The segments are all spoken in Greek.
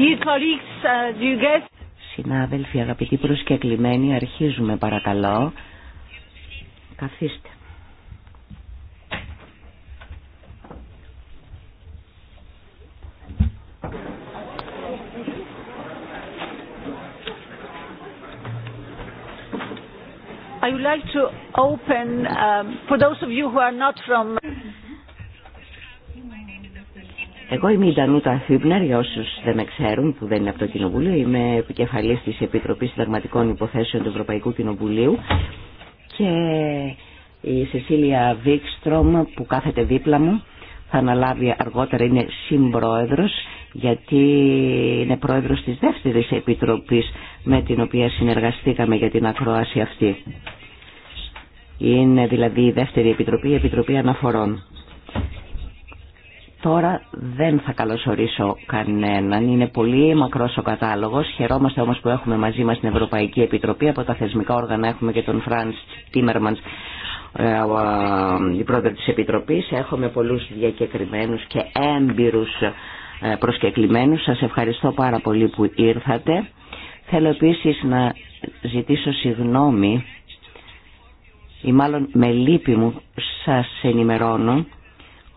Uh, Συνάδελφοι, αγαπητοί προσκεκλημένοι, αρχίζουμε παρακαλώ. Καθίστε. I would like to open, um, for those of you who are not from Εγώ είμαι η Ντανούτα Φίμπνερ, για όσου δεν με ξέρουν, που δεν είναι από το Κοινοβούλιο. Είμαι επικεφαλή τη Επιτροπή Συνταγματικών Υποθέσεων του Ευρωπαϊκού Κοινοβουλίου. Και η Σεσίλια Βίξτρομ, που κάθεται δίπλα μου, θα αναλάβει αργότερα, είναι συμπρόεδρος, γιατί είναι πρόεδρος της δεύτερη επιτροπής με την οποία συνεργαστήκαμε για την ακρόαση αυτή. Είναι δηλαδή η δεύτερη επιτροπή, η Επιτροπή Αναφορών. Τώρα δεν θα καλωσορίσω κανέναν, είναι πολύ μακρός ο κατάλογος. Χαιρόμαστε όμως που έχουμε μαζί μας την Ευρωπαϊκή Επιτροπή, από τα θεσμικά όργανα έχουμε και τον Φρανς Τίμερμανς, ε, ε, η πρόεδρο της Επιτροπής. Έχουμε πολλούς διακεκριμένους και έμπειρους ε, προσκεκλημένους. Σας ευχαριστώ πάρα πολύ που ήρθατε. Θέλω επίσης να ζητήσω συγγνώμη ή μάλλον με λύπη μου σας ενημερώνω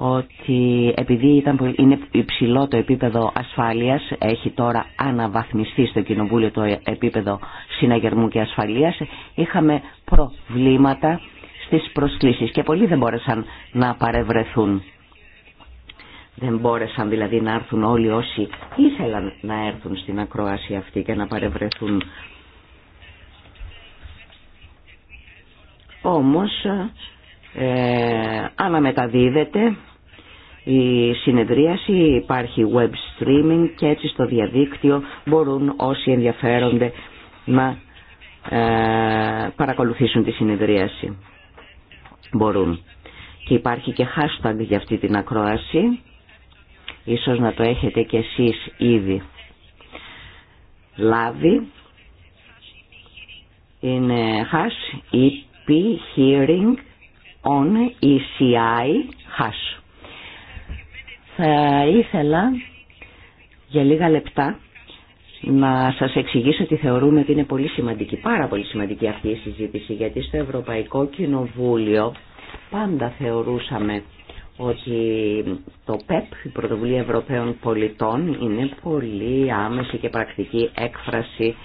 ότι επειδή ήταν, είναι υψηλό το επίπεδο ασφάλειας, έχει τώρα αναβαθμιστεί στο Κοινοβούλιο το επίπεδο συναγερμού και ασφαλείας, είχαμε προβλήματα στις προσκλήσεις και πολλοί δεν μπόρεσαν να παρευρεθούν. Δεν μπόρεσαν δηλαδή να έρθουν όλοι όσοι ήθελαν να έρθουν στην ακρόαση αυτή και να παρευρεθούν. Όμως ε, αναμεταδίδεται η συνεδρίαση, υπάρχει web streaming και έτσι στο διαδίκτυο μπορούν όσοι ενδιαφέρονται να ε, παρακολουθήσουν τη συνεδρίαση. Μπορούν. Και υπάρχει και hashtag για αυτή την ακρόαση. Ίσως να το έχετε και εσείς ήδη λάβει. Είναι hash, EP, hearing, on, ECI, hash. Θα ήθελα για λίγα λεπτά να σας εξηγήσω ότι θεωρούμε ότι είναι πολύ σημαντική, πάρα πολύ σημαντική αυτή η συζήτηση, γιατί στο Ευρωπαϊκό Κοινοβούλιο πάντα θεωρούσαμε ότι το ΠΕΠ, η Πρωτοβουλία Ευρωπαίων Πολιτών, είναι πολύ άμεση και πρακτική έκφραση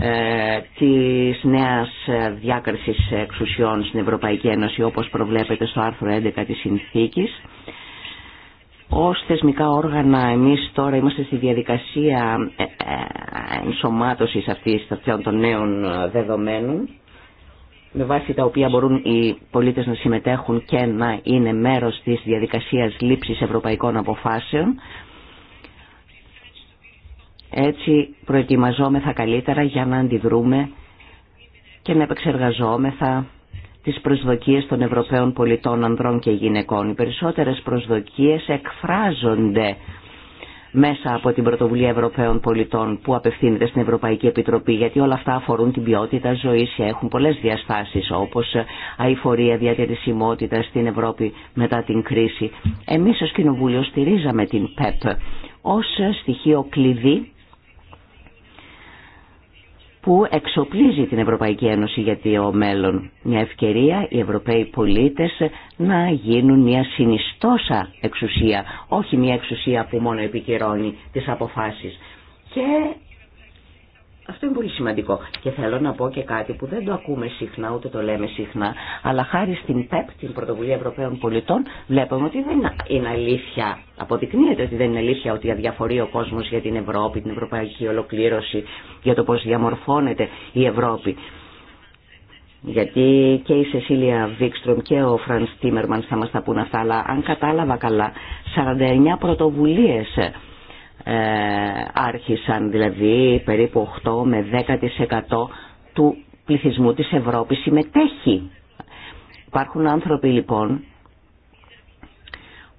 ε, της νέας διάκρισης εξουσιών στην Ευρωπαϊκή Ένωση, όπως προβλέπεται στο άρθρο 11 της Συνθήκης. Ως θεσμικά όργανα εμείς τώρα είμαστε στη διαδικασία ε, ε, ενσωμάτωσης αυτής αυτών των νέων ε, δεδομένων με βάση τα οποία μπορούν οι πολίτες να συμμετέχουν και να είναι μέρος της διαδικασίας λήψης ευρωπαϊκών αποφάσεων. Έτσι προετοιμαζόμεθα καλύτερα για να αντιδρούμε και να επεξεργαζόμεθα τις προσδοκίες των Ευρωπαίων πολιτών ανδρών και γυναικών. Οι περισσότερες προσδοκίες εκφράζονται μέσα από την Πρωτοβουλία Ευρωπαίων Πολιτών που απευθύνεται στην Ευρωπαϊκή Επιτροπή, γιατί όλα αυτά αφορούν την ποιότητα ζωή και έχουν πολλέ διαστάσει, όπω αηφορία, διατηρησιμότητα στην Ευρώπη μετά την κρίση. Εμεί ω Κοινοβούλιο στηρίζαμε την ΠΕΠ ω στοιχείο κλειδί που εξοπλίζει την Ευρωπαϊκή Ένωση για το μέλλον. Μια ευκαιρία οι Ευρωπαίοι πολίτες να γίνουν μια συνιστόσα εξουσία, όχι μια εξουσία που μόνο επικυρώνει τις αποφάσεις. Και αυτό είναι πολύ σημαντικό. Και θέλω να πω και κάτι που δεν το ακούμε συχνά, ούτε το λέμε συχνά, αλλά χάρη στην ΠΕΠ, την Πρωτοβουλία Ευρωπαίων Πολιτών, βλέπουμε ότι δεν είναι αλήθεια. Αποδεικνύεται ότι δεν είναι αλήθεια ότι αδιαφορεί ο κόσμο για την Ευρώπη, την ευρωπαϊκή ολοκλήρωση, για το πώ διαμορφώνεται η Ευρώπη. Γιατί και η Σεσίλια Βίξτρομ και ο Φραν Τίμερμαν θα μα τα πούν αυτά, αλλά αν κατάλαβα καλά, 49 πρωτοβουλίε ε, άρχισαν, δηλαδή περίπου 8 με 10% του πληθυσμού της Ευρώπης συμμετέχει. Υπάρχουν άνθρωποι λοιπόν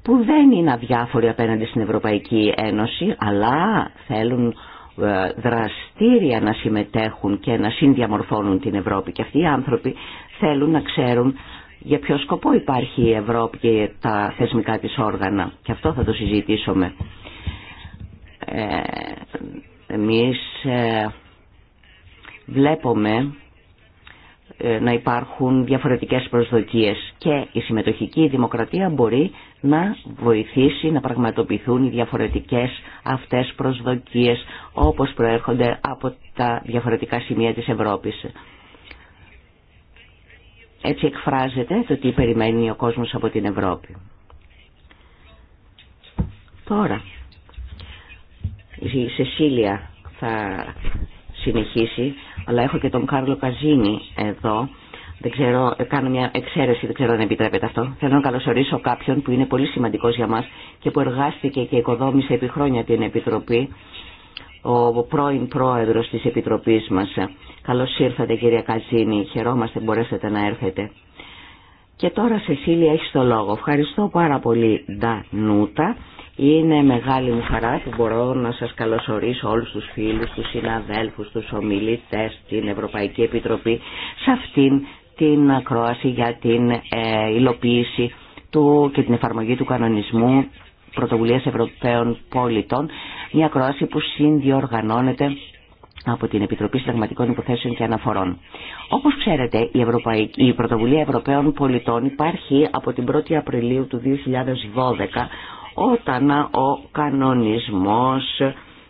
που δεν είναι αδιάφοροι απέναντι στην Ευρωπαϊκή Ένωση, αλλά θέλουν ε, δραστήρια να συμμετέχουν και να συνδιαμορφώνουν την Ευρώπη. Και αυτοί οι άνθρωποι θέλουν να ξέρουν για ποιο σκοπό υπάρχει η Ευρώπη και τα θεσμικά της όργανα. Και αυτό θα το συζητήσουμε. Ε, εμείς ε, βλέπουμε ε, να υπάρχουν διαφορετικές προσδοκίες και η συμμετοχική δημοκρατία μπορεί να βοηθήσει να πραγματοποιηθούν οι διαφορετικές αυτές προσδοκίες όπως προέρχονται από τα διαφορετικά σημεία της Ευρώπης. Έτσι εκφράζεται το τι περιμένει ο κόσμος από την Ευρώπη. Τώρα, η Σεσίλια θα συνεχίσει, αλλά έχω και τον Κάρλο Καζίνη εδώ. Δεν ξέρω, κάνω μια εξαίρεση, δεν ξέρω αν επιτρέπεται αυτό. Θέλω να καλωσορίσω κάποιον που είναι πολύ σημαντικός για μας και που εργάστηκε και οικοδόμησε επί χρόνια την Επιτροπή, ο πρώην πρόεδρος της Επιτροπής μας. Καλώς ήρθατε κυρία Καζίνη, χαιρόμαστε που μπορέσατε να έρθετε. Και τώρα Σεσίλια έχει το λόγο. Ευχαριστώ πάρα πολύ Ντανούτα. Είναι μεγάλη μου χαρά που μπορώ να σας καλωσορίσω όλους τους φίλους, τους συναδέλφους, τους ομιλητές, στην Ευρωπαϊκή Επιτροπή σε αυτήν την ακρόαση για την ε, υλοποίηση του και την εφαρμογή του κανονισμού πρωτοβουλίας Ευρωπαίων πολιτών, μια ακρόαση που συνδιοργανώνεται από την Επιτροπή Συνταγματικών Υποθέσεων και Αναφορών. Όπως ξέρετε, η, Ευρωπαϊκή, η Πρωτοβουλία Ευρωπαίων Πολιτών υπάρχει από την 1η Απριλίου του 2012 όταν ο κανονισμός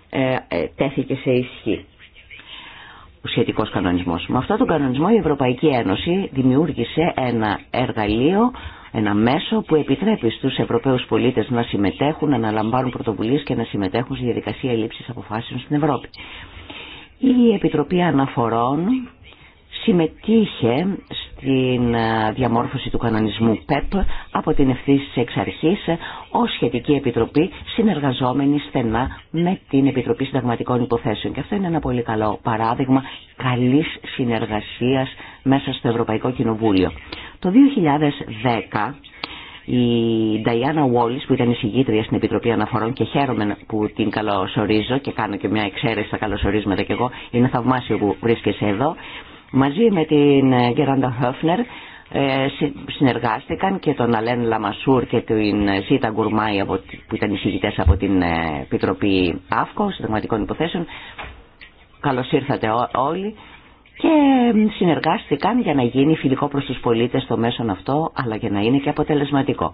ε, ε, τέθηκε σε ισχύ. Ο σχετικός κανονισμός. Με αυτόν τον κανονισμό η Ευρωπαϊκή Ένωση δημιούργησε ένα εργαλείο ένα μέσο που επιτρέπει στους Ευρωπαίους πολίτες να συμμετέχουν, να αναλαμβάνουν πρωτοβουλίες και να συμμετέχουν στη διαδικασία λήψης αποφάσεων στην Ευρώπη. Η Επιτροπή Αναφορών συμμετείχε στην ε, διαμόρφωση του κανονισμού ΠΕΠ από την ευθύνη εξ αρχής ως σχετική επιτροπή συνεργαζόμενη στενά με την Επιτροπή Συνταγματικών Υποθέσεων. Και αυτό είναι ένα πολύ καλό παράδειγμα καλής συνεργασίας μέσα στο Ευρωπαϊκό Κοινοβούλιο. Το 2010... Η Νταϊάννα Wallis που ήταν η εισηγήτρια στην Επιτροπή Αναφορών και χαίρομαι που την καλωσορίζω και κάνω και μια εξαίρεση στα καλωσορίσματα και εγώ, είναι θαυμάσιο που βρίσκεσαι εδώ. Μαζί με την ε, Γκέραντα Χόφνερ ε, συνεργάστηκαν και τον Αλέν Λαμασούρ και την ε, Ζήτα Γκουρμάη που ήταν εισηγητές από την Επιτροπή ΑΦΚΟ, συνταγματικών υποθέσεων. Καλώς ήρθατε όλοι και συνεργάστηκαν για να γίνει φιλικό προς τους πολίτες το μέσον αυτό αλλά και να είναι και αποτελεσματικό.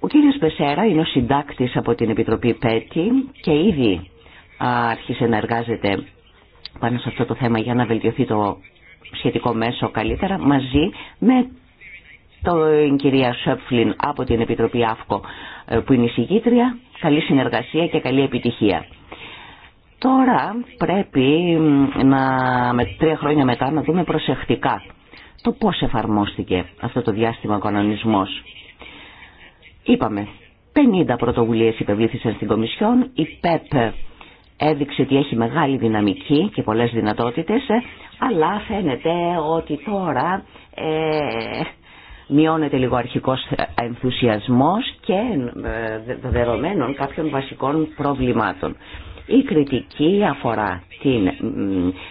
Ο κύριος Μπεσέρα είναι ο συντάκτης από την Επιτροπή ΠΕΤΗ και ήδη άρχισε να εργάζεται πάνω σε αυτό το θέμα για να βελτιωθεί το σχετικό μέσο καλύτερα μαζί με την ε, κυρία Σέπφλιν από την Επιτροπή ΑΦΚΟ ε, που είναι η συγκήτρια. Καλή συνεργασία και καλή επιτυχία. Τώρα πρέπει να, με τρία χρόνια μετά να δούμε προσεκτικά το πώς εφαρμόστηκε αυτό το διάστημα ο κανονισμός. Είπαμε, 50 πρωτοβουλίες υπευλήθησαν στην Κομισιόν, η ΠΕΠ έδειξε ότι έχει μεγάλη δυναμική και πολλές δυνατότητες, ε, αλλά φαίνεται ότι τώρα ε, μειώνεται λίγο αρχικός ενθουσιασμός και ε, δεδομένων κάποιων βασικών προβλημάτων. Η κριτική αφορά την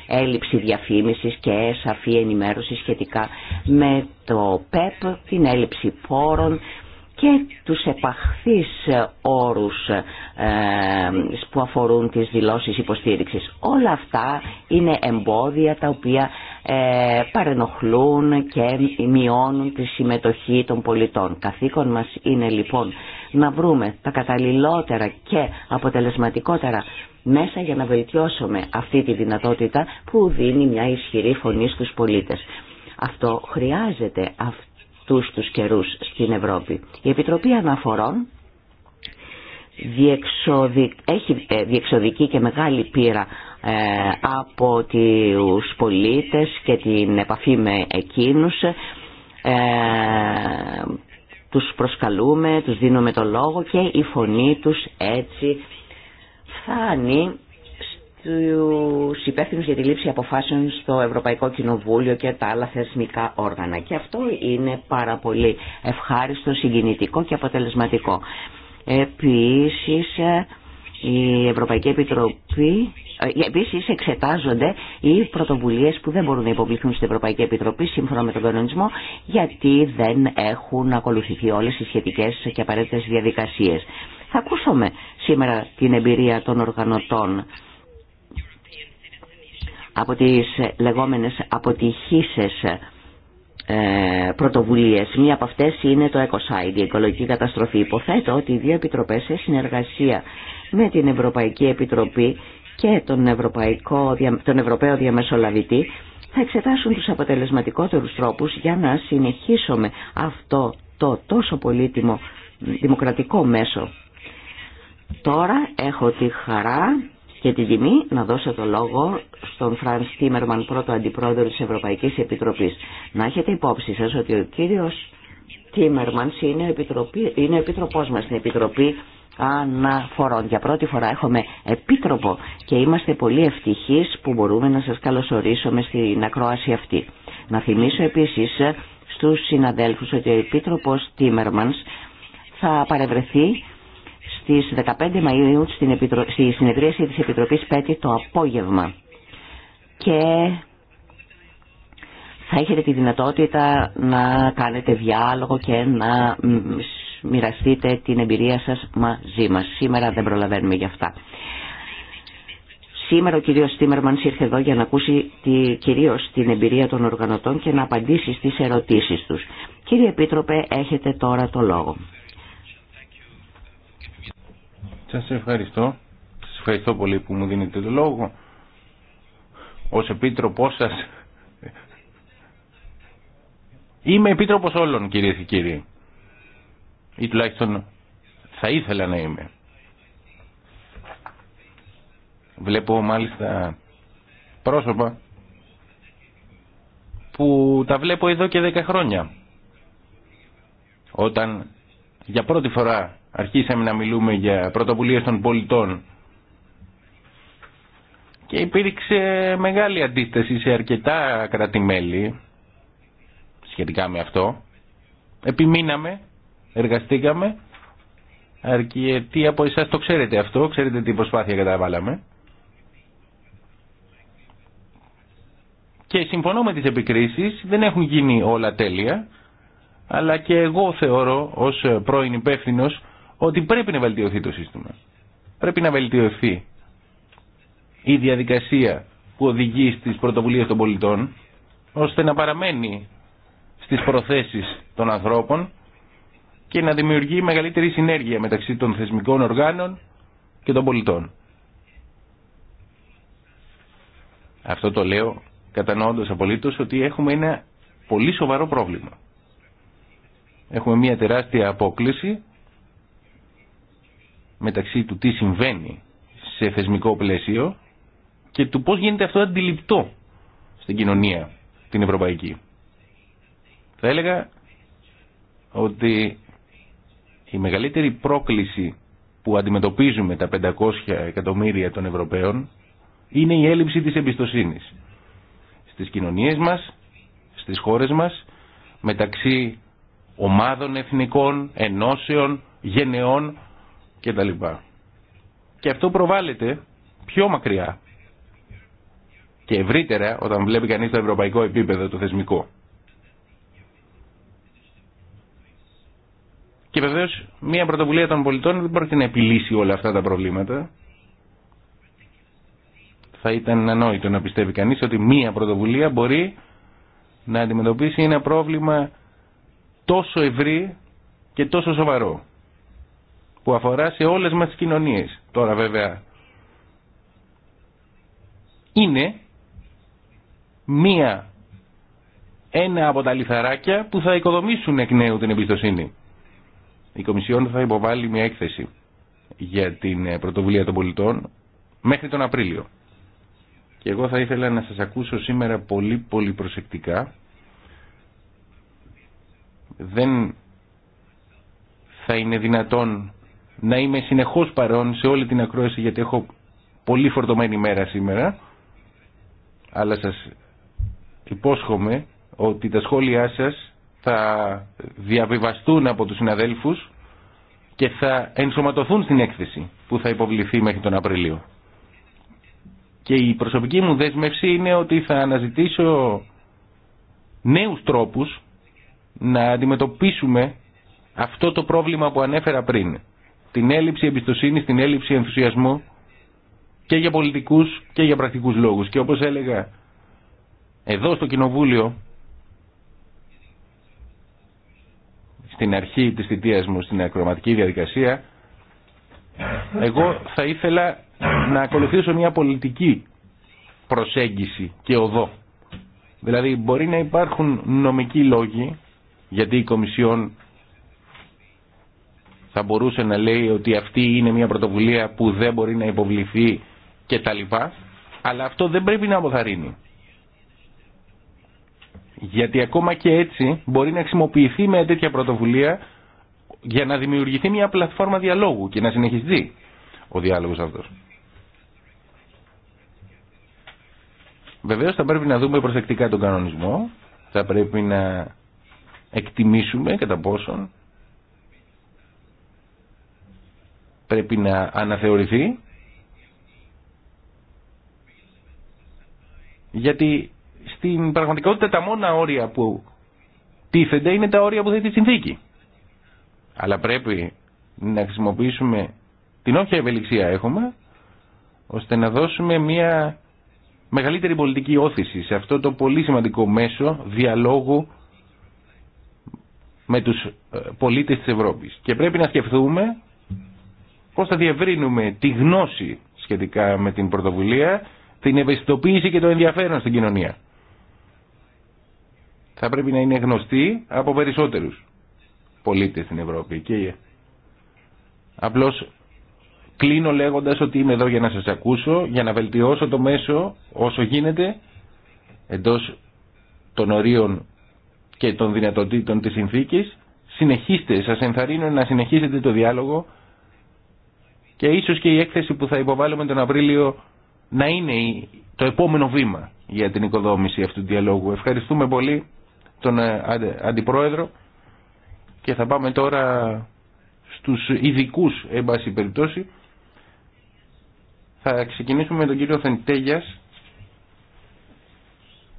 έλλειψη διαφήμισης και σαφή ενημέρωση σχετικά με το ΠΕΠ, την έλλειψη πόρων, και τους επαχθείς όρους ε, που αφορούν τις δηλώσεις υποστήριξης. Όλα αυτά είναι εμπόδια τα οποία ε, παρενοχλούν και μειώνουν τη συμμετοχή των πολιτών. Καθήκον μας είναι λοιπόν να βρούμε τα καταλληλότερα και αποτελεσματικότερα μέσα για να βελτιώσουμε αυτή τη δυνατότητα που δίνει μια ισχυρή φωνή στους πολίτες. Αυτό χρειάζεται αυτούς τους καιρούς στην Ευρώπη. Η Επιτροπή Αναφορών έχει ε, διεξοδική και μεγάλη πείρα ε, από τους πολίτες και την επαφή με εκείνους. Ε, τους προσκαλούμε, τους δίνουμε το λόγο και η φωνή τους έτσι φτάνει του υπεύθυνους για τη λήψη αποφάσεων στο Ευρωπαϊκό Κοινοβούλιο και τα άλλα θεσμικά όργανα. Και αυτό είναι πάρα πολύ ευχάριστο, συγκινητικό και αποτελεσματικό. Επίσης, ε, η Ευρωπαϊκή Επιτροπή... Ε, Επίση, εξετάζονται οι πρωτοβουλίε που δεν μπορούν να υποβληθούν στην Ευρωπαϊκή Επιτροπή σύμφωνα με τον κανονισμό, γιατί δεν έχουν ακολουθηθεί όλε οι σχετικέ και απαραίτητε διαδικασίε. Θα ακούσουμε σήμερα την εμπειρία των οργανωτών από τις λεγόμενες αποτυχήσεις ε, πρωτοβουλίες. Μία από αυτές είναι το ECOSIDE, η οικολογική καταστροφή. Υποθέτω ότι οι δύο επιτροπές σε συνεργασία με την Ευρωπαϊκή Επιτροπή και τον, Ευρωπαϊκό, τον Ευρωπαίο Διαμεσολαβητή θα εξετάσουν τους αποτελεσματικότερους τρόπους για να συνεχίσουμε αυτό το τόσο πολύτιμο δημοκρατικό μέσο. Τώρα έχω τη χαρά και την τιμή να δώσω το λόγο στον Φρανς Τίμερμαν, πρώτο αντιπρόεδρο της Ευρωπαϊκής Επιτροπής. Να έχετε υπόψη σας ότι ο κύριος Τίμερμαν είναι, είναι ο επιτροπός μας στην Επιτροπή Αναφορών. Για πρώτη φορά έχουμε επίτροπο και είμαστε πολύ ευτυχείς που μπορούμε να σας καλωσορίσουμε στην ακρόαση αυτή. Να θυμίσω επίσης στους συναδέλφους ότι ο Επίτροπος Τίμερμανς θα παρευρεθεί στις 15 Μαΐου στη συνεδρίαση της Επιτροπής ΠΕΤΗ το απόγευμα. Και θα έχετε τη δυνατότητα να κάνετε διάλογο και να μοιραστείτε την εμπειρία σας μαζί μας. Σήμερα δεν προλαβαίνουμε για αυτά. Σήμερα ο κύριος Στίμερμανς ήρθε εδώ για να ακούσει τη, κυρίως την εμπειρία των οργανωτών και να απαντήσει στις ερωτήσεις τους. Κύριε Επίτροπε, έχετε τώρα το λόγο. Σα ευχαριστώ. Σας ευχαριστώ πολύ που μου δίνετε το λόγο. Ως επίτροπός σας... Είμαι επίτροπος όλων κυρίε και κύριοι. Ή τουλάχιστον θα ήθελα να είμαι. Βλέπω μάλιστα πρόσωπα που τα βλέπω εδώ και 10 χρόνια. Όταν για πρώτη φορά αρχίσαμε να μιλούμε για πρωτοβουλίες των πολιτών και υπήρξε μεγάλη αντίσταση σε αρκετά κρατημέλη σχετικά με αυτό. Επιμείναμε, εργαστήκαμε, αρκετοί από εσάς το ξέρετε αυτό, ξέρετε τι προσπάθεια καταβάλαμε. Και συμφωνώ με τις επικρίσεις, δεν έχουν γίνει όλα τέλεια, αλλά και εγώ θεωρώ ως πρώην υπεύθυνο ότι πρέπει να βελτιωθεί το σύστημα. Πρέπει να βελτιωθεί η διαδικασία που οδηγεί στις πρωτοβουλίες των πολιτών ώστε να παραμένει στις προθέσεις των ανθρώπων και να δημιουργεί μεγαλύτερη συνέργεια μεταξύ των θεσμικών οργάνων και των πολιτών. Αυτό το λέω κατανοώντας απολύτως ότι έχουμε ένα πολύ σοβαρό πρόβλημα. Έχουμε μια τεράστια απόκληση μεταξύ του τι συμβαίνει σε θεσμικό πλαίσιο και του πώς γίνεται αυτό αντιληπτό στην κοινωνία την ευρωπαϊκή. Θα έλεγα ότι η μεγαλύτερη πρόκληση που αντιμετωπίζουμε τα 500 εκατομμύρια των Ευρωπαίων είναι η έλλειψη της εμπιστοσύνης στις κοινωνίες μας, στις χώρες μας, μεταξύ ομάδων εθνικών, ενώσεων, γενεών και αυτό προβάλλεται πιο μακριά και ευρύτερα όταν βλέπει κανείς το ευρωπαϊκό επίπεδο, το θεσμικό. Και βεβαίω μια πρωτοβουλία των πολιτών δεν μπορεί να επιλύσει όλα αυτά τα προβλήματα. Θα ήταν ανόητο να πιστεύει κανείς ότι μια πρωτοβουλία μπορεί να αντιμετωπίσει ένα πρόβλημα τόσο ευρύ και τόσο σοβαρό που αφορά σε όλες μας τις κοινωνίες. Τώρα βέβαια είναι μία, ένα από τα λιθαράκια που θα οικοδομήσουν εκ νέου την εμπιστοσύνη. Η Κομισιόν θα υποβάλει μια έκθεση για την ε, πρωτοβουλία των πολιτών μέχρι τον Απρίλιο. Και εγώ θα ήθελα να σας ακούσω σήμερα πολύ πολύ προσεκτικά. Δεν θα είναι δυνατόν να είμαι συνεχώς παρόν σε όλη την ακρόαση γιατί έχω πολύ φορτωμένη μέρα σήμερα αλλά σας υπόσχομαι ότι τα σχόλιά σας θα διαβιβαστούν από τους συναδέλφους και θα ενσωματωθούν στην έκθεση που θα υποβληθεί μέχρι τον Απριλίο. Και η προσωπική μου δέσμευση είναι ότι θα αναζητήσω νέους τρόπους να αντιμετωπίσουμε αυτό το πρόβλημα που ανέφερα πριν την έλλειψη εμπιστοσύνη, την έλλειψη ενθουσιασμού και για πολιτικούς και για πρακτικούς λόγους. Και όπως έλεγα εδώ στο Κοινοβούλιο, στην αρχή τη θητείας μου, στην ακροματική διαδικασία, εγώ θα ήθελα να ακολουθήσω μια πολιτική προσέγγιση και οδό. Δηλαδή μπορεί να υπάρχουν νομικοί λόγοι γιατί η Κομισιόν θα μπορούσε να λέει ότι αυτή είναι μια πρωτοβουλία που δεν μπορεί να υποβληθεί και τα αλλά αυτό δεν πρέπει να αποθαρρύνει. Γιατί ακόμα και έτσι μπορεί να χρησιμοποιηθεί με τέτοια πρωτοβουλία για να δημιουργηθεί μια πλατφόρμα διαλόγου και να συνεχιστεί ο διάλογος αυτός. Βεβαίως θα πρέπει να δούμε προσεκτικά τον κανονισμό, θα πρέπει να εκτιμήσουμε κατά πόσον πρέπει να αναθεωρηθεί γιατί στην πραγματικότητα τα μόνα όρια που τίθενται είναι τα όρια που θέτει η συνθήκη. Αλλά πρέπει να χρησιμοποιήσουμε την όποια ευελιξία έχουμε ώστε να δώσουμε μια μεγαλύτερη πολιτική όθηση σε αυτό το πολύ σημαντικό μέσο διαλόγου με τους ε, πολίτες της Ευρώπης. Και πρέπει να σκεφτούμε πώς θα διευρύνουμε τη γνώση σχετικά με την πρωτοβουλία, την ευαισθητοποίηση και το ενδιαφέρον στην κοινωνία. Θα πρέπει να είναι γνωστή από περισσότερους πολίτες στην Ευρώπη. Και απλώς κλείνω λέγοντας ότι είμαι εδώ για να σας ακούσω, για να βελτιώσω το μέσο όσο γίνεται εντός των ορίων και των δυνατοτήτων της συνθήκης. Συνεχίστε, σας ενθαρρύνω να συνεχίσετε το διάλογο και ίσως και η έκθεση που θα υποβάλουμε τον Απρίλιο να είναι το επόμενο βήμα για την οικοδόμηση αυτού του διαλόγου. Ευχαριστούμε πολύ τον ε, Αντιπρόεδρο και θα πάμε τώρα στους ειδικού εν πάση περιπτώσει. Θα ξεκινήσουμε με τον κύριο Θεντέγιας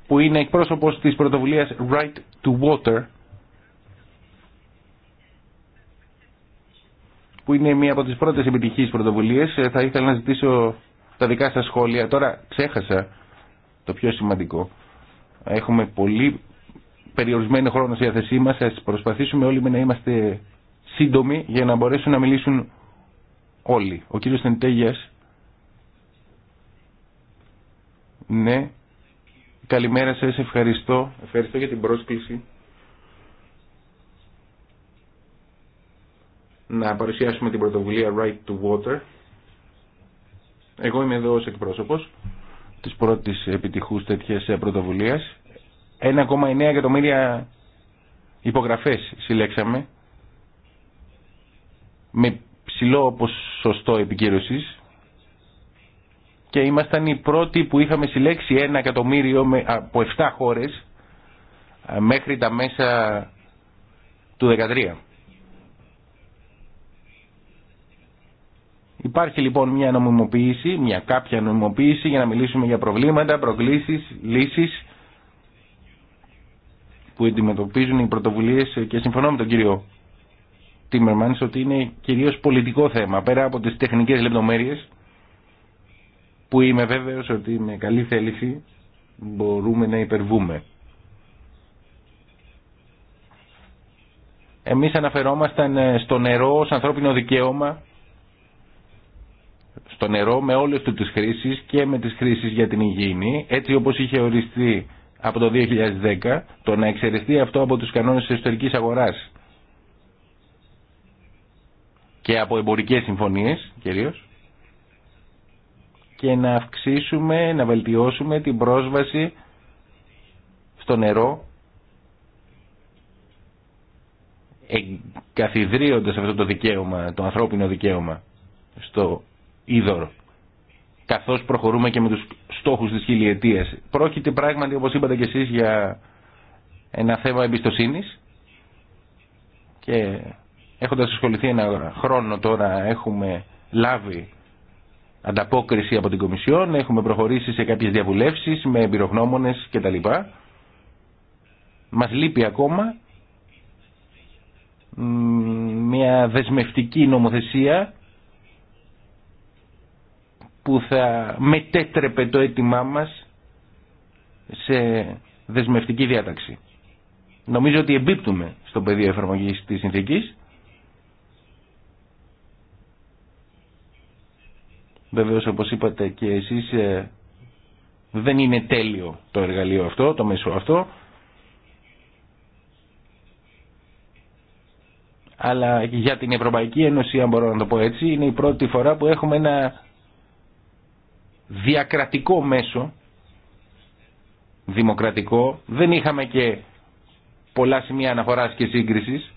που είναι εκπρόσωπος της πρωτοβουλίας Right to Water που είναι μία από τις πρώτες επιτυχείς πρωτοβουλίες. Ε, θα ήθελα να ζητήσω τα δικά σας σχόλια. Τώρα ξέχασα το πιο σημαντικό. Έχουμε πολύ περιορισμένο χρόνο στη διάθεσή μας. Ας προσπαθήσουμε όλοι με να είμαστε σύντομοι για να μπορέσουν να μιλήσουν όλοι. Ο κύριος Τεντέγιας. Ναι. Καλημέρα σας. Ευχαριστώ. Ευχαριστώ για την πρόσκληση. να παρουσιάσουμε την πρωτοβουλία Right to Water. Εγώ είμαι εδώ ως εκπρόσωπος της πρώτης επιτυχούς τέτοιας πρωτοβουλίας. 1,9 εκατομμύρια υπογραφές συλλέξαμε με ψηλό ποσοστό επικύρωσης και ήμασταν οι πρώτοι που είχαμε συλλέξει 1 εκατομμύριο από 7 χώρες μέχρι τα μέσα του 2013. Υπάρχει λοιπόν μια νομιμοποίηση, μια κάποια νομιμοποίηση για να μιλήσουμε για προβλήματα, προκλήσεις, λύσεις που αντιμετωπίζουν οι πρωτοβουλίες και συμφωνώ με τον κύριο Τίμερμανς ότι είναι κυρίως πολιτικό θέμα πέρα από τις τεχνικές λεπτομέρειες που είμαι βέβαιος ότι με καλή θέληση μπορούμε να υπερβούμε. Εμείς αναφερόμασταν στο νερό ως ανθρώπινο δικαίωμα στο νερό με όλες του τις χρήσεις και με τις χρήσεις για την υγιεινή, έτσι όπως είχε οριστεί από το 2010, το να εξαιρεθεί αυτό από τους κανόνες της εσωτερικής αγοράς και από εμπορικές συμφωνίες κυρίως, και να αυξήσουμε, να βελτιώσουμε την πρόσβαση στο νερό καθιδρύοντας αυτό το δικαίωμα, το ανθρώπινο δικαίωμα στο είδωρο καθώς προχωρούμε και με τους στόχους της χιλιετίας. Πρόκειται πράγματι, όπως είπατε και εσείς, για ένα θέμα εμπιστοσύνης και έχοντας ασχοληθεί ένα χρόνο τώρα έχουμε λάβει ανταπόκριση από την Κομισιόν, έχουμε προχωρήσει σε κάποιες διαβουλεύσεις με εμπειρογνώμονες κτλ. Μας λείπει ακόμα μια δεσμευτική νομοθεσία που θα μετέτρεπε το αίτημά μας σε δεσμευτική διάταξη. Νομίζω ότι εμπίπτουμε στο πεδίο εφαρμογής της συνθήκης. Βεβαίως όπως είπατε και εσείς ε, δεν είναι τέλειο το εργαλείο αυτό, το μέσο αυτό. Αλλά για την Ευρωπαϊκή Ένωση, αν μπορώ να το πω έτσι, είναι η πρώτη φορά που έχουμε ένα διακρατικό μέσο, δημοκρατικό, δεν είχαμε και πολλά σημεία αναφοράς και σύγκρισης,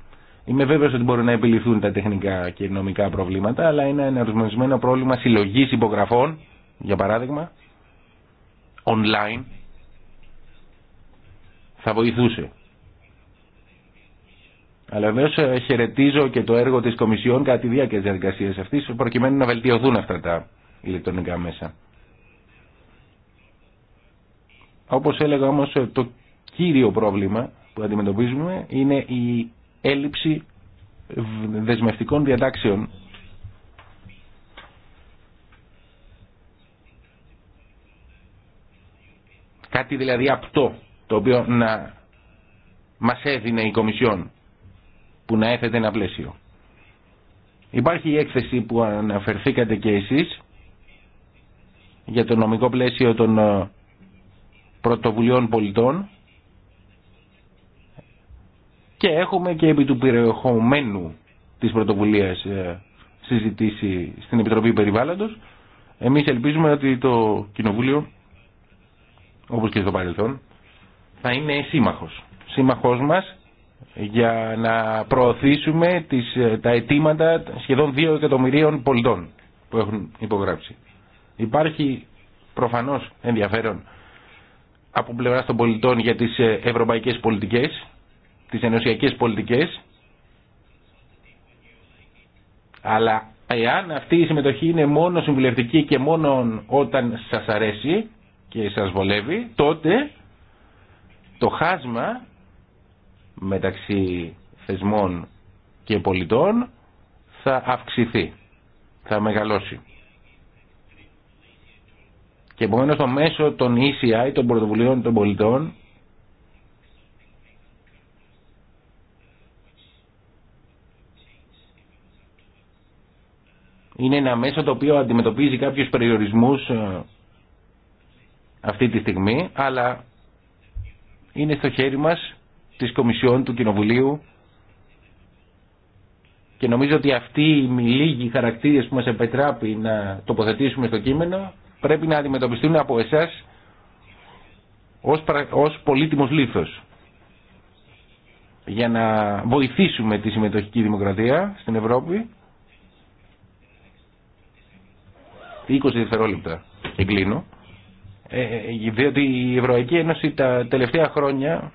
Είμαι βέβαιος ότι μπορούν να επιληθούν τα τεχνικά και νομικά προβλήματα, αλλά είναι ένα ορισμονισμένο πρόβλημα συλλογής υπογραφών, για παράδειγμα, online, θα βοηθούσε. Αλλά βέβαιως ε, χαιρετίζω και το έργο της Κομισιόν κατά τη διάρκεια της διαδικασίας αυτής, προκειμένου να βελτιωθούν αυτά τα ηλεκτρονικά μέσα. Όπως έλεγα όμως ε, το κύριο πρόβλημα που αντιμετωπίζουμε είναι η έλλειψη δεσμευτικών διατάξεων κάτι δηλαδή απτό το οποίο να μας έδινε η Κομισιόν που να έθετε ένα πλαίσιο. Υπάρχει η έκθεση που αναφερθήκατε και εσείς για το νομικό πλαίσιο των ε, πρωτοβουλειών πολιτών και έχουμε και επί του περιεχομένου της πρωτοβουλίας ε, συζητήσει στην Επιτροπή Περιβάλλοντος. Εμείς ελπίζουμε ότι το Κοινοβούλιο, όπως και στο παρελθόν, θα είναι σύμμαχος. Σύμμαχός μας για να προωθήσουμε τις, ε, τα αιτήματα σχεδόν 2 εκατομμυρίων πολιτών που έχουν υπογράψει. Υπάρχει προφανώς ενδιαφέρον από πλευρά των πολιτών για τις ε, ευρωπαϊκές πολιτικές, τις ενωσιακές πολιτικές. Αλλά εάν αυτή η συμμετοχή είναι μόνο συμβουλευτική και μόνο όταν σας αρέσει και σας βολεύει, τότε το χάσμα μεταξύ θεσμών και πολιτών θα αυξηθεί, θα μεγαλώσει. Και επομένως το μέσο των ECI, των Πρωτοβουλίων των πολιτών, είναι ένα μέσο το οποίο αντιμετωπίζει κάποιους περιορισμούς ε, αυτή τη στιγμή, αλλά είναι στο χέρι μας της Κομισιόν του Κοινοβουλίου και νομίζω ότι αυτοί οι λίγοι χαρακτήρες που μας επιτράπει να τοποθετήσουμε στο κείμενο πρέπει να αντιμετωπιστούν από εσάς ως, ως πολύτιμος λήθος για να βοηθήσουμε τη συμμετοχική δημοκρατία στην Ευρώπη 20 δευτερόλεπτα εγκλίνω ε, ε, ε, διότι η Ευρωπαϊκή Ένωση τα τελευταία χρόνια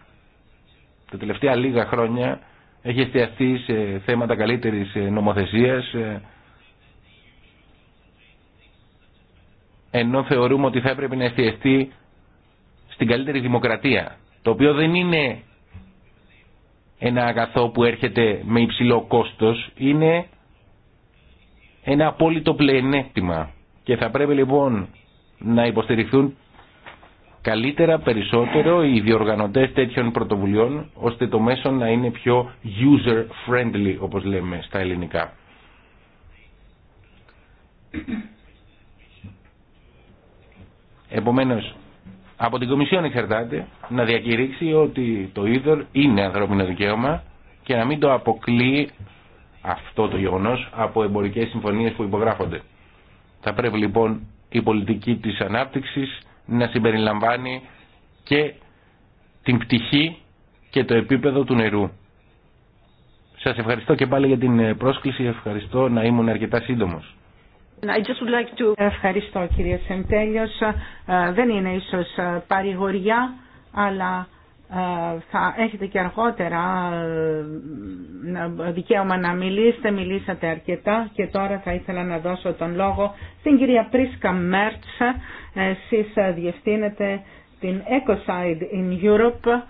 τα τελευταία λίγα χρόνια έχει εστιαστεί σε θέματα καλύτερης ε, νομοθεσίας ενώ θεωρούμε ότι θα έπρεπε να εστιαστεί στην καλύτερη δημοκρατία, το οποίο δεν είναι ένα αγαθό που έρχεται με υψηλό κόστος, είναι ένα απόλυτο πλεονέκτημα και θα πρέπει λοιπόν να υποστηριχθούν καλύτερα, περισσότερο οι διοργανωτές τέτοιων πρωτοβουλειών ώστε το μέσο να είναι πιο user-friendly όπως λέμε στα ελληνικά. Επομένως, από την Κομισιόν εξαρτάται να διακηρύξει ότι το είδωρ είναι ανθρώπινο δικαίωμα και να μην το αποκλεί αυτό το γεγονός από εμπορικές συμφωνίες που υπογράφονται. Θα πρέπει λοιπόν η πολιτική της ανάπτυξης να συμπεριλαμβάνει και την πτυχή και το επίπεδο του νερού. Σας ευχαριστώ και πάλι για την πρόσκληση, ευχαριστώ να ήμουν αρκετά σύντομος. Ευχαριστώ κύριε Σεμπέλιος. Ε, δεν είναι ίσως ε, παρηγοριά, αλλά ε, θα έχετε και αργότερα δικαίωμα να μιλήσετε, μιλήσατε αρκετά και τώρα θα ήθελα να δώσω τον λόγο στην κυρία Πρίσκα Μέρτς. Εσείς διευθύνετε την Ecoside in Europe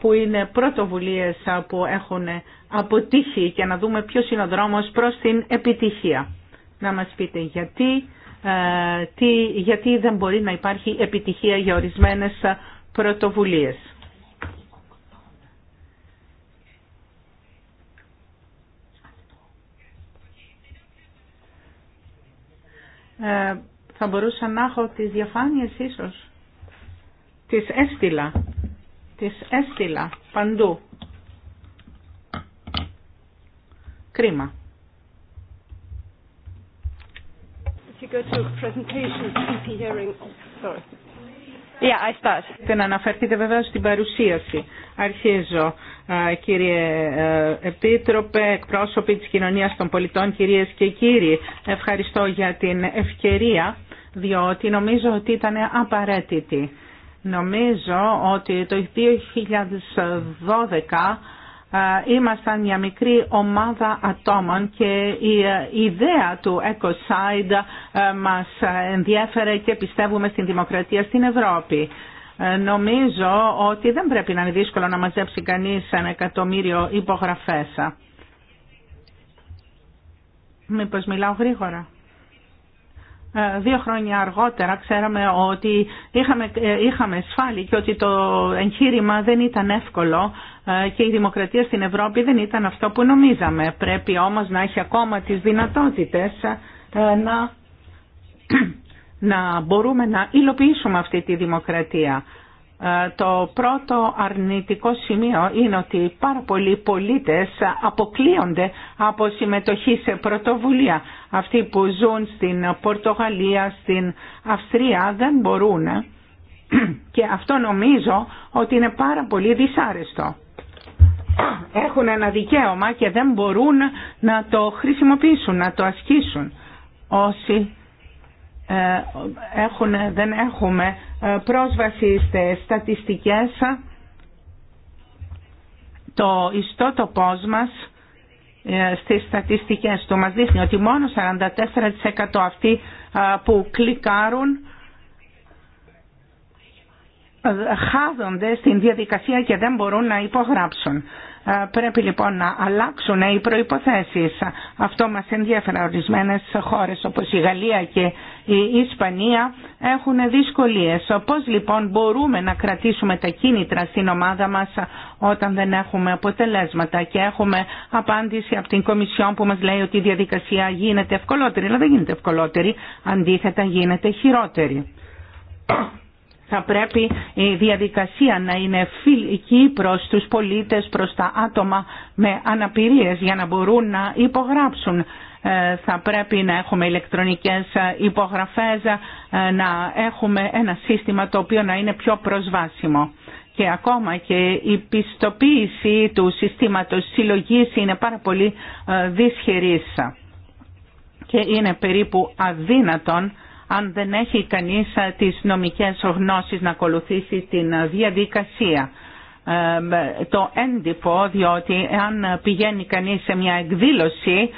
που είναι πρωτοβουλίες που έχουν αποτύχει και να δούμε ποιος είναι ο δρόμος προς την επιτυχία να μας πείτε γιατί, ε, γιατί δεν μπορεί να υπάρχει επιτυχία για ορισμένες ε, πρωτοβουλίες. Ε, θα μπορούσα να έχω τις διαφάνειες ίσως. Τις έστειλα. Τις έστειλα παντού. Κρίμα. you go Να αναφερθείτε βέβαια στην παρουσίαση. Αρχίζω, κύριε ε, Επίτροπε, εκπρόσωποι της κοινωνίας των πολιτών, κυρίες και κύριοι. Ευχαριστώ για την ευκαιρία, διότι νομίζω ότι ήταν απαραίτητη. Νομίζω ότι το 2012 ήμασταν μια μικρή ομάδα ατόμων και η ε, ιδέα του EcoSide ε, μας ενδιέφερε και πιστεύουμε στην δημοκρατία στην Ευρώπη. Ε, νομίζω ότι δεν πρέπει να είναι δύσκολο να μαζέψει κανείς ένα εκατομμύριο υπογραφές. Μήπως μιλάω γρήγορα. Ε, δύο χρόνια αργότερα ξέραμε ότι είχαμε, ε, είχαμε σφάλει και ότι το εγχείρημα δεν ήταν εύκολο ε, και η δημοκρατία στην Ευρώπη δεν ήταν αυτό που νομίζαμε. Πρέπει όμως να έχει ακόμα τις δυνατότητες να, να μπορούμε να υλοποιήσουμε αυτή τη δημοκρατία. Ε, το πρώτο αρνητικό σημείο είναι ότι πάρα πολλοί πολίτες αποκλείονται από συμμετοχή σε πρωτοβουλία. Αυτοί που ζουν στην Πορτογαλία, στην Αυστρία δεν μπορούν και αυτό νομίζω ότι είναι πάρα πολύ δυσάρεστο. Έχουν ένα δικαίωμα και δεν μπορούν να το χρησιμοποιήσουν, να το ασκήσουν. Όσοι ε, έχουν, δεν έχουμε ε, πρόσβαση στι στατιστικές. Το ιστότοπός μας ε, στις στατιστικές του μας δείχνει ότι μόνο 44% αυτοί που κλικάρουν χάδονται στην διαδικασία και δεν μπορούν να υπογράψουν. Πρέπει λοιπόν να αλλάξουν οι προϋποθέσεις. Αυτό μας ενδιαφέρει ορισμένες χώρες όπως η Γαλλία και η Ισπανία έχουν δυσκολίες. Πώς λοιπόν μπορούμε να κρατήσουμε τα κίνητρα στην ομάδα μας όταν δεν έχουμε αποτελέσματα και έχουμε απάντηση από την Κομισιόν που μας λέει ότι η διαδικασία γίνεται ευκολότερη, αλλά δεν γίνεται ευκολότερη, αντίθετα γίνεται χειρότερη. Θα πρέπει η διαδικασία να είναι φιλική προς τους πολίτες, προς τα άτομα με αναπηρίες για να μπορούν να υπογράψουν. Ε, θα πρέπει να έχουμε ηλεκτρονικές ε, υπογραφές, ε, να έχουμε ένα σύστημα το οποίο να είναι πιο προσβάσιμο. Και ακόμα και η πιστοποίηση του συστήματος συλλογής είναι πάρα πολύ δυσχερής και είναι περίπου αδύνατον αν δεν έχει κανείς τις νομικές γνώσεις να ακολουθήσει την διαδικασία το έντυπο διότι αν πηγαίνει κανείς σε μια εκδήλωση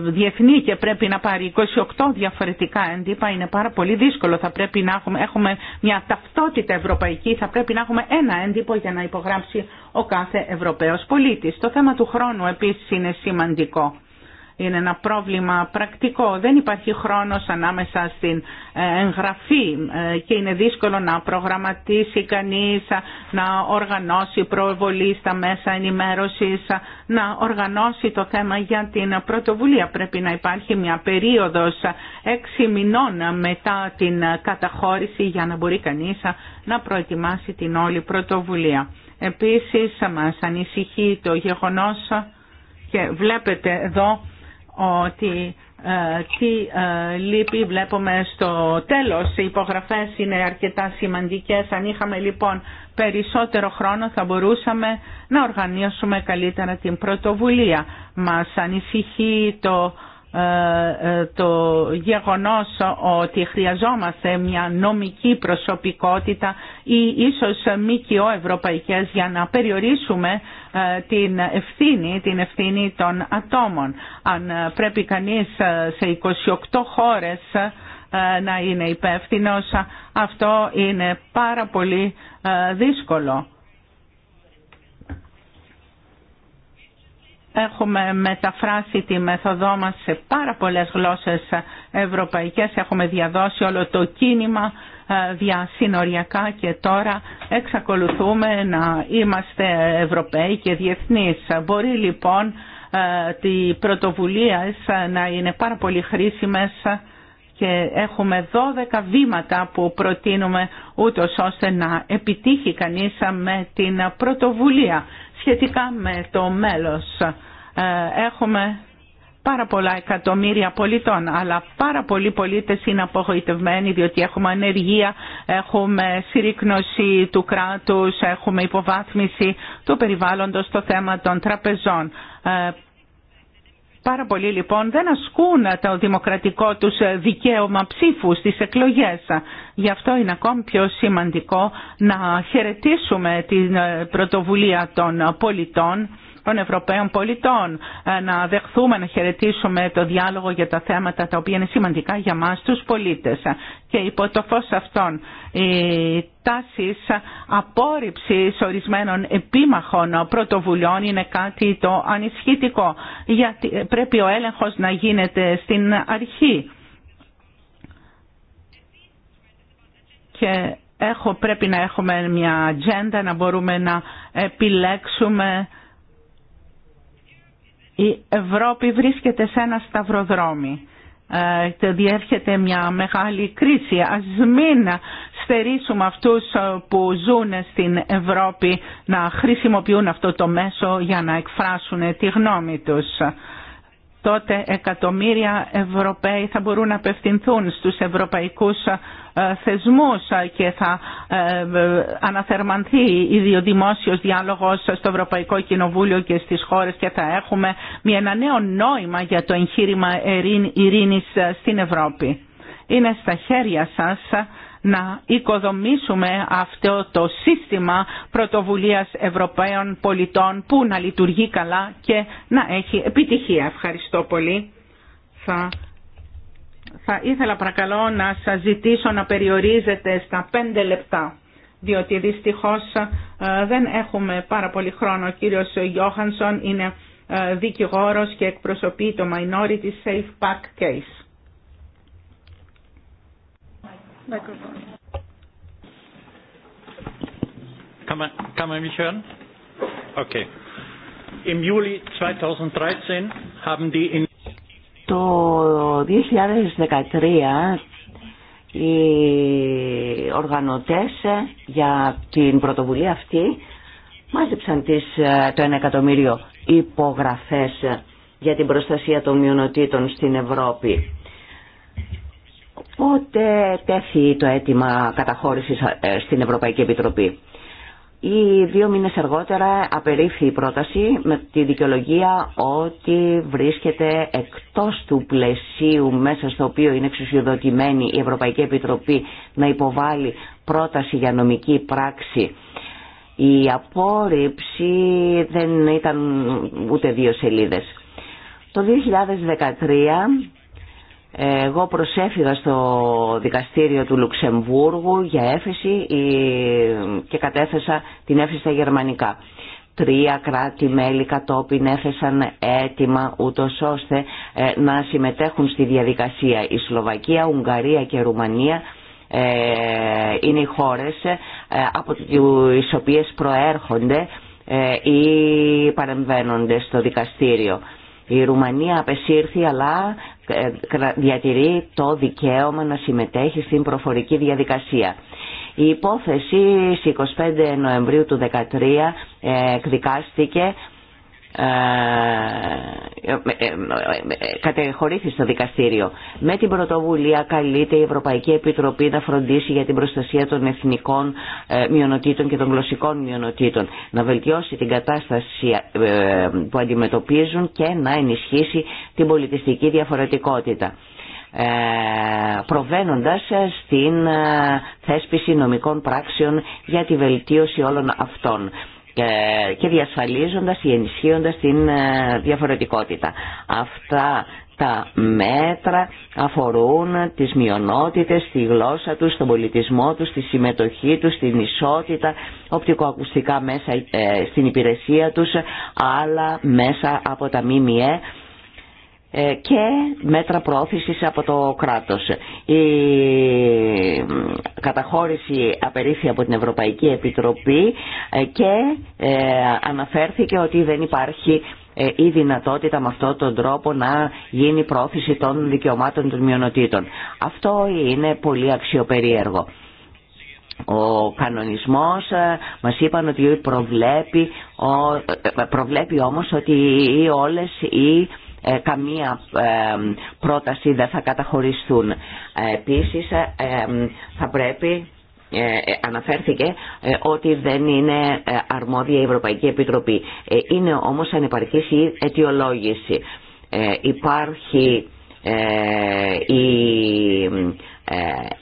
διεθνή και πρέπει να πάρει 28 διαφορετικά έντυπα είναι πάρα πολύ δύσκολο. Θα πρέπει να έχουμε, έχουμε μια ταυτότητα ευρωπαϊκή, θα πρέπει να έχουμε ένα έντυπο για να υπογράψει ο κάθε Ευρωπαίος πολίτης. Το θέμα του χρόνου επίσης είναι σημαντικό είναι ένα πρόβλημα πρακτικό. Δεν υπάρχει χρόνος ανάμεσα στην ε, εγγραφή ε, και είναι δύσκολο να προγραμματίσει κανείς, να οργανώσει προβολή στα μέσα ενημέρωσης, να οργανώσει το θέμα για την πρωτοβουλία. Πρέπει να υπάρχει μια περίοδος έξι μηνών μετά την καταχώρηση για να μπορεί κανείς να προετοιμάσει την όλη πρωτοβουλία. Επίσης μας ανησυχεί το γεγονός και βλέπετε εδώ ότι ε, τι ε, λύπη βλέπουμε στο τέλος. Οι υπογραφές είναι αρκετά σημαντικές. Αν είχαμε λοιπόν περισσότερο χρόνο θα μπορούσαμε να οργανώσουμε καλύτερα την πρωτοβουλία. Μας ανησυχεί το ε, ε, το γεγονός ότι χρειαζόμαστε μια νομική προσωπικότητα ή ίσως ΜΚΟ ευρωπαϊκές για να περιορίσουμε ε, την ευθύνη, την ευθύνη των ατόμων. Αν πρέπει κανείς σε 28 χώρες να είναι υπεύθυνος, αυτό είναι πάρα πολύ δύσκολο Έχουμε μεταφράσει τη μεθοδό μας σε πάρα πολλές γλώσσες ευρωπαϊκές. Έχουμε διαδώσει όλο το κίνημα ε, διασυνοριακά και τώρα εξακολουθούμε να είμαστε Ευρωπαίοι και διεθνείς. Μπορεί λοιπόν τη ε, πρωτοβουλία να είναι πάρα πολύ χρήσιμες και έχουμε 12 βήματα που προτείνουμε ούτω ώστε να επιτύχει κανείς με την πρωτοβουλία σχετικά με το μέλος. Ε, έχουμε πάρα πολλά εκατομμύρια πολιτών, αλλά πάρα πολλοί πολίτες είναι απογοητευμένοι διότι έχουμε ανεργία, έχουμε συρρήκνωση του κράτους, έχουμε υποβάθμιση του περιβάλλοντος στο θέμα των τραπεζών. Ε, Πάρα πολλοί λοιπόν δεν ασκούν το δημοκρατικό τους δικαίωμα ψήφου στις εκλογές. Γι' αυτό είναι ακόμη πιο σημαντικό να χαιρετήσουμε την πρωτοβουλία των πολιτών των Ευρωπαίων πολιτών. Ε, να δεχθούμε, να χαιρετήσουμε το διάλογο για τα θέματα τα οποία είναι σημαντικά για μας τους πολίτες. Και υπό το φως αυτών οι τάσεις απόρριψης ορισμένων επίμαχων πρωτοβουλειών είναι κάτι το ανισχυτικό. Γιατί πρέπει ο έλεγχος να γίνεται στην αρχή. Και έχω, πρέπει να έχουμε μια ατζέντα, να μπορούμε να επιλέξουμε η Ευρώπη βρίσκεται σε ένα σταυροδρόμι. Ε, διέρχεται μια μεγάλη κρίση. Ας μην στερήσουμε αυτούς ε, που ζουν στην Ευρώπη να χρησιμοποιούν αυτό το μέσο για να εκφράσουν τη γνώμη τους. Τότε εκατομμύρια Ευρωπαίοι θα μπορούν να απευθυνθούν στους ευρωπαϊκούς ε, θεσμούς και θα ε, αναθερμανθεί ήδη ο δημόσιος διάλογος στο Ευρωπαϊκό Κοινοβούλιο και στις χώρες και θα έχουμε μια, ένα νέο νόημα για το εγχείρημα ειρήνης ε, στην Ευρώπη. Είναι στα χέρια σας να οικοδομήσουμε αυτό το σύστημα πρωτοβουλίας Ευρωπαίων πολιτών που να λειτουργεί καλά και να έχει επιτυχία. Ευχαριστώ πολύ. Θα θα ήθελα παρακαλώ να σας ζητήσω να περιορίζετε στα πέντε λεπτά, διότι δυστυχώς ε, δεν έχουμε πάρα πολύ χρόνο. Ο κύριος Γιώχανσον είναι ε, δικηγόρος και εκπροσωπεί το Minority Safe Pack Case. Im Juli 2013 haben die in το 2013 οι οργανωτές για την πρωτοβουλία αυτή μάζεψαν τις, ε, το 1 εκατομμύριο υπογραφές για την προστασία των μειονοτήτων στην Ευρώπη. Οπότε τέθη το αίτημα καταχώρησης ε, στην Ευρωπαϊκή Επιτροπή. Ή δύο μήνες αργότερα απερίφθη η πρόταση με τη δικαιολογία ότι βρίσκεται εκτός του πλαισίου μέσα στο οποίο είναι εξουσιοδοτημένη η Ευρωπαϊκή Επιτροπή να υποβάλει πρόταση για νομική πράξη. Η απόρριψη δεν ήταν ούτε δύο σελίδες. Το 2013 εγώ προσέφυγα στο δικαστήριο του Λουξεμβούργου για έφεση και κατέθεσα την έφεση στα γερμανικά. Τρία κράτη-μέλη κατόπιν έθεσαν έτοιμα ούτω ώστε ε, να συμμετέχουν στη διαδικασία. Η Σλοβακία, Ουγγαρία και Ρουμανία ε, είναι οι χώρες ε, από τις οποίες προέρχονται ή παρεμβαίνονται στο δικαστήριο. Η Ρουμανία απεσύρθη απεσηρθη αλλα ε, διατηρεί το δικαίωμα να συμμετέχει στην προφορική διαδικασία. Η υπόθεση στις 25 Νοεμβρίου του 2013 ε, εκδικάστηκε ε, ε, ε, κατεχωρήθη στο δικαστήριο. Με την πρωτοβουλία καλείται η Ευρωπαϊκή Επιτροπή να φροντίσει για την προστασία των εθνικών μειονοτήτων και των γλωσσικών μειονοτήτων, να βελτιώσει την κατάσταση που αντιμετωπίζουν και να ενισχύσει την πολιτιστική διαφορετικότητα προβαίνοντας στην θέσπιση νομικών πράξεων για τη βελτίωση όλων αυτών. Ε, και διασφαλίζοντας ή ενισχύοντας την ε, διαφορετικότητα. Αυτά τα μέτρα αφορούν τις μειονότητες, τη γλώσσα τους, τον πολιτισμό τους, τη συμμετοχή τους, την ισότητα, οπτικοακουστικά μέσα ε, στην υπηρεσία τους, άλλα μέσα από τα ΜΜΕ ε, και μέτρα πρόθεσης από το κράτος. Η καταχώρηση απερίφθη από την Ευρωπαϊκή Επιτροπή ε, και ε, αναφέρθηκε ότι δεν υπάρχει η δυνατότητα με αυτόν τον τρόπο να γίνει πρόθεση των δικαιωμάτων των μειονοτήτων. Αυτό είναι πολύ αξιοπερίεργο. Ο κανονισμός μας είπαν ότι προβλέπει, προβλέπει όμως ότι όλες οι ε, καμία ε, πρόταση δεν θα καταχωριστούν. Ε, επίσης θα πρέπει αναφέρθηκε ότι δεν είναι αρμόδια η Ευρωπαϊκή Επιτροπή. Είναι όμως ανεπαρκής η αιτιολόγηση. Υπάρχει η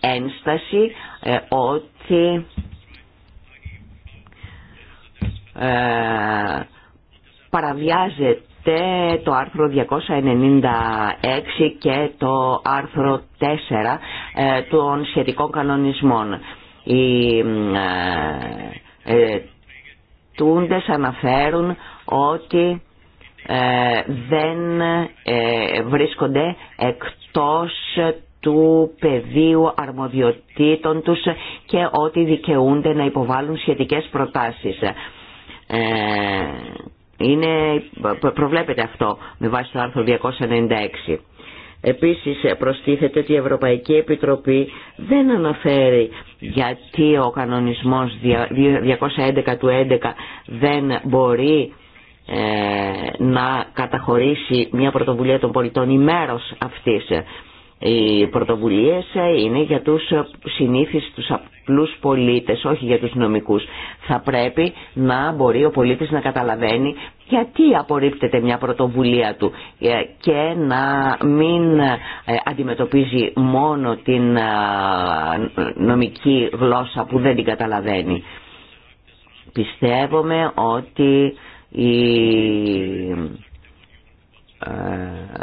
ένσταση ότι παραβιάζεται το άρθρο 296 και το άρθρο 4 ε, των σχετικών κανονισμών. Οι ε, ε τούντες αναφέρουν ότι ε, δεν βρίσκονται εκτός του πεδίου αρμοδιοτήτων τους και ότι δικαιούνται να υποβάλουν σχετικές προτάσεις. Είναι, προβλέπεται αυτό με βάση το άρθρο 296. Επίσης προστίθεται ότι η Ευρωπαϊκή Επιτροπή δεν αναφέρει γιατί ο κανονισμός 211 του 11 δεν μπορεί ε, να καταχωρήσει μια πρωτοβουλία των πολιτών ή μέρος αυτής. Οι πρωτοβουλίε ε, είναι για τους ε, συνήθεις, τους απλούς πολίτες, όχι για τους νομικούς. Θα πρέπει να μπορεί ο πολίτης να καταλαβαίνει γιατί απορρίπτεται μια πρωτοβουλία του ε, και να μην αντιμετωπίζει μόνο την νομική γλώσσα που δεν την καταλαβαίνει. Πιστεύουμε ότι η ε,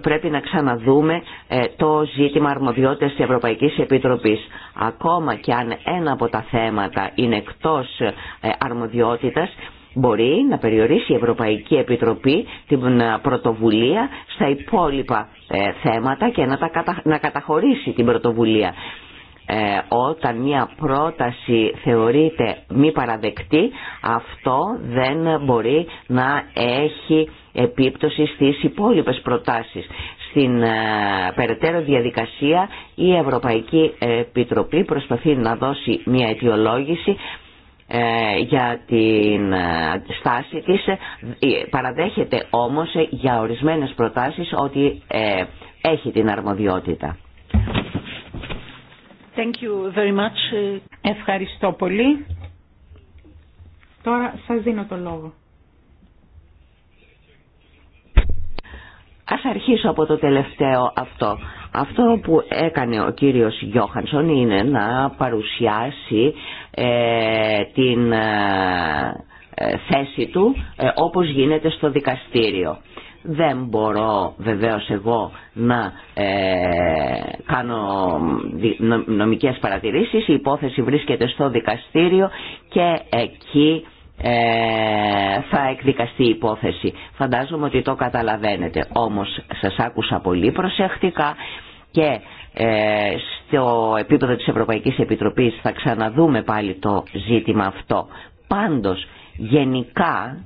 πρέπει να ξαναδούμε ε, το ζήτημα αρμοδιότητας της Ευρωπαϊκής Επιτροπής. Ακόμα και αν ένα από τα θέματα είναι εκτός ε, αρμοδιότητας, μπορεί να περιορίσει η Ευρωπαϊκή Επιτροπή την πρωτοβουλία στα υπόλοιπα θέματα και να, τα να καταχωρήσει την πρωτοβουλία. Ε, όταν μια πρόταση θεωρείται μη παραδεκτή, αυτό δεν μπορεί να έχει επίπτωση στις υπόλοιπες προτάσεις. Στην ε, περαιτέρω διαδικασία η Ευρωπαϊκή Επιτροπή προσπαθεί να δώσει μια αιτιολόγηση ε, για την στάση της παραδέχεται όμως για ορισμένες προτάσεις ότι έχει την αρμοδιότητα. Thank you very much. Ευχαριστώ πολύ. Τώρα σας δίνω το λόγο. Ας αρχίσω από το τελευταίο αυτό. Αυτό που έκανε ο κύριος Γιώχανσον είναι να παρουσιάσει ε, την ε, ε, θέση του όπως γίνεται στο δικαστήριο. Δεν μπορώ βεβαίως εγώ να ε, κάνω νομικές παρατηρήσεις. Η υπόθεση βρίσκεται στο δικαστήριο και εκεί ε, θα εκδικαστεί η υπόθεση. Φαντάζομαι ότι το καταλαβαίνετε. Όμως σας άκουσα πολύ προσεκτικά και ε, στο επίπεδο της Ευρωπαϊκής Επιτροπής θα ξαναδούμε πάλι το ζήτημα αυτό. Πάντως γενικά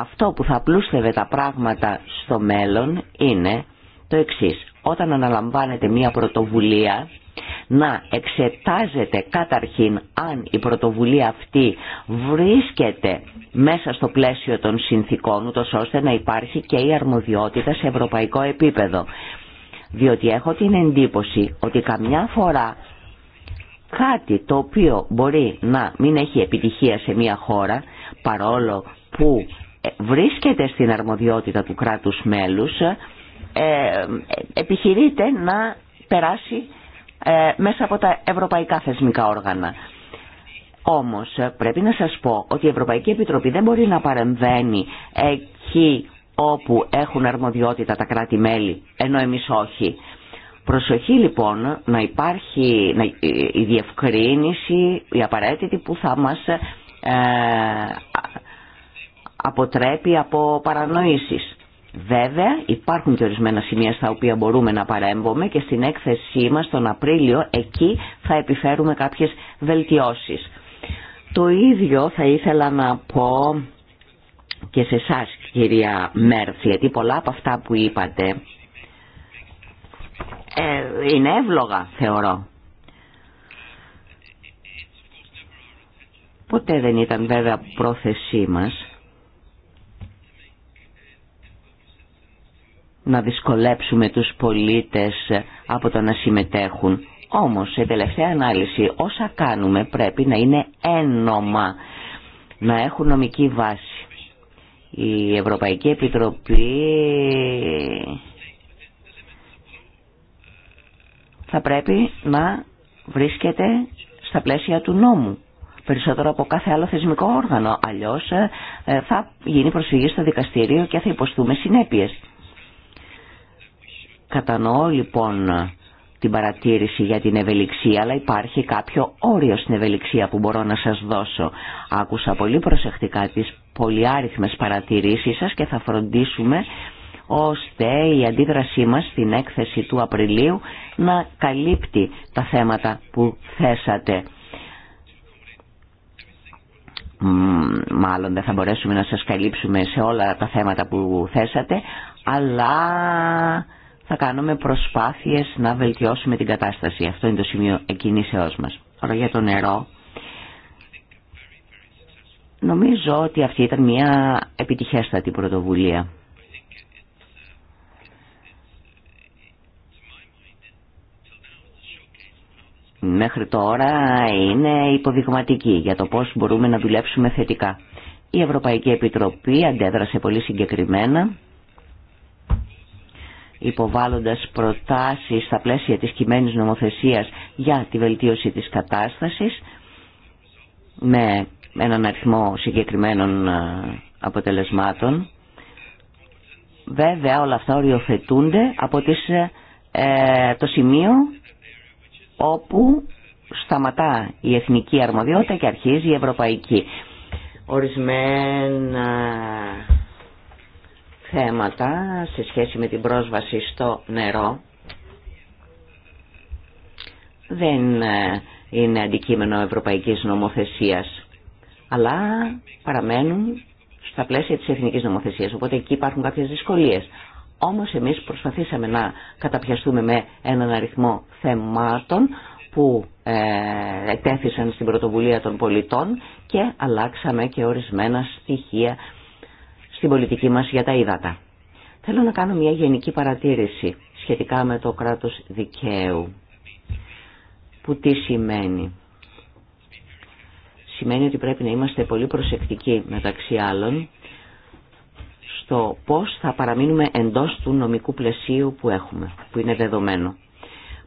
Αυτό που θα πλούστευε τα πράγματα στο μέλλον είναι το εξής. Όταν αναλαμβάνετε μία πρωτοβουλία, να εξετάζετε καταρχήν αν η πρωτοβουλία αυτή βρίσκεται μέσα στο πλαίσιο των συνθήκων, ούτως ώστε να υπάρχει και η αρμοδιότητα σε ευρωπαϊκό επίπεδο. Διότι έχω την εντύπωση ότι καμιά φορά κάτι το οποίο μπορεί να μην έχει επιτυχία σε μία χώρα, παρόλο που βρίσκεται στην αρμοδιότητα του κράτους μέλους ε, ε, επιχειρείται να περάσει ε, μέσα από τα ευρωπαϊκά θεσμικά όργανα. Όμως πρέπει να σας πω ότι η Ευρωπαϊκή Επιτροπή δεν μπορεί να παρεμβαίνει εκεί όπου έχουν αρμοδιότητα τα κράτη-μέλη, ενώ εμείς όχι. Προσοχή λοιπόν να υπάρχει η διευκρίνηση, η απαραίτητη που θα μας αποτρέπει από παρανοήσεις. Βέβαια υπάρχουν και ορισμένα σημεία στα οποία μπορούμε να παρέμβουμε και στην έκθεσή μας τον Απρίλιο εκεί θα επιφέρουμε κάποιες βελτιώσεις. Το ίδιο θα ήθελα να πω και σε εσά, κυρία Μέρθ, γιατί πολλά από αυτά που είπατε ε, είναι εύλογα, θεωρώ. Ποτέ δεν ήταν βέβαια πρόθεσή μας να δυσκολέψουμε τους πολίτες από το να συμμετέχουν. Όμως, σε τελευταία ανάλυση, όσα κάνουμε πρέπει να είναι ένομα, να έχουν νομική βάση. Η Ευρωπαϊκή Επιτροπή θα πρέπει να βρίσκεται στα πλαίσια του νόμου περισσότερο από κάθε άλλο θεσμικό όργανο. Αλλιώς ε, θα γίνει προσφυγή στο δικαστήριο και θα υποστούμε συνέπειες. Κατανοώ λοιπόν την παρατήρηση για την ευελιξία, αλλά υπάρχει κάποιο όριο στην ευελιξία που μπορώ να σας δώσω. Άκουσα πολύ προσεκτικά τις πολυάριθμες παρατηρήσεις σας και θα φροντίσουμε ώστε η αντίδρασή μας στην έκθεση του Απριλίου να καλύπτει τα θέματα που θέσατε. Μάλλον δεν θα μπορέσουμε να σας καλύψουμε σε όλα τα θέματα που θέσατε, αλλά θα κάνουμε προσπάθειες να βελτιώσουμε την κατάσταση. Αυτό είναι το σημείο εκκινήσεώς μας. Τώρα για το νερό. Νομίζω ότι αυτή ήταν μια επιτυχέστατη πρωτοβουλία. Μέχρι τώρα είναι υποδειγματική για το πώς μπορούμε να δουλέψουμε θετικά. Η Ευρωπαϊκή Επιτροπή αντέδρασε πολύ συγκεκριμένα υποβάλλοντας προτάσεις στα πλαίσια της κειμένης νομοθεσίας για τη βελτίωση της κατάστασης με έναν αριθμό συγκεκριμένων ε, αποτελεσμάτων. Βέβαια όλα αυτά οριοθετούνται από ε, ε, το σημείο όπου σταματά η εθνική αρμοδιότητα και αρχίζει η ευρωπαϊκή. Ορισμένα θέματα σε σχέση με την πρόσβαση στο νερό δεν ε, είναι αντικείμενο ευρωπαϊκής νομοθεσίας αλλά παραμένουν στα πλαίσια της εθνικής νομοθεσίας οπότε εκεί υπάρχουν κάποιες δυσκολίες όμως εμείς προσπαθήσαμε να καταπιαστούμε με έναν αριθμό θεμάτων που ε, ετέθησαν στην πρωτοβουλία των πολιτών και αλλάξαμε και ορισμένα στοιχεία στην πολιτική μας για τα ύδατα. Θέλω να κάνω μια γενική παρατήρηση σχετικά με το κράτος δικαίου. Που τι σημαίνει. Σημαίνει ότι πρέπει να είμαστε πολύ προσεκτικοί μεταξύ άλλων στο πώς θα παραμείνουμε εντός του νομικού πλαισίου που έχουμε, που είναι δεδομένο.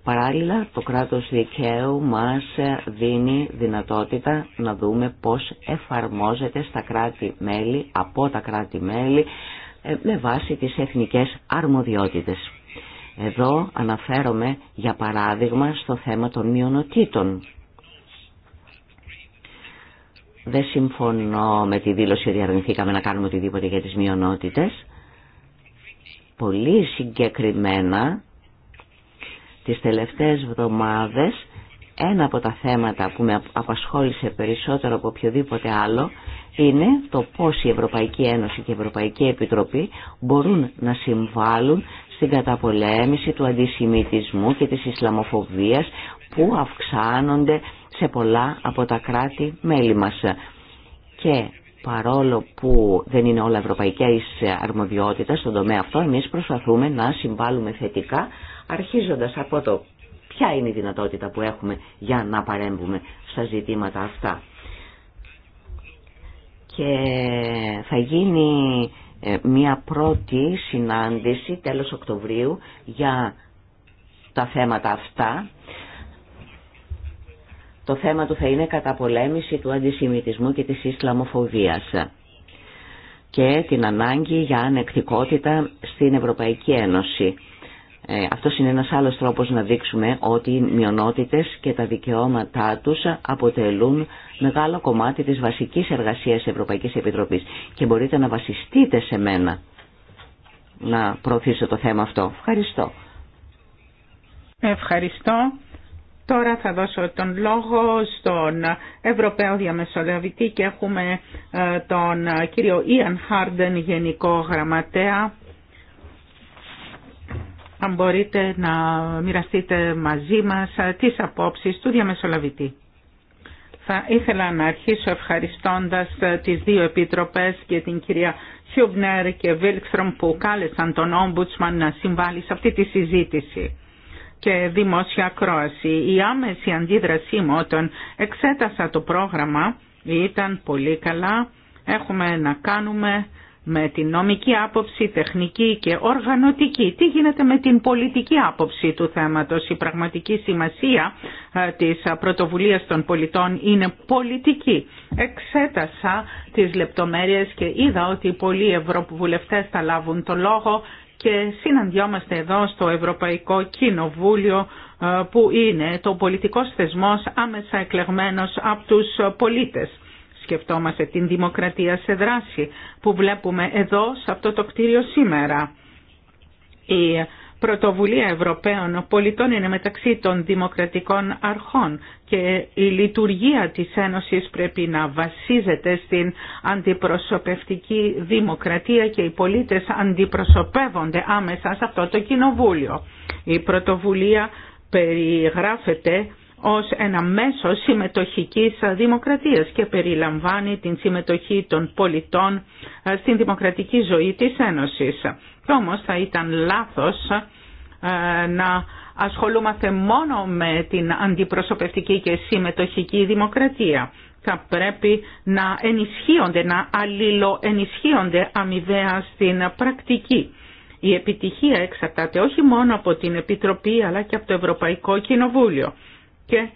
Παράλληλα, το κράτος δικαίου μας δίνει δυνατότητα να δούμε πώς εφαρμόζεται στα κράτη-μέλη, από τα κράτη-μέλη, ε, με βάση τις εθνικές αρμοδιότητες. Εδώ αναφέρομαι, για παράδειγμα, στο θέμα των μειονοτήτων. Δεν συμφωνώ με τη δήλωση ότι αρνηθήκαμε να κάνουμε οτιδήποτε για τις μειονότητες. Πολύ συγκεκριμένα Τις τελευταίες βδομάδες ένα από τα θέματα που με απασχόλησε περισσότερο από οποιοδήποτε άλλο είναι το πώς η Ευρωπαϊκή Ένωση και η Ευρωπαϊκή Επιτροπή μπορούν να συμβάλλουν στην καταπολέμηση του αντισημιτισμού και της Ισλαμοφοβίας που αυξάνονται σε πολλά από τα κράτη-μέλη μας. Και παρόλο που δεν είναι όλα ευρωπαϊκές αρμοδιότητα στον τομέα αυτό, εμείς προσπαθούμε να συμβάλλουμε θετικά αρχίζοντας από το ποια είναι η δυνατότητα που έχουμε για να παρέμβουμε στα ζητήματα αυτά. Και θα γίνει ε, μια πρώτη συνάντηση τέλος Οκτωβρίου για τα θέματα αυτά. Το θέμα του θα είναι καταπολέμηση του αντισημιτισμού και της Ισλαμοφοβίας και την ανάγκη για ανεκτικότητα στην Ευρωπαϊκή Ένωση. Ε, αυτός είναι ένας άλλος τρόπος να δείξουμε ότι οι μειονότητες και τα δικαιώματά τους αποτελούν μεγάλο κομμάτι της βασικής εργασίας Ευρωπαϊκής Επιτροπής και μπορείτε να βασιστείτε σε μένα να προωθήσω το θέμα αυτό. Ευχαριστώ. Ευχαριστώ. Τώρα θα δώσω τον λόγο στον Ευρωπαίο Διαμεσολαβητή και έχουμε ε, τον κύριο Ιαν Χάρντεν, Γενικό Γραμματέα αν μπορείτε να μοιραστείτε μαζί μας ε, τις απόψεις του διαμεσολαβητή. Θα ήθελα να αρχίσω ευχαριστώντας ε, τις δύο επίτροπες και την κυρία Χιούμπνερ και Βίλξτρομ που κάλεσαν τον Ομπούτσμαν να συμβάλει σε αυτή τη συζήτηση και δημόσια κρόαση. Η άμεση αντίδρασή μου όταν εξέτασα το πρόγραμμα ήταν πολύ καλά. Έχουμε να κάνουμε με την νομική άποψη, τεχνική και οργανωτική. Τι γίνεται με την πολιτική άποψη του θέματος. Η πραγματική σημασία ε, της πρωτοβουλίας των πολιτών είναι πολιτική. Εξέτασα τις λεπτομέρειες και είδα ότι πολλοί ευρωβουλευτές θα λάβουν το λόγο και συναντιόμαστε εδώ στο Ευρωπαϊκό Κοινοβούλιο ε, που είναι το πολιτικός θεσμός άμεσα εκλεγμένος από τους πολίτες. Σκεφτόμαστε την δημοκρατία σε δράση που βλέπουμε εδώ σε αυτό το κτίριο σήμερα. Η πρωτοβουλία Ευρωπαίων πολιτών είναι μεταξύ των δημοκρατικών αρχών και η λειτουργία της Ένωσης πρέπει να βασίζεται στην αντιπροσωπευτική δημοκρατία και οι πολίτες αντιπροσωπεύονται άμεσα σε αυτό το κοινοβούλιο. Η πρωτοβουλία περιγράφεται ως ένα μέσο συμμετοχικής δημοκρατίας και περιλαμβάνει την συμμετοχή των πολιτών ε, στην δημοκρατική ζωή της Ένωσης. Και όμως θα ήταν λάθος ε, να ασχολούμαστε μόνο με την αντιπροσωπευτική και συμμετοχική δημοκρατία. Θα πρέπει να ενισχύονται, να αλληλοενισχύονται αμοιβαία στην πρακτική. Η επιτυχία εξαρτάται όχι μόνο από την Επιτροπή αλλά και από το Ευρωπαϊκό Κοινοβούλιο και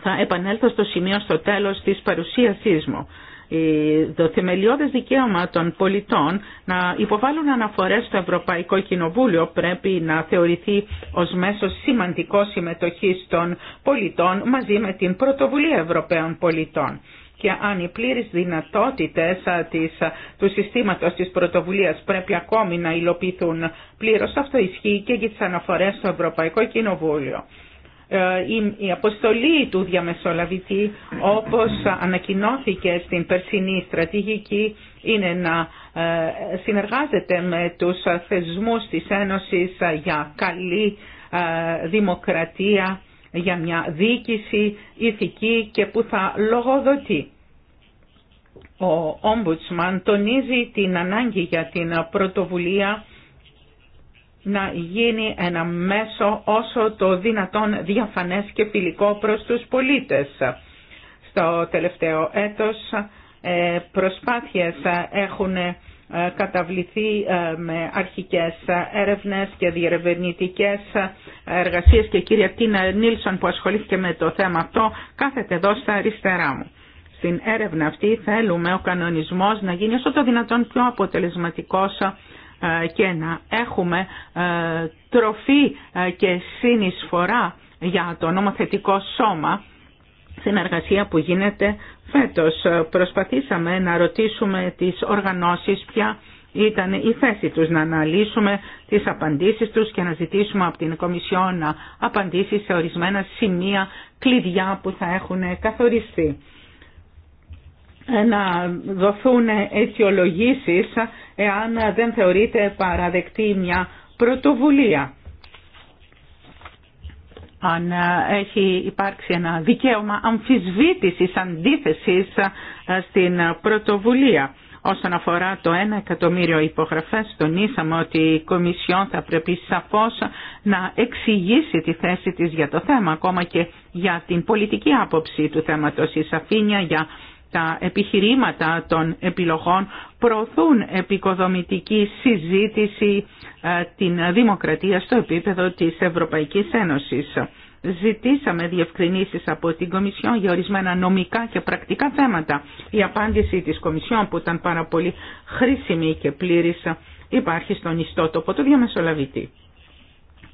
θα επανέλθω στο σημείο στο τέλος της παρουσίασής μου. Το θεμελιώδες δικαίωμα των πολιτών να υποβάλουν αναφορές στο Ευρωπαϊκό Κοινοβούλιο πρέπει να θεωρηθεί ως μέσο σημαντικό συμμετοχής των πολιτών μαζί με την πρωτοβουλία Ευρωπαίων πολιτών και αν οι πλήρες δυνατότητες του συστήματος της πρωτοβουλίας πρέπει ακόμη να υλοποιηθούν πλήρως, αυτό ισχύει και για τις αναφορές στο Ευρωπαϊκό Κοινοβούλιο. Ε, η αποστολή του διαμεσολαβητή όπως ανακοινώθηκε στην περσινή στρατηγική είναι να ε, συνεργάζεται με τους θεσμούς της Ένωσης για καλή ε, δημοκρατία, για μια διοίκηση ηθική και που θα λογοδοτεί. Ο Ombudsman τονίζει την ανάγκη για την πρωτοβουλία να γίνει ένα μέσο όσο το δυνατόν διαφανές και φιλικό προς τους πολίτες. Στο τελευταίο έτος ε, προσπάθειες έχουν ε, καταβληθεί ε, με αρχικές έρευνες και διερευνητικές εργασίες και η κυρία Τίνα Νίλσον που ασχολήθηκε με το θέμα αυτό κάθεται εδώ στα αριστερά μου. Στην έρευνα αυτή θέλουμε ο κανονισμός να γίνει όσο το δυνατόν πιο αποτελεσματικός ε, και να έχουμε ε, τροφή ε, και συνεισφορά για το νομοθετικό σώμα στην εργασία που γίνεται φέτος. Προσπαθήσαμε να ρωτήσουμε τις οργανώσεις ποια ήταν η θέση τους να αναλύσουμε τις απαντήσεις τους και να ζητήσουμε από την Κομισιόν να απαντήσει σε ορισμένα σημεία κλειδιά που θα έχουν καθοριστεί. Ε, να δοθούν αιτιολογήσει εάν δεν θεωρείται παραδεκτή μια πρωτοβουλία. Αν έχει υπάρξει ένα δικαίωμα αμφισβήτησης, αντίθεσης ε, στην πρωτοβουλία. Όσον αφορά το 1 εκατομμύριο υπογραφές, τονίσαμε ότι η Κομισιόν θα πρέπει σαφώς να εξηγήσει τη θέση της για το θέμα, ακόμα και για την πολιτική άποψη του θέματος. Η σαφήνεια για τα επιχειρήματα των επιλογών προωθούν επικοδομητική συζήτηση ε, την δημοκρατία στο επίπεδο της Ευρωπαϊκής Ένωσης. Ζητήσαμε διευκρινήσεις από την Κομισιόν για ορισμένα νομικά και πρακτικά θέματα. Η απάντηση της Κομισιόν που ήταν πάρα πολύ χρήσιμη και πλήρης υπάρχει στον ιστότοπο του διαμεσολαβητή,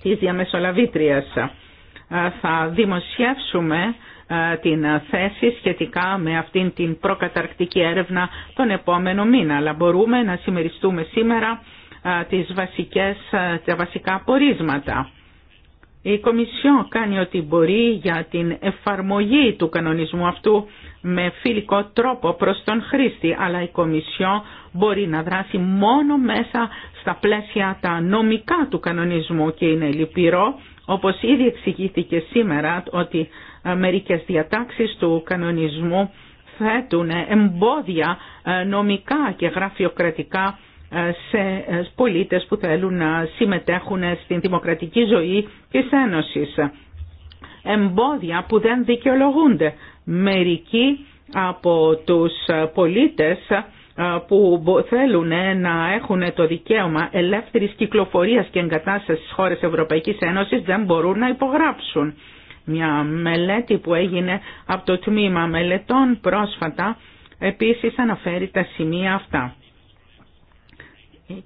της διαμεσολαβήτριας. Ε, θα δημοσιεύσουμε ε, την θέση σχετικά με αυτήν την προκαταρκτική έρευνα τον επόμενο μήνα. Αλλά μπορούμε να συμμεριστούμε σήμερα ε, τις βασικές, ε, τα βασικά πορίσματα. Η Κομισιόν κάνει ό,τι μπορεί για την εφαρμογή του κανονισμού αυτού με φιλικό τρόπο προς τον χρήστη, αλλά η Κομισιόν μπορεί να δράσει μόνο μέσα στα πλαίσια τα νομικά του κανονισμού και είναι λυπηρό, όπως ήδη εξηγήθηκε σήμερα, ότι ε, μερικές διατάξεις του κανονισμού θέτουν εμπόδια ε, νομικά και γραφειοκρατικά ε, σε πολίτες που θέλουν να συμμετέχουν στην δημοκρατική ζωή της Ένωσης. Εμπόδια που δεν δικαιολογούνται. Μερικοί από τους πολίτες που θέλουν να έχουν το δικαίωμα ελεύθερης κυκλοφορίας και εγκατάστασης στις χώρες Ευρωπαϊκής Ένωσης δεν μπορούν να υπογράψουν. Μια μελέτη που έγινε από το τμήμα μελετών πρόσφατα επίσης αναφέρει τα σημεία αυτά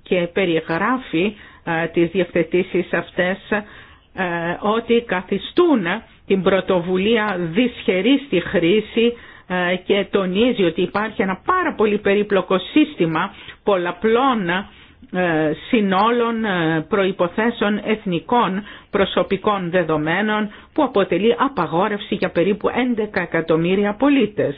και περιγράφει ε, τις διευθετήσεις αυτές ε, ότι καθιστούν την πρωτοβουλία δυσχερή στη χρήση ε, και τονίζει ότι υπάρχει ένα πάρα πολύ περίπλοκο σύστημα πολλαπλών ε, συνόλων ε, προϋποθέσεων εθνικών προσωπικών δεδομένων που αποτελεί απαγόρευση για περίπου 11 εκατομμύρια πολίτες.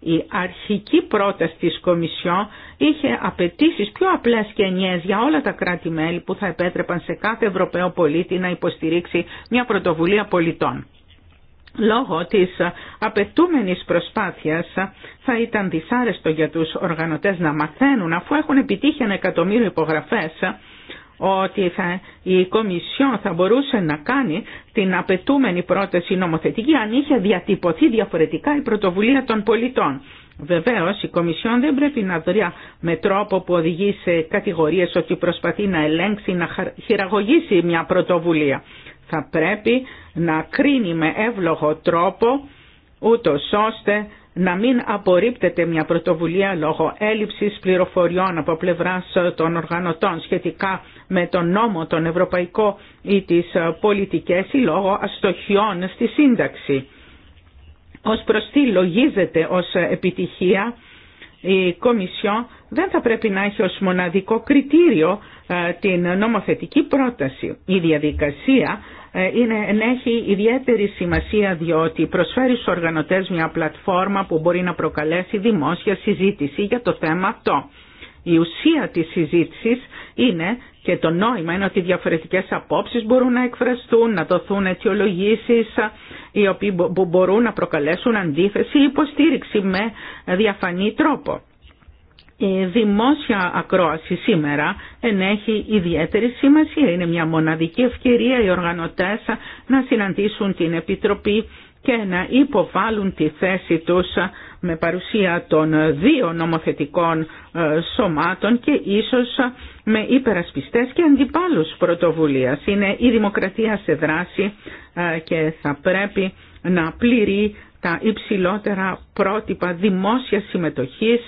Η αρχική πρόταση της Κομισιό είχε απαιτήσεις πιο απλές και ενιαίες για όλα τα κράτη-μέλη που θα επέτρεπαν σε κάθε Ευρωπαίο πολίτη να υποστηρίξει μια πρωτοβουλία πολιτών. Λόγω της απαιτούμενης προσπάθειας θα ήταν δυσάρεστο για τους οργανωτές να μαθαίνουν αφού έχουν επιτύχει ένα εκατομμύριο υπογραφές ότι η Κομισιόν θα μπορούσε να κάνει την απαιτούμενη πρόταση νομοθετική αν είχε διατυπωθεί διαφορετικά η πρωτοβουλία των πολιτών. Βεβαίως η Κομισιόν δεν πρέπει να δωρεά με τρόπο που οδηγεί σε κατηγορίες ότι προσπαθεί να ελέγξει, να χειραγωγήσει μια πρωτοβουλία θα πρέπει να κρίνει με εύλογο τρόπο ούτω ώστε να μην απορρίπτεται μια πρωτοβουλία λόγω έλλειψης πληροφοριών από πλευράς των οργανωτών σχετικά με τον νόμο, τον ευρωπαϊκό ή τις πολιτικές ή λόγω αστοχιών στη σύνταξη. Ως προς τι λογίζεται ως επιτυχία η Κομισιό δεν θα πρέπει να έχει ως μοναδικό κριτήριο ε, την νομοθετική πρόταση. Η διαδικασία ε, είναι, έχει ιδιαίτερη σημασία διότι προσφέρει στους οργανωτές μια πλατφόρμα που μπορεί να προκαλέσει δημόσια συζήτηση για το θέμα αυτό. Η ουσία της συζήτησης είναι και το νόημα είναι ότι διαφορετικές απόψεις μπορούν να εκφραστούν, να δοθούν αιτιολογήσεις οι οποίοι μπορούν να προκαλέσουν αντίθεση ή υποστήριξη με διαφανή τρόπο. Η δημόσια ακρόαση σήμερα ενέχει ιδιαίτερη σημασία. Είναι μια μοναδική ευκαιρία οι οργανωτές να συναντήσουν την Επιτροπή και να υποβάλουν τη θέση τους με παρουσία των δύο νομοθετικών ε, σωμάτων και ίσως με υπερασπιστές και αντιπάλους πρωτοβουλίας. Είναι η δημοκρατία σε δράση ε, και θα πρέπει να πληρεί τα υψηλότερα πρότυπα δημόσιας συμμετοχής,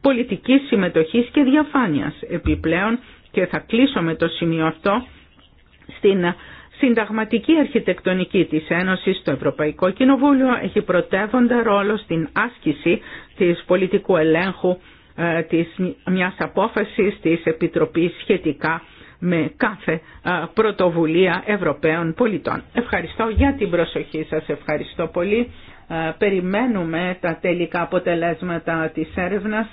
πολιτικής συμμετοχής και διαφάνειας. Επιπλέον, και θα κλείσω με το σημείο αυτό, στην συνταγματική αρχιτεκτονική της Ένωσης στο Ευρωπαϊκό Κοινοβούλιο έχει πρωτεύοντα ρόλο στην άσκηση της πολιτικού ελέγχου ε, της μιας απόφασης της Επιτροπής σχετικά με κάθε ε, πρωτοβουλία Ευρωπαίων πολιτών. Ευχαριστώ για την προσοχή σας, ευχαριστώ πολύ. Ε, περιμένουμε τα τελικά αποτελέσματα της έρευνας.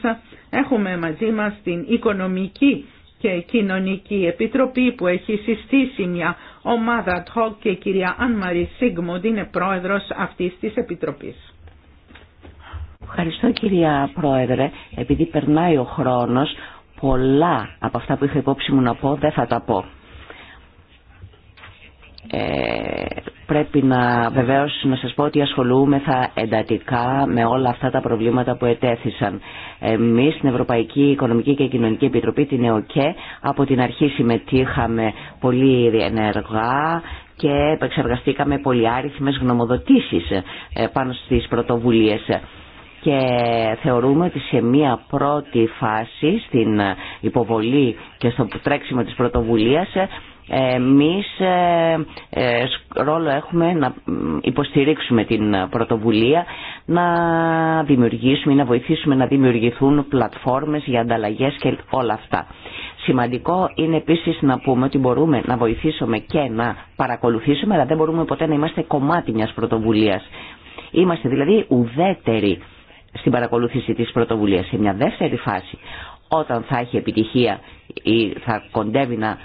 Έχουμε μαζί μας την Οικονομική και Κοινωνική Επιτροπή που έχει συστήσει μια ομάδα ad hoc και η κυρία Άνμαρη Σίγμοντ είναι πρόεδρος αυτής της Επιτροπής. Ευχαριστώ κυρία Πρόεδρε. Επειδή περνάει ο χρόνος, πολλά από αυτά που είχα υπόψη μου να πω δεν θα τα πω. Ε, πρέπει να βεβαίως να σας πω ότι ασχολούμεθα εντατικά με όλα αυτά τα προβλήματα που ετέθησαν. Εμείς στην Ευρωπαϊκή Οικονομική και Κοινωνική Επιτροπή, την ΕΟΚΕ, από την αρχή συμμετείχαμε πολύ ενεργά και επεξεργαστήκαμε πολυάριθμες γνωμοδοτήσεις ε, πάνω στις πρωτοβουλίες και θεωρούμε ότι σε μία πρώτη φάση στην υποβολή και στο τρέξιμο της πρωτοβουλίας εμείς ε, ε, ρόλο έχουμε να υποστηρίξουμε την πρωτοβουλία, να δημιουργήσουμε ή να βοηθήσουμε να δημιουργηθούν πλατφόρμες για ανταλλαγές και όλα αυτά. Σημαντικό είναι επίσης να πούμε ότι μπορούμε να βοηθήσουμε και να παρακολουθήσουμε, αλλά δεν μπορούμε ποτέ να είμαστε κομμάτι μιας πρωτοβουλίας. Είμαστε δηλαδή ουδέτεροι στην παρακολούθηση της πρωτοβουλίας. Σε μια δεύτερη φάση, όταν θα έχει επιτυχία ή θα κοντεύει να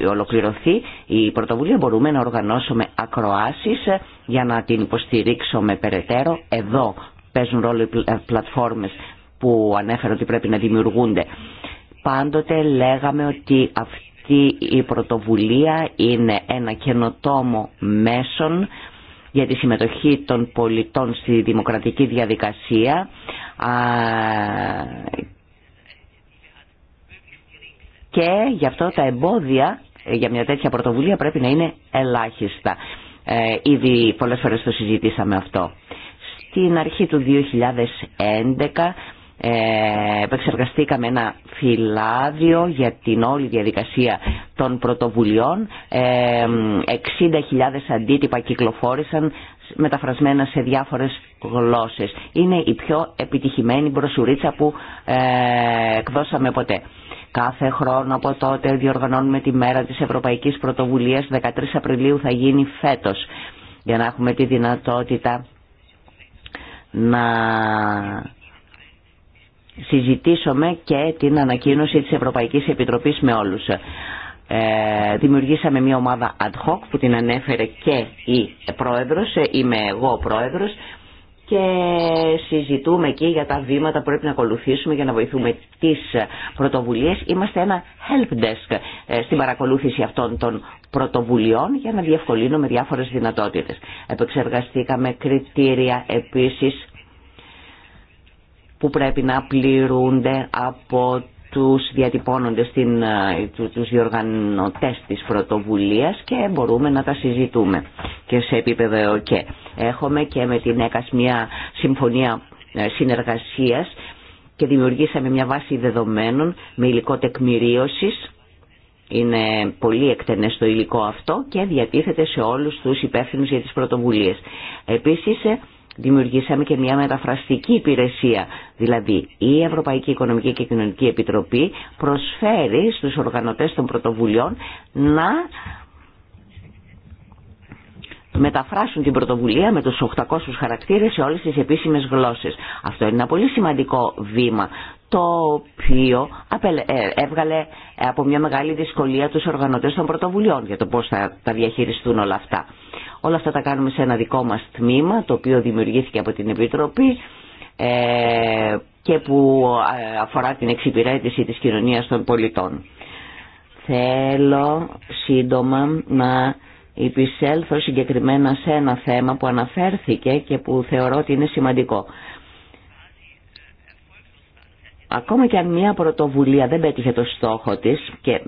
ε, ολοκληρωθεί η πρωτοβουλία μπορούμε να οργανώσουμε ακροάσεις ε, για να την υποστηρίξουμε περαιτέρω. Εδώ παίζουν ρόλο οι πλατφόρμες που ανέφερα ότι πρέπει να δημιουργούνται. Πάντοτε λέγαμε ότι αυτή η πρωτοβουλία είναι ένα καινοτόμο μέσον για τη συμμετοχή των πολιτών στη δημοκρατική διαδικασία και γι' αυτό τα εμπόδια για μια τέτοια πρωτοβουλία πρέπει να είναι ελάχιστα. Ε, ήδη πολλές φορές το συζητήσαμε αυτό. Στην αρχή του 2011 ε, επεξεργαστήκαμε ένα φυλάδιο για την όλη διαδικασία των πρωτοβουλειών. Ε, 60.000 αντίτυπα κυκλοφόρησαν μεταφρασμένα σε διάφορες γλώσσες. Είναι η πιο επιτυχημένη μπροσουρίτσα που ε, εκδώσαμε ποτέ. Κάθε χρόνο από τότε διοργανώνουμε τη μέρα της Ευρωπαϊκής Πρωτοβουλίας, 13 Απριλίου θα γίνει φέτος, για να έχουμε τη δυνατότητα να συζητήσουμε και την ανακοίνωση της Ευρωπαϊκής Επιτροπής με όλους. Ε, δημιουργήσαμε μια ομάδα ad hoc που την ανέφερε και η πρόεδρος, ε, είμαι εγώ ο πρόεδρος, και συζητούμε εκεί για τα βήματα που πρέπει να ακολουθήσουμε για να βοηθούμε τις πρωτοβουλίες. Είμαστε ένα help desk ε, στην παρακολούθηση αυτών των πρωτοβουλειών για να διευκολύνουμε διάφορες δυνατότητες. Επεξεργαστήκαμε κριτήρια επίσης που πρέπει να πληρούνται από τους διατυπώνονται στην, ε, τους διοργανωτές της πρωτοβουλίας και μπορούμε να τα συζητούμε και σε επίπεδο και Έχουμε και με την ΕΚΑΣ μια συμφωνία ε, συνεργασίας και δημιουργήσαμε μια βάση δεδομένων με υλικό τεκμηρίωσης. Είναι πολύ εκτενές το υλικό αυτό και διατίθεται σε όλους τους υπεύθυνους για τις πρωτοβουλίες. Επίσης ε, δημιουργήσαμε και μια μεταφραστική υπηρεσία. Δηλαδή η Ευρωπαϊκή Οικονομική και Κοινωνική Επιτροπή προσφέρει στους οργανωτές των πρωτοβουλειών να μεταφράσουν την πρωτοβουλία με τους 800 χαρακτήρες σε όλες τις επίσημες γλώσσες. Αυτό είναι ένα πολύ σημαντικό βήμα το οποίο ε, έβγαλε από μια μεγάλη δυσκολία τους οργανωτές των πρωτοβουλειών για το πώς θα τα διαχειριστούν όλα αυτά. Όλα αυτά τα κάνουμε σε ένα δικό μας τμήμα, το οποίο δημιουργήθηκε από την Επιτροπή ε, και που ε, αφορά την εξυπηρέτηση της κοινωνίας των πολιτών. Θέλω σύντομα να υπησέλθω συγκεκριμένα σε ένα θέμα που αναφέρθηκε και που θεωρώ ότι είναι σημαντικό. Ακόμα και αν μια πρωτοβουλία δεν πέτυχε το στόχο της και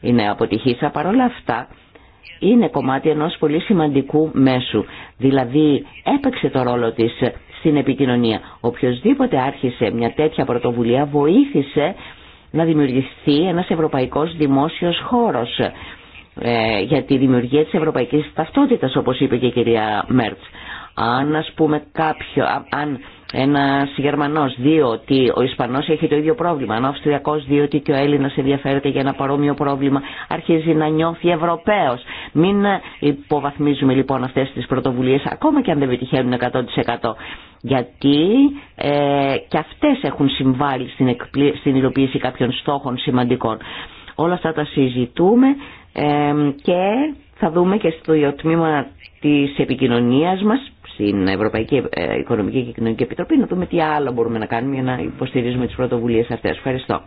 είναι αποτυχήσα, παρόλα αυτά είναι κομμάτι ενός πολύ σημαντικού μέσου. Δηλαδή έπαιξε το ρόλο της στην επικοινωνία. Οποιοςδήποτε άρχισε μια τέτοια πρωτοβουλία βοήθησε να δημιουργηθεί ένας ευρωπαϊκός δημόσιος χώρος ε, για τη δημιουργία της ευρωπαϊκής ταυτότητας όπως είπε και η κυρία Μέρτς. Αν ας πούμε κάποιο, αν ένας Γερμανός, ότι ο Ισπανός έχει το ίδιο πρόβλημα, Ένας ο Αυστριακός ότι και ο Έλληνας ενδιαφέρεται για ένα παρόμοιο πρόβλημα, αρχίζει να νιώθει Ευρωπαίος. Μην υποβαθμίζουμε λοιπόν αυτές τις πρωτοβουλίες, ακόμα και αν δεν πετυχαίνουν 100%. Γιατί ε, και αυτές έχουν συμβάλει στην, εκπλή, υλοποίηση κάποιων στόχων σημαντικών. Όλα αυτά τα συζητούμε ε, και θα δούμε και στο τμήμα της επικοινωνίας μας στην Ευρωπαϊκή ε, Οικονομική και Κοινωνική Επιτροπή να δούμε τι άλλο μπορούμε να κάνουμε για να υποστηρίζουμε τις πρωτοβουλίες αυτές. Ευχαριστώ.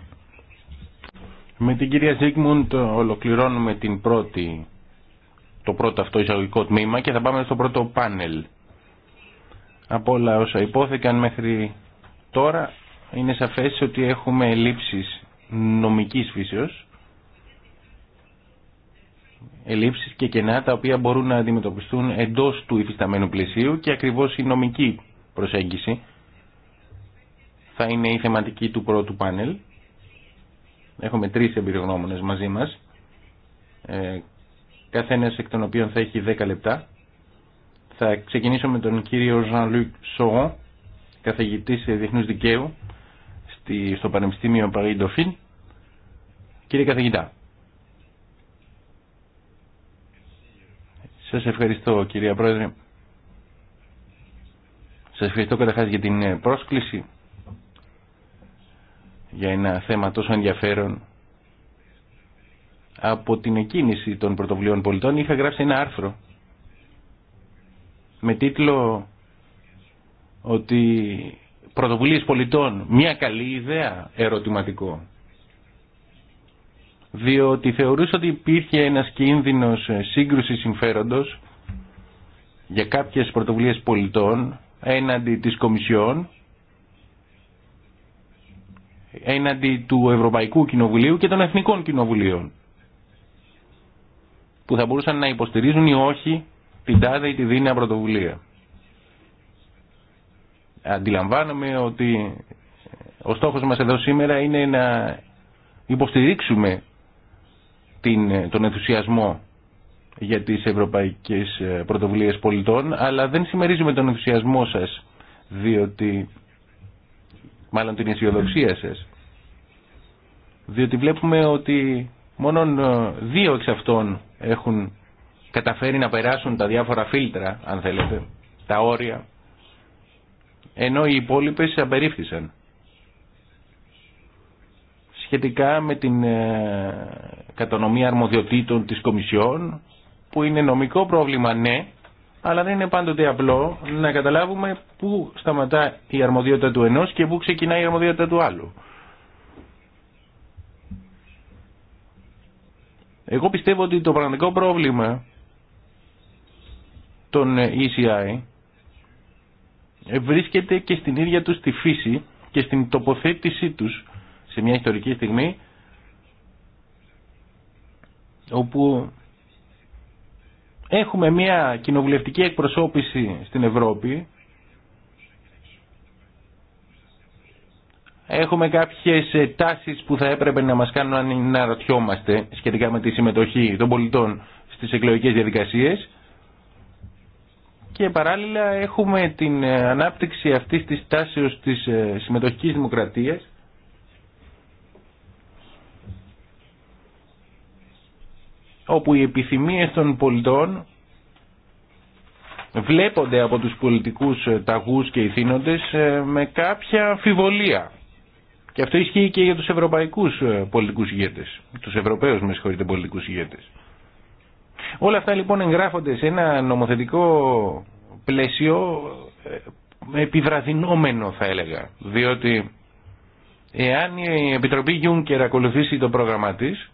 Με την κυρία Ζίγμουντ ολοκληρώνουμε την πρώτη, το πρώτο αυτό εισαγωγικό τμήμα και θα πάμε στο πρώτο πάνελ. Από όλα όσα υπόθηκαν μέχρι τώρα είναι σαφές ότι έχουμε ελλείψεις νομικής φύσεως ελλείψεις και κενά τα οποία μπορούν να αντιμετωπιστούν εντός του υφισταμένου πλαισίου και ακριβώς η νομική προσέγγιση θα είναι η θεματική του πρώτου πάνελ. Έχουμε τρεις εμπειρογνώμονες μαζί μας, ε, καθένας εκ των οποίων θα έχει 10 λεπτά. Θα ξεκινήσω με τον κύριο Jean-Luc Sauron, καθηγητής διεθνούς δικαίου στο Πανεπιστήμιο Paris Dauphine. Κύριε καθηγητά, Σας ευχαριστώ κυρία Πρόεδρε. Σας ευχαριστώ καταρχάς για την ε, πρόσκληση για ένα θέμα τόσο ενδιαφέρον. Από την εκκίνηση των πρωτοβουλίων πολιτών είχα γράψει ένα άρθρο με τίτλο ότι πρωτοβουλίες πολιτών μια καλή ιδέα ερωτηματικό διότι θεωρούσα ότι υπήρχε ένας κίνδυνος ε, σύγκρουσης συμφέροντος για κάποιες πρωτοβουλίες πολιτών έναντι της Κομισιόν, έναντι του Ευρωπαϊκού Κοινοβουλίου και των Εθνικών Κοινοβουλίων που θα μπορούσαν να υποστηρίζουν ή όχι την τάδε ή τη δίνεα πρωτοβουλία. Αντιλαμβάνομαι ότι ο στόχος μας εδώ σήμερα είναι να υποστηρίξουμε την, τον ενθουσιασμό για τις ευρωπαϊκές ε, πρωτοβουλίες πολιτών, αλλά δεν συμμερίζουμε τον ενθουσιασμό σας, διότι, μάλλον την αισιοδοξία σας, διότι βλέπουμε ότι μόνο ε, δύο εξ αυτών έχουν καταφέρει να περάσουν τα διάφορα φίλτρα, αν θέλετε, τα όρια, ενώ οι υπόλοιπες απερίφθησαν σχετικά με την ε, κατανομή αρμοδιοτήτων της Κομισιόν που είναι νομικό πρόβλημα ναι αλλά δεν είναι πάντοτε απλό να καταλάβουμε πού σταματά η αρμοδιότητα του ενός και πού ξεκινά η αρμοδιότητα του άλλου. Εγώ πιστεύω ότι το πραγματικό πρόβλημα των ECI ε βρίσκεται και στην ίδια τους τη φύση και στην τοποθέτησή τους σε μια ιστορική στιγμή όπου έχουμε μια κοινοβουλευτική εκπροσώπηση στην Ευρώπη Έχουμε κάποιες ε, τάσεις που θα έπρεπε να μας κάνουν να αναρωτιόμαστε σχετικά με τη συμμετοχή των πολιτών στις εκλογικές διαδικασίες και παράλληλα έχουμε την ε, ανάπτυξη αυτής της τάσεως της ε, συμμετοχικής δημοκρατίας όπου οι επιθυμίες των πολιτών βλέπονται από τους πολιτικούς ε, ταγούς και ηθήνοντες ε, με κάποια αμφιβολία. Και αυτό ισχύει και για τους ευρωπαϊκούς ε, πολιτικούς ηγέτες, τους ευρωπαίους με συγχωρείτε πολιτικούς ηγέτες. Όλα αυτά λοιπόν εγγράφονται σε ένα νομοθετικό πλαίσιο επιβραδυνόμενο θα έλεγα, διότι εάν η Επιτροπή Γιούνκερ ακολουθήσει το πρόγραμμά της,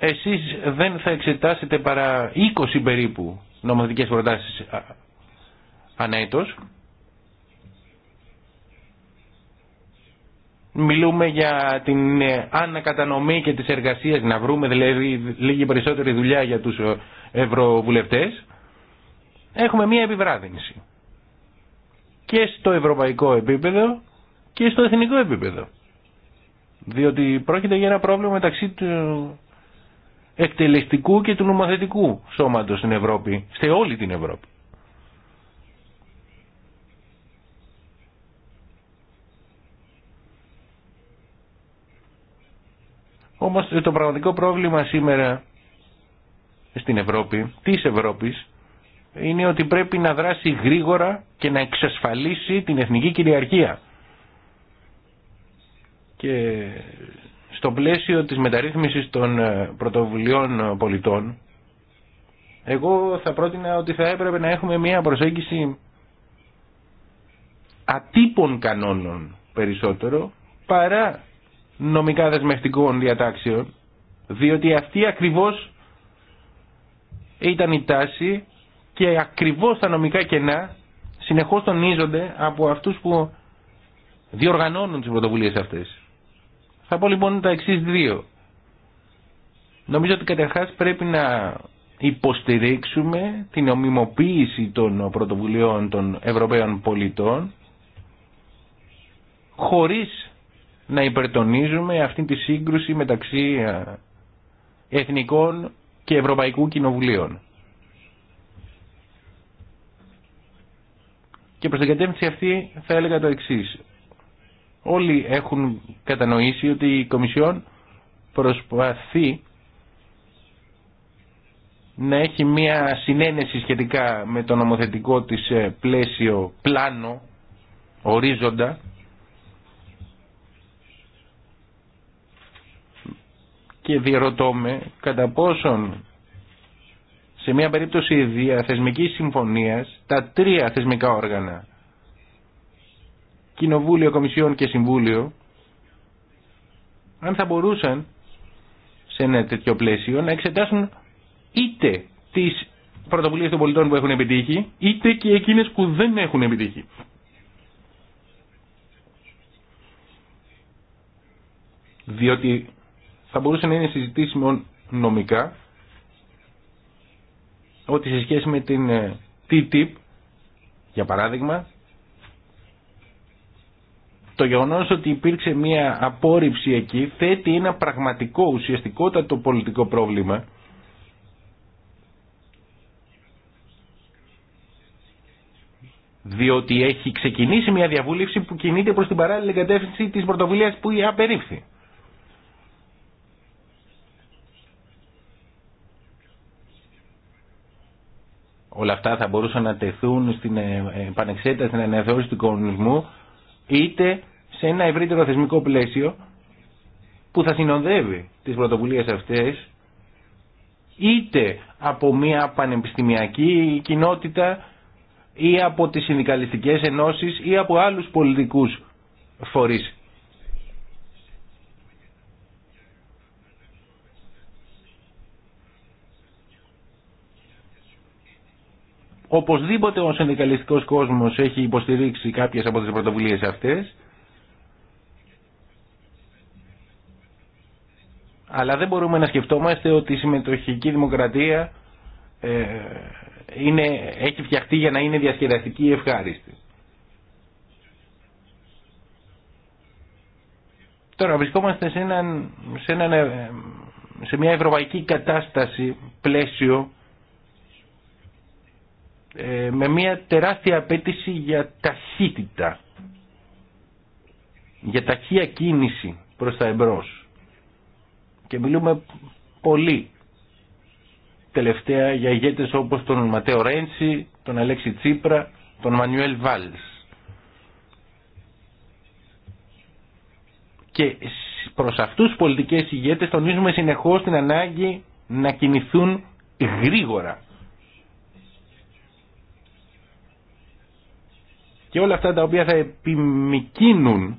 εσείς δεν θα εξετάσετε παρά 20 περίπου νομοθετικές προτάσεις ανέτος; Μιλούμε για την ε, ανακατανομή και τις εργασίες, να βρούμε δηλαδή λίγη περισσότερη δουλειά για τους ε, ευρωβουλευτές. Έχουμε μία επιβράδυνση. Και στο ευρωπαϊκό επίπεδο και στο εθνικό επίπεδο. Διότι πρόκειται για ένα πρόβλημα μεταξύ του εκτελεστικού και του νομοθετικού σώματος στην Ευρώπη, σε όλη την Ευρώπη. Όμως ε, το πραγματικό πρόβλημα σήμερα στην Ευρώπη, της Ευρώπης, είναι ότι πρέπει να δράσει γρήγορα και να εξασφαλίσει την εθνική κυριαρχία. Και στο πλαίσιο της μεταρρύθμισης των ε, πρωτοβουλειών ε, πολιτών, εγώ θα πρότεινα ότι θα έπρεπε να έχουμε μια προσέγγιση ατύπων κανόνων περισσότερο παρά νομικά δεσμευτικών διατάξεων διότι αυτή ακριβώς ήταν η τάση και ακριβώς τα νομικά κενά συνεχώς τονίζονται από αυτούς που διοργανώνουν τις πρωτοβουλίες αυτές. Θα πω λοιπόν τα εξή δύο. Νομίζω ότι καταρχά πρέπει να υποστηρίξουμε την ομιμοποίηση των πρωτοβουλειών των Ευρωπαίων πολιτών χωρίς να υπερτονίζουμε αυτή τη σύγκρουση μεταξύ εθνικών και ευρωπαϊκού κοινοβουλίων. Και προς την κατεύθυνση αυτή θα έλεγα το εξής. Όλοι έχουν κατανοήσει ότι η Κομισιόν προσπαθεί να έχει μια συνένεση σχετικά με το νομοθετικό της ε, πλαίσιο πλάνο, ορίζοντα, και διερωτώ κατά πόσον σε μια περίπτωση διαθεσμικής συμφωνίας τα τρία θεσμικά όργανα Κοινοβούλιο, Κομισιόν και Συμβούλιο, αν θα μπορούσαν σε ένα τέτοιο πλαίσιο να εξετάσουν είτε τις πρωτοβουλίες των πολιτών που έχουν επιτύχει, είτε και εκείνες που δεν έχουν επιτύχει. Διότι θα μπορούσε να είναι συζητήσιμο νομικά ότι σε σχέση με την ε, TTIP, για παράδειγμα, το γεγονό ότι υπήρξε μια απόρριψη εκεί θέτει ένα πραγματικό ουσιαστικότατο πολιτικό πρόβλημα διότι έχει ξεκινήσει μια διαβούλευση που κινείται προς την παράλληλη κατεύθυνση της πρωτοβουλίας που η απερίφθη. Όλα αυτά θα μπορούσαν να τεθούν στην επανεξέταση, ε, στην αναθεώρηση του κορονομισμού είτε σε ένα ευρύτερο θεσμικό πλαίσιο που θα συνοδεύει τις πρωτοβουλίες αυτές είτε από μια πανεπιστημιακή κοινότητα ή από τις συνδικαλιστικές ενώσεις ή από άλλους πολιτικούς φορείς. Οπωσδήποτε ο συνδικαλιστικός κόσμος έχει υποστηρίξει κάποιες από τις πρωτοβουλίες αυτές Αλλά δεν μπορούμε να σκεφτόμαστε ότι η συμμετοχική δημοκρατία ε, είναι, έχει φτιαχτεί για να είναι διασκεδαστική ή ευχάριστη. Τώρα βρισκόμαστε σε, έναν, σε, ε, σε μια ευρωπαϊκή κατάσταση, πλαίσιο, ε, με μια τεράστια απέτηση για ταχύτητα, για ταχεία κίνηση προς τα εμπρός. Και μιλούμε πολύ τελευταία για ηγέτες όπως τον Ματέο Ρέντσι, τον Αλέξη Τσίπρα, τον Μανιουέλ Βάλς. Και προς αυτούς τους πολιτικές ηγέτες τονίζουμε συνεχώς την ανάγκη να κινηθούν γρήγορα. Και όλα αυτά τα οποία θα επιμικίνουν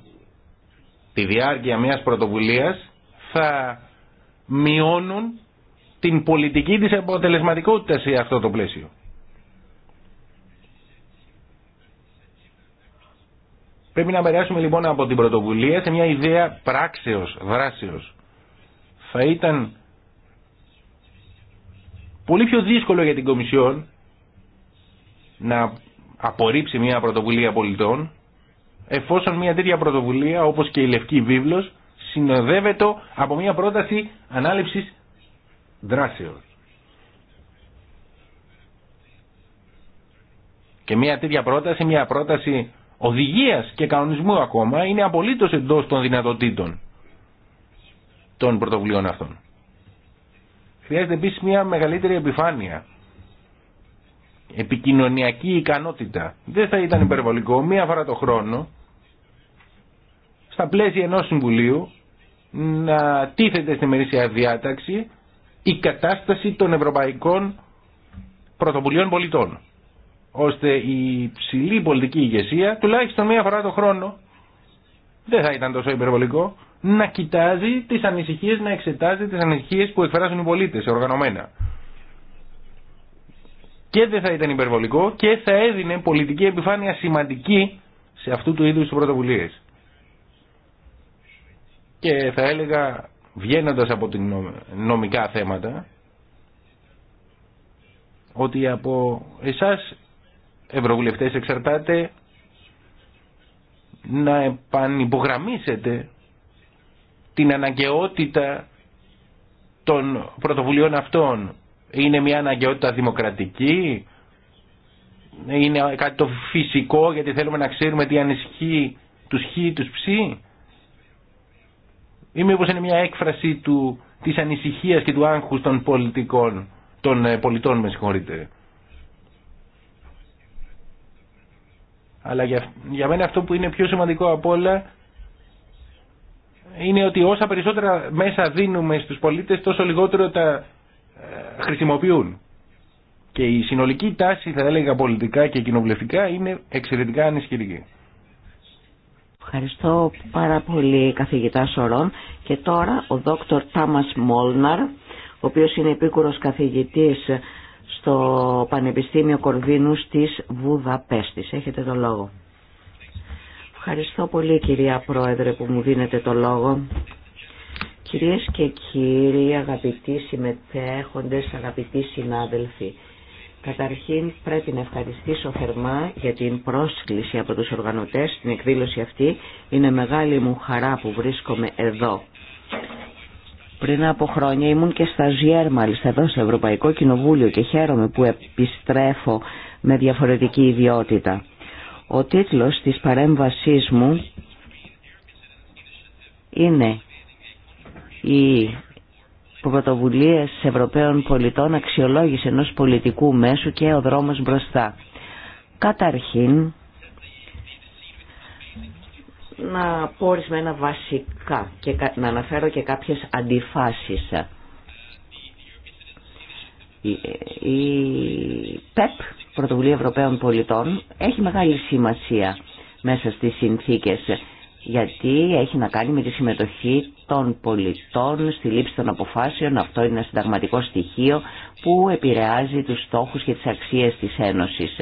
τη διάρκεια μιας πρωτοβουλίας θα μειώνουν την πολιτική της αποτελεσματικότητα σε αυτό το πλαίσιο. Πρέπει να περάσουμε λοιπόν από την πρωτοβουλία σε μια ιδέα πράξεως, δράσεως. Θα ήταν πολύ πιο δύσκολο για την Κομισιόν να απορρίψει μια πρωτοβουλία πολιτών εφόσον μια τέτοια πρωτοβουλία όπως και η Λευκή Βίβλος συνοδεύεται από μια πρόταση ανάληψης δράσεως. Και μια τέτοια πρόταση, μια πρόταση οδηγίας και κανονισμού ακόμα είναι απολύτως εντός των δυνατοτήτων των πρωτοβουλίων αυτών. Χρειάζεται επίσης μια μεγαλύτερη επιφάνεια, επικοινωνιακή ικανότητα. Δεν θα ήταν υπερβολικό μία φορά το χρόνο, στα πλαίσια ενός συμβουλίου, να τίθεται στη μερίσια διάταξη η κατάσταση των ευρωπαϊκών πρωτοβουλειών πολιτών ώστε η ψηλή πολιτική ηγεσία τουλάχιστον μία φορά το χρόνο δεν θα ήταν τόσο υπερβολικό να κοιτάζει τις ανησυχίες να εξετάζει τις ανησυχίες που εκφράζουν οι πολίτες οργανωμένα και δεν θα ήταν υπερβολικό και θα έδινε πολιτική επιφάνεια σημαντική σε αυτού του είδους πρωτοβουλίες και θα έλεγα βγαίνοντας από την νομικά θέματα ότι από εσάς ευρωβουλευτές εξαρτάται να επανυπογραμμίσετε την αναγκαιότητα των πρωτοβουλειών αυτών. Είναι μια αναγκαιότητα δημοκρατική, είναι κάτι το φυσικό γιατί θέλουμε να ξέρουμε τι ανισχύει τους χ ή τους ψ ή μήπως είναι μια έκφραση του, της ανησυχίας και του άγχους των πολιτικών, των ε, πολιτών με συγχωρείτε. Αλλά για, για μένα αυτό που είναι πιο σημαντικό από όλα είναι ότι όσα περισσότερα μέσα δίνουμε στους πολίτες τόσο λιγότερο τα ε, χρησιμοποιούν. Και η συνολική τάση θα έλεγα πολιτικά και κοινοβουλευτικά είναι εξαιρετικά ανισχυρική. Ευχαριστώ πάρα πολύ καθηγητά Σορών και τώρα ο δόκτωρ Τάμας Μόλναρ ο οποίος είναι επίκουρος καθηγητής στο Πανεπιστήμιο Κορδίνου της Βουδαπέστης. Έχετε το λόγο. Ευχαριστώ πολύ κυρία Πρόεδρε που μου δίνετε το λόγο. Κυρίες και κύριοι, αγαπητοί συμμετέχοντες, αγαπητοί συνάδελφοι, Καταρχήν πρέπει να ευχαριστήσω θερμά για την πρόσκληση από τους οργανωτές στην εκδήλωση αυτή. Είναι μεγάλη μου χαρά που βρίσκομαι εδώ. Πριν από χρόνια ήμουν και Ζιέρ, μάλιστα εδώ στο Ευρωπαϊκό Κοινοβούλιο και χαίρομαι που επιστρέφω με διαφορετική ιδιότητα. Ο τίτλος της παρέμβασής μου είναι η ...που πρωτοβουλίε Ευρωπαίων πολιτών, αξιολόγηση ενός πολιτικού μέσου και ο δρόμος μπροστά. Καταρχήν, να πω ορισμένα βασικά και να αναφέρω και κάποιες αντιφάσεις. Η ΠΕΠ, Πρωτοβουλία Ευρωπαίων Πολιτών, έχει μεγάλη σημασία μέσα στις συνθήκες γιατί έχει να κάνει με τη συμμετοχή των πολιτών στη λήψη των αποφάσεων. Αυτό είναι ένα συνταγματικό στοιχείο που επηρεάζει τους στόχους και τις αξίες της Ένωσης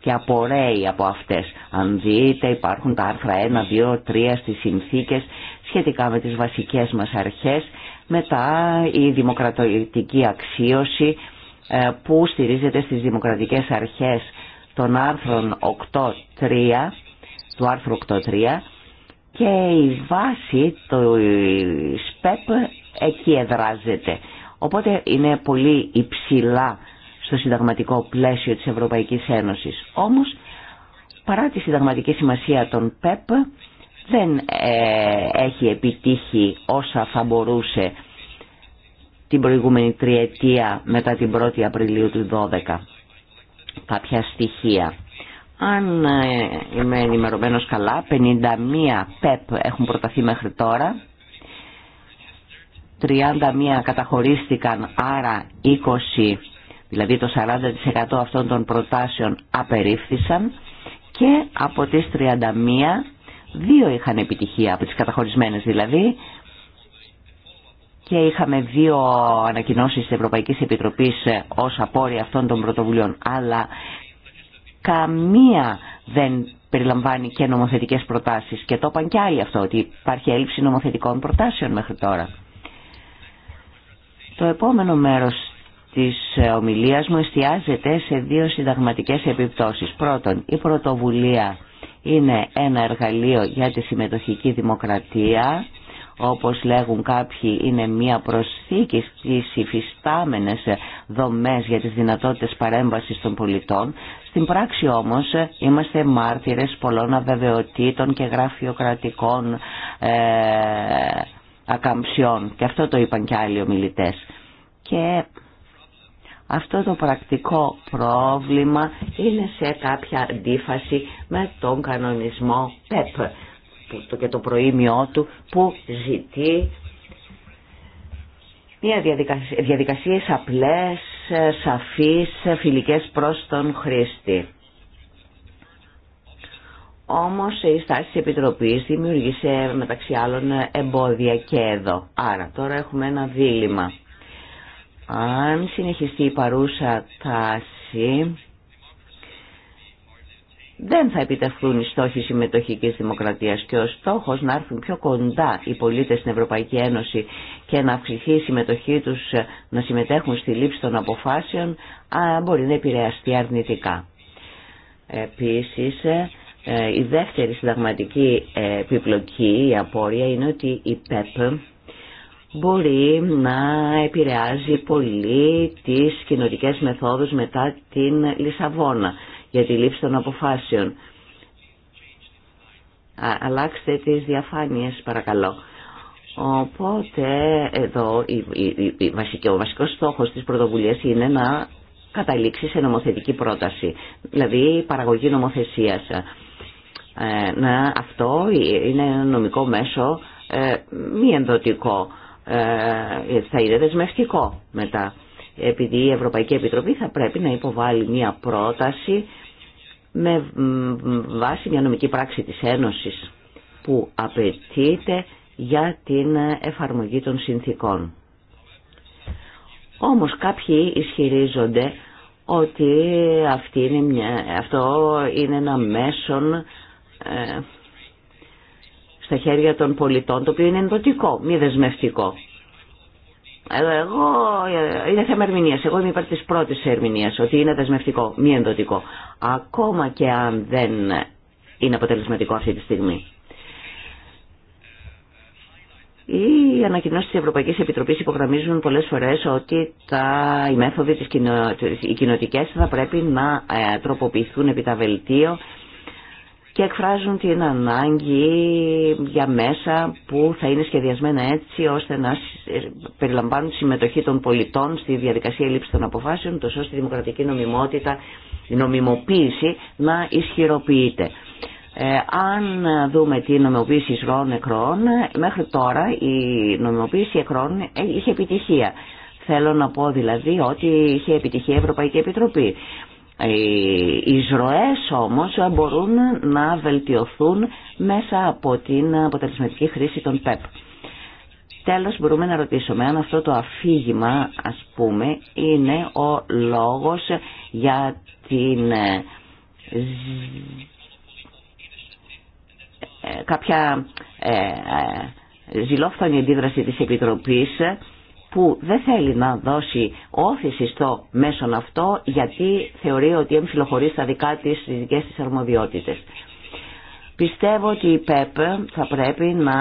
και απορρέει από αυτές. Αν δείτε υπάρχουν τα άρθρα 1, 2, 3 στις συνθήκες σχετικά με τις βασικές μας αρχές. Μετά η δημοκρατική αξίωση ε, που στηρίζεται στις δημοκρατικές αρχές των άρθρων 8.3 του άρθρου 8.3 και η βάση του ΣΠΕΠ εκεί εδράζεται. Οπότε είναι πολύ υψηλά στο συνταγματικό πλαίσιο της Ευρωπαϊκής Ένωσης. Όμως, παρά τη συνταγματική σημασία των ΠΕΠ, δεν ε, έχει επιτύχει όσα θα μπορούσε την προηγούμενη τριετία μετά την 1η Απριλίου του 2012. Κάποια στοιχεία. Αν ε, είμαι ενημερωμένος καλά, 51 ΠΕΠ έχουν προταθεί μέχρι τώρα. 31 καταχωρίστηκαν, άρα 20, δηλαδή το 40% αυτών των προτάσεων απερίφθησαν και από τις 31 δύο είχαν επιτυχία από τις καταχωρισμένες δηλαδή και είχαμε δύο ανακοινώσεις της Ευρωπαϊκής Επιτροπής ε, ως απόρρια αυτών των πρωτοβουλίων αλλά καμία δεν περιλαμβάνει και νομοθετικές προτάσεις. Και το είπαν και άλλοι αυτό, ότι υπάρχει έλλειψη νομοθετικών προτάσεων μέχρι τώρα. Το επόμενο μέρος της ε, ομιλίας μου εστιάζεται σε δύο συνταγματικές επιπτώσεις. Πρώτον, η πρωτοβουλία είναι ένα εργαλείο για τη συμμετοχική δημοκρατία, όπως λέγουν κάποιοι είναι μια προσθήκη στις υφιστάμενες δομές για τις δυνατότητες παρέμβασης των πολιτών. Στην πράξη όμως ε, είμαστε μάρτυρες πολλών αβεβαιοτήτων και γραφειοκρατικών ε, ακαμψιών και αυτό το είπαν και άλλοι ομιλητές. Και αυτό το πρακτικό πρόβλημα είναι σε κάποια αντίφαση με τον κανονισμό ΠΕΠ και το προήμιό του που ζητεί μια διαδικασία, διαδικασίες απλές ε, σαφείς, ε, φιλικές προς τον χρήστη. Όμως η στάση της Επιτροπής δημιούργησε μεταξύ άλλων εμπόδια και εδώ. Άρα τώρα έχουμε ένα δίλημα. Αν συνεχιστεί η παρούσα τάση δεν θα επιτευχθούν οι στόχοι συμμετοχικής δημοκρατίας και ο στόχος να έρθουν πιο κοντά οι πολίτες στην Ευρωπαϊκή Ένωση και να αυξηθεί η συμμετοχή τους να συμμετέχουν στη λήψη των αποφάσεων μπορεί να επηρεαστεί αρνητικά. Επίσης, ε, η δεύτερη συνταγματική ε, επιπλοκή, η απόρρια, είναι ότι η ΠΕΠ μπορεί να επηρεάζει πολύ τις κοινωτικές μεθόδους μετά την Λισαβόνα για τη λήψη των αποφάσεων. Αλλάξτε τις διαφάνειες παρακαλώ. Οπότε εδώ ο βασικός στόχος της πρωτοβουλίας είναι να καταλήξει σε νομοθετική πρόταση, δηλαδή παραγωγή νομοθεσίας. Ε, να, αυτό είναι ένα νομικό μέσο ε, μη ενδοτικό, ε, θα είναι δεσμευτικό μετά. Επειδή η Ευρωπαϊκή Επιτροπή θα πρέπει να υποβάλει μια πρόταση με βάση μια νομική πράξη της Ένωσης που απαιτείται για την εφαρμογή των συνθήκων. Όμως κάποιοι ισχυρίζονται ότι αυτή μια, αυτό είναι ένα μέσον ε, στα χέρια των πολιτών, το οποίο είναι ενδοτικό, μη δεσμευτικό. Ε, εγώ, ε, είναι θέμα ερμηνεία. Εγώ είμαι υπέρ τη πρώτη ερμηνεία, ότι είναι δεσμευτικό, μη ενδοτικό. Ακόμα και αν δεν είναι αποτελεσματικό αυτή τη στιγμή. Οι ανακοινώσει τη Ευρωπαϊκή Επιτροπή υπογραμμίζουν πολλέ φορέ ότι τα, οι μέθοδοι τις οι κοινοτικέ θα πρέπει να ε, τροποποιηθούν επί τα βελτίο και εκφράζουν την ανάγκη για μέσα που θα είναι σχεδιασμένα έτσι ώστε να ε, περιλαμβάνουν τη συμμετοχή των πολιτών στη διαδικασία λήψη των αποφάσεων, τόσο ώστε η δημοκρατική νομιμότητα, η νομιμοποίηση να ισχυροποιείται. Ε, αν δούμε τη νομιμοποίηση εισρών νεκρών, μέχρι τώρα η νομιμοποίηση εκρών ε, είχε επιτυχία. Θέλω να πω δηλαδή ότι είχε επιτυχία η Ευρωπαϊκή Επιτροπή. Οι ροές όμως μπορούν να βελτιωθούν μέσα από την αποτελεσματική χρήση των ΠΕΠ. Τέλος μπορούμε να ρωτήσουμε αν αυτό το αφήγημα ας πούμε είναι ο λόγος για την ε, ε, κάποια ε, ζηλόφθονη αντίδραση της Επιτροπής που δεν θέλει να δώσει όθηση στο μέσον αυτό γιατί θεωρεί ότι εμφυλοχωρεί στα δικά της στις δικές της αρμοδιότητες. Πιστεύω ότι η ΠΕΠ θα πρέπει να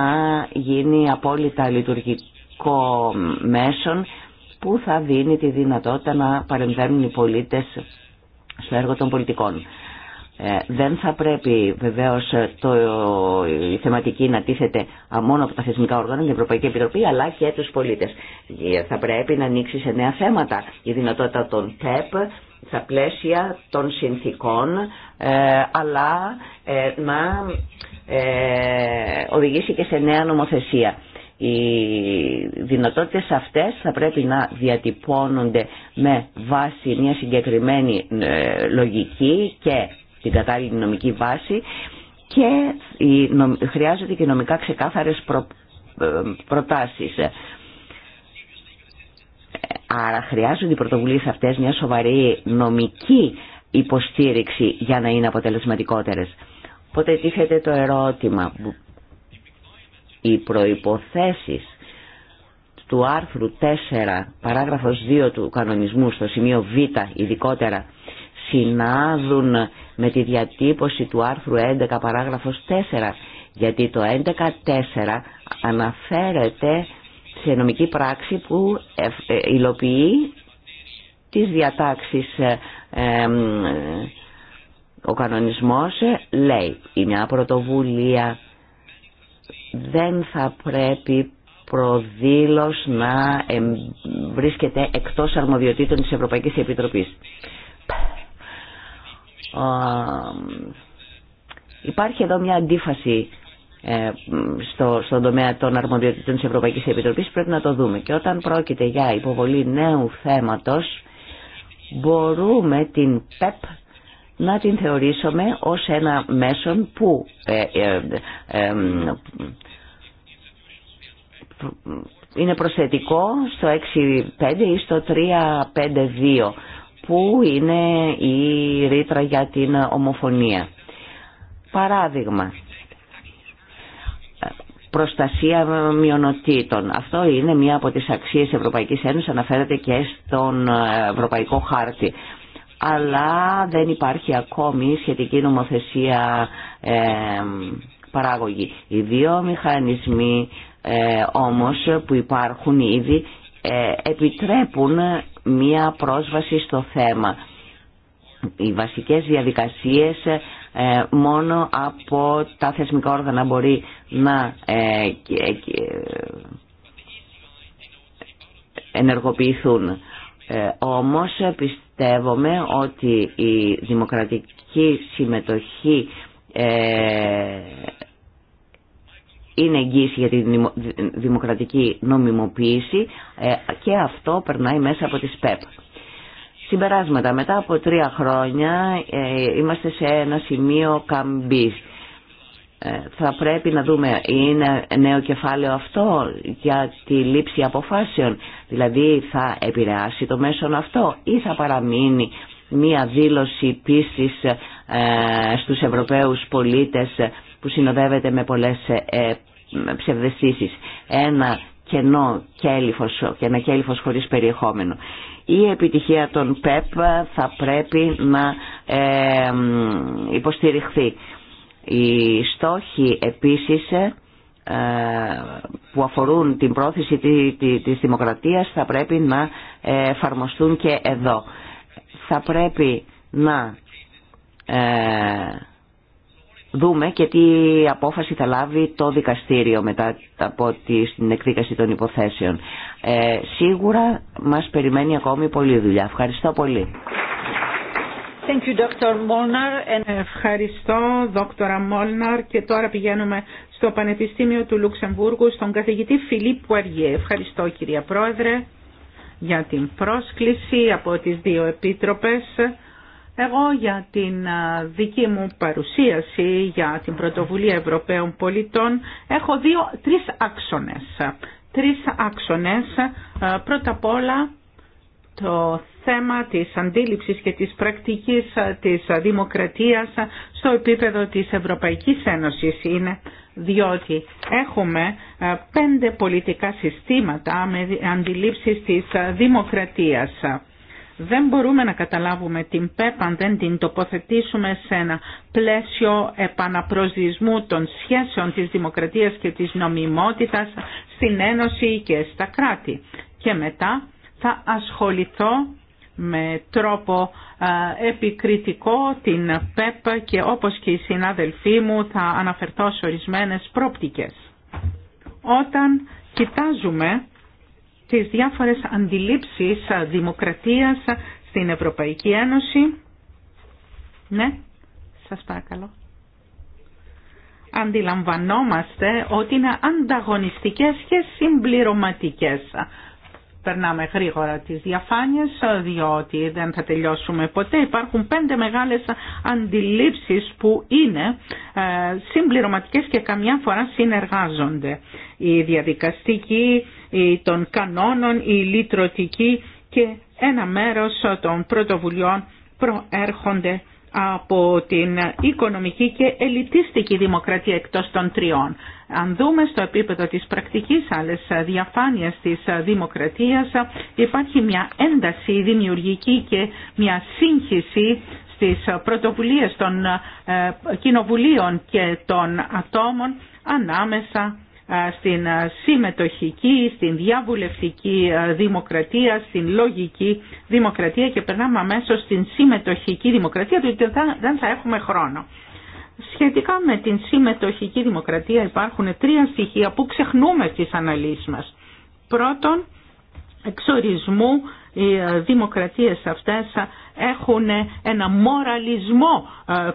γίνει απόλυτα λειτουργικό μέσον που θα δίνει τη δυνατότητα να παρεμβαίνουν οι πολίτες στο έργο των πολιτικών. Ε, δεν θα πρέπει βεβαίως το, η θεματική να τίθεται μόνο από τα θεσμικά όργανα, την Ευρωπαϊκή Επιτροπή, αλλά και τους πολίτες. Ε, θα πρέπει να ανοίξει σε νέα θέματα η δυνατότητα των ΤΕΠ, στα πλαίσια των συνθήκων, ε, αλλά ε, να οδηγήσει και σε νέα νομοθεσία. Οι δυνατότητες αυτές θα πρέπει να διατυπώνονται με βάση μια συγκεκριμένη λογική και την κατάλληλη νομική βάση και χρειάζονται και νομικά ξεκάθαρες προ... Ε, προτάσεις. Άρα χρειάζονται οι πρωτοβουλίες αυτές μια σοβαρή νομική υποστήριξη για να είναι αποτελεσματικότερες. Οπότε τίθεται το ερώτημα. Οι προϋποθέσεις του άρθρου 4 παράγραφος 2 του κανονισμού στο σημείο Β ειδικότερα συνάδουν με τη διατύπωση του άρθρου 11 παράγραφος 4 γιατί το 11.4 αναφέρεται σε νομική πράξη που ε, ε, υλοποιεί τις διατάξεις ε, ο κανονισμός λέει η μια πρωτοβουλία δεν θα πρέπει προδήλως να βρίσκεται εκτός αρμοδιοτήτων της Ευρωπαϊκής Επιτροπής. Υπάρχει εδώ μια αντίφαση ε, στο, στον τομέα των αρμοδιοτήτων της Ευρωπαϊκής Επιτροπής πρέπει να το δούμε και όταν πρόκειται για υποβολή νέου θέματος μπορούμε την ΠΕΠ να την θεωρήσουμε ως ένα μέσον που ε, ε, ε είναι προσθετικό στο 6.5 ή στο 3.5.2 που είναι η ρήτρα για την ομοφωνία. Παράδειγμα, προστασία μειονοτήτων. Αυτό είναι μία από τις αξίες Ευρωπαϊκής Ένωσης, αναφέρεται και στον Ευρωπαϊκό Χάρτη. Αλλά δεν υπάρχει ακόμη σχετική νομοθεσία ε, παράγωγη. Οι δύο μηχανισμοί ε, όμως που υπάρχουν ήδη ε, επιτρέπουν μία πρόσβαση στο θέμα. Οι βασικές διαδικασίες ε, μόνο από τα θεσμικά όργανα μπορεί να ε, ενεργοποιηθούν. Όμως πιστεύουμε ότι η δημοκρατική συμμετοχή είναι εγγύηση για τη δημοκρατική νομιμοποίηση ε, και αυτό περνάει μέσα από τις ΠΕΠ. Συμπεράσματα. Μετά από τρία χρόνια ε, είμαστε σε ένα σημείο καμπής. Ε, θα πρέπει να δούμε είναι νέο κεφάλαιο αυτό για τη λήψη αποφάσεων. Δηλαδή θα επηρεάσει το μέσον αυτό ή θα παραμείνει μία δήλωση πίστης στους Ευρωπαίους πολίτες που συνοδεύεται με πολλές ε, ε, ψευδεστήσεις. Ένα κενό κέλυφος και ένα κέλυφος χωρίς περιεχόμενο. Η επιτυχία των ΠΕΠ θα πρέπει να ε, υποστηριχθεί. Οι στόχοι επίσης που αφορούν την πρόθεση της δημοκρατίας θα πρέπει να εφαρμοστούν και εδώ. Θα πρέπει να δούμε και τι απόφαση θα λάβει το δικαστήριο μετά από την εκδίκαση των υποθέσεων. Ε, σίγουρα μας περιμένει ακόμη πολλή δουλειά. Ευχαριστώ πολύ. Thank you, Dr. Molnar. Ευχαριστώ, Δόκτωρα Μόλναρ. Και τώρα πηγαίνουμε στο Πανεπιστήμιο του Λουξεμβούργου, στον καθηγητή Φιλίπ Πουαριέ. Ευχαριστώ, κυρία Πρόεδρε, για την πρόσκληση από τις δύο επίτροπες εγώ για την δική μου παρουσίαση για την πρωτοβουλία Ευρωπαίων πολιτών έχω δύο, τρεις άξονες. Τρεις άξονες. Πρώτα απ' όλα το θέμα της αντίληψης και της πρακτικής της δημοκρατίας στο επίπεδο της Ευρωπαϊκής Ένωσης είναι διότι έχουμε πέντε πολιτικά συστήματα με αντιλήψεις της δημοκρατίας δεν μπορούμε να καταλάβουμε την ΠΕΠ αν δεν την τοποθετήσουμε σε ένα πλαίσιο επαναπροσδισμού των σχέσεων της δημοκρατίας και της νομιμότητας στην Ένωση και στα κράτη. Και μετά θα ασχοληθώ με τρόπο επικριτικό την ΠΕΠ και όπως και οι συνάδελφοί μου θα αναφερθώ σε ορισμένες πρόπτικες. Όταν κοιτάζουμε τις διάφορες αντιλήψεις δημοκρατίας στην Ευρωπαϊκή Ένωση. Ναι, σας παρακαλώ. Αντιλαμβανόμαστε ότι είναι ανταγωνιστικές και συμπληρωματικές. Περνάμε γρήγορα τις διαφάνειες, διότι δεν θα τελειώσουμε ποτέ. Υπάρχουν πέντε μεγάλες αντιλήψεις που είναι ε, συμπληρωματικές και καμιά φορά συνεργάζονται. Η διαδικαστική των κανόνων, η λυτρωτική και ένα μέρος των πρωτοβουλειών προέρχονται από την οικονομική και ελιτίστικη δημοκρατία εκτός των τριών. Αν δούμε στο επίπεδο της πρακτικής άλλες διαφάνειας της δημοκρατίας υπάρχει μια ένταση δημιουργική και μια σύγχυση στις πρωτοβουλίες των ε, κοινοβουλίων και των ατόμων ανάμεσα στην συμμετοχική, στην διαβουλευτική δημοκρατία, στην λογική δημοκρατία και περνάμε αμέσως στην συμμετοχική δημοκρατία, διότι δεν θα έχουμε χρόνο. Σχετικά με την συμμετοχική δημοκρατία υπάρχουν τρία στοιχεία που ξεχνούμε στις αναλύσεις μας. Πρώτον, εξορισμού οι δημοκρατίες αυτές έχουν ένα μοραλισμό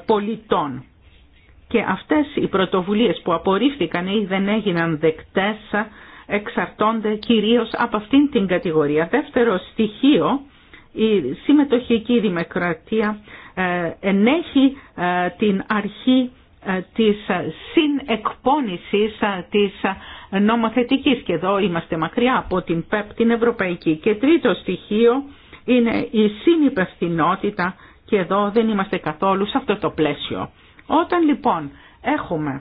πολιτών και αυτές οι πρωτοβουλίες που απορρίφθηκαν ή δεν έγιναν δεκτές εξαρτώνται κυρίως από αυτήν την κατηγορία. Δεύτερο στοιχείο, η συμμετοχική δημοκρατία ε, ενέχει ε, την αρχή ε, της συνεκπώνησης της νομοθετικής και εδώ είμαστε μακριά από την ΠΕΠ την Ευρωπαϊκή. Και τρίτο στοιχείο είναι η συνυπευθυνότητα και εδώ δεν είμαστε καθόλου σε αυτό το πλαίσιο. Όταν λοιπόν έχουμε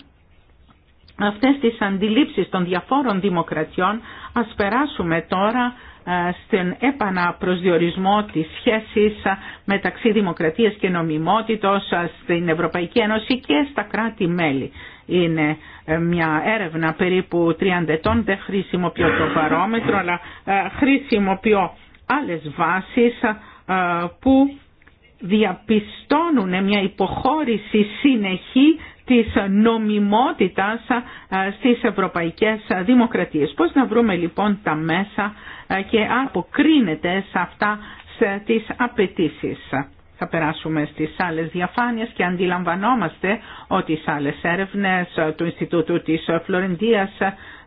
αυτές τις αντιλήψεις των διαφόρων δημοκρατιών, ας περάσουμε τώρα ε, στην επαναπροσδιορισμό της σχέσης ε, μεταξύ δημοκρατίας και νομιμότητος ε, στην Ευρωπαϊκή Ένωση και στα κράτη-μέλη. Είναι μια έρευνα περίπου 30 ετών, δεν χρησιμοποιώ το παρόμετρο, αλλά χρησιμοποιώ άλλες βάσεις που διαπιστώνουν μια υποχώρηση συνεχή της νομιμότητας στις ευρωπαϊκές δημοκρατίες. Πώς να βρούμε λοιπόν τα μέσα και αποκρίνεται σε αυτά τις απαιτήσει. Θα περάσουμε στις άλλες διαφάνειες και αντιλαμβανόμαστε ότι οι άλλες έρευνες του Ινστιτούτου της Φλωρεντίας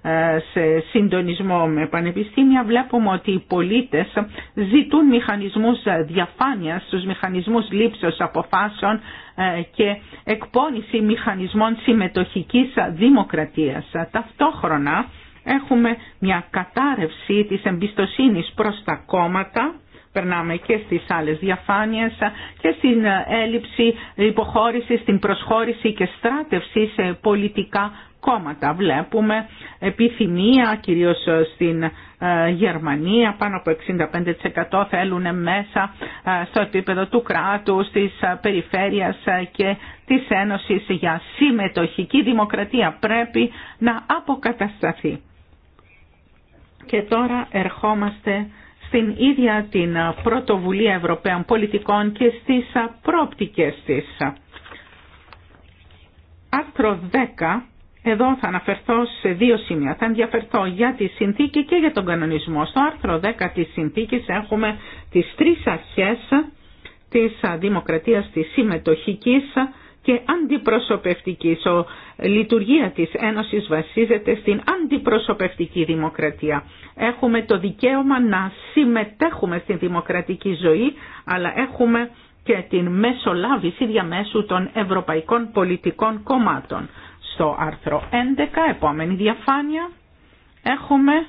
ε, σε συντονισμό με πανεπιστήμια βλέπουμε ότι οι πολίτες ζητούν μηχανισμούς διαφάνειας, τους μηχανισμούς λήψεως αποφάσεων ε, και εκπόνηση μηχανισμών συμμετοχικής δημοκρατίας. Ταυτόχρονα έχουμε μια κατάρρευση της εμπιστοσύνης προς τα κόμματα περνάμε και στις άλλες διαφάνειες και στην ε, έλλειψη υποχώρηση, στην προσχώρηση και στράτευση σε πολιτικά κόμματα. Βλέπουμε επιθυμία κυρίως στην ε, Γερμανία, πάνω από 65% θέλουν μέσα ε, στο επίπεδο του κράτους, της περιφέρειας και της Ένωσης για συμμετοχική δημοκρατία. Πρέπει να αποκατασταθεί. Και τώρα ερχόμαστε στην ίδια την ε, πρωτοβουλία Ευρωπαίων πολιτικών και στις ε, πρόπτικες της. Άρθρο 10. Εδώ θα αναφερθώ σε δύο σημεία. Θα ενδιαφερθώ για τη συνθήκη και για τον κανονισμό. Στο άρθρο 10 της συνθήκης έχουμε τις τρεις αρχές της ε, δημοκρατίας της συμμετοχικής και αντιπροσωπευτική Ο λειτουργία της Ένωσης βασίζεται στην αντιπροσωπευτική δημοκρατία. Έχουμε το δικαίωμα να συμμετέχουμε στην δημοκρατική ζωή, αλλά έχουμε και την μεσολάβηση διαμέσου των ευρωπαϊκών πολιτικών κομμάτων. Στο άρθρο 11, επόμενη διαφάνεια, έχουμε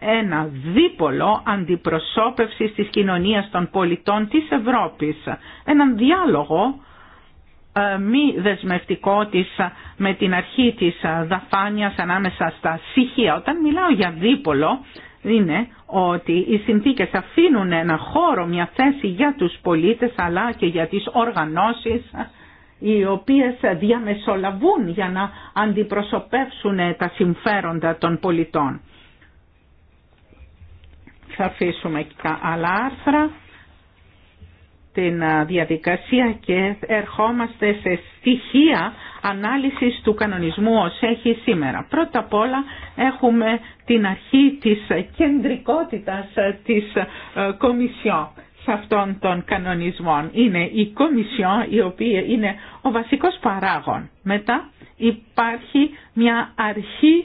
ένα δίπολο αντιπροσώπευσης της κοινωνίας των πολιτών της Ευρώπης. Έναν διάλογο ε, μη δεσμευτικό της με την αρχή της δαφάνειας ανάμεσα στα στοιχεία. Όταν μιλάω για δίπολο είναι ότι οι συνθήκες αφήνουν ένα χώρο, μια θέση για τους πολίτες αλλά και για τις οργανώσεις οι οποίες διαμεσολαβούν για να αντιπροσωπεύσουν τα συμφέροντα των πολιτών. Θα αφήσουμε και τα άλλα άρθρα την διαδικασία και ερχόμαστε σε στοιχεία ανάλυσης του κανονισμού ως έχει σήμερα. Πρώτα απ' όλα έχουμε την αρχή της κεντρικότητας της Κομισιόν σε αυτών των κανονισμών. Είναι η Κομισιόν η οποία είναι ο βασικός παράγων. Μετά υπάρχει μια αρχή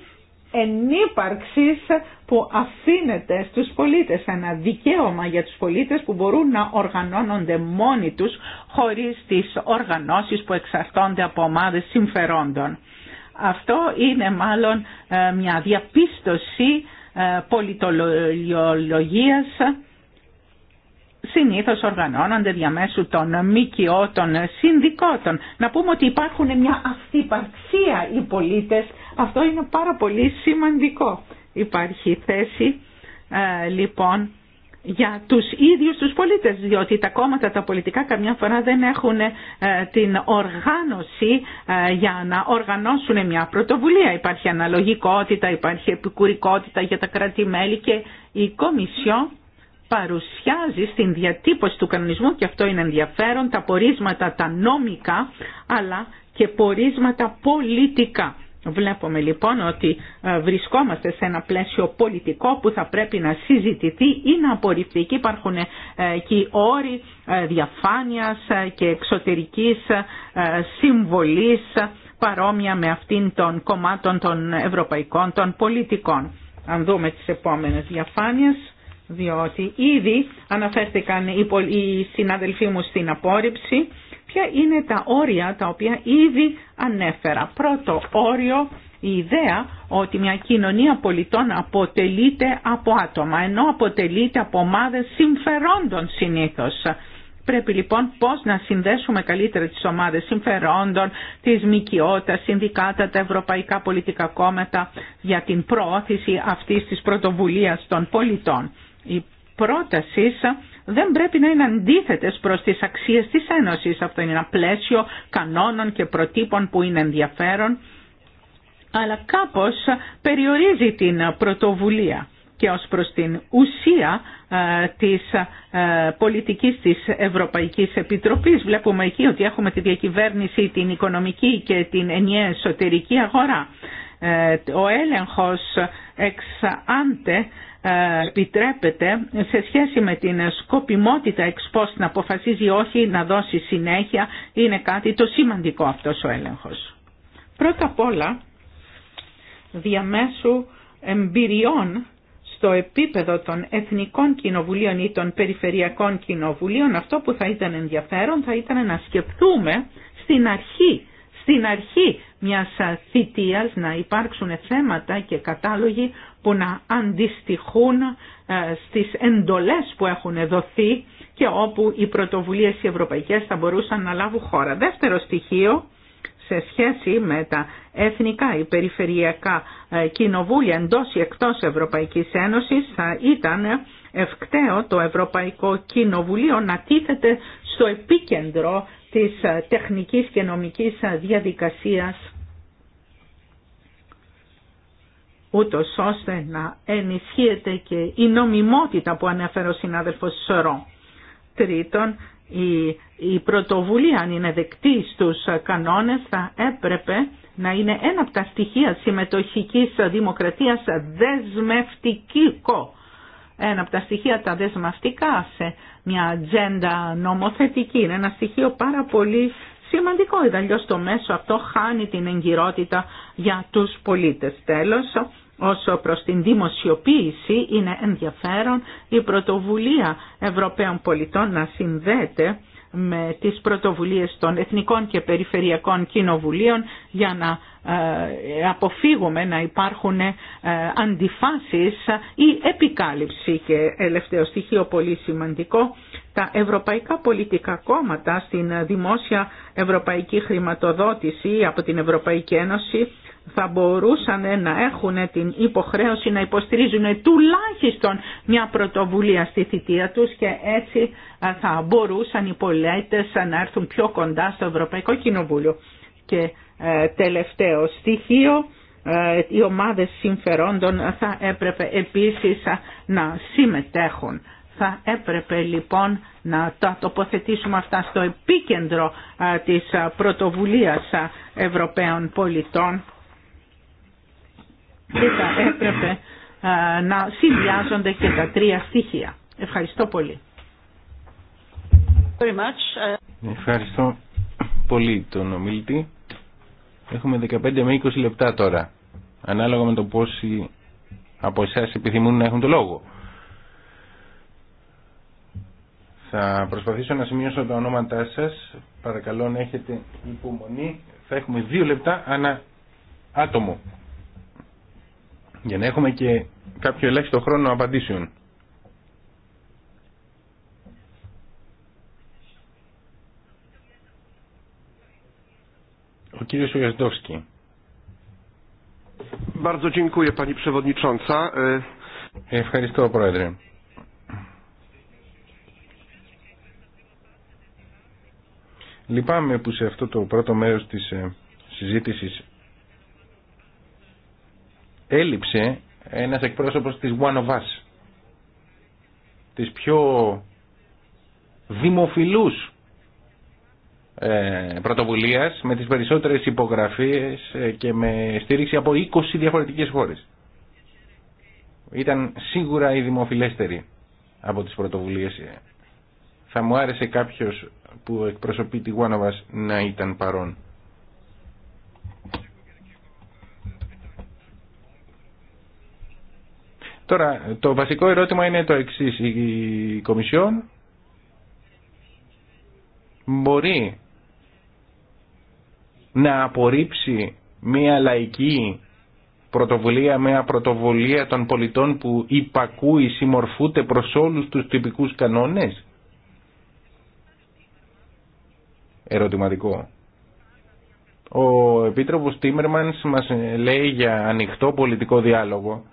ενύπαρξης που αφήνεται στους πολίτες, ένα δικαίωμα για τους πολίτες που μπορούν να οργανώνονται μόνοι τους χωρίς τις οργανώσεις που εξαρτώνται από ομάδες συμφερόντων. Αυτό είναι μάλλον ε, μια διαπίστωση ε, πολιτολογίας συνήθως οργανώνονται διαμέσου των ΜΚΟ, των συνδικότων. Να πούμε ότι υπάρχουν μια αυθυπαρξία οι πολίτες αυτό είναι πάρα πολύ σημαντικό. Υπάρχει θέση ε, λοιπόν για τους ίδιους τους πολίτες, διότι τα κόμματα τα πολιτικά καμιά φορά δεν έχουν ε, την οργάνωση ε, για να οργανώσουν μια πρωτοβουλία. Υπάρχει αναλογικότητα, υπάρχει επικουρικότητα για τα κράτη-μέλη και η Κομισιό παρουσιάζει στην διατύπωση του κανονισμού και αυτό είναι ενδιαφέρον, τα πορίσματα τα νόμικα αλλά και πορίσματα πολιτικά. Βλέπουμε λοιπόν ότι ε, βρισκόμαστε σε ένα πλαίσιο πολιτικό που θα πρέπει να συζητηθεί ή να απορριφθεί και υπάρχουν ε, και όροι ε, διαφάνειας και εξωτερικής συμβολής παρόμοια με αυτήν των κομμάτων των ευρωπαϊκών των πολιτικών. Αν δούμε τις επόμενες διαφάνειες, διότι ήδη αναφέρθηκαν οι συναδελφοί μου στην απόρριψη Ποια είναι τα όρια τα οποία ήδη ανέφερα. Πρώτο όριο η ιδέα ότι μια κοινωνία πολιτών αποτελείται από άτομα, ενώ αποτελείται από ομάδες συμφερόντων συνήθως. Πρέπει λοιπόν πώς να συνδέσουμε καλύτερα τις ομάδες συμφερόντων, τις ΜΚΟ, συνδικάτα, τα ευρωπαϊκά πολιτικά κόμματα για την προώθηση αυτής της πρωτοβουλίας των πολιτών. Η πρότασης δεν πρέπει να είναι αντίθετες προς τις αξίες της Ένωσης. Αυτό είναι ένα πλαίσιο κανόνων και προτύπων που είναι ενδιαφέρον, αλλά κάπως περιορίζει την πρωτοβουλία και ως προς την ουσία ε, της ε, πολιτικής της Ευρωπαϊκής Επιτροπής. Βλέπουμε εκεί ότι έχουμε τη διακυβέρνηση, την οικονομική και την ενιαία εσωτερική αγορά. Ε, ο έλεγχος εξ ε, επιτρέπεται σε σχέση με την σκοπιμότητα εξ να αποφασίζει όχι να δώσει συνέχεια είναι κάτι το σημαντικό αυτό ο έλεγχος. Πρώτα απ' όλα διαμέσου εμπειριών στο επίπεδο των εθνικών κοινοβουλίων ή των περιφερειακών κοινοβουλίων αυτό που θα ήταν ενδιαφέρον θα ήταν να σκεφτούμε στην αρχή στην αρχή μιας θητείας να υπάρξουν θέματα και κατάλογοι που να αντιστοιχούν ε, στις εντολές που έχουν δοθεί και όπου οι πρωτοβουλίες οι ευρωπαϊκές θα μπορούσαν να λάβουν χώρα. Δεύτερο στοιχείο σε σχέση με τα εθνικά ή περιφερειακά ε, κοινοβούλια εντός ή εκτός Ευρωπαϊκής Ένωσης θα ήταν ευκταίο το Ευρωπαϊκό Κοινοβουλίο να τίθεται στο επίκεντρο της ε, τεχνικής και νομικής διαδικασίας ούτω ώστε να ενισχύεται και η νομιμότητα που ανέφερε ο συνάδελφος Σωρό. Τρίτον, η, η πρωτοβουλία αν είναι δεκτή στους κανόνες θα έπρεπε να είναι ένα από τα στοιχεία συμμετοχικής δημοκρατίας δεσμευτικό. Ένα από τα στοιχεία τα δεσμευτικά σε μια ατζέντα νομοθετική. Είναι ένα στοιχείο πάρα πολύ σημαντικό, Ιδανιώ το μέσο αυτό χάνει την εγκυρότητα για τους πολίτες. Τέλος, Όσο προς την δημοσιοποίηση είναι ενδιαφέρον η πρωτοβουλία Ευρωπαίων πολιτών να συνδέεται με τις πρωτοβουλίες των εθνικών και περιφερειακών κοινοβουλίων για να ε, αποφύγουμε να υπάρχουν ε, αντιφάσεις ή επικάλυψη και ελευθερό στοιχείο πολύ σημαντικό τα ευρωπαϊκά πολιτικά κόμματα στην δημόσια ευρωπαϊκή χρηματοδότηση από την Ευρωπαϊκή Ένωση θα μπορούσαν ε, να έχουν την υποχρέωση να υποστηρίζουν τουλάχιστον μια πρωτοβουλία στη θητεία τους και έτσι ε, θα μπορούσαν οι πολίτες να έρθουν πιο κοντά στο Ευρωπαϊκό Κοινοβούλιο. Και ε, τελευταίο στοιχείο, οι ομάδες συμφερόντων θα έπρεπε επίσης να συμμετέχουν. Θα έπρεπε λοιπόν να τα τοποθετήσουμε αυτά στο επίκεντρο της πρωτοβουλίας Ευρωπαίων πολιτών δεν θα έπρεπε να συνδυάζονται και τα τρία στοιχεία. Ευχαριστώ πολύ. Ευχαριστώ πολύ τον ομίλητη. Έχουμε 15 με 20 λεπτά τώρα, ανάλογα με το πόσοι από εσάς επιθυμούν να έχουν το λόγο. Θα προσπαθήσω να σημειώσω τα ονόματά σας. Παρακαλώ να έχετε υπομονή. Θα έχουμε δύο λεπτά ανά άτομο για να έχουμε και κάποιο ελάχιστο χρόνο απαντήσεων. Ο κύριος Ογιασδόσκη. E, Ευχαριστώ, Πρόεδρε. Λυπάμαι που σε αυτό το πρώτο μέρος της ε, συζήτησης έλειψε ένας εκπρόσωπος της One of Us, της πιο δημοφιλούς ε, πρωτοβουλίας με τις περισσότερες υπογραφίες ε, και με στήριξη από 20 διαφορετικές χώρες. Ήταν σίγουρα η δημοφιλέστερη από τις πρωτοβουλίες. Ε, θα μου άρεσε κάποιος που εκπροσωπεί τη One of Us να ήταν παρόν. Τώρα, το βασικό ερώτημα είναι το εξή Η Κομισιόν μπορεί να απορρίψει μια λαϊκή πρωτοβουλία, μια πρωτοβουλία των πολιτών που υπακούει, συμμορφούνται προς όλους τους τυπικούς κανόνες. Ερωτηματικό. Ο Επίτροπος Τίμερμανς μας λέει για ανοιχτό πολιτικό διάλογο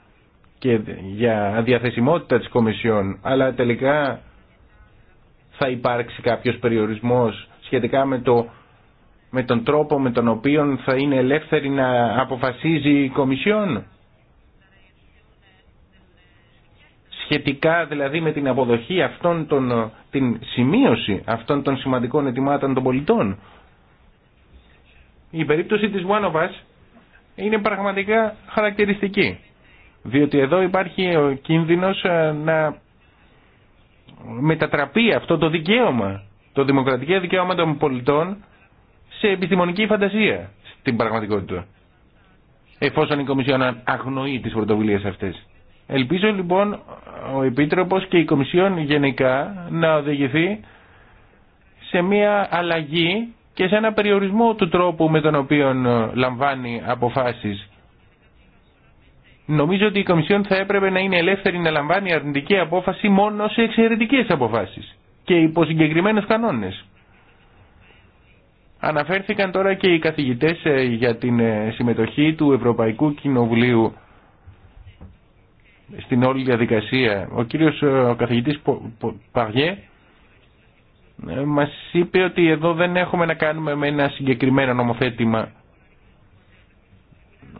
και για διαθεσιμότητα της Κομισιόν, αλλά τελικά θα υπάρξει κάποιος περιορισμός σχετικά με, το, με τον τρόπο με τον οποίο θα είναι ελεύθερη να αποφασίζει η Κομισιόν. Σχετικά δηλαδή με την αποδοχή αυτών των, την σημείωση αυτών των σημαντικών ετοιμάτων των πολιτών. Η περίπτωση της One of Us είναι πραγματικά χαρακτηριστική διότι εδώ υπάρχει ο κίνδυνος ε, να μετατραπεί αυτό το δικαίωμα, το δημοκρατικό δικαίωμα των πολιτών σε επιστημονική φαντασία στην πραγματικότητα. Εφόσον η Κομισιόν αγνοεί τις πρωτοβουλίες αυτές. Ελπίζω λοιπόν ο Επίτροπος και η Κομισιόν γενικά να οδηγηθεί σε μια αλλαγή και σε ένα περιορισμό του τρόπου με τον οποίο λαμβάνει αποφάσεις Νομίζω ότι η Κομισιόν θα έπρεπε να είναι ελεύθερη να λαμβάνει αρνητική απόφαση μόνο σε εξαιρετικές αποφάσεις και υπό συγκεκριμένου κανόνες. Αναφέρθηκαν τώρα και οι καθηγητές ε, για την ε, συμμετοχή του Ευρωπαϊκού Κοινοβουλίου στην όλη διαδικασία. Ο κύριος ε, ο καθηγητής Παγιέ μας είπε ότι εδώ δεν έχουμε να κάνουμε με ένα συγκεκριμένο νομοθέτημα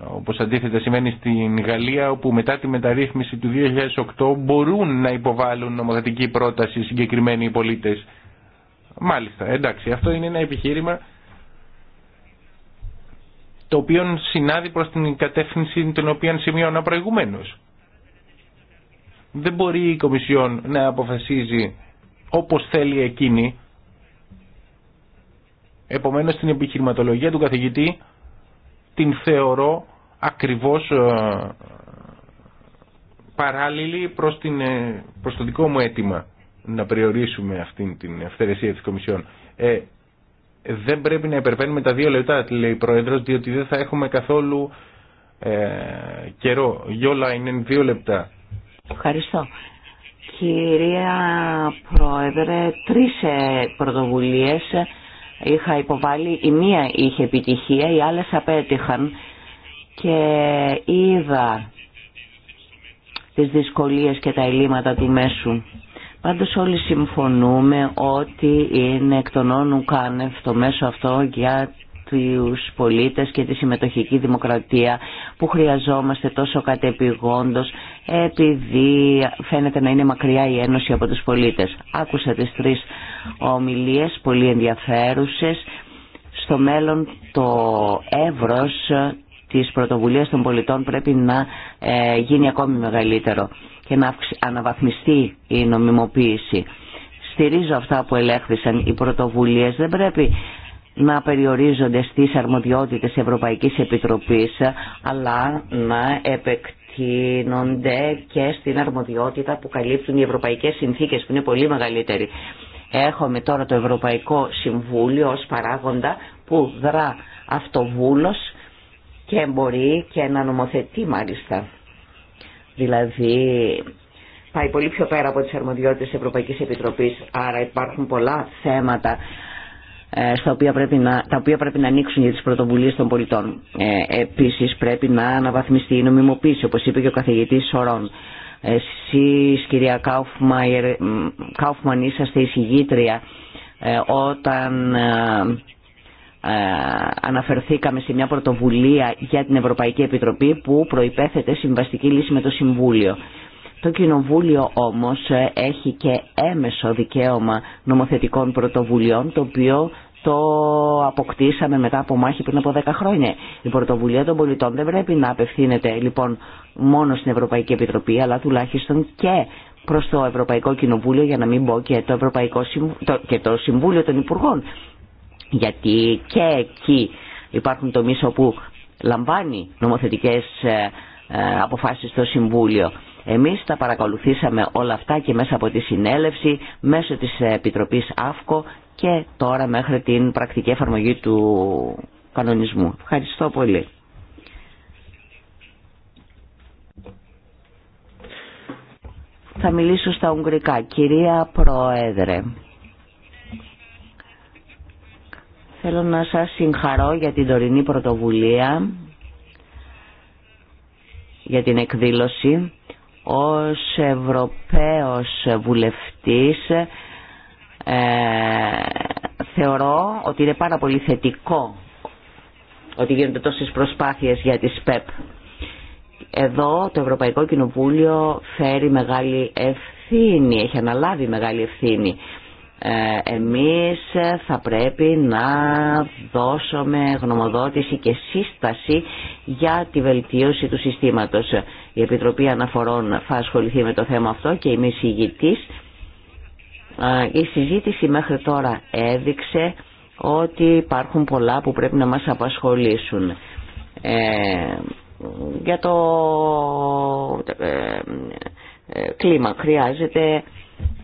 όπως αντίθετα σημαίνει στην Γαλλία όπου μετά τη μεταρρύθμιση του 2008 μπορούν να υποβάλουν νομοθετική πρόταση συγκεκριμένοι οι πολίτες. Μάλιστα, εντάξει, αυτό είναι ένα επιχείρημα το οποίο συνάδει προς την κατεύθυνση την οποία σημειώνα προηγουμένως. Δεν μπορεί η Κομισιόν να αποφασίζει όπως θέλει εκείνη. Επομένως την επιχειρηματολογία του καθηγητή την θεωρώ ακριβώς ε, παράλληλη προς, την, ε, το δικό μου αίτημα να περιορίσουμε αυτήν την αυθαιρεσία της Κομισιόν. Ε, δεν πρέπει να υπερβαίνουμε τα δύο λεπτά, λέει η Πρόεδρος, διότι δεν θα έχουμε καθόλου καιρό. Γιόλα είναι δύο λεπτά. Ευχαριστώ. Κυρία Πρόεδρε, τρεις πρωτοβουλίες είχα υποβάλει. Η μία είχε επιτυχία, οι άλλες απέτυχαν και είδα τις δυσκολίες και τα ελλείμματα του μέσου. Πάντως όλοι συμφωνούμε ότι είναι εκ των όνων κάνευ το μέσο αυτό για τους πολίτες και τη συμμετοχική δημοκρατία που χρειαζόμαστε τόσο κατεπηγόντως επειδή φαίνεται να είναι μακριά η Ένωση από τους πολίτες. Άκουσα τις τρεις ομιλίες, πολύ ενδιαφέρουσες. Στο μέλλον το εύρος της πρωτοβουλίας των πολιτών πρέπει να ε, γίνει ακόμη μεγαλύτερο και να αναβαθμιστεί η νομιμοποίηση. Στηρίζω αυτά που ελέγχθησαν οι πρωτοβουλίες. Δεν πρέπει να περιορίζονται στις αρμοδιότητες Ευρωπαϊκής Επιτροπής, αλλά να επεκτείνονται και στην αρμοδιότητα που καλύπτουν οι ευρωπαϊκές συνθήκες, που είναι πολύ μεγαλύτερη. Έχουμε τώρα το Ευρωπαϊκό Συμβούλιο ως παράγοντα που δρά αυτοβούλος και μπορεί και να νομοθετεί μάλιστα. Δηλαδή πάει πολύ πιο πέρα από τις αρμοδιότητες της Ευρωπαϊκής Επιτροπής, άρα υπάρχουν πολλά θέματα ε, στα οποία πρέπει να, τα οποία πρέπει να ανοίξουν για τις πρωτοβουλίες των πολιτών. Ε, επίσης πρέπει να αναβαθμιστεί η νομιμοποίηση, όπως είπε και ο καθηγητής Σωρών. Εσείς κυρία Κάουφμαν είσαστε εισηγήτρια ε, όταν ε, ε, αναφερθήκαμε σε μια πρωτοβουλία για την Ευρωπαϊκή Επιτροπή που προϋπέθεται συμβαστική λύση με το Συμβούλιο. Το Κοινοβούλιο όμως ε, έχει και έμεσο δικαίωμα νομοθετικών πρωτοβουλειών το οποίο το αποκτήσαμε μετά από μάχη πριν από 10 χρόνια. Η πρωτοβουλία των πολιτών δεν πρέπει να απευθύνεται λοιπόν μόνο στην Ευρωπαϊκή Επιτροπή αλλά τουλάχιστον και προς το Ευρωπαϊκό Κοινοβούλιο για να μην πω και το, Ευρωπαϊκό, και το Συμβούλιο των Υπουργών γιατί και εκεί υπάρχουν τομεί όπου λαμβάνει νομοθετικές ε, ε, αποφάσεις στο Συμβούλιο. Εμείς τα παρακολουθήσαμε όλα αυτά και μέσα από τη συνέλευση, μέσω της Επιτροπής ΑΦΚΟ και τώρα μέχρι την πρακτική εφαρμογή του κανονισμού. Ευχαριστώ πολύ. Θα μιλήσω στα Ουγγρικά. Κυρία Πρόεδρε. Θέλω να σας συγχαρώ για την τωρινή πρωτοβουλία, για την εκδήλωση. Ως Ευρωπαίος Βουλευτής ε, θεωρώ ότι είναι πάρα πολύ θετικό ότι γίνονται τόσες προσπάθειες για τις ΠΕΠ. Εδώ το Ευρωπαϊκό Κοινοβούλιο φέρει μεγάλη ευθύνη, έχει αναλάβει μεγάλη ευθύνη. Ε, εμείς θα πρέπει να δώσουμε γνωμοδότηση και σύσταση για τη βελτίωση του συστήματος. Η Επιτροπή Αναφορών θα ασχοληθεί με το θέμα αυτό και η συγητής. Ε, η συζήτηση μέχρι τώρα έδειξε ότι υπάρχουν πολλά που πρέπει να μας απασχολήσουν. Ε, για το κλίμα χρειάζεται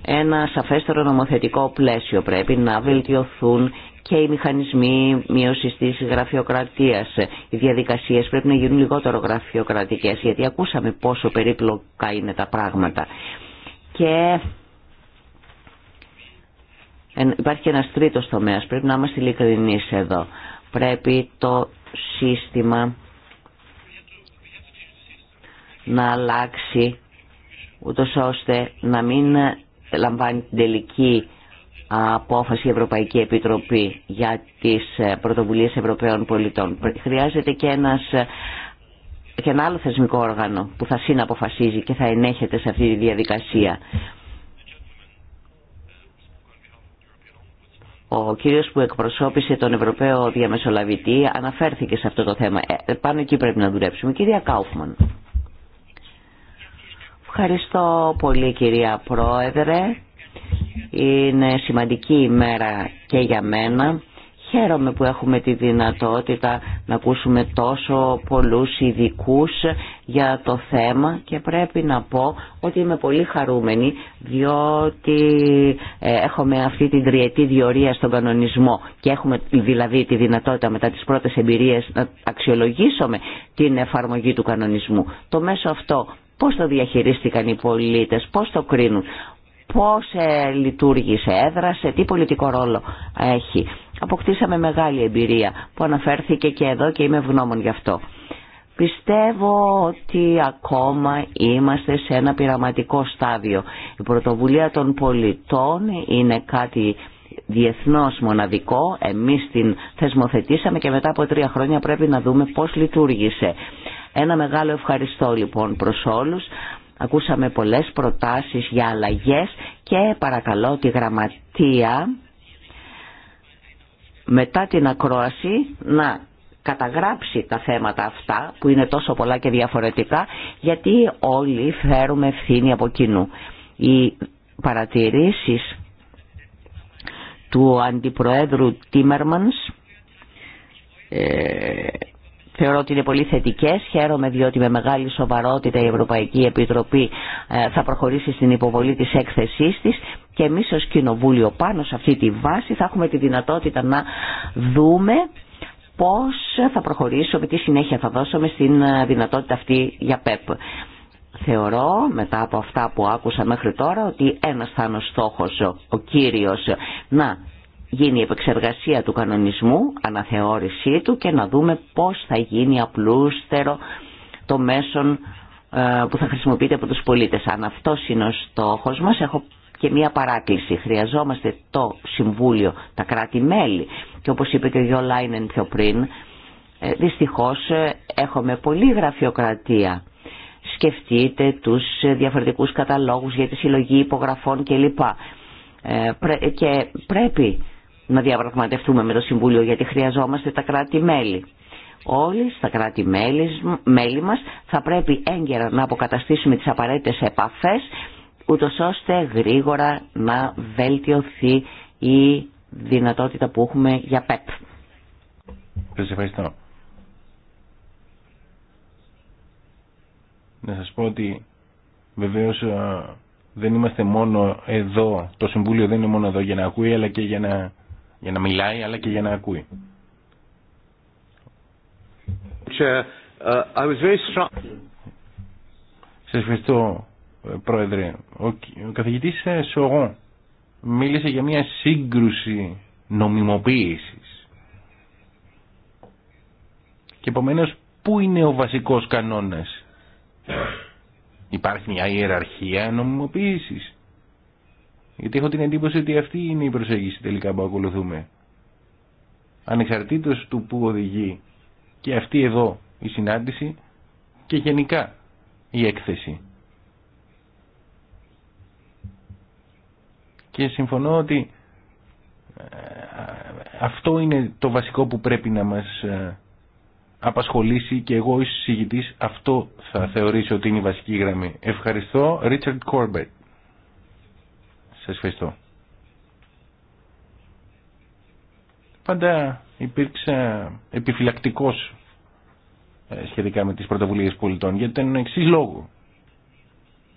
ένα σαφέστερο νομοθετικό πλαίσιο. Πρέπει να βελτιωθούν και οι μηχανισμοί μείωση τη γραφειοκρατία. Οι διαδικασίε πρέπει να γίνουν λιγότερο γραφειοκρατικέ, γιατί ακούσαμε πόσο περίπλοκα είναι τα πράγματα. Και υπάρχει και ένα τρίτο τομέα. Πρέπει να είμαστε ειλικρινεί εδώ. Πρέπει το σύστημα να αλλάξει ούτω ώστε να μην λαμβάνει την τελική απόφαση η Ευρωπαϊκή Επιτροπή για τις ε, πρωτοβουλίες Ευρωπαίων πολιτών. Χρειάζεται και, ένας, ε, και ένα άλλο θεσμικό όργανο που θα συναποφασίζει και θα ενέχεται σε αυτή τη διαδικασία. Ο κύριος που εκπροσώπησε τον Ευρωπαίο Διαμεσολαβητή αναφέρθηκε σε αυτό το θέμα. Ε, πάνω εκεί πρέπει να δουλέψουμε. Κυρία Κάουφμαν. Ευχαριστώ πολύ κυρία Πρόεδρε. Είναι σημαντική ημέρα και για μένα. Χαίρομαι που έχουμε τη δυνατότητα να ακούσουμε τόσο πολλούς ειδικού για το θέμα και πρέπει να πω ότι είμαι πολύ χαρούμενη διότι ε, έχουμε αυτή την τριετή διορία στον κανονισμό και έχουμε δηλαδή τη δυνατότητα μετά τις πρώτες εμπειρίες να αξιολογήσουμε την εφαρμογή του κανονισμού. Το μέσο αυτό Πώς το διαχειρίστηκαν οι πολίτες, πώς το κρίνουν, πώς ε, λειτουργήσε, έδρασε, τι πολιτικό ρόλο έχει. Αποκτήσαμε μεγάλη εμπειρία που αναφέρθηκε και εδώ και είμαι ευγνώμων γι' αυτό. Πιστεύω ότι ακόμα είμαστε σε ένα πειραματικό στάδιο. Η πρωτοβουλία των πολιτών είναι κάτι διεθνώς μοναδικό. Εμείς την θεσμοθετήσαμε και μετά από τρία χρόνια πρέπει να δούμε πώς λειτουργήσε. Ένα μεγάλο ευχαριστώ λοιπόν προς όλους. Ακούσαμε πολλές προτάσεις για αλλαγές και παρακαλώ τη γραμματεία μετά την ακρόαση να καταγράψει τα θέματα αυτά που είναι τόσο πολλά και διαφορετικά γιατί όλοι φέρουμε ευθύνη από κοινού. Οι παρατηρήσεις του Αντιπροέδρου Τίμερμανς ε, θεωρώ ότι είναι πολύ θετικές. Χαίρομαι διότι με μεγάλη σοβαρότητα η Ευρωπαϊκή Επιτροπή ε, θα προχωρήσει στην υποβολή της έκθεσής της και εμείς ως Κοινοβούλιο πάνω σε αυτή τη βάση θα έχουμε τη δυνατότητα να δούμε πώς θα προχωρήσουμε, τι συνέχεια θα δώσουμε στην ε, δυνατότητα αυτή για ΠΕΠ. Θεωρώ μετά από αυτά που άκουσα μέχρι τώρα ότι ένας θα είναι ο στόχος, ο κύριος, να γίνει η επεξεργασία του κανονισμού, αναθεώρησή του και να δούμε πώς θα γίνει απλούστερο το μέσον ε, που θα χρησιμοποιείται από τους πολίτες. Αν αυτό είναι ο στόχος μας, έχω και μία παράκληση. Χρειαζόμαστε το Συμβούλιο, τα κράτη-μέλη και όπως είπε και ο Γιώ Λάινεν πιο πριν, ε, δυστυχώς ε, έχουμε πολλή γραφειοκρατία. Σκεφτείτε τους διαφορετικούς καταλόγους για τη συλλογή υπογραφών κλπ. Και πρέπει να διαπραγματευτούμε με το Συμβούλιο γιατί χρειαζόμαστε τα κράτη-μέλη. Όλοι τα κράτη-μέλη μας θα πρέπει έγκαιρα να αποκαταστήσουμε τις απαραίτητες επαφές ούτως ώστε γρήγορα να βελτιωθεί η δυνατότητα που έχουμε για ΠΕΠ. Σας ευχαριστώ. Να σας πω ότι βεβαίως δεν είμαστε μόνο εδώ, το Συμβούλιο δεν είναι μόνο εδώ για να ακούει αλλά και για να για να μιλάει αλλά και για να ακούει. Uh, I ευχαριστώ Πρόεδρε. Ο, ο καθηγητής ε, Σογό μίλησε για μια σύγκρουση νομιμοποίησης. Και επομένως πού είναι ο βασικός κανόνας. Υπάρχει μια ιεραρχία νομιμοποίησης. Γιατί έχω την εντύπωση ότι αυτή είναι η προσέγγιση τελικά που ακολουθούμε. Ανεξαρτήτως του που οδηγεί και αυτή εδώ η συνάντηση και γενικά η έκθεση. Και συμφωνώ ότι ε, αυτό είναι το βασικό που πρέπει να μας ε, απασχολήσει και εγώ ως συζητητής αυτό θα θεωρήσω ότι είναι η βασική γραμμή. Ευχαριστώ. Richard Corbett σας ευχαριστώ. Πάντα υπήρξα επιφυλακτικός ε, σχετικά με τις πρωτοβουλίες πολιτών για τον εξή λόγο.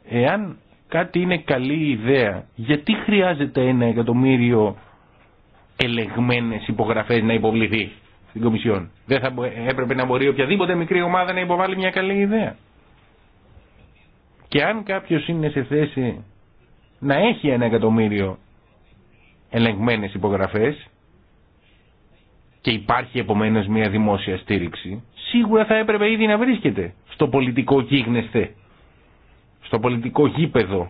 Εάν κάτι είναι καλή ιδέα, γιατί χρειάζεται ένα εκατομμύριο ελεγμένες υπογραφές να υποβληθεί στην Κομισιόν. Δεν θα έπρεπε να μπορεί οποιαδήποτε μικρή ομάδα να υποβάλει μια καλή ιδέα. Και αν κάποιος είναι σε θέση να έχει ένα εκατομμύριο ελεγμένες υπογραφές και υπάρχει επομένως μια δημόσια στήριξη, σίγουρα θα έπρεπε ήδη να βρίσκεται στο πολιτικό γίγνεσθε, στο πολιτικό γήπεδο.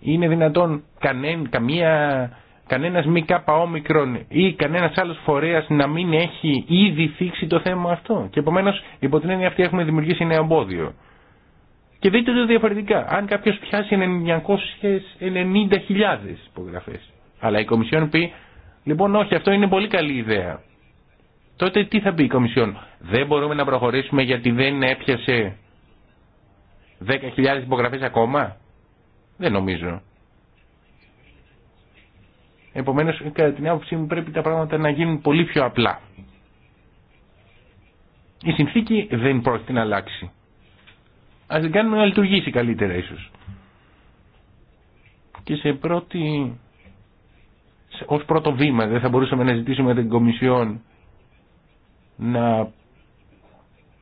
Είναι δυνατόν κανέν, καμία, κανένας μη όμικρον ή κανένας άλλος φορέας να μην έχει ήδη θίξει το θέμα αυτό. Και επομένως υπό την έννοια αυτή έχουμε δημιουργήσει ένα εμπόδιο. Και δείτε το διαφορετικά. Αν κάποιος πιάσει 990.000 υπογραφές, αλλά η Κομισιόν πει, λοιπόν όχι, αυτό είναι πολύ καλή ιδέα. Τότε τι θα πει η Κομισιόν. Δεν μπορούμε να προχωρήσουμε γιατί δεν έπιασε 10.000 υπογραφές ακόμα. Δεν νομίζω. Επομένως, κατά την άποψή μου πρέπει τα πράγματα να γίνουν πολύ πιο απλά. Η συνθήκη δεν πρόκειται να αλλάξει. Ας την κάνουμε να λειτουργήσει καλύτερα ίσως. Και σε πρώτη... Ως πρώτο βήμα δεν θα μπορούσαμε να ζητήσουμε την Κομισιόν να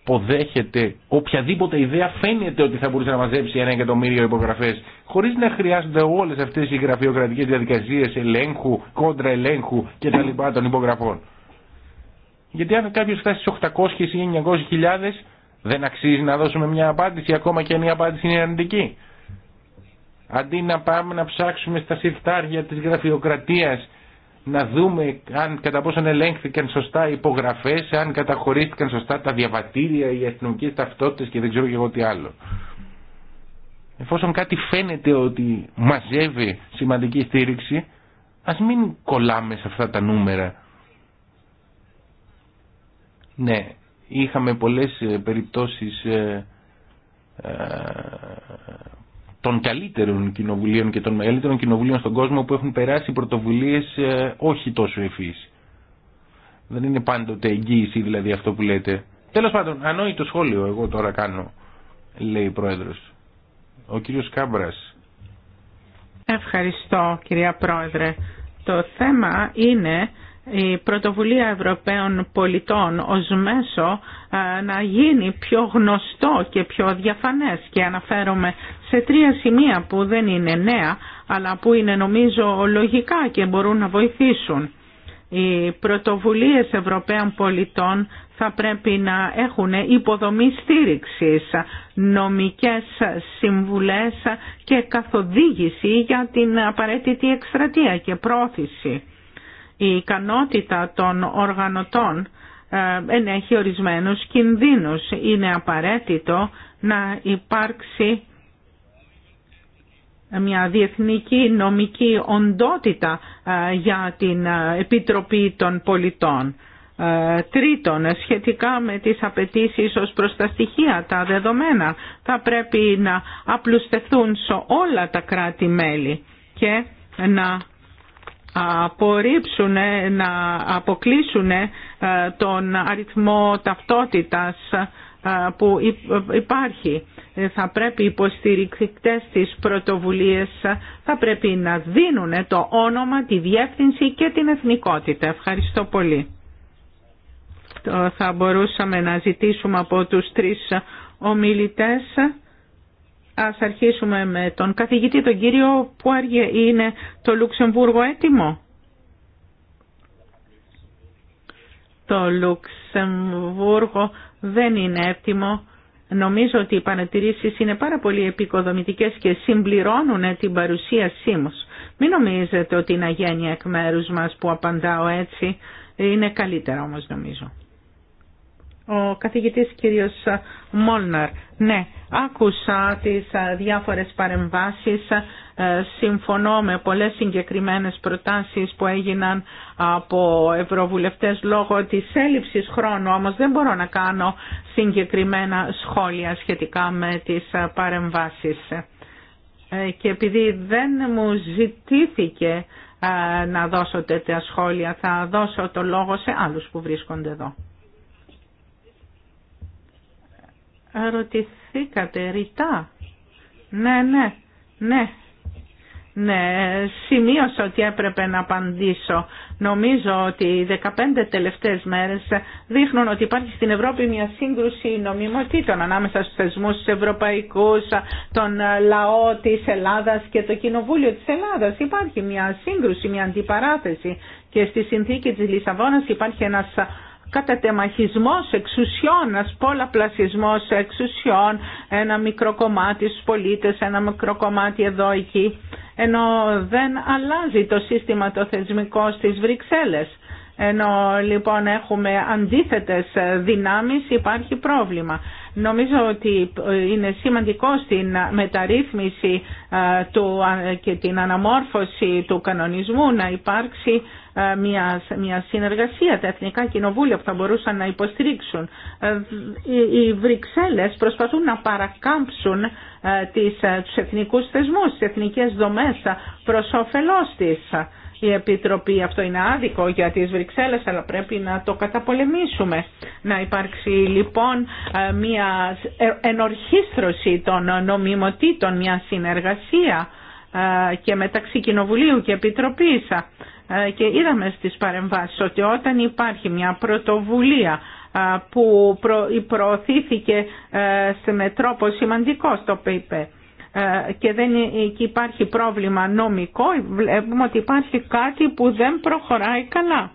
αποδέχεται οποιαδήποτε ιδέα φαίνεται ότι θα μπορούσε να μαζέψει ένα εκατομμύριο υπογραφέ, χωρί να χρειάζονται όλε αυτέ οι γραφειοκρατικέ διαδικασίε ελέγχου, κόντρα ελέγχου κτλ. των υπογραφών. Γιατί αν κάποιο φτάσει στι 800 ή 900 δεν αξίζει να δώσουμε μια απάντηση ακόμα και αν η απάντηση είναι αρνητική. Αντί να πάμε να ψάξουμε στα συρτάρια της γραφειοκρατίας να δούμε αν κατά πόσον ελέγχθηκαν σωστά οι υπογραφές, αν καταχωρίστηκαν σωστά τα διαβατήρια, οι αστυνομικέ ταυτότητες και δεν ξέρω και εγώ τι άλλο. Εφόσον κάτι φαίνεται ότι μαζεύει σημαντική στήριξη, ας μην κολλάμε σε αυτά τα νούμερα. Ναι, Είχαμε πολλές ε, περιπτώσεις ε, ε, των καλύτερων κοινοβουλίων και των μεγαλύτερων κοινοβουλίων στον κόσμο που έχουν περάσει πρωτοβουλίες όχι τόσο ευφύς. Δεν είναι πάντοτε εγγύηση δηλαδή αυτό που λέτε. Τέλος πάντων, ανόητο σχόλιο εγώ τώρα κάνω, λέει η Πρόεδρος. Ο κύριος Κάμπρας. Ευχαριστώ κυρία Πρόεδρε. Το θέμα είναι η πρωτοβουλία Ευρωπαίων πολιτών ως μέσο να γίνει πιο γνωστό και πιο διαφανές και αναφέρομαι σε τρία σημεία που δεν είναι νέα αλλά που είναι νομίζω λογικά και μπορούν να βοηθήσουν. Οι πρωτοβουλίες Ευρωπαίων πολιτών θα πρέπει να έχουν υποδομή στήριξης, νομικές συμβουλές και καθοδήγηση για την απαραίτητη εκστρατεία και πρόθεση η ικανότητα των οργανωτών ε, ενέχει ορισμένους κινδύνους. Είναι απαραίτητο να υπάρξει μια διεθνική νομική οντότητα ε, για την ε, Επιτροπή των Πολιτών. Τρίτον, σχετικά με τις απαιτήσει ως προς τα στοιχεία, τα δεδομένα, θα πρέπει να απλουστεθούν σε όλα τα κράτη-μέλη και να απορρίψουν, να αποκλείσουν ε, τον αριθμό ταυτότητας ε, που ε, υπάρχει. Θα πρέπει οι υποστηρικτές της πρωτοβουλίας θα πρέπει να δίνουν το όνομα, τη διεύθυνση και την εθνικότητα. Ευχαριστώ πολύ. Θα μπορούσαμε να ζητήσουμε από τους τρεις ομιλητές Ας αρχίσουμε με τον καθηγητή, τον κύριο Πουάριε. Είναι το Λουξεμβούργο έτοιμο. Το Λουξεμβούργο δεν είναι έτοιμο. Νομίζω ότι οι παρατηρήσεις είναι πάρα πολύ επικοδομητικές και συμπληρώνουν ε, την παρουσία σήμως. Μην νομίζετε ότι είναι αγένεια εκ μέρους μας που απαντάω έτσι. Είναι καλύτερα όμως νομίζω. Ο καθηγητής κύριος Μόλναρ. Ναι, άκουσα τις διάφορες παρεμβάσεις. Συμφωνώ με πολλές συγκεκριμένες προτάσεις που έγιναν από ευρωβουλευτές λόγω της έλλειψης χρόνου, όμως δεν μπορώ να κάνω συγκεκριμένα σχόλια σχετικά με τις παρεμβάσεις. Ε, και επειδή δεν μου ζητήθηκε να δώσω τέτοια σχόλια, θα δώσω το λόγο σε άλλους που βρίσκονται εδώ. Ρωτηθήκατε ρητά. Ναι, ναι, ναι. Ναι, σημείωσα ότι έπρεπε να απαντήσω. Νομίζω ότι οι 15 τελευταίες μέρες δείχνουν ότι υπάρχει στην Ευρώπη μια σύγκρουση νομιμοτήτων ανάμεσα στους θεσμούς τους ευρωπαϊκούς, τον λαό της Ελλάδας και το Κοινοβούλιο της Ελλάδας. Υπάρχει μια σύγκρουση, μια αντιπαράθεση και στη συνθήκη της Λισαβόνας υπάρχει ένας κατατεμαχισμός εξουσιών, ένας πολλαπλασιασμός εξουσιών, ένα μικρό κομμάτι στους πολίτες, ένα μικρό κομμάτι εδώ εκεί, ενώ δεν αλλάζει το σύστημα το θεσμικό στις Βρυξέλλες. Ενώ λοιπόν έχουμε αντίθετες δυνάμεις υπάρχει πρόβλημα. Νομίζω ότι ε, είναι σημαντικό στην μεταρρύθμιση ε, ε, και την αναμόρφωση του κανονισμού να υπάρξει μια, μια συνεργασία, τα εθνικά κοινοβούλια που θα μπορούσαν να υποστηρίξουν. Οι, Βρυξέλλες προσπαθούν να παρακάμψουν τις, τους εθνικούς θεσμούς, τις εθνικές δομές προς όφελός της η Επιτροπή. Αυτό είναι άδικο για τις Βρυξέλλες, αλλά πρέπει να το καταπολεμήσουμε. Να υπάρξει λοιπόν ε, μια ενορχίστρωση των νομιμοτήτων, μια συνεργασία ε, και μεταξύ Κοινοβουλίου και Επιτροπής ε, και είδαμε στις παρεμβάσεις ότι όταν υπάρχει μια πρωτοβουλία που προωθήθηκε με τρόπο σημαντικό στο ΠΕΙΠΕ ε, και δεν υπάρχει πρόβλημα νομικό, βλέπουμε ότι υπάρχει κάτι που δεν προχωράει καλά.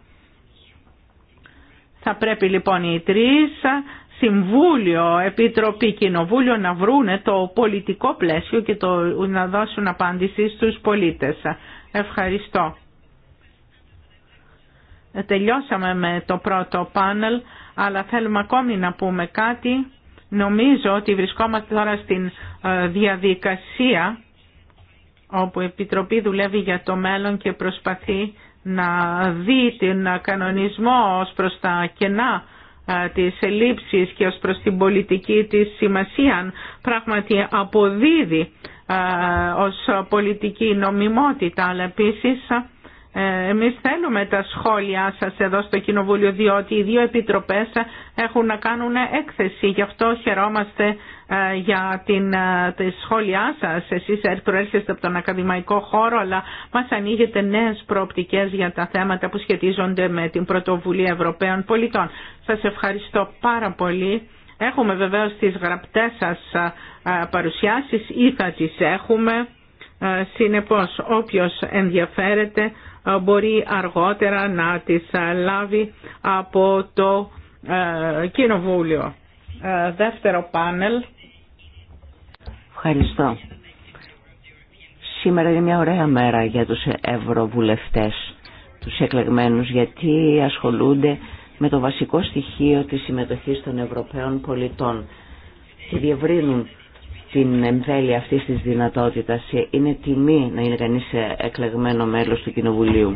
Θα πρέπει λοιπόν οι τρεις Συμβούλιο, Επιτροπή, Κοινοβούλιο να βρούνε το πολιτικό πλαίσιο και το, να δώσουν απάντηση στους πολίτες. Ευχαριστώ. Ε, τελειώσαμε με το πρώτο πάνελ, αλλά θέλουμε ακόμη να πούμε κάτι Νομίζω ότι βρισκόμαστε τώρα στην ε, διαδικασία όπου η Επιτροπή δουλεύει για το μέλλον και προσπαθεί να δει την ε, κανονισμό ως προς τα κενά ε, της ελλείψης και ως προς την πολιτική της σημασία πράγματι αποδίδει ως πολιτική νομιμότητα αλλά επίσης εμείς θέλουμε τα σχόλιά σας εδώ στο Κοινοβούλιο διότι οι δύο επιτροπές έχουν να κάνουν έκθεση. Γι' αυτό χαιρόμαστε ε, για την, ε, τη σχόλιά σας. Εσείς προέρχεστε από τον ακαδημαϊκό χώρο αλλά μας ανοίγετε νέες προοπτικές για τα θέματα που σχετίζονται με την πρωτοβουλία Ευρωπαίων πολιτών. Σας ευχαριστώ πάρα πολύ. Έχουμε βεβαίως τις γραπτές σας ε, παρουσιάσεις ή θα τις έχουμε. Συνεπώς όποιος ενδιαφέρεται μπορεί αργότερα να τις ε, λάβει από το ε, Κοινοβούλιο. Ε, δεύτερο πάνελ. Ευχαριστώ. Σήμερα είναι μια ωραία μέρα για τους ευρωβουλευτές, τους εκλεγμένους, γιατί ασχολούνται με το βασικό στοιχείο της συμμετοχής των Ευρωπαίων πολιτών και διευρύνουν την εμβέλεια αυτής της δυνατότητας. Είναι τιμή να είναι κανείς εκλεγμένο μέλος του Κοινοβουλίου.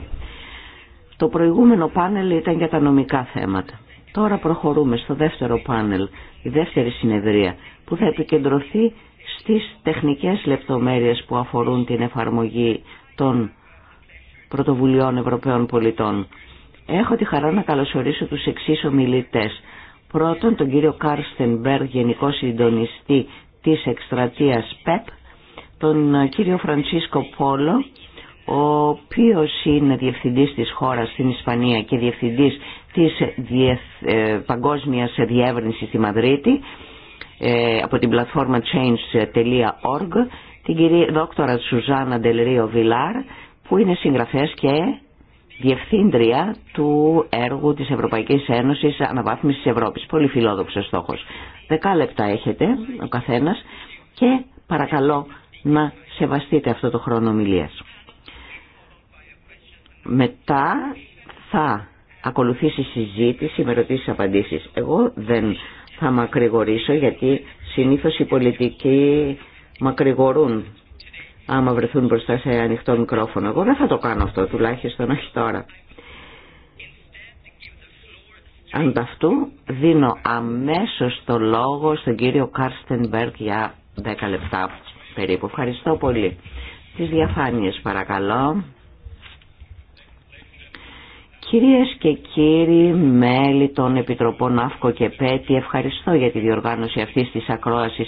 Το προηγούμενο πάνελ ήταν για τα νομικά θέματα. Τώρα προχωρούμε στο δεύτερο πάνελ, η δεύτερη συνεδρία, που θα επικεντρωθεί στις τεχνικές λεπτομέρειες που αφορούν την εφαρμογή των πρωτοβουλειών Ευρωπαίων πολιτών. Έχω τη χαρά να καλωσορίσω τους εξής ομιλητές. Πρώτον, τον κύριο Κάρστεν Μπέρ, Γενικό Συντονιστή της εκστρατείας ΠΕΠ, τον κύριο Φρανσίσκο Πόλο, ο οποίος είναι διευθυντής της χώρας στην Ισπανία και διευθυντής της ε, Παγκόσμιας Διεύρυνσης στη Μαδρίτη ε, από την πλατφόρμα change.org, την κυρία δόκτωρα Σουζάνα Ντελρίο Βιλάρ, που είναι συγγραφέας και διευθύντρια του έργου της Ευρωπαϊκής Ένωσης Αναβάθμισης Ευρώπης. Πολύ φιλόδοξος στόχος. Δεκά λεπτά έχετε ο καθένας και παρακαλώ να σεβαστείτε αυτό το χρόνο ομιλίας. Μετά θα ακολουθήσει συζήτηση με ρωτήσεις απαντήσεις. Εγώ δεν θα μακρηγορήσω γιατί συνήθως οι πολιτικοί μακρηγορούν άμα βρεθούν μπροστά σε ανοιχτό μικρόφωνο. Εγώ δεν θα το κάνω αυτό, τουλάχιστον όχι τώρα. Ανταυτού δίνω αμέσως το λόγο στον κύριο Μπέρκ για 10 λεπτά περίπου. Ευχαριστώ πολύ. Τις διαφάνειες παρακαλώ. Κυρίες και κύριοι μέλη των Επιτροπών Αύκο και Πέτη, ευχαριστώ για τη διοργάνωση αυτής της ακρόασης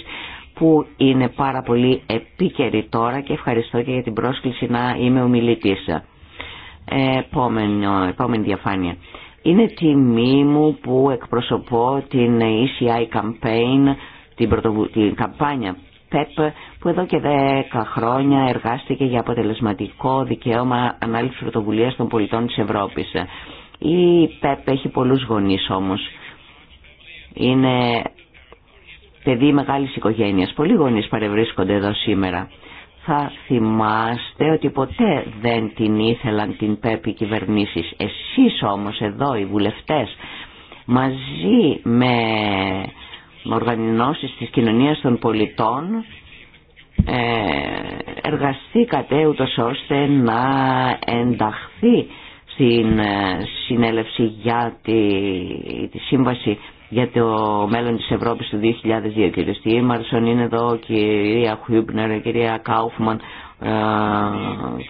που είναι πάρα πολύ επίκαιρη τώρα και ευχαριστώ και για την πρόσκληση να είμαι ομιλητής. Επόμενο, επόμενη διαφάνεια. Είναι τιμή μου που εκπροσωπώ την ECI Campaign, την, καμπάνια PEP, e που εδώ και 10 χρόνια εργάστηκε για αποτελεσματικό δικαίωμα ανάληψης πρωτοβουλία των πολιτών της Ευρώπης. Η PEP e έχει πολλούς γονείς όμως. Είναι παιδί μεγάλης οικογένειας. Πολλοί γονείς παρευρίσκονται εδώ σήμερα. Θα θυμάστε ότι ποτέ δεν την ήθελαν την ΠΕΠ οι κυβερνήσεις. Εσείς όμως εδώ οι βουλευτές μαζί με οργανώσει της κοινωνίας των πολιτών ε, εργαστήκατε ούτως ώστε να ενταχθεί στην ε, συνέλευση για τη σύμβαση για το μέλλον της Ευρώπης του 2002. Κύριε Στίμαρσον είναι εδώ, κυρία Χουίμπνερ, κυρία Κάουφμαν, ε,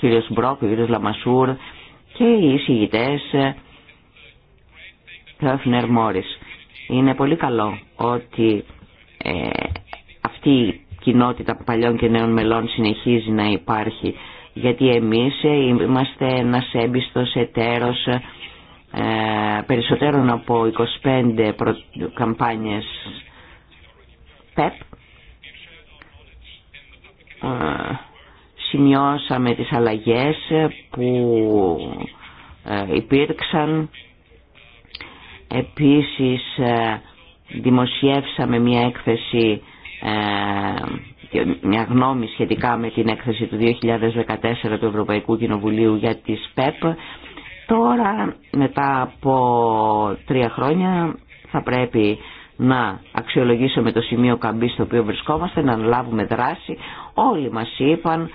κύριος Μπρόκ, κύριος Λαμασούρ και οι εισηγητές Χέφνερ Μόρις. Είναι πολύ καλό ότι ε, αυτή η κοινότητα παλιών και νέων μελών συνεχίζει να υπάρχει γιατί εμείς ε, είμαστε ένας έμπιστος εταίρος ε, περισσότερων από 25 καμπάνιες ΠΕΠ. Ε, σημειώσαμε τις αλλαγές που ε, υπήρξαν. Επίσης δημοσιεύσαμε μια έκθεση, μια γνώμη σχετικά με την έκθεση του 2014 του Ευρωπαϊκού Κοινοβουλίου για τις ΠΕΠ Τώρα μετά από τρία χρόνια θα πρέπει να αξιολογήσουμε το σημείο καμπή στο οποίο βρισκόμαστε, να λάβουμε δράση. Όλοι μας είπαν,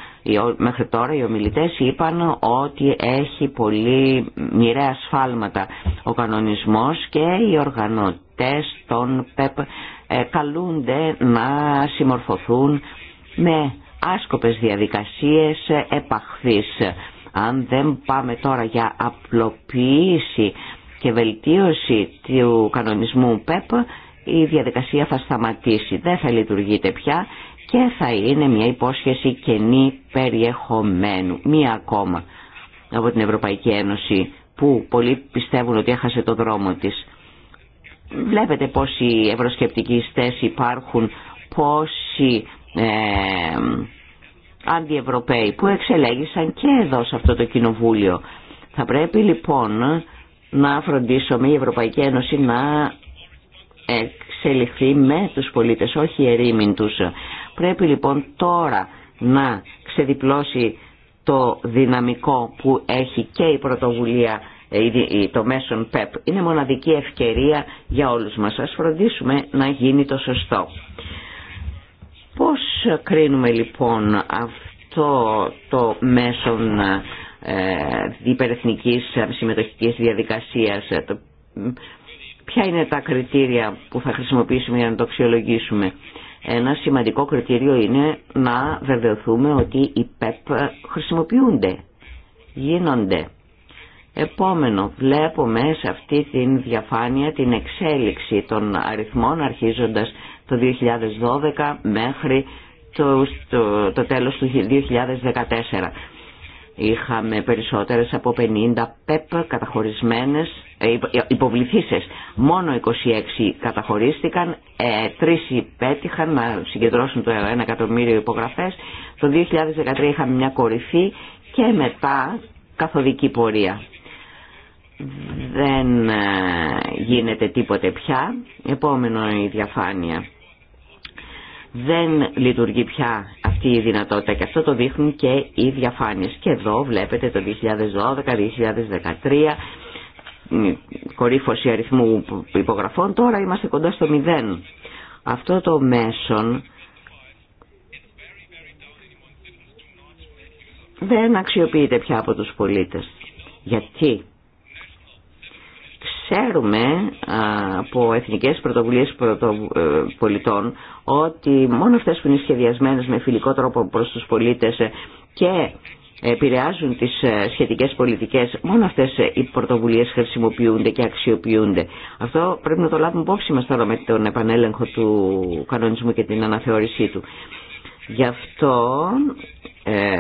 μέχρι τώρα οι ομιλητές είπαν ότι έχει πολύ μοιραία ασφάλματα ο κανονισμός και οι οργανωτές των ΠΕΠ ε, καλούνται να συμμορφωθούν με άσκοπες διαδικασίες επαχθής αν δεν πάμε τώρα για απλοποίηση και βελτίωση του κανονισμού ΠΕΠ, η διαδικασία θα σταματήσει, δεν θα λειτουργείται πια και θα είναι μια υπόσχεση κενή περιεχομένου. Μία ακόμα από την Ευρωπαϊκή Ένωση που πολλοί πιστεύουν ότι έχασε το δρόμο της. Βλέπετε πόσοι ευρωσκεπτικοί στές υπάρχουν, πόσοι ε, αντιευρωπαίοι που εξελέγησαν και εδώ σε αυτό το κοινοβούλιο. Θα πρέπει λοιπόν να φροντίσουμε η Ευρωπαϊκή Ένωση να εξελιχθεί με τους πολίτες, όχι ερήμην τους. Πρέπει λοιπόν τώρα να ξεδιπλώσει το δυναμικό που έχει και η πρωτοβουλία το μέσον ΠΕΠ. Είναι μοναδική ευκαιρία για όλους μας. Ας φροντίσουμε να γίνει το σωστό. Πώς κρίνουμε λοιπόν αυτό το μέσον ε, υπερεθνικής συμμετοχικής διαδικασίας ε, ποια είναι τα κριτήρια που θα χρησιμοποιήσουμε για να το αξιολογήσουμε ένα σημαντικό κριτήριο είναι να βεβαιωθούμε ότι οι ΠΕΠ χρησιμοποιούνται γίνονται επόμενο βλέπουμε σε αυτή την διαφάνεια την εξέλιξη των αριθμών αρχίζοντας το 2012 μέχρι το, το, τέλος του 2014. Είχαμε περισσότερες από 50 ΠΕΠ καταχωρισμένες, ε, ε, υποβληθήσεις. Μόνο 26 καταχωρίστηκαν, ε, τρεις υπέτυχαν να συγκεντρώσουν το 1 εκατομμύριο υπογραφές. Το 2013 είχαμε μια κορυφή και μετά καθοδική πορεία. Δεν ε, γίνεται τίποτε πια. Επόμενο η διαφάνεια δεν λειτουργεί πια αυτή η δυνατότητα και αυτό το δείχνουν και οι διαφάνειες. Και εδώ βλέπετε το 2012-2013 κορύφωση αριθμού υπογραφών, τώρα είμαστε κοντά στο μηδέν. Αυτό το μέσον δεν αξιοποιείται πια από τους πολίτες. Γιατί Ξέρουμε από εθνικές πρωτοβουλίες ε, πολιτών ότι μόνο αυτές που είναι σχεδιασμένες με φιλικό τρόπο προς τους πολίτες και επηρεάζουν τις ε, σχετικές πολιτικές, μόνο αυτές ε, οι πρωτοβουλίες χρησιμοποιούνται και αξιοποιούνται. Αυτό πρέπει να το λάβουμε υπόψη μας τώρα με τον επανέλεγχο του κανονισμού και την αναθεώρησή του. Γι' αυτό ε,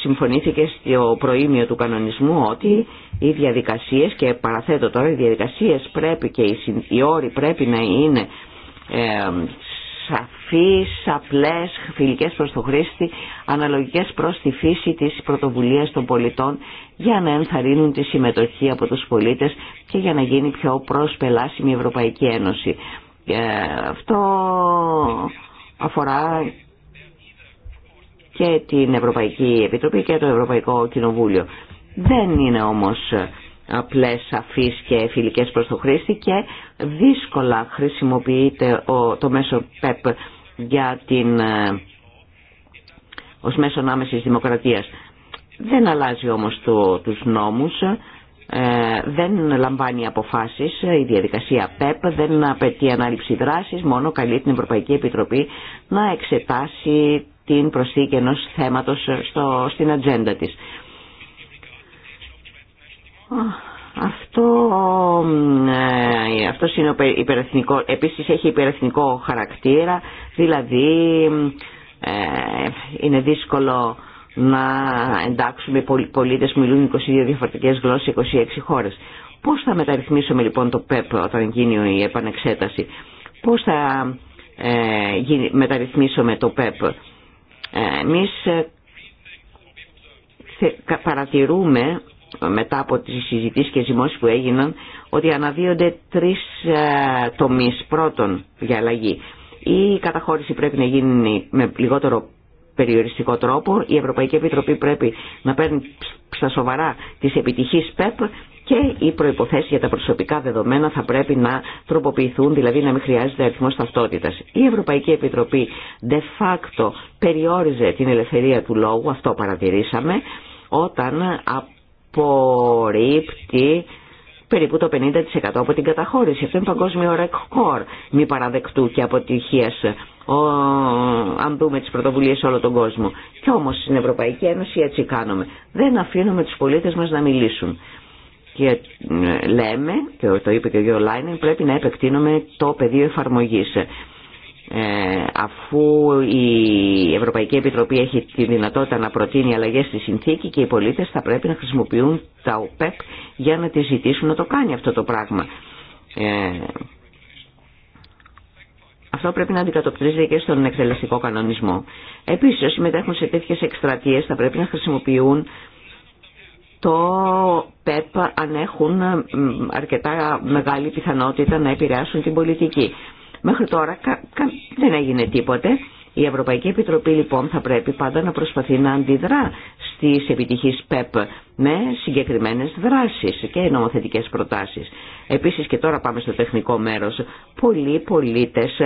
συμφωνήθηκε στο προήμιο του κανονισμού ότι οι διαδικασίες και παραθέτω τώρα οι διαδικασίες πρέπει και οι, όροι πρέπει να είναι ε, σαφείς, απλές, φιλικές προς το χρήστη, αναλογικές προς τη φύση της πρωτοβουλίας των πολιτών για να ενθαρρύνουν τη συμμετοχή από τους πολίτες και για να γίνει πιο προσπελάσιμη η Ευρωπαϊκή Ένωση. Ε, αυτό αφορά και την Ευρωπαϊκή Επιτροπή και το Ευρωπαϊκό Κοινοβούλιο. Δεν είναι όμως απλές, σαφείς και φιλικές προς το χρήστη και δύσκολα χρησιμοποιείται το μέσο ΠΕΠ για την, ε, ως μέσο άμεσης δημοκρατίας. Δεν αλλάζει όμως το, τους νόμους, ε, δεν λαμβάνει αποφάσεις η διαδικασία ΠΕΠ, δεν απαιτεί ανάληψη δράσης, μόνο καλεί την Ευρωπαϊκή Επιτροπή να εξετάσει την προσθήκη ενός θέματος στο, στην ατζέντα της. Αυτό, ε, αυτό είναι υπερεθνικό, επίσης έχει υπερεθνικό χαρακτήρα, δηλαδή ε, είναι δύσκολο να εντάξουμε πολίτες που μιλούν 22 διαφορετικές γλώσσες 26 χώρες. Πώς θα μεταρρυθμίσουμε λοιπόν το ΠΕΠ όταν γίνει η επανεξέταση. Πώς θα ε, μεταρρυθμίσουμε το ΠΕΠ. Εμείς ε, παρατηρούμε ε, μετά από τις συζητήσεις και ζημώσεις που έγιναν ότι αναδύονται τρεις ε, τομείς. Πρώτον, για αλλαγή. Η καταχώρηση πρέπει να γίνει με λιγότερο περιοριστικό τρόπο. Η Ευρωπαϊκή Επιτροπή πρέπει να παίρνει στα σοβαρά τις επιτυχίες ΠΕΠ και οι προϋποθέσεις για τα προσωπικά δεδομένα θα πρέπει να τροποποιηθούν, δηλαδή να μην χρειάζεται αριθμός ταυτότητας. Η Ευρωπαϊκή Επιτροπή de facto περιόριζε την ελευθερία του λόγου, αυτό παρατηρήσαμε, όταν απορρίπτει περίπου το 50% από την καταχώρηση. Αυτό είναι παγκόσμιο ρεκόρ μη παραδεκτού και αποτυχίας ο, αν δούμε τις πρωτοβουλίες σε όλο τον κόσμο. Και όμως στην Ευρωπαϊκή Ένωση έτσι κάνουμε. Δεν αφήνουμε τους πολίτες μας να μιλήσουν. Και ε, λέμε, και το είπε και ο Γιώργο Λάινεν, πρέπει να επεκτείνουμε το πεδίο εφαρμογής. Ε, αφού η Ευρωπαϊκή Επιτροπή έχει τη δυνατότητα να προτείνει αλλαγές στη συνθήκη και οι πολίτες θα πρέπει να χρησιμοποιούν τα ΟΠΕΠ για να τη ζητήσουν να το κάνει αυτό το πράγμα. Ε, αυτό πρέπει να αντικατοπτρίζεται και στον εκτελεστικό κανονισμό. Επίσης, όσοι μετέχουν σε τέτοιες εκστρατείες θα πρέπει να χρησιμοποιούν το ΠΕΠ αν έχουν ε, αρκετά μεγάλη πιθανότητα να επηρεάσουν την πολιτική. Μέχρι τώρα δεν έγινε τίποτε. Η Ευρωπαϊκή Επιτροπή λοιπόν θα πρέπει πάντα να προσπαθεί να αντιδρά στις επιτυχείς ΠΕΠ με συγκεκριμένες δράσεις και νομοθετικές προτάσεις. Επίσης και τώρα πάμε στο τεχνικό μέρος. Πολλοί πολίτες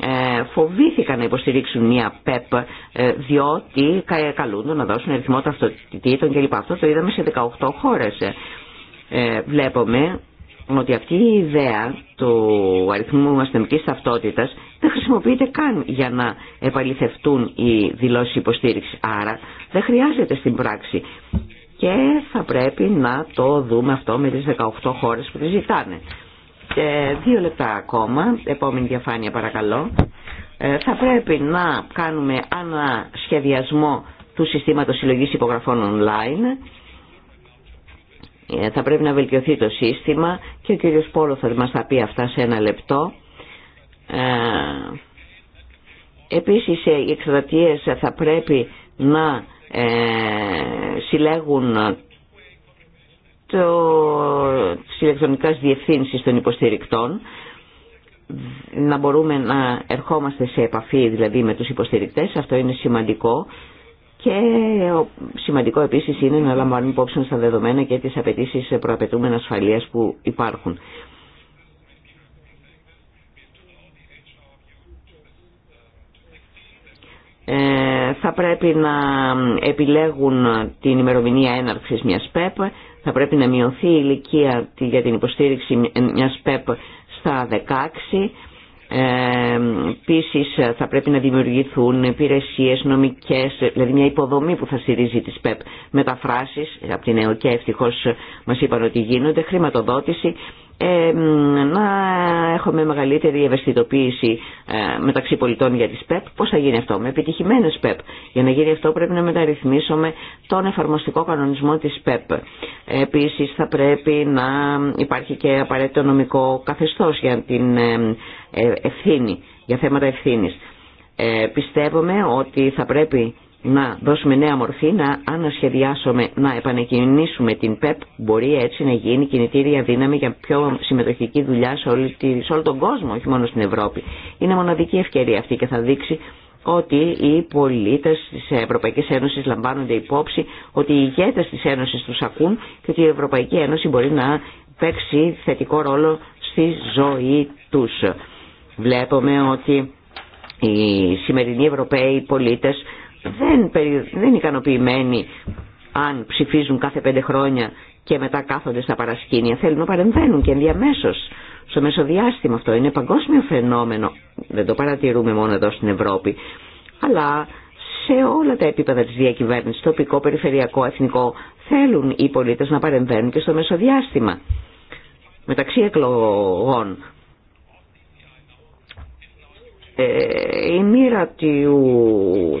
ε, φοβήθηκαν να υποστηρίξουν μια ΠΕΠ ε, διότι καλούνται να δώσουν αριθμό ταυτοτητήτων κλπ. Αυτό το είδαμε σε 18 χώρες. Ε, βλέπουμε ότι αυτή η ιδέα του αριθμού αστυνομικής ταυτότητας δεν χρησιμοποιείται καν για να επαληθευτούν οι δηλώσεις υποστήριξη. Άρα δεν χρειάζεται στην πράξη. Και θα πρέπει να το δούμε αυτό με τις 18 χώρες που τη ζητάνε. Ε, δύο λεπτά ακόμα, επόμενη διαφάνεια παρακαλώ. Ε, θα πρέπει να κάνουμε σχεδιασμό του συστήματος συλλογής υπογραφών online. Ε, θα πρέπει να βελτιωθεί το σύστημα και ο κύριος Πόλο θα μας τα πει αυτά σε ένα λεπτό. Επίσης οι θα πρέπει να συλλέγουν της ηλεκτρονικές διευθύνσεις των υποστηρικτών να μπορούμε να ερχόμαστε σε επαφή δηλαδή με τους υποστηρικτές αυτό είναι σημαντικό και σημαντικό επίσης είναι να λαμβάνουμε υπόψη στα δεδομένα και τις απαιτήσεις προαπαιτούμενα ασφαλείας που υπάρχουν. πρέπει να επιλέγουν την ημερομηνία έναρξης μιας ΠΕΠ, θα πρέπει να μειωθεί η ηλικία για την υποστήριξη μιας ΠΕΠ στα 16, ε, Επίση θα πρέπει να δημιουργηθούν υπηρεσίε νομικέ, δηλαδή μια υποδομή που θα στηρίζει τις ΠΕΠ. Μεταφράσει, από την ΕΟΚΕ ευτυχώ μα είπαν ότι γίνονται, χρηματοδότηση ε, να έχουμε μεγαλύτερη ευαισθητοποίηση ε, μεταξύ πολιτών για τις ΠΕΠ. Πώς θα γίνει αυτό, με επιτυχημένες ΠΕΠ. Για να γίνει αυτό πρέπει να μεταρρυθμίσουμε τον εφαρμοστικό κανονισμό της ΠΕΠ. Επίσης θα πρέπει να υπάρχει και απαραίτητο νομικό καθεστώς για την ε, ευθύνη, για θέματα ευθύνης. Ε, πιστεύουμε ότι θα πρέπει να δώσουμε νέα μορφή, να ανασχεδιάσουμε, να επανεκκινήσουμε την ΠΕΠ μπορεί έτσι να γίνει κινητήρια δύναμη για πιο συμμετοχική δουλειά σε, όλη, σε όλο τον κόσμο, όχι μόνο στην Ευρώπη. Είναι μοναδική ευκαιρία αυτή και θα δείξει ότι οι πολίτες της Ευρωπαϊκής Ένωσης λαμβάνονται υπόψη, ότι οι ηγέτες της Ένωσης τους ακούν και ότι η Ευρωπαϊκή Ένωση μπορεί να παίξει θετικό ρόλο στη ζωή τους. Βλέπουμε ότι οι σημερινοί Ευρωπαίοι πολίτες δεν, δεν είναι ικανοποιημένοι αν ψηφίζουν κάθε πέντε χρόνια και μετά κάθονται στα παρασκήνια. Θέλουν να παρεμβαίνουν και ενδιαμέσω. Στο μεσοδιάστημα αυτό είναι παγκόσμιο φαινόμενο. Δεν το παρατηρούμε μόνο εδώ στην Ευρώπη. Αλλά σε όλα τα επίπεδα της διακυβέρνηση, τοπικό, περιφερειακό, εθνικό, θέλουν οι πολίτε να παρεμβαίνουν και στο μεσοδιάστημα. Μεταξύ εκλογών ε, η μοίρα του,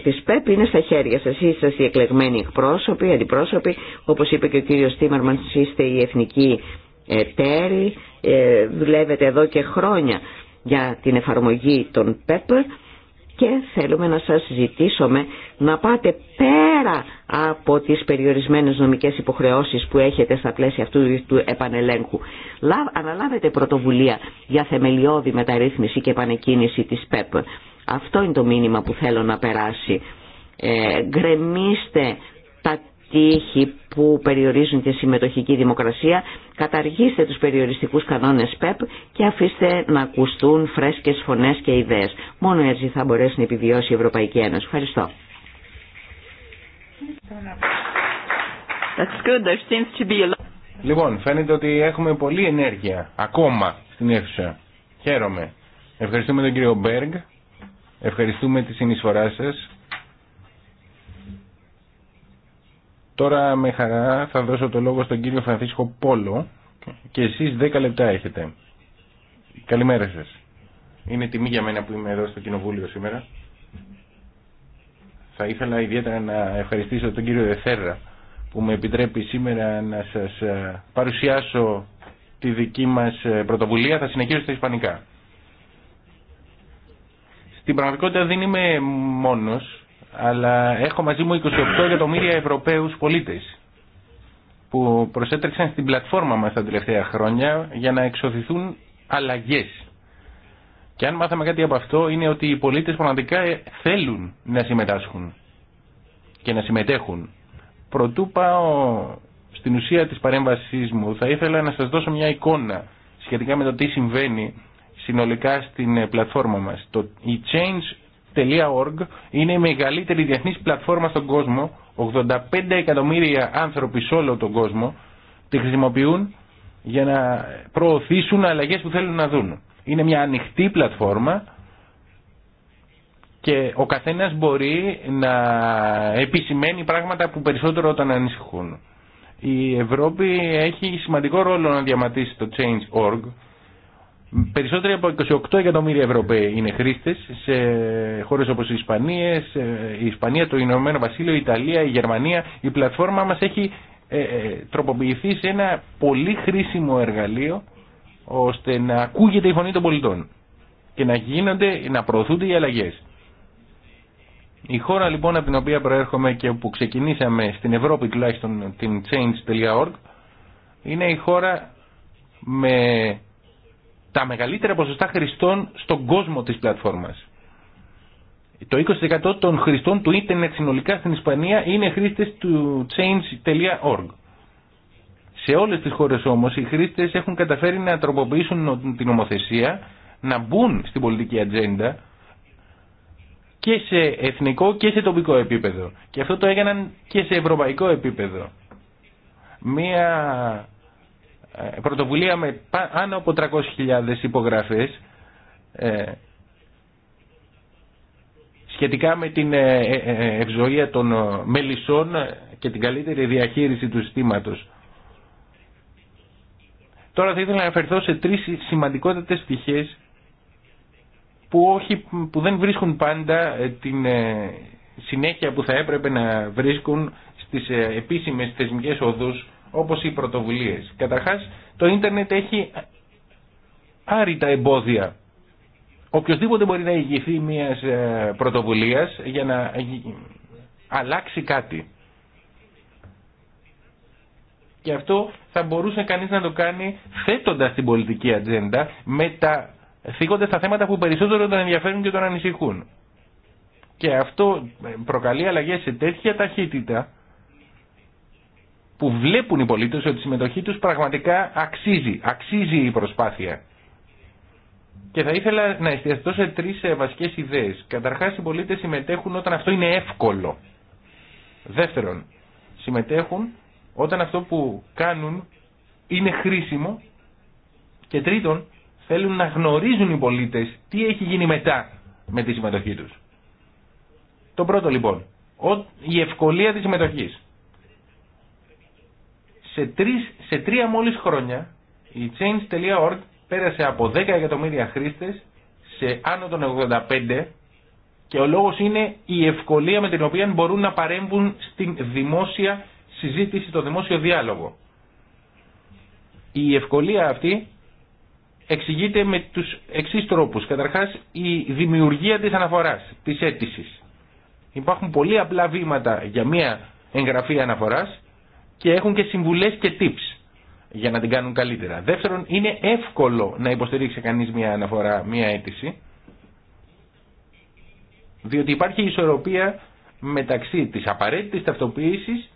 της ΠΕΠ είναι στα χέρια σας. Είστε οι εκλεγμένοι εκπρόσωποι, αντιπρόσωποι. Όπως είπε και ο κύριος Τίμαρμαν είστε η εθνική εταίροι. Ε, δουλεύετε εδώ και χρόνια για την εφαρμογή των ΠΕΠ και θέλουμε να σας ζητήσουμε να πάτε πέρα από τις περιορισμένες νομικές υποχρεώσεις που έχετε στα πλαίσια αυτού του επανελέγχου. Αναλάβετε πρωτοβουλία για θεμελιώδη μεταρρύθμιση και επανεκκίνηση της ΠΕΠ. Αυτό είναι το μήνυμα που θέλω να περάσει. Ε, γκρεμίστε τείχη που περιορίζουν τη συμμετοχική δημοκρασία, καταργήστε τους περιοριστικούς κανόνες ΠΕΠ και αφήστε να ακουστούν φρέσκες φωνές και ιδέες. Μόνο έτσι θα μπορέσει να επιβιώσει η Ευρωπαϊκή Ένωση. Ευχαριστώ. Λοιπόν, φαίνεται ότι έχουμε πολλή ενέργεια ακόμα στην αίθουσα. Χαίρομαι. Ευχαριστούμε τον κύριο Μπέργκ. Ευχαριστούμε τη συνεισφορά σας. Τώρα με χαρά θα δώσω το λόγο στον κύριο Φρανθίσκο Πόλο και εσείς 10 λεπτά έχετε. Καλημέρα σας. Είναι τιμή για μένα που είμαι εδώ στο Κοινοβούλιο σήμερα. Θα ήθελα ιδιαίτερα να ευχαριστήσω τον κύριο Δεθέρα που με επιτρέπει σήμερα να σας ε, παρουσιάσω τη δική μας ε, πρωτοβουλία. Θα συνεχίσω στα Ισπανικά. Στην πραγματικότητα δεν είμαι μόνος αλλά έχω μαζί μου 28 εκατομμύρια Ευρωπαίους πολίτες που προσέτρεξαν στην πλατφόρμα μας τα τελευταία χρόνια για να εξωθηθούν αλλαγές. Και αν μάθαμε κάτι από αυτό είναι ότι οι πολίτες πραγματικά θέλουν να συμμετάσχουν και να συμμετέχουν. Προτού πάω στην ουσία της παρέμβασής μου θα ήθελα να σας δώσω μια εικόνα σχετικά με το τι συμβαίνει συνολικά στην πλατφόρμα μας. Το, Change είναι η μεγαλύτερη διεθνή πλατφόρμα στον κόσμο. 85 εκατομμύρια άνθρωποι σε όλο τον κόσμο τη χρησιμοποιούν για να προωθήσουν αλλαγές που θέλουν να δουν. Είναι μια ανοιχτή πλατφόρμα και ο καθένας μπορεί να επισημαίνει πράγματα που περισσότερο όταν ανησυχούν. Η Ευρώπη έχει σημαντικό ρόλο να διαματίσει το Change.org Περισσότεροι από 28 εκατομμύρια Ευρωπαίοι είναι χρήστε σε χώρε όπω οι Ισπανία, η Ισπανία, το Ηνωμένο Βασίλειο, η Ιταλία, η Γερμανία. Η πλατφόρμα μα έχει ε, ε, τροποποιηθεί σε ένα πολύ χρήσιμο εργαλείο ώστε να ακούγεται η φωνή των πολιτών και να γίνονται, να προωθούνται οι αλλαγέ. Η χώρα λοιπόν από την οποία προέρχομαι και που ξεκινήσαμε στην Ευρώπη τουλάχιστον την change.org είναι η χώρα με τα μεγαλύτερα ποσοστά χρηστών στον κόσμο της πλατφόρμας. Το 20% των χρηστών του ίντερνετ συνολικά στην Ισπανία είναι χρήστες του change.org. Σε όλες τις χώρες όμως οι χρήστες έχουν καταφέρει να τροποποιήσουν την νομοθεσία, να μπουν στην πολιτική ατζέντα και σε εθνικό και σε τοπικό επίπεδο. Και αυτό το έκαναν και σε ευρωπαϊκό επίπεδο. Μία ε, πρωτοβουλία με πάνω από 300.000 υπογραφές ε, σχετικά με την ε, ευζοία των μελισσών και την καλύτερη διαχείριση του συστήματος. Τώρα θα ήθελα να αναφερθώ σε τρεις σημαντικότατες στοιχείες που, όχι, που δεν βρίσκουν πάντα την συνέχεια που θα έπρεπε να βρίσκουν στις επίσημες θεσμικές οδούς όπως οι πρωτοβουλίες. Καταρχάς, το ίντερνετ έχει άρρητα εμπόδια. Οποιοςδήποτε μπορεί να ηγηθεί μιας ε, πρωτοβουλίας για να αλλάξει κάτι. Και αυτό θα μπορούσε κανείς να το κάνει θέτοντας την πολιτική ατζέντα, τα τα θέματα που περισσότερο τον ενδιαφέρουν και τον ανησυχούν. Και αυτό ε, προκαλεί αλλαγές σε τέτοια ταχύτητα που βλέπουν οι πολίτες ότι η συμμετοχή τους πραγματικά αξίζει, αξίζει η προσπάθεια. Και θα ήθελα να εστιαστώ σε τρεις ε, βασικές ιδέες. Καταρχάς οι πολίτες συμμετέχουν όταν αυτό είναι εύκολο. Δεύτερον, συμμετέχουν όταν αυτό που κάνουν είναι χρήσιμο. Και τρίτον, θέλουν να γνωρίζουν οι πολίτες τι έχει γίνει μετά με τη συμμετοχή τους. Το πρώτο λοιπόν, η ευκολία της συμμετοχής σε, σε τρία μόλις χρόνια η change.org πέρασε από 10 εκατομμύρια χρήστες σε άνω των 85 και ο λόγος είναι η ευκολία με την οποία μπορούν να παρέμβουν στην δημόσια συζήτηση, το δημόσιο διάλογο. Η ευκολία αυτή εξηγείται με τους εξής τρόπους. Καταρχάς η δημιουργία της αναφοράς, της αίτηση. Υπάρχουν πολύ απλά βήματα για μια εγγραφή αναφοράς και έχουν και συμβουλές και tips για να την κάνουν καλύτερα. Δεύτερον, είναι εύκολο να υποστηρίξει κανείς μια αναφορά, μια αίτηση, διότι υπάρχει ισορροπία μεταξύ της απαραίτητης ταυτοποίησης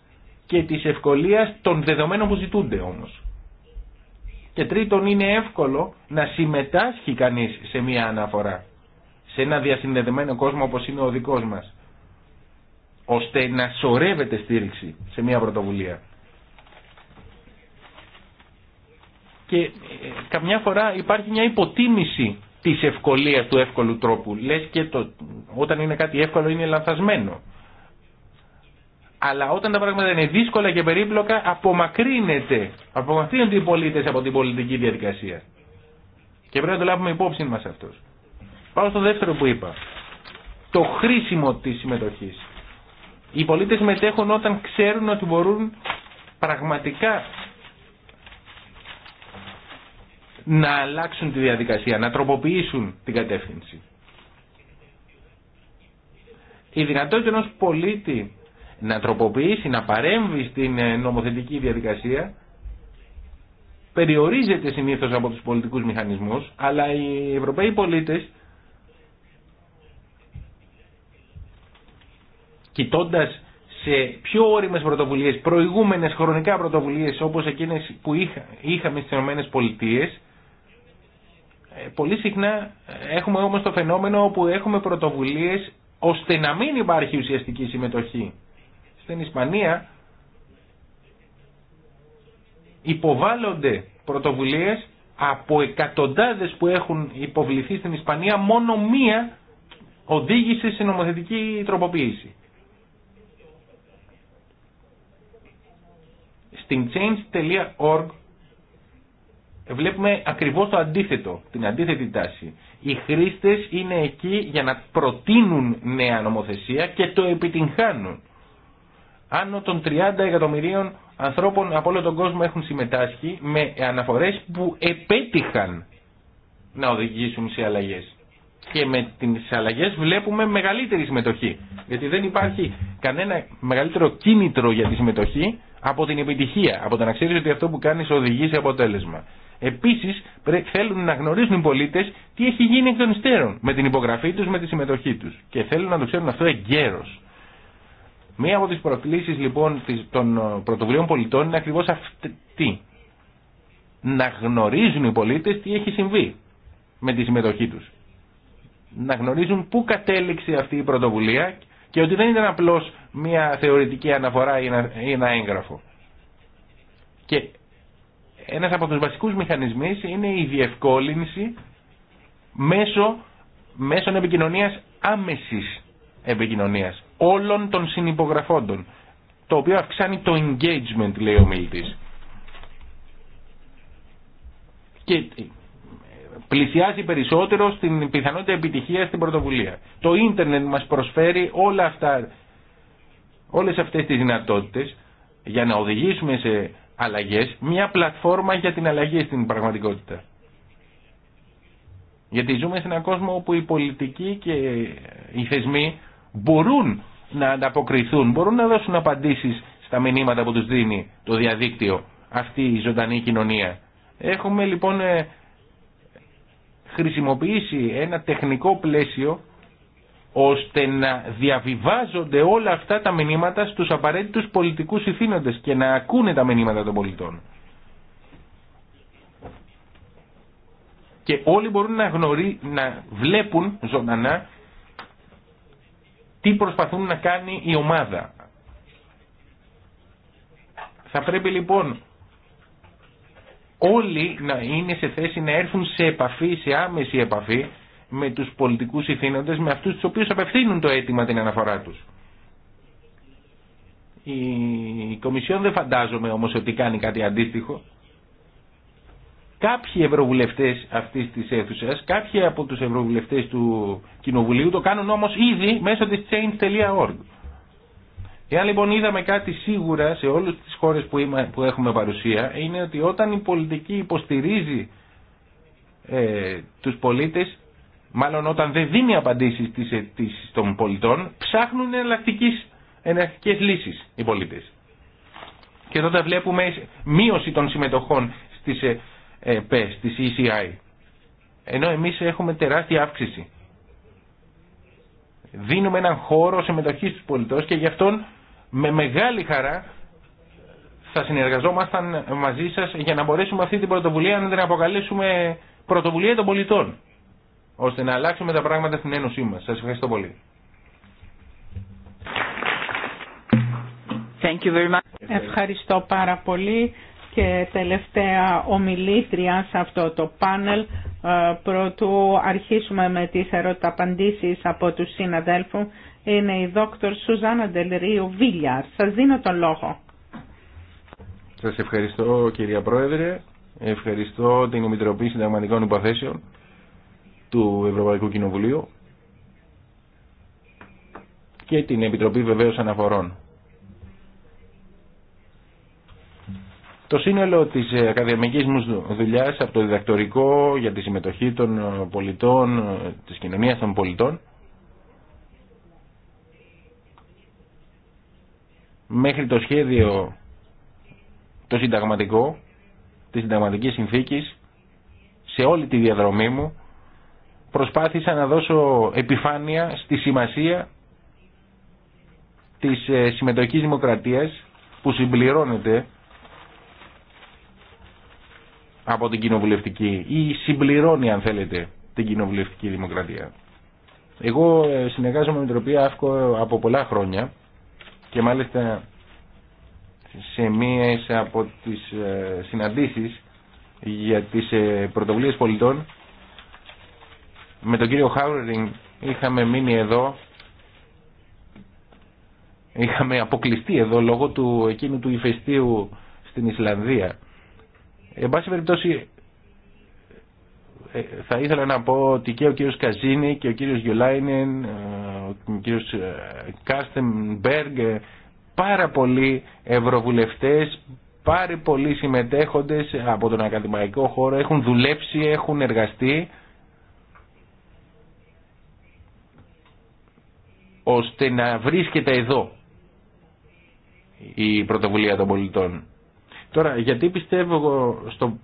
και της ευκολίας των δεδομένων που ζητούνται όμως. Και τρίτον, είναι εύκολο να συμμετάσχει κανείς σε μια αναφορά, σε ένα διασυνδεδεμένο κόσμο όπως είναι ο δικός μας, ώστε να σωρεύεται στήριξη σε μια πρωτοβουλία. και ε, καμιά φορά υπάρχει μια υποτίμηση της ευκολίας του εύκολου τρόπου. Λες και το, όταν είναι κάτι εύκολο είναι λανθασμένο. Αλλά όταν τα πράγματα είναι δύσκολα και περίπλοκα απομακρύνεται, απομακρύνονται οι πολίτες από την πολιτική διαδικασία. Και πρέπει να το λάβουμε υπόψη μας αυτός. Πάω στο δεύτερο που είπα. Το χρήσιμο της συμμετοχής. Οι πολίτες μετέχουν όταν ξέρουν ότι μπορούν πραγματικά να αλλάξουν τη διαδικασία, να τροποποιήσουν την κατεύθυνση. Η δυνατότητα ενός πολίτη να τροποποιήσει, να παρέμβει στην ε, νομοθετική διαδικασία περιορίζεται συνήθως από τους πολιτικούς μηχανισμούς, αλλά οι Ευρωπαίοι πολίτες κοιτώντας σε πιο όριμες πρωτοβουλίες, προηγούμενες χρονικά πρωτοβουλίες όπως εκείνες που είχα, είχαμε στις ΗΠΑ, ε, πολύ συχνά ε, έχουμε όμως το φαινόμενο όπου έχουμε πρωτοβουλίες ώστε να μην υπάρχει ουσιαστική συμμετοχή. Στην Ισπανία υποβάλλονται πρωτοβουλίες από εκατοντάδες που έχουν υποβληθεί στην Ισπανία μόνο μία οδήγησε σε νομοθετική τροποποίηση. Στην change.org βλέπουμε ακριβώς το αντίθετο, την αντίθετη τάση. Οι χρήστες είναι εκεί για να προτείνουν νέα νομοθεσία και το επιτυγχάνουν. Άνω των 30 εκατομμυρίων ανθρώπων από όλο τον κόσμο έχουν συμμετάσχει με αναφορές που επέτυχαν να οδηγήσουν σε αλλαγές. Και με τις αλλαγές βλέπουμε μεγαλύτερη συμμετοχή. Γιατί δεν υπάρχει κανένα μεγαλύτερο κίνητρο για τη συμμετοχή από την επιτυχία, από το να ξέρει ότι αυτό που κάνεις οδηγεί σε αποτέλεσμα. Επίσης θέλουν να γνωρίζουν οι πολίτες τι έχει γίνει εκ των υστέρων με την υπογραφή τους, με τη συμμετοχή τους και θέλουν να το ξέρουν αυτό εγκαίρω. Μία από τις προκλήσει λοιπόν των ε, πρωτοβουλίων πολιτών είναι ακριβώς αυτή. Να γνωρίζουν οι πολίτες τι έχει συμβεί με τη συμμετοχή τους. Να γνωρίζουν πού κατέληξε αυτή η πρωτοβουλία και ότι δεν ήταν απλώ μία θεωρητική αναφορά ή ένα έγγραφο. Και ένας από τους βασικούς μηχανισμούς είναι η διευκόλυνση μέσω, μέσω επικοινωνίας άμεσης επικοινωνίας όλων των συνυπογραφόντων το οποίο αυξάνει το engagement λέει ο Μίλτης και ε, πλησιάζει περισσότερο στην πιθανότητα επιτυχία στην πρωτοβουλία το ίντερνετ μας προσφέρει όλα αυτά όλες αυτές τις δυνατότητες για να οδηγήσουμε σε αλλαγές, μια πλατφόρμα για την αλλαγή στην πραγματικότητα. Γιατί ζούμε σε έναν κόσμο όπου οι πολιτικοί και οι θεσμοί μπορούν να ανταποκριθούν, μπορούν να δώσουν απαντήσεις στα μηνύματα που τους δίνει το διαδίκτυο αυτή η ζωντανή κοινωνία. Έχουμε λοιπόν ε, χρησιμοποιήσει ένα τεχνικό πλαίσιο ώστε να διαβιβάζονται όλα αυτά τα μηνύματα στους απαραίτητους πολιτικούς ηθήνοντες και να ακούνε τα μηνύματα των πολιτών. Και όλοι μπορούν να, γνωρί, να βλέπουν ζωντανά τι προσπαθούν να κάνει η ομάδα. Θα πρέπει λοιπόν όλοι να είναι σε θέση να έρθουν σε επαφή, σε άμεση επαφή με τους πολιτικούς ηθήνοντες, με αυτούς τους οποίους απευθύνουν το αίτημα την αναφορά τους. Η Κομισιόν δεν φαντάζομαι όμως ότι κάνει κάτι αντίστοιχο. Κάποιοι ευρωβουλευτές αυτής της αίθουσας, κάποιοι από τους ευρωβουλευτές του Κοινοβουλίου το κάνουν όμως ήδη μέσω της change.org. Εάν λοιπόν είδαμε κάτι σίγουρα σε όλες τις χώρες που, είμα, που έχουμε παρουσία είναι ότι όταν η πολιτική υποστηρίζει ε, τους πολίτες μάλλον όταν δεν δίνει απαντήσεις στις αιτήσει ε, των πολιτών, ψάχνουν εναλλακτικές λύσεις οι πολίτες. Και τότε βλέπουμε μείωση των συμμετοχών στις ΕΠΕ, ε, στις ECI. Ενώ εμείς έχουμε τεράστια αύξηση. Δίνουμε έναν χώρο συμμετοχή στους πολιτών και γι' αυτό με μεγάλη χαρά θα συνεργαζόμασταν μαζί σας για να μπορέσουμε αυτή την πρωτοβουλία να την αποκαλέσουμε πρωτοβουλία των πολιτών ώστε να αλλάξουμε τα πράγματα στην Ένωσή μας. Σας ευχαριστώ πολύ. Ευχαριστώ πάρα πολύ και τελευταία ομιλήτρια σε αυτό το πάνελ. Ε, πρωτού αρχίσουμε με τις ερωταπαντήσεις από τους συναδέλφους είναι η δόκτωρ Σουζάνα Ντελρίου Βίλιαρ. Σας δίνω τον λόγο. Σας ευχαριστώ κυρία Πρόεδρε. Ευχαριστώ την Επιτροπή Συνταγματικών Υποθέσεων του Ευρωπαϊκού Κοινοβουλίου και την Επιτροπή Βεβαίως Αναφορών. Το σύνολο της ε, ακαδημαϊκής μου δουλειάς από το διδακτορικό για τη συμμετοχή των ε, πολιτών, ε, της κοινωνίας των πολιτών μέχρι το σχέδιο το συνταγματικό της συνταγματικής συνθήκης σε όλη τη διαδρομή μου προσπάθησα να δώσω επιφάνεια στη σημασία της ε, συμμετοχής δημοκρατίας που συμπληρώνεται από την κοινοβουλευτική ή συμπληρώνει αν θέλετε την κοινοβουλευτική δημοκρατία. Εγώ ε, συνεργάζομαι με την Τροπία ΑΦΚΟ από πολλά χρόνια και μάλιστα σε μία από τις ε, συναντήσεις για τις πρωτοβουλίες πολιτών με τον κύριο Χάουρινγκ είχαμε μείνει εδώ είχαμε αποκλειστεί εδώ λόγω του εκείνου του ηφαιστείου στην Ισλανδία εν πάση περιπτώσει ε, θα ήθελα να πω ότι και ο κύριος Καζίνη και ο κύριος Γιολάινεν, ε, ο κύριος ε, Κάστεμπεργκ πάρα πολλοί ευρωβουλευτές πάρα πολλοί συμμετέχοντες από τον ακαδημαϊκό χώρο έχουν δουλέψει, έχουν εργαστεί ώστε να βρίσκεται εδώ η πρωτοβουλία των πολιτών. Τώρα, γιατί πιστεύω στο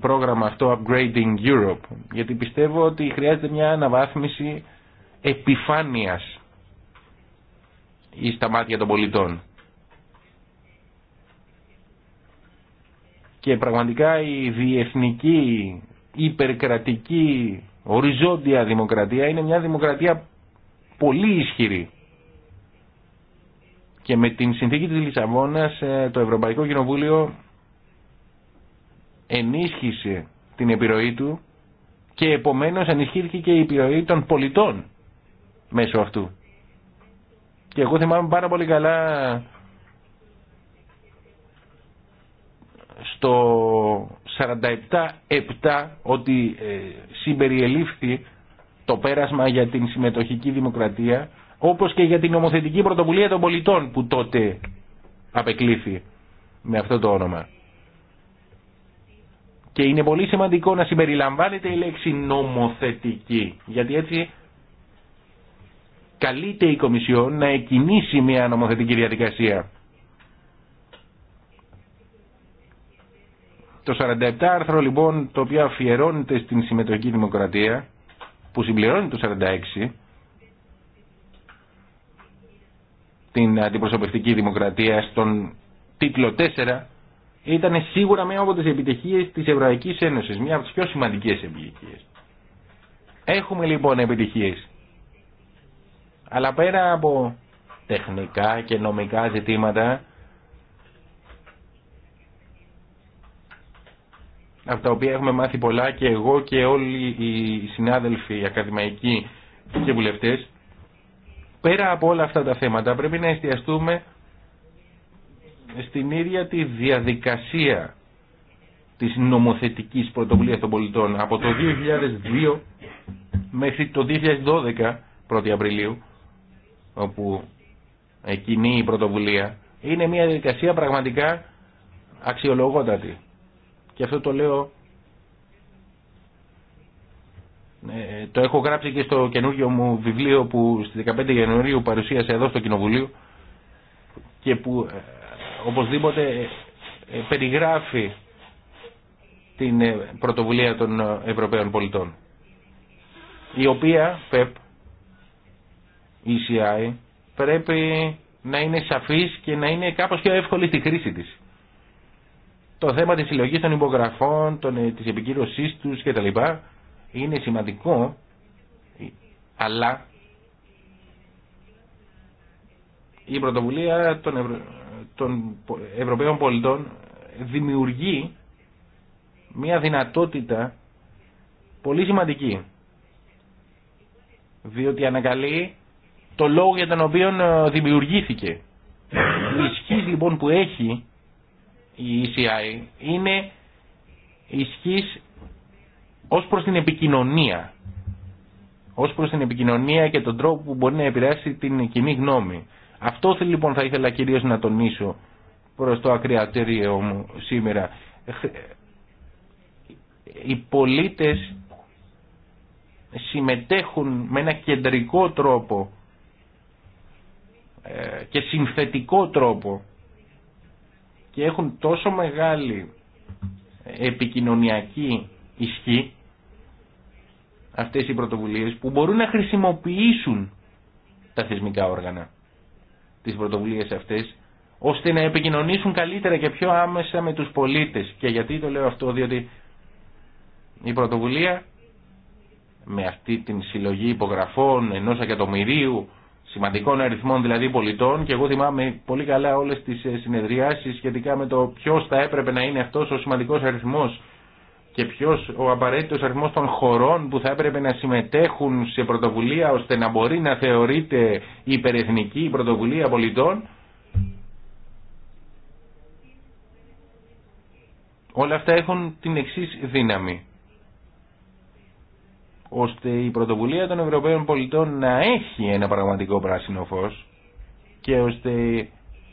πρόγραμμα αυτό Upgrading Europe, γιατί πιστεύω ότι χρειάζεται μια αναβάθμιση επιφάνειας ή στα μάτια των πολιτών. Και πραγματικά διεθνική, υπερκρατική, οριζόντια δημοκρατία είναι μια δημοκρατία πολύ ισχυρή. Και με την συνθήκη της Λισαβόνας ε, το Ευρωπαϊκό Κοινοβούλιο ενίσχυσε την επιρροή του και επομένως ενισχύθηκε και η επιρροή των πολιτών μέσω αυτού. Και εγώ θυμάμαι πάρα πολύ καλά στο 47-7 ότι ε, συμπεριελήφθη το πέρασμα για την συμμετοχική δημοκρατία, όπως και για την νομοθετική πρωτοβουλία των πολιτών που τότε απεκλήθη με αυτό το όνομα. Και είναι πολύ σημαντικό να συμπεριλαμβάνεται η λέξη νομοθετική, γιατί έτσι καλείται η Κομισιόν να εκκινήσει μια νομοθετική διαδικασία. Το 47 άρθρο λοιπόν το οποίο αφιερώνεται στην συμμετοχική δημοκρατία που συμπληρώνει το 46 την αντιπροσωπευτική δημοκρατία στον τίτλο 4 ήταν σίγουρα μία από τις επιτυχίες της Ευρωπαϊκής Ένωσης, μία από τις πιο σημαντικές επιτυχίες. Έχουμε λοιπόν επιτυχίες. Αλλά πέρα από τεχνικά και νομικά ζητήματα από τα οποία έχουμε μάθει πολλά και εγώ και όλοι οι συνάδελφοι οι ακαδημαϊκοί και βουλευτές πέρα από όλα αυτά τα θέματα πρέπει να εστιαστούμε στην ίδια τη διαδικασία της νομοθετικής πρωτοβουλίας των πολιτών από το 2002 μέχρι το 2012 1η Απριλίου όπου εκείνη η πρωτοβουλία είναι μια διαδικασία πραγματικά αξιολογότατη Γι' αυτό το λέω ε, το έχω γράψει και στο καινούργιο μου βιβλίο που στις 15 Ιανουαρίου παρουσίασε εδώ στο Κοινοβουλίο και που ε, οπωσδήποτε ε, περιγράφει την πρωτοβουλία των Ευρωπαίων πολιτών η οποία ΠΕΠ ECI πρέπει να είναι σαφής και να είναι κάπως πιο εύκολη στη χρήση της το θέμα της συλλογής των υπογραφών, των, ε, της επικύρωσής τους κτλ. είναι σημαντικό, αλλά η πρωτοβουλία των, των Ευρωπαίων πολιτών δημιουργεί μια δυνατότητα πολύ σημαντική διότι ανακαλεί το λόγο για τον οποίο ε, δημιουργήθηκε. Η ισχύ λοιπόν που έχει η ECI είναι ισχύς ως προς την επικοινωνία ως προς την επικοινωνία και τον τρόπο που μπορεί να επηρεάσει την κοινή γνώμη. Αυτό λοιπόν θα ήθελα κυρίως να τονίσω προς το ακριατήριό μου σήμερα. Οι πολίτες συμμετέχουν με ένα κεντρικό τρόπο ε, και συνθετικό τρόπο και έχουν τόσο μεγάλη ε, επικοινωνιακή ισχύ αυτές οι πρωτοβουλίες που μπορούν να χρησιμοποιήσουν τα θεσμικά όργανα τις πρωτοβουλίες αυτές ώστε να επικοινωνήσουν καλύτερα και πιο άμεσα με τους πολίτες. Και γιατί το λέω αυτό, διότι η πρωτοβουλία με αυτή την συλλογή υπογραφών ενός εκατομμυρίου σημαντικών αριθμών δηλαδή πολιτών και εγώ θυμάμαι πολύ καλά όλες τις ε, συνεδριάσεις σχετικά με το ποιος θα έπρεπε να είναι αυτός ο σημαντικός αριθμός και ποιος ο απαραίτητος αριθμός των χωρών που θα έπρεπε να συμμετέχουν σε πρωτοβουλία ώστε να μπορεί να θεωρείται υπερεθνική πρωτοβουλία πολιτών όλα αυτά έχουν την εξής δύναμη ώστε η πρωτοβουλία των Ευρωπαίων πολιτών να έχει ένα πραγματικό πράσινο φως και ώστε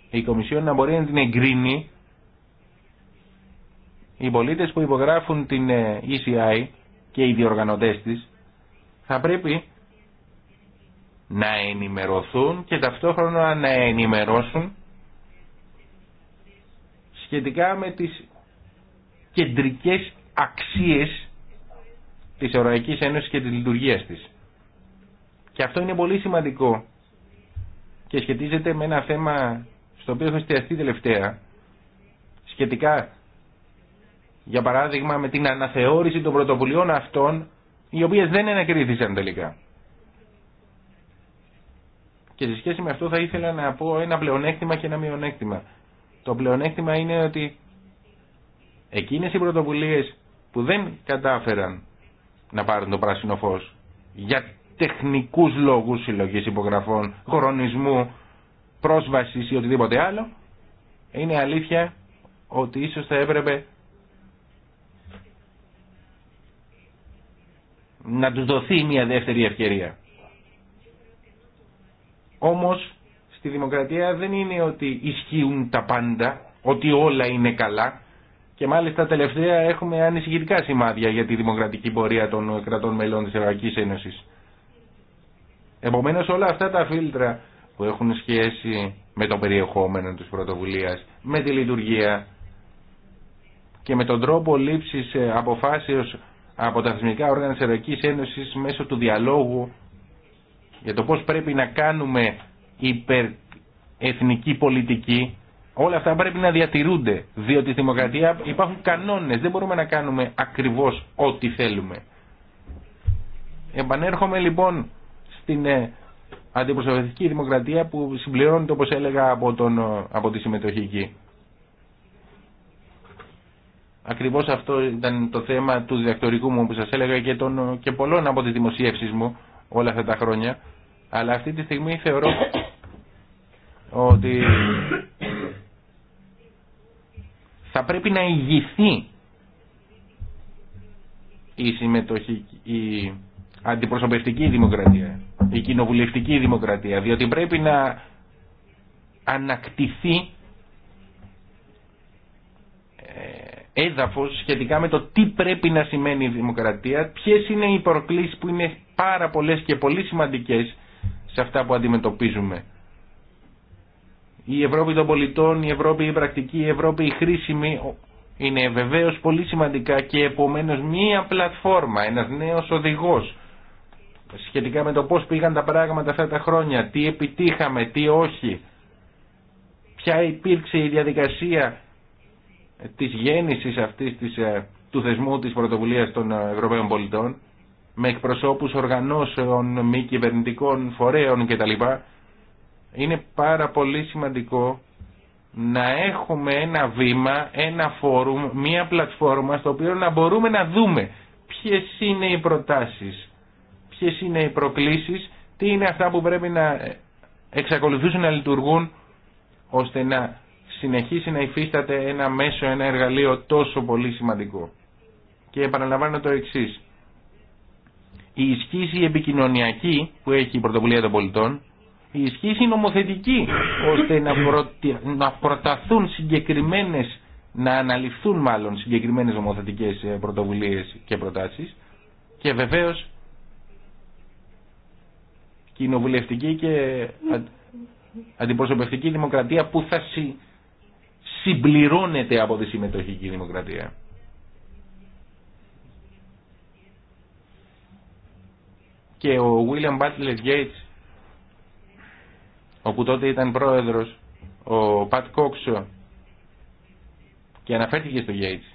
η Κομισιόν να μπορεί να την εγκρίνει οι πολίτες που υπογράφουν την ε, ECI και οι διοργανωτές της θα πρέπει να ενημερωθούν και ταυτόχρονα να ενημερώσουν σχετικά με τις κεντρικές αξίες Τη Ευρωπαϊκή Ένωση και τη λειτουργία τη. Και αυτό είναι πολύ σημαντικό και σχετίζεται με ένα θέμα στο οποίο έχω εστιαστεί τελευταία, σχετικά, για παράδειγμα, με την αναθεώρηση των πρωτοβουλειών αυτών, οι οποίες δεν ανακρίθησαν τελικά. Και σε σχέση με αυτό θα ήθελα να πω ένα πλεονέκτημα και ένα μειονέκτημα. Το πλεονέκτημα είναι ότι εκείνες οι πρωτοβουλίες που δεν κατάφεραν να πάρουν το πράσινο φως για τεχνικούς λόγους συλλογής υπογραφών, χρονισμού, πρόσβασης ή οτιδήποτε άλλο, είναι αλήθεια ότι ίσως θα έπρεπε να τους δοθεί μια δεύτερη ευκαιρία. Όμως στη δημοκρατία δεν είναι ότι ισχύουν τα πάντα, ότι όλα είναι καλά. Και μάλιστα τελευταία έχουμε ανησυχητικά σημάδια για τη δημοκρατική πορεία των κρατών μελών της Ευρωπαϊκής Ένωσης. Επομένως όλα αυτά τα φίλτρα που έχουν σχέση με το περιεχόμενο της πρωτοβουλίας, με τη λειτουργία και με τον τρόπο λήψης αποφάσεως από τα θεσμικά όργανα της Ευρωπαϊκής Ένωσης μέσω του διαλόγου για το πώς πρέπει να κάνουμε υπερ πολιτική Όλα αυτά πρέπει να διατηρούνται, διότι στη δημοκρατία υπάρχουν κανόνες, δεν μπορούμε να κάνουμε ακριβώς ό,τι θέλουμε. Επανέρχομαι λοιπόν στην ε, αντιπροσωπευτική δημοκρατία που συμπληρώνεται όπως έλεγα από, τον, ε, από τη συμμετοχή εκεί. Ακριβώς αυτό ήταν το θέμα του διδακτορικού μου που σας έλεγα και, ε, και πολλών από τις δημοσίευσεις μου όλα αυτά τα χρόνια. Αλλά αυτή τη στιγμή θεωρώ ότι θα πρέπει να ηγηθεί η συμμετοχή, η αντιπροσωπευτική δημοκρατία, η κοινοβουλευτική δημοκρατία, διότι πρέπει να ανακτηθεί ε, έδαφος σχετικά με το τι πρέπει να σημαίνει η δημοκρατία, ποιες είναι οι προκλήσεις που είναι πάρα πολλές και πολύ σημαντικές σε αυτά που αντιμετωπίζουμε η Ευρώπη των πολιτών, η Ευρώπη η πρακτική, η Ευρώπη η χρήσιμη είναι βεβαίως πολύ σημαντικά και επομένως μία πλατφόρμα, ένας νέος οδηγός σχετικά με το πώς πήγαν τα πράγματα αυτά τα χρόνια, τι επιτύχαμε, τι όχι, ποια υπήρξε η διαδικασία της γέννησης αυτής της, ε, του θεσμού της πρωτοβουλίας των ε, Ευρωπαίων πολιτών με εκπροσώπους οργανώσεων, μη κυβερνητικών φορέων κτλ είναι πάρα πολύ σημαντικό να έχουμε ένα βήμα, ένα φόρουμ, μία πλατφόρμα στο οποίο να μπορούμε να δούμε ποιες είναι οι προτάσεις, ποιες είναι οι προκλήσεις, τι είναι αυτά που πρέπει να εξακολουθήσουν να λειτουργούν ώστε να συνεχίσει να υφίσταται ένα μέσο, ένα εργαλείο τόσο πολύ σημαντικό. Και επαναλαμβάνω το εξής Η ισχύση επικοινωνιακή που έχει η πρωτοβουλία των πολιτών η ισχύση νομοθετική ώστε να, προταθούν συγκεκριμένες να αναλυφθούν μάλλον συγκεκριμένες νομοθετικές ε, πρωτοβουλίες και προτάσεις και βεβαίως κοινοβουλευτική και αντιπροσωπευτική δημοκρατία που θα συμπληρώνεται από τη συμμετοχική δημοκρατία. Και ο William Butler Gates όπου τότε ήταν πρόεδρος ο Πατ Κόξο και αναφέρθηκε στο Γέιτς.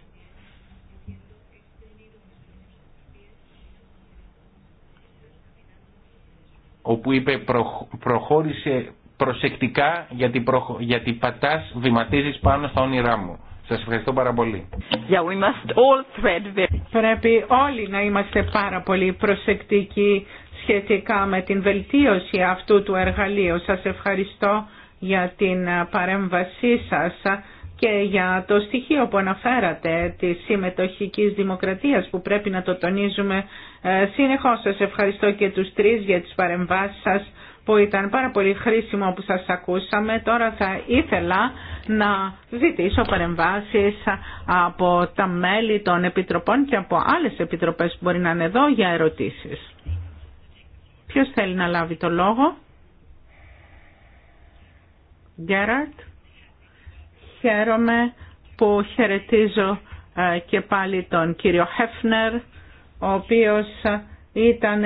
όπου είπε προχώρησε προσεκτικά γιατί, προ, γιατί πατάς βηματίζεις πάνω στα όνειρά μου. Σας ευχαριστώ πάρα πολύ. Yeah, we must all thread... Πρέπει όλοι να είμαστε πάρα πολύ προσεκτικοί σχετικά με την βελτίωση αυτού του εργαλείου. Σας ευχαριστώ για την παρέμβασή σας και για το στοιχείο που αναφέρατε της συμμετοχικής δημοκρατίας που πρέπει να το τονίζουμε ε, συνεχώς. Σας ευχαριστώ και τους τρεις για τις παρεμβάσεις σας που ήταν πάρα πολύ χρήσιμο που σας ακούσαμε. Τώρα θα ήθελα να ζητήσω παρεμβάσεις από τα μέλη των επιτροπών και από άλλες επιτροπές που μπορεί να είναι εδώ για ερωτήσεις. Ποιος θέλει να λάβει το λόγο. Γκέραρτ. Χαίρομαι που χαιρετίζω ε, και πάλι τον κύριο Χέφνερ, ο οποίος ήταν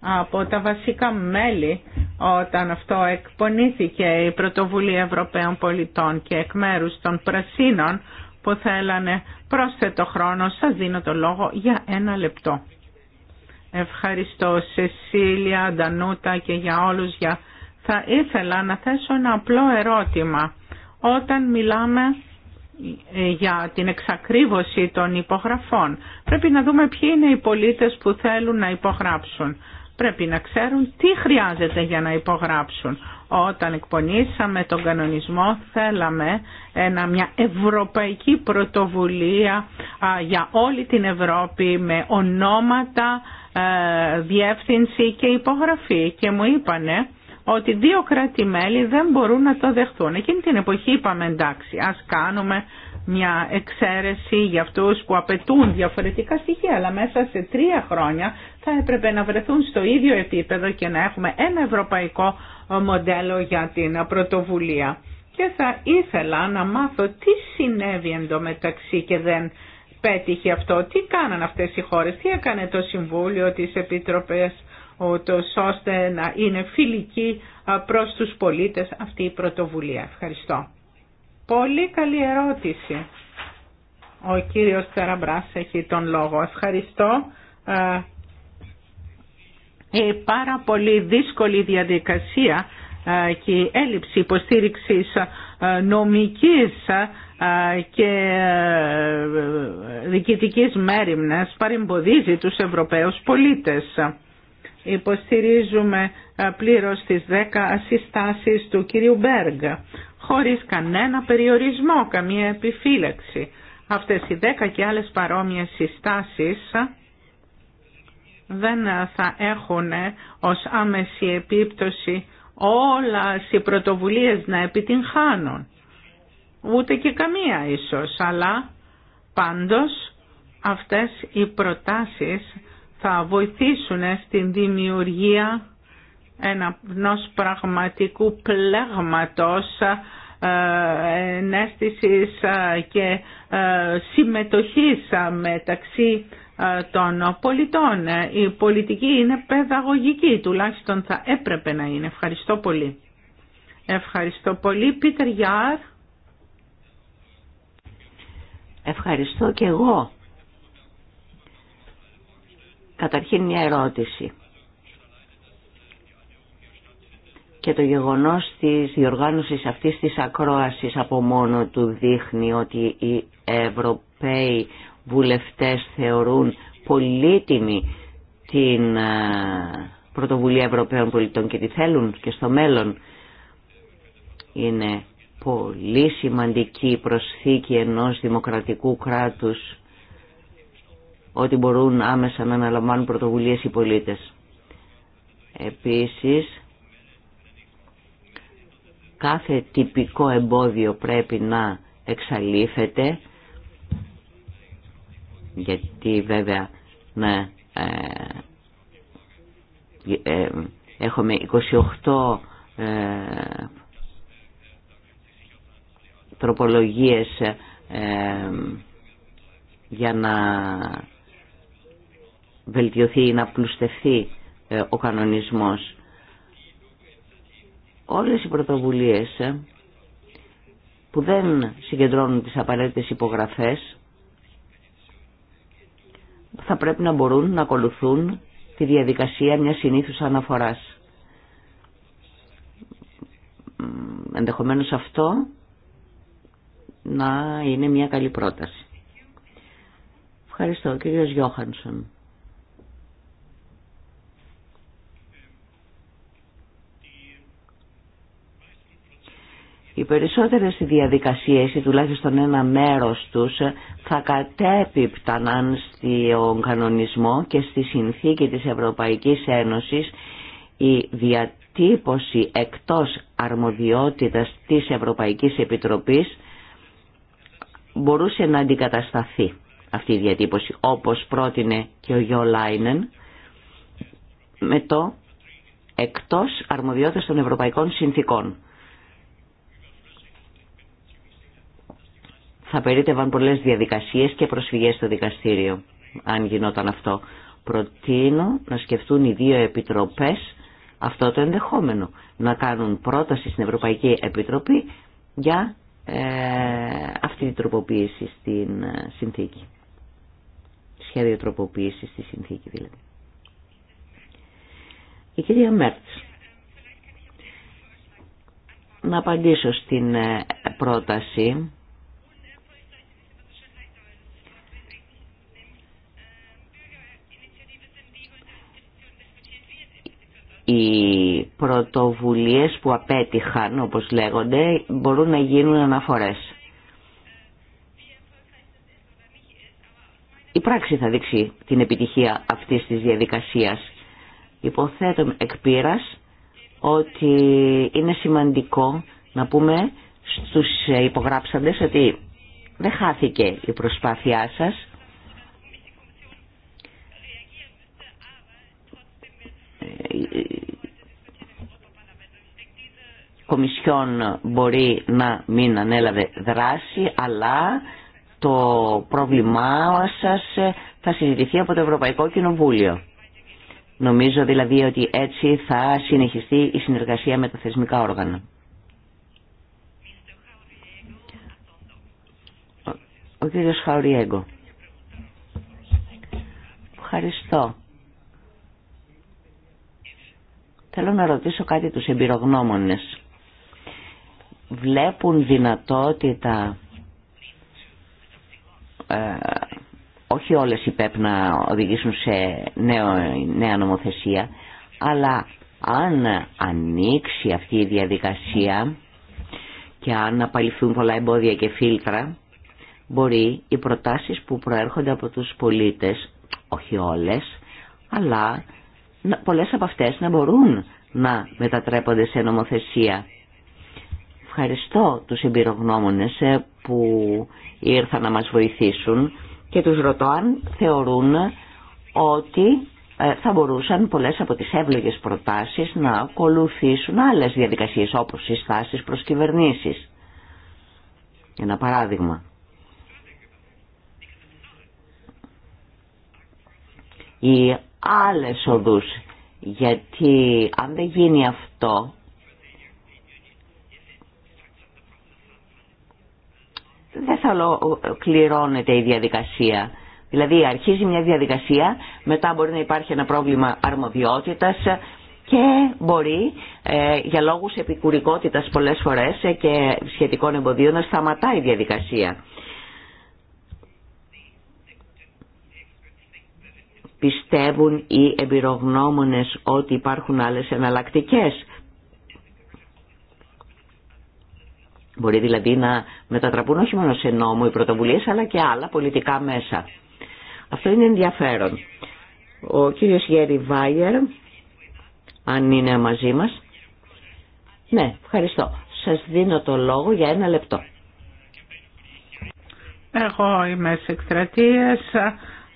από τα βασικά μέλη όταν αυτό εκπονήθηκε η Πρωτοβουλία Ευρωπαίων Πολιτών και εκ μέρου των Πρασίνων που θέλανε πρόσθετο χρόνο. Σας δίνω το λόγο για ένα λεπτό. Ευχαριστώ Σεσίλια, Ντανούτα και για όλους. Για... Θα ήθελα να θέσω ένα απλό ερώτημα. Όταν μιλάμε ε, για την εξακρίβωση των υπογραφών, πρέπει να δούμε ποιοι είναι οι πολίτες που θέλουν να υπογράψουν. Πρέπει να ξέρουν τι χρειάζεται για να υπογράψουν. Όταν εκπονήσαμε τον κανονισμό θέλαμε ένα, μια ευρωπαϊκή πρωτοβουλία για όλη την Ευρώπη με ονόματα ε, διεύθυνση και υπογραφή και μου είπανε ότι δύο κράτη-μέλη δεν μπορούν να το δεχτούν. Εκείνη την εποχή είπαμε εντάξει, ας κάνουμε μια εξαίρεση για αυτούς που απαιτούν διαφορετικά στοιχεία, αλλά μέσα σε τρία χρόνια θα έπρεπε να βρεθούν στο ίδιο επίπεδο και να έχουμε ένα ευρωπαϊκό μοντέλο για την πρωτοβουλία. Και θα ήθελα να μάθω τι συνέβη εντωμεταξύ και δεν πέτυχε αυτό. Τι κάναν αυτές οι χώρες, τι έκανε το Συμβούλιο, τις Επιτροπές, ώστε να είναι φιλική προς τους πολίτες αυτή η πρωτοβουλία. Ευχαριστώ. Πολύ καλή ερώτηση. Ο κύριος Τεραμπράς έχει τον λόγο. Ευχαριστώ. ε πάρα πολύ δύσκολη διαδικασία ε, και η έλλειψη υποστήριξης ε, νομικής ε, και διοικητικής μέρημνας παρεμποδίζει τους Ευρωπαίους πολίτες. Υποστηρίζουμε πλήρως τις 10 συστάσεις του κυρίου Μπέργκ, χωρίς κανένα περιορισμό, καμία επιφύλαξη. Αυτές οι 10 και άλλες παρόμοιες συστάσεις δεν θα έχουν ως άμεση επίπτωση όλα οι πρωτοβουλίες να επιτυγχάνουν. Ούτε και καμία ίσως, αλλά πάντως αυτές οι προτάσεις θα βοηθήσουν στην δημιουργία ενός πραγματικού πλέγματος ε, ενέστησης ε, και ε, συμμετοχής μεταξύ ε, των πολιτών. Ε, η πολιτική είναι παιδαγωγική, τουλάχιστον θα έπρεπε να είναι. Ευχαριστώ πολύ. Ευχαριστώ πολύ. Πίτερ Γιάρ. Ευχαριστώ και εγώ. Καταρχήν μια ερώτηση. Και το γεγονός της διοργάνωσης αυτής της ακρόασης από μόνο του δείχνει ότι οι Ευρωπαίοι βουλευτές θεωρούν πολύτιμη την ε, πρωτοβουλία Ευρωπαίων πολιτών και τη θέλουν και στο μέλλον. Είναι πολύ σημαντική προσθήκη ενός δημοκρατικού κράτους ότι μπορούν άμεσα να αναλαμβάνουν πρωτοβουλίες οι πολίτες. Επίσης, κάθε τυπικό εμπόδιο πρέπει να εξαλείφεται γιατί βέβαια ε, ε, έχουμε 28 ε, τροπολογίες για να βελτιωθεί ή να πλουστευτεί ο κανονισμός. Όλες οι πρωτοβουλίες που δεν συγκεντρώνουν τις απαραίτητες υπογραφές θα πρέπει να μπορούν να ακολουθούν τη διαδικασία μιας συνήθους αναφοράς. Ενδεχομένως αυτό να είναι μια καλή πρόταση. Ευχαριστώ, κύριος Γιώχανσον. Οι περισσότερες διαδικασίες ή τουλάχιστον ένα μέρος τους θα κατέπιπταν αν στον κανονισμό και στη συνθήκη της Ευρωπαϊκής Ένωσης η διατύπωση εκτός αρμοδιότητας της Ευρωπαϊκής Επιτροπής μπορούσε να αντικατασταθεί αυτή η διατύπωση όπως πρότεινε και ο Γιώ Λάινεν με το εκτός αρμοδιότητας των ευρωπαϊκών συνθήκων. θα περίτευαν πολλές διαδικασίες και προσφυγές στο δικαστήριο, αν γινόταν αυτό. Προτείνω να σκεφτούν οι δύο επιτροπές αυτό το ενδεχόμενο, να κάνουν πρόταση στην Ευρωπαϊκή Επιτροπή για ε, αυτή την τροποποίηση στην ε, συνθήκη. Σχέδιο τροποποίηση στη συνθήκη δηλαδή. Η κυρία Μέρτς. Να απαντήσω στην ε, πρόταση πρωτοβουλίες που απέτυχαν, όπως λέγονται, μπορούν να γίνουν αναφορές. Η πράξη θα δείξει την επιτυχία αυτής της διαδικασίας. Υποθέτω εκ πείρας ότι είναι σημαντικό να πούμε στους υπογράψαντες ότι δεν χάθηκε η προσπάθειά σας. Κομισιόν μπορεί να μην ανέλαβε δράση, αλλά το πρόβλημά σας θα συζητηθεί από το Ευρωπαϊκό Κοινοβούλιο. Νομίζω δηλαδή ότι έτσι θα συνεχιστεί η συνεργασία με τα θεσμικά όργανα. Ο κύριος Χαουριέγκο. Ευχαριστώ. Θέλω να ρωτήσω κάτι τους εμπειρογνώμονες βλέπουν δυνατότητα ε, όχι όλες οι ΠΕΠ να οδηγήσουν σε νέο, νέα νομοθεσία αλλά αν ανοίξει αυτή η διαδικασία και αν απαλληφθούν πολλά εμπόδια και φίλτρα μπορεί οι προτάσεις που προέρχονται από τους πολίτες όχι όλες αλλά πολλές από αυτές να μπορούν να μετατρέπονται σε νομοθεσία ευχαριστώ τους εμπειρογνώμονες ε, που ήρθαν να μας βοηθήσουν και τους ρωτώ αν θεωρούν ότι ε, θα μπορούσαν πολλές από τις εύλογες προτάσεις να ακολουθήσουν άλλες διαδικασίες όπως στάσεις προς κυβερνήσεις. Ένα παράδειγμα. Οι άλλες οδούς, γιατί αν δεν γίνει αυτό δεν θα ολοκληρώνεται η διαδικασία. Δηλαδή αρχίζει μια διαδικασία, μετά μπορεί να υπάρχει ένα πρόβλημα αρμοδιότητας και μπορεί ε, για λόγους επικουρικότητας πολλές φορές ε, και σχετικών εμποδίων να σταματάει η διαδικασία. Πιστεύουν οι εμπειρογνώμονες ότι υπάρχουν άλλες εναλλακτικές Μπορεί δηλαδή να μετατραπούν όχι μόνο σε νόμο οι πρωτοβουλίες αλλά και άλλα πολιτικά μέσα. Αυτό είναι ενδιαφέρον. Ο κύριος Γέρι Βάιερ, αν είναι μαζί μας. Ναι, ευχαριστώ. Σας δίνω το λόγο για ένα λεπτό. Εγώ είμαι σε εκστρατείας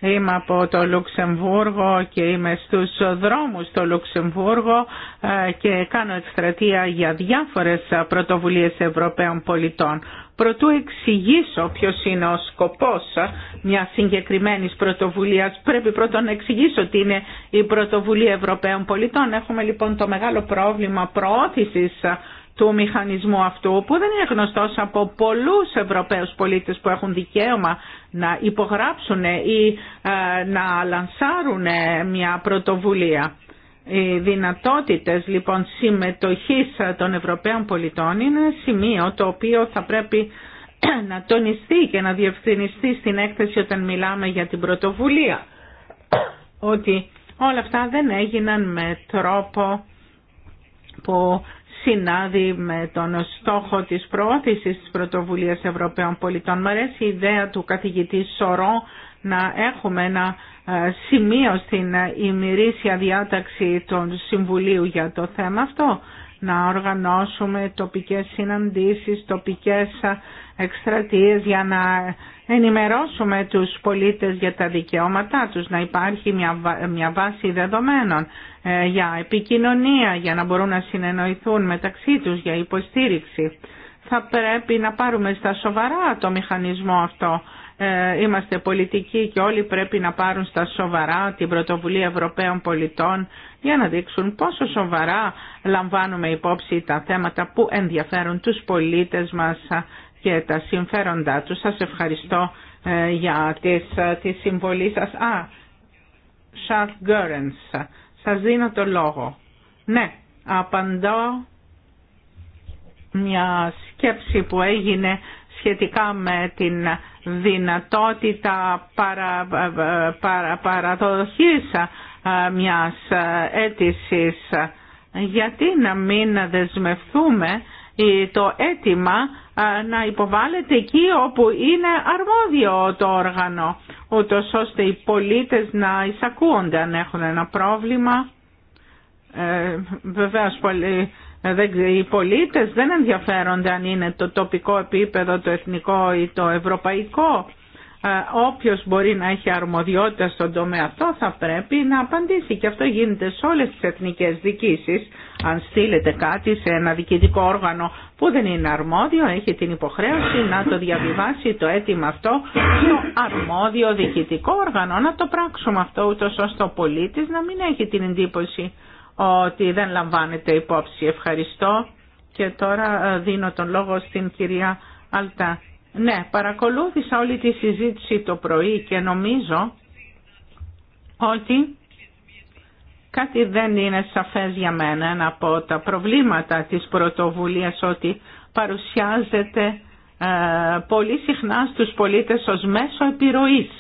Είμαι από το Λουξεμβούργο και είμαι στους δρόμους στο Λουξεμβούργο ε, και κάνω εκστρατεία για διάφορες πρωτοβουλίες Ευρωπαίων πολιτών. Προτού εξηγήσω ποιος είναι ο σκοπός μια συγκεκριμένης πρωτοβουλίας, πρέπει πρώτον να εξηγήσω τι είναι η πρωτοβουλία Ευρωπαίων πολιτών. Έχουμε λοιπόν το μεγάλο πρόβλημα προώθησης του μηχανισμού αυτού που δεν είναι γνωστός από πολλούς Ευρωπαίους πολίτες που έχουν δικαίωμα να υπογράψουν ή ε, να λανσάρουν μια πρωτοβουλία. Οι δυνατότητες λοιπόν συμμετοχής των Ευρωπαίων πολιτών είναι σημείο το οποίο θα πρέπει ε, να τονιστεί και να διευθυνιστεί στην έκθεση όταν μιλάμε για την πρωτοβουλία. Ότι όλα αυτά δεν έγιναν με τρόπο που συνάδει με τον στόχο της προώθησης της πρωτοβουλίας Ευρωπαίων πολιτών. Μ' αρέσει η ιδέα του καθηγητή Σωρό να έχουμε ένα ε, σημείο στην ημερήσια διάταξη των Συμβουλίου για το θέμα αυτό, να οργανώσουμε τοπικές συναντήσεις, τοπικές ε, εκστρατείες για να ενημερώσουμε τους πολίτες για τα δικαιώματά τους, να υπάρχει μια, μια βάση δεδομένων ε, για επικοινωνία, για να μπορούν να συνεννοηθούν μεταξύ τους, για υποστήριξη. Θα πρέπει να πάρουμε στα σοβαρά το μηχανισμό αυτό. Ε, είμαστε πολιτικοί και όλοι πρέπει να πάρουν στα σοβαρά την πρωτοβουλία Ευρωπαίων πολιτών για να δείξουν πόσο σοβαρά λαμβάνουμε υπόψη τα θέματα που ενδιαφέρουν τους πολίτες μας και τα συμφέροντά τους. Σας ευχαριστώ ε, για τις, ε, τη συμβολή σας. Α, Σαρτ Γκέρενς, σας δίνω το λόγο. Ναι, απαντώ μια σκέψη που έγινε σχετικά με την δυνατότητα παρα, ε, παρα, παραδοχής μιας αίτησης. Γιατί να μην δεσμευτούμε το αίτημα να υποβάλλεται εκεί όπου είναι αρμόδιο το όργανο, ούτω ώστε οι πολίτες να εισακούονται αν έχουν ένα πρόβλημα. Ε, βεβαίως ε, οι πολίτες δεν ενδιαφέρονται αν είναι το τοπικό επίπεδο, το εθνικό ή το ευρωπαϊκό. Ε, όποιος μπορεί να έχει αρμοδιότητα στον τομέα αυτό θα πρέπει να απαντήσει και αυτό γίνεται σε όλες τις εθνικές δικήσεις αν στείλετε κάτι σε ένα διοικητικό όργανο που δεν είναι αρμόδιο έχει την υποχρέωση να το διαβιβάσει το αίτημα αυτό στο αρμόδιο διοικητικό όργανο να το πράξουμε αυτό ούτως ώστε ο πολίτης να μην έχει την εντύπωση ότι δεν λαμβάνεται υπόψη. Ευχαριστώ και τώρα ε, δίνω τον λόγο στην κυρία Αλτά. Ναι, παρακολούθησα όλη τη συζήτηση το πρωί και νομίζω ότι κάτι δεν είναι σαφές για μένα ένα από τα προβλήματα της πρωτοβουλίας ότι παρουσιάζεται ε, πολύ συχνά στους πολίτες ως μέσο επιρροής.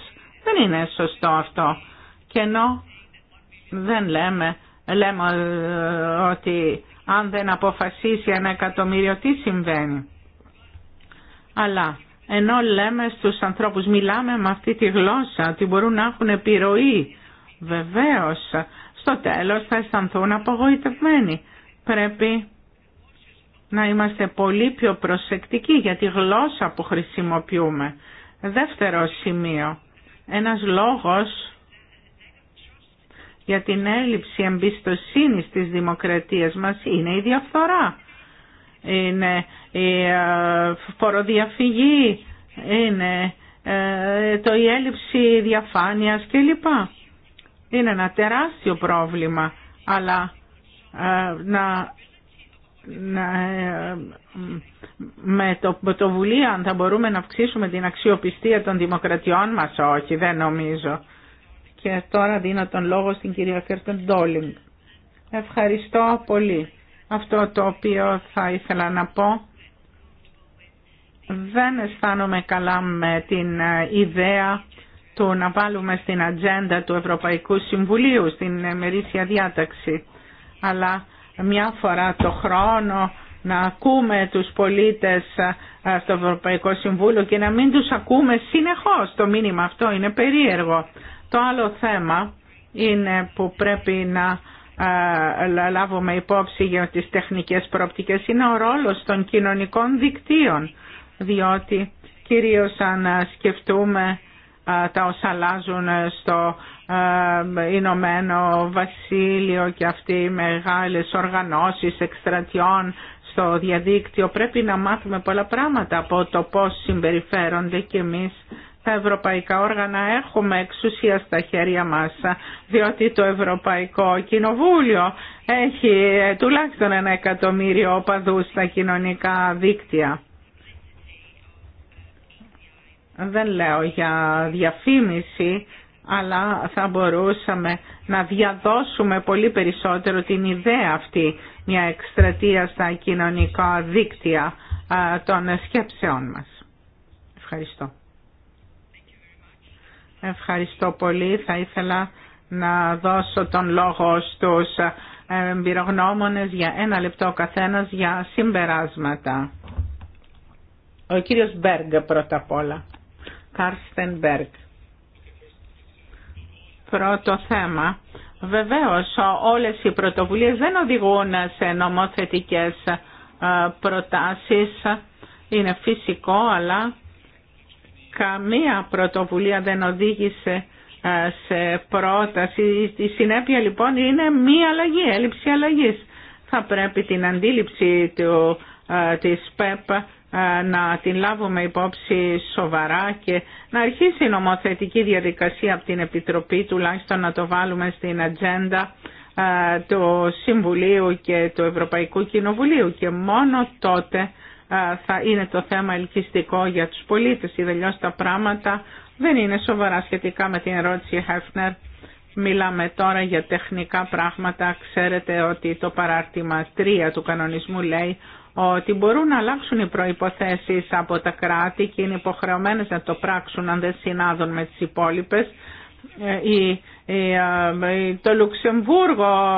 Δεν είναι σωστό αυτό. Και ενώ δεν λέμε, λέμε ε, ότι αν δεν αποφασίσει ένα εκατομμύριο τι συμβαίνει. Αλλά ενώ λέμε στους ανθρώπους μιλάμε με αυτή τη γλώσσα ότι μπορούν να έχουν επιρροή, βεβαίως στο τέλος θα αισθανθούν απογοητευμένοι. Πρέπει να είμαστε πολύ πιο προσεκτικοί για τη γλώσσα που χρησιμοποιούμε. Δεύτερο σημείο, ένας λόγος για την έλλειψη εμπιστοσύνης της δημοκρατίας μας είναι η διαφθορά. Είναι η ε, φοροδιαφυγή είναι ε, το η έλλειψη διαφάνειας κλπ. Είναι ένα τεράστιο πρόβλημα, αλλά ε, να, με το, με αν θα μπορούμε να αυξήσουμε την αξιοπιστία των δημοκρατιών μας, όχι, δεν νομίζω. Και τώρα δίνω τον λόγο στην κυρία Κέρτον Ντόλινγκ. Ευχαριστώ πολύ. Αυτό το οποίο θα ήθελα να πω δεν αισθάνομαι καλά με την ε, ιδέα του να βάλουμε στην ατζέντα του Ευρωπαϊκού Συμβουλίου, στην μερίσια διάταξη. Αλλά μια φορά το χρόνο να ακούμε τους πολίτες ε, στο Ευρωπαϊκό Συμβούλιο και να μην τους ακούμε συνεχώς. Το μήνυμα αυτό είναι περίεργο. Το άλλο θέμα είναι που πρέπει να ε, λάβουμε υπόψη για τις τεχνικές προοπτικές είναι ο ρόλος των κοινωνικών δικτύων διότι κυρίως αν σκεφτούμε τα όσα αλλάζουν στο Ηνωμένο Βασίλειο και αυτοί οι μεγάλες οργανώσεις εκστρατιών στο διαδίκτυο πρέπει να μάθουμε πολλά πράγματα από το πώς συμπεριφέρονται και εμείς τα ευρωπαϊκά όργανα έχουμε εξουσία στα χέρια μας, διότι το Ευρωπαϊκό Κοινοβούλιο έχει τουλάχιστον ένα εκατομμύριο οπαδούς στα κοινωνικά δίκτυα δεν λέω για διαφήμιση, αλλά θα μπορούσαμε να διαδώσουμε πολύ περισσότερο την ιδέα αυτή, μια εκστρατεία στα κοινωνικά δίκτυα των σκέψεών μας. Ευχαριστώ. Ευχαριστώ πολύ. Θα ήθελα να δώσω τον λόγο στους ε, εμπειρογνώμονες για ένα λεπτό καθένας για συμπεράσματα. Ο κύριος Μπέργκ πρώτα απ' όλα. Κάρστεν Πρώτο θέμα. Βεβαίως όλες οι πρωτοβουλίες δεν οδηγούν σε νομοθετικές ε, προτάσεις. Είναι φυσικό, αλλά καμία πρωτοβουλία δεν οδήγησε ε, σε πρόταση. Η συνέπεια λοιπόν είναι μία αλλαγή, έλλειψη αλλαγής. Θα πρέπει την αντίληψη του, ε, της ΠΕΠ ε, να την λάβουμε υπόψη σοβαρά και να αρχίσει η νομοθετική διαδικασία από την Επιτροπή, τουλάχιστον να το βάλουμε στην ατζέντα ε, του Συμβουλίου και του Ευρωπαϊκού Κοινοβουλίου και μόνο τότε ε, θα είναι το θέμα ελκυστικό για τους πολίτες. δελειώς τα πράγματα δεν είναι σοβαρά σχετικά με την ερώτηση Χέφνερ. Μιλάμε τώρα για τεχνικά πράγματα. Ξέρετε ότι το παράρτημα 3 του κανονισμού λέει ότι μπορούν να αλλάξουν οι προϋποθέσεις από τα κράτη και είναι υποχρεωμένες να το πράξουν αν δεν συνάδουν με τις υπόλοιπες. Ε, ε, το Λουξεμβούργο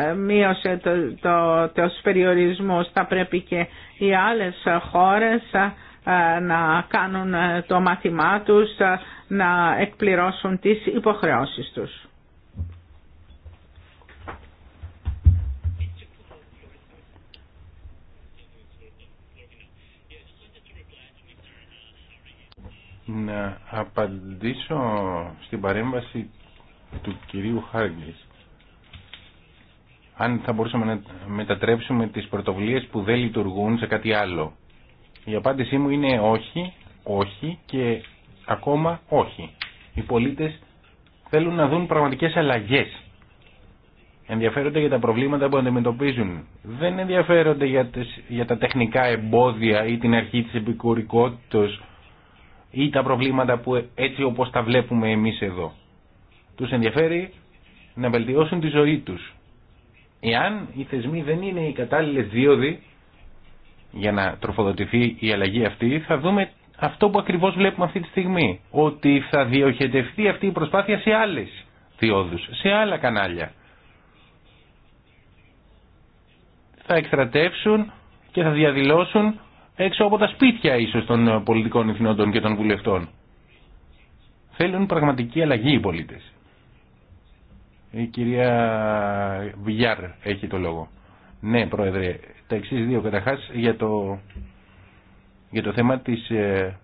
ε, μείωσε το, το, το περιορισμούς, θα πρέπει και οι άλλες χώρες να κάνουν το μάθημά τους, να εκπληρώσουν τις υποχρεώσεις τους. να απαντήσω στην παρέμβαση του κυρίου Χάργκλης. Αν θα μπορούσαμε να μετατρέψουμε τις πρωτοβουλίες που δεν λειτουργούν σε κάτι άλλο. Η απάντησή μου είναι όχι, όχι και ακόμα όχι. Οι πολίτες θέλουν να δουν πραγματικές αλλαγές. Ενδιαφέρονται για τα προβλήματα που αντιμετωπίζουν. Δεν ενδιαφέρονται για, για τα τεχνικά εμπόδια ή την αρχή της επικουρικότητας ή τα προβλήματα που έτσι όπως τα βλέπουμε εμείς εδώ. Τους ενδιαφέρει να βελτιώσουν τη ζωή τους. Εάν οι θεσμοί δεν είναι οι κατάλληλε δίωδοι για να τροφοδοτηθεί η αλλαγή αυτή, θα δούμε αυτό που ακριβώς βλέπουμε αυτή τη στιγμή. Ότι θα διοχετευτεί αυτή η προσπάθεια σε άλλες διόδους, σε άλλα κανάλια. Θα εκστρατεύσουν και θα διαδηλώσουν έξω από τα σπίτια ίσως των ε, πολιτικών εθνών και των βουλευτών. Θέλουν πραγματική αλλαγή οι πολίτες. Η κυρία Βιγιάρ έχει το λόγο. Ναι, Πρόεδρε, τα εξή δύο. Καταρχά για το, για το θέμα της ε,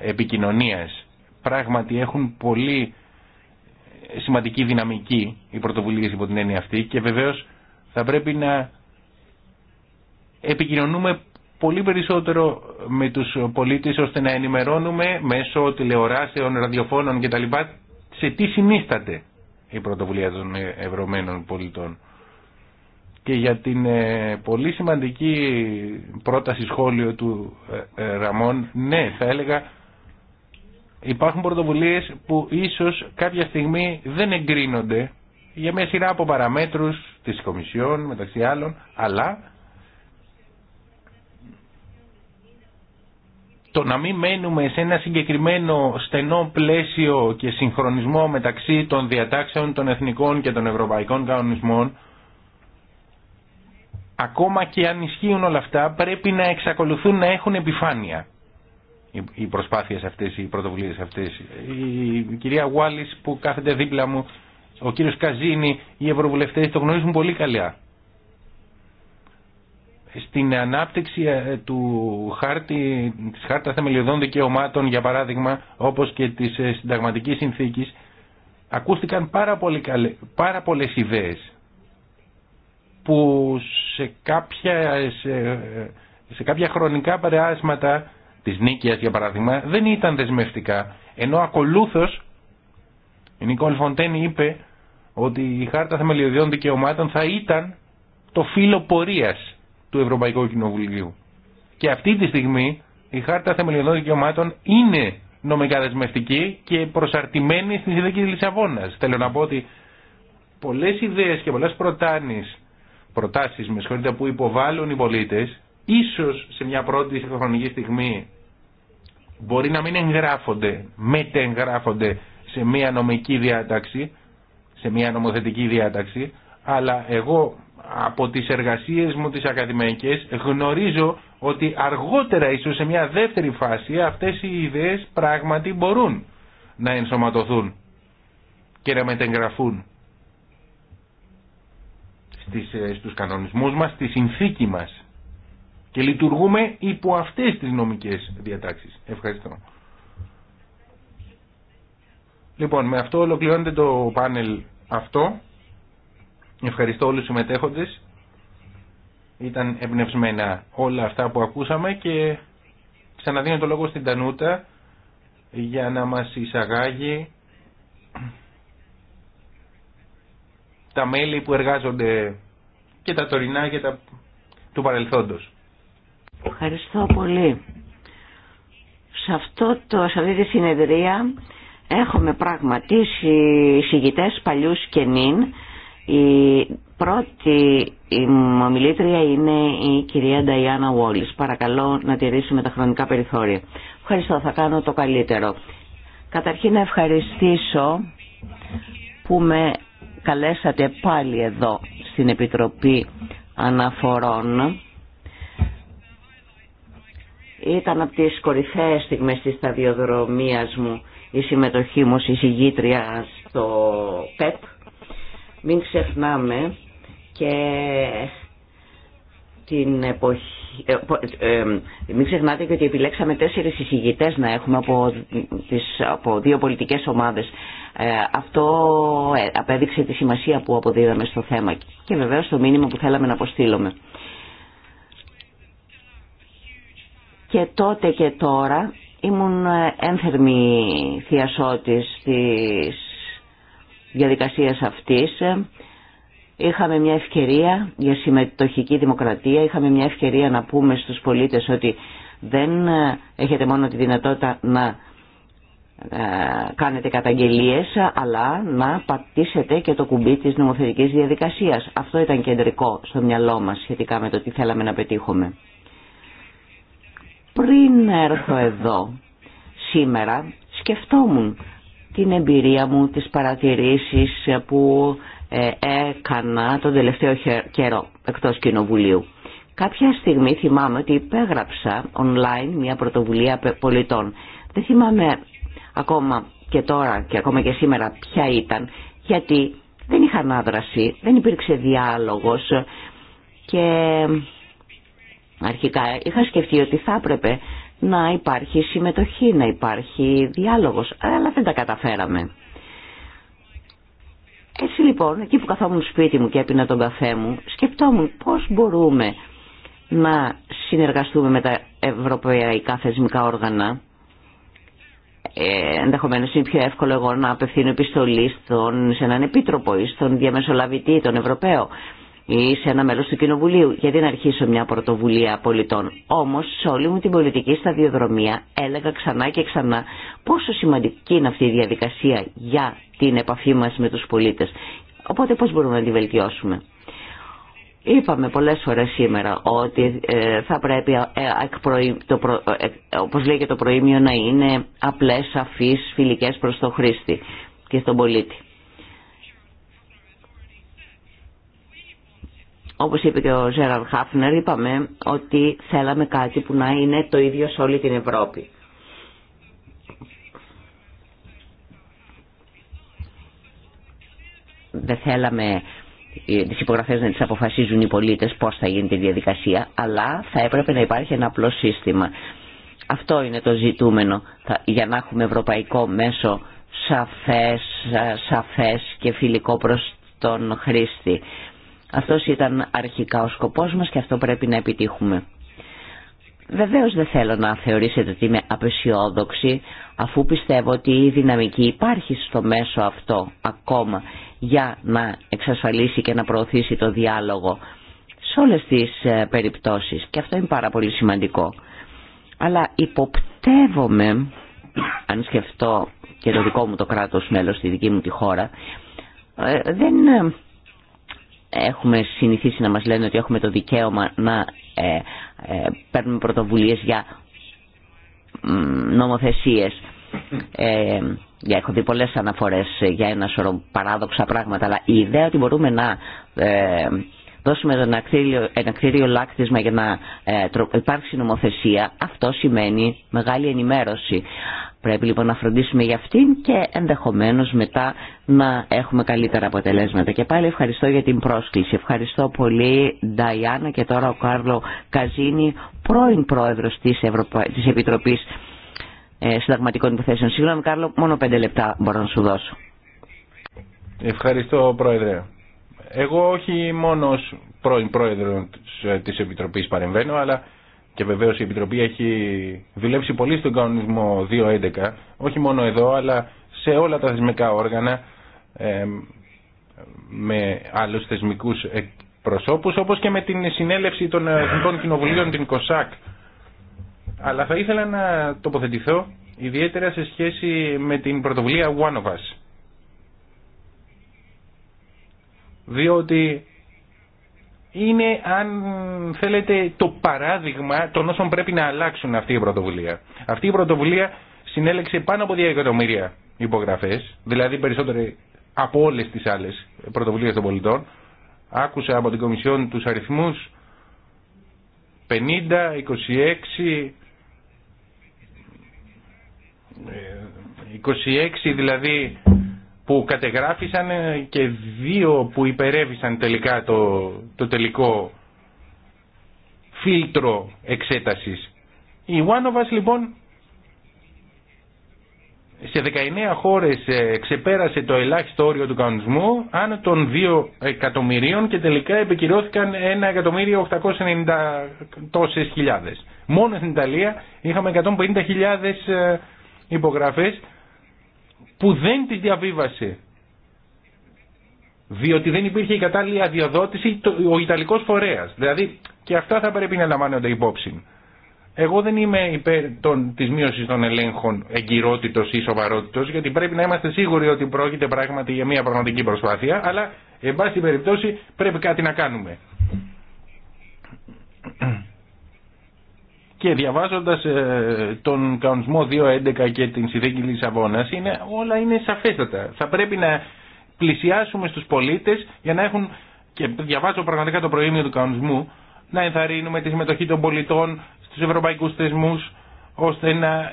επικοινωνίας. Πράγματι έχουν πολύ ε, σημαντική δυναμική οι πρωτοβουλίες υπό την έννοια αυτή και βεβαίως θα πρέπει να επικοινωνούμε πολύ περισσότερο με τους πολίτες ώστε να ενημερώνουμε μέσω τηλεοράσεων, ραδιοφώνων κτλ. σε τι συνίσταται η πρωτοβουλία των ευρωμένων πολιτών. Και για την ε, πολύ σημαντική πρόταση σχόλιο του ε, ε, Ραμόν, ναι θα έλεγα υπάρχουν πρωτοβουλίες που ίσως κάποια στιγμή δεν εγκρίνονται για μια σειρά από παραμέτρους της Κομισιόν μεταξύ άλλων, αλλά το να μην μένουμε σε ένα συγκεκριμένο στενό πλαίσιο και συγχρονισμό μεταξύ των διατάξεων των εθνικών και των ευρωπαϊκών κανονισμών, ακόμα και αν ισχύουν όλα αυτά, πρέπει να εξακολουθούν να έχουν επιφάνεια οι προσπάθειες αυτές, οι πρωτοβουλίες αυτές. Η κυρία Γουάλης που κάθεται δίπλα μου, ο κύριος Καζίνη, οι ευρωβουλευτές το γνωρίζουν πολύ καλά στην ανάπτυξη ε, του χάρτη, της χάρτας θεμελιωδών δικαιωμάτων για παράδειγμα όπως και της ε, συνταγματικής συνθήκης ακούστηκαν πάρα, πολύ πολλές ιδέες που σε κάποια, σε, σε κάποια χρονικά παρεάσματα της νίκης για παράδειγμα δεν ήταν δεσμευτικά ενώ ακολούθως η Νικόλ Φοντέν είπε ότι η χάρτα Θεμελιωδών δικαιωμάτων θα ήταν το φύλλο πορείας του Ευρωπαϊκού Κοινοβουλίου. Και αυτή τη στιγμή η Χάρτα Θεμελιωδών Δικαιωμάτων είναι νομικά δεσμευτική και προσαρτημένη στην συνθήκη της Λισαβόνας. Θέλω να πω ότι πολλέ ιδέε και πολλέ προτάσει, που υποβάλλουν οι πολίτε ίσω σε μια πρώτη χρονική στιγμή μπορεί να μην εγγράφονται, μετεγγράφονται σε μια νομική διάταξη, σε μια νομοθετική διάταξη, αλλά εγώ από τις εργασίες μου τις ακαδημαϊκές γνωρίζω ότι αργότερα ίσως σε μια δεύτερη φάση αυτές οι ιδέες πράγματι μπορούν να ενσωματωθούν και να μετεγγραφούν στις, ε, στους κανονισμούς μας, στη συνθήκη μας και λειτουργούμε υπό αυτές τις νομικές διατάξεις. Ευχαριστώ. Λοιπόν, με αυτό ολοκληρώνεται το πάνελ αυτό. Ευχαριστώ όλους τους συμμετέχοντες. Ήταν εμπνευσμένα όλα αυτά που ακούσαμε και ξαναδίνω το λόγο στην Τανούτα για να μας εισαγάγει τα μέλη που εργάζονται και τα τωρινά και τα του παρελθόντος. Ευχαριστώ πολύ. Σε, αυτό το, σε αυτή τη συνεδρία έχουμε πραγματίσει συγητές παλιούς και νυν η πρώτη η ομιλήτρια είναι η κυρία Νταϊάννα Βόλις. Παρακαλώ να τηρήσουμε τα χρονικά περιθώρια. Ευχαριστώ, θα κάνω το καλύτερο. Καταρχήν να ευχαριστήσω που με καλέσατε πάλι εδώ στην Επιτροπή Αναφορών. Ήταν από τις κορυφαίες στιγμές της σταδιοδρομίας μου η συμμετοχή μου στη συγγήτρια στο ΠΕΠ μην ξεχνάμε και την εποχή... Ε, ε, μην ξεχνάτε και ότι επιλέξαμε τέσσερις εισηγητές να έχουμε από, τις, από δύο πολιτικές ομάδες. Ε, αυτό απέδειξε τη σημασία που αποδίδαμε στο θέμα και βεβαίως το μήνυμα που θέλαμε να αποστείλουμε. Και τότε και τώρα ήμουν ένθερμη θειασότης της διαδικασίας αυτής. Είχαμε μια ευκαιρία για συμμετοχική δημοκρατία, είχαμε μια ευκαιρία να πούμε στους πολίτες ότι δεν ε, έχετε μόνο τη δυνατότητα να ε, κάνετε καταγγελίες αλλά να πατήσετε και το κουμπί της νομοθετικής διαδικασίας. Αυτό ήταν κεντρικό στο μυαλό μας σχετικά με το τι θέλαμε να πετύχουμε. Πριν έρθω εδώ σήμερα σκεφτόμουν την εμπειρία μου, τις παρατηρήσεις που ε, έκανα τον τελευταίο καιρό εκτός Κοινοβουλίου. Κάποια στιγμή θυμάμαι ότι υπέγραψα online μια πρωτοβουλία πολιτών. Δεν θυμάμαι ακόμα και τώρα και ακόμα και σήμερα ποια ήταν, γιατί δεν είχα ανάδραση, δεν υπήρξε διάλογος και αρχικά είχα σκεφτεί ότι θα έπρεπε να υπάρχει συμμετοχή, να υπάρχει διάλογος, αλλά δεν τα καταφέραμε. Έτσι λοιπόν, εκεί που καθόμουν σπίτι μου και έπινα τον καφέ μου, σκεφτόμουν πώς μπορούμε να συνεργαστούμε με τα ευρωπαϊκά θεσμικά όργανα. Ε, Ενδεχομένω είναι πιο εύκολο εγώ να απευθύνω επιστολή στον, σε έναν επίτροπο ή στον διαμεσολαβητή, τον Ευρωπαίο ή σε ένα μέλος του Κοινοβουλίου. Γιατί να αρχίσω μια πρωτοβουλία πολιτών. Όμως σε όλη μου την πολιτική σταδιοδρομία έλεγα ξανά και ξανά πόσο σημαντική είναι αυτή η διαδικασία για την επαφή μας με τους πολίτες. Οπότε πώς μπορούμε να τη βελτιώσουμε. Είπαμε πολλές φορές σήμερα ότι ε, θα πρέπει ε, ε, όπως λέει και το προήμιο να είναι απλές, σαφείς, φιλικές προς τον χρήστη και τον πολίτη. όπως είπε και ο Ζέραλ Χάφνερ, είπαμε ότι θέλαμε κάτι που να είναι το ίδιο σε όλη την Ευρώπη. Δεν θέλαμε τις υπογραφές να τις αποφασίζουν οι πολίτες πώς θα γίνει τη διαδικασία, αλλά θα έπρεπε να υπάρχει ένα απλό σύστημα. Αυτό είναι το ζητούμενο για να έχουμε ευρωπαϊκό μέσο σαφές, σαφές και φιλικό προς τον χρήστη. Αυτός ήταν αρχικά ο σκοπός μας και αυτό πρέπει να επιτύχουμε. Βεβαίως δεν θέλω να θεωρήσετε ότι είμαι απεσιόδοξη αφού πιστεύω ότι η δυναμική υπάρχει στο μέσο αυτό ακόμα για να εξασφαλίσει και να προωθήσει το διάλογο σε όλες τις ε, περιπτώσεις και αυτό είναι πάρα πολύ σημαντικό. Αλλά υποπτεύομαι, αν σκεφτώ και το δικό μου το κράτος μέλος, στη δική μου τη χώρα, ε, δεν ε, έχουμε συνηθίσει να μας λένε ότι έχουμε το δικαίωμα να ε, ε παίρνουμε πρωτοβουλίες για νομοθεσίες. Ε, έχω δει πολλές αναφορές για ένα σωρό παράδοξα πράγματα, αλλά η ιδέα ότι μπορούμε να ε, δώσουμε ένα κτίριο λάκτισμα για να ε, υπάρξει νομοθεσία, αυτό σημαίνει μεγάλη ενημέρωση. Πρέπει λοιπόν να φροντίσουμε για αυτήν και ενδεχομένως μετά να έχουμε καλύτερα αποτελέσματα. Και πάλι ευχαριστώ για την πρόσκληση. Ευχαριστώ πολύ Νταϊάννα και τώρα ο Κάρλο Καζίνη, πρώην πρόεδρος της, Ευρωπα... της Επιτροπής ε, Συνταγματικών Υποθέσεων. Συγγνώμη Κάρλο, μόνο πέντε λεπτά μπορώ να σου δώσω. Ευχαριστώ Πρόεδρε. Εγώ όχι μόνος πρώην πρόεδρο ε, της Επιτροπής παρεμβαίνω, αλλά και βεβαίως η Επιτροπή έχει δουλέψει πολύ στον κανονισμό 2.11, όχι μόνο εδώ, αλλά σε όλα τα θεσμικά όργανα, με άλλους θεσμικούς προσώπους, όπως και με την συνέλευση των Εθνικών Κοινοβουλίων, την ΚΟΣΑΚ. Αλλά θα ήθελα να τοποθετηθώ ιδιαίτερα σε σχέση με την πρωτοβουλία One of Us. διότι είναι αν θέλετε το παράδειγμα των όσων πρέπει να αλλάξουν αυτή η πρωτοβουλία. Αυτή η πρωτοβουλία συνέλεξε πάνω από 2 εκατομμύρια υπογραφές, δηλαδή περισσότερο από όλες τις άλλες πρωτοβουλίες των πολιτών. Άκουσα από την Κομισιόν τους αριθμούς 50, 26, 26 δηλαδή που κατεγράφησαν ε, και δύο που υπερέβησαν τελικά το, το τελικό φίλτρο εξέτασης. Η Us, λοιπόν σε 19 χώρες ε, ξεπέρασε το ελάχιστο όριο του κανονισμού άνω των 2 εκατομμυρίων και τελικά επικυρώθηκαν 1 εκατομμύριο 890 τόσες χιλιάδες. Μόνο στην Ιταλία είχαμε 150.000 ε, υπογραφές που δεν τη διαβίβασε διότι δεν υπήρχε η κατάλληλη αδειοδότηση ο Ιταλικός φορέας. Δηλαδή και αυτά θα πρέπει να λαμβάνονται υπόψη. Εγώ δεν είμαι υπέρ των, της μείωσης των ελέγχων εγκυρότητος ή σοβαρότητος, γιατί πρέπει να είμαστε σίγουροι ότι πρόκειται πράγματι για μια πραγματική προσπάθεια, αλλά, εν πάση περιπτώσει, πρέπει κάτι να κάνουμε και διαβάζοντας ε, τον κανονισμό 2.11 και την συνθήκη Λισαβόνας είναι, όλα είναι σαφέστατα. Θα πρέπει να πλησιάσουμε στους πολίτες για να έχουν, και διαβάζω πραγματικά το προήμιο του κανονισμού, να ενθαρρύνουμε τη συμμετοχή των πολιτών στους ευρωπαϊκούς θεσμούς ώστε να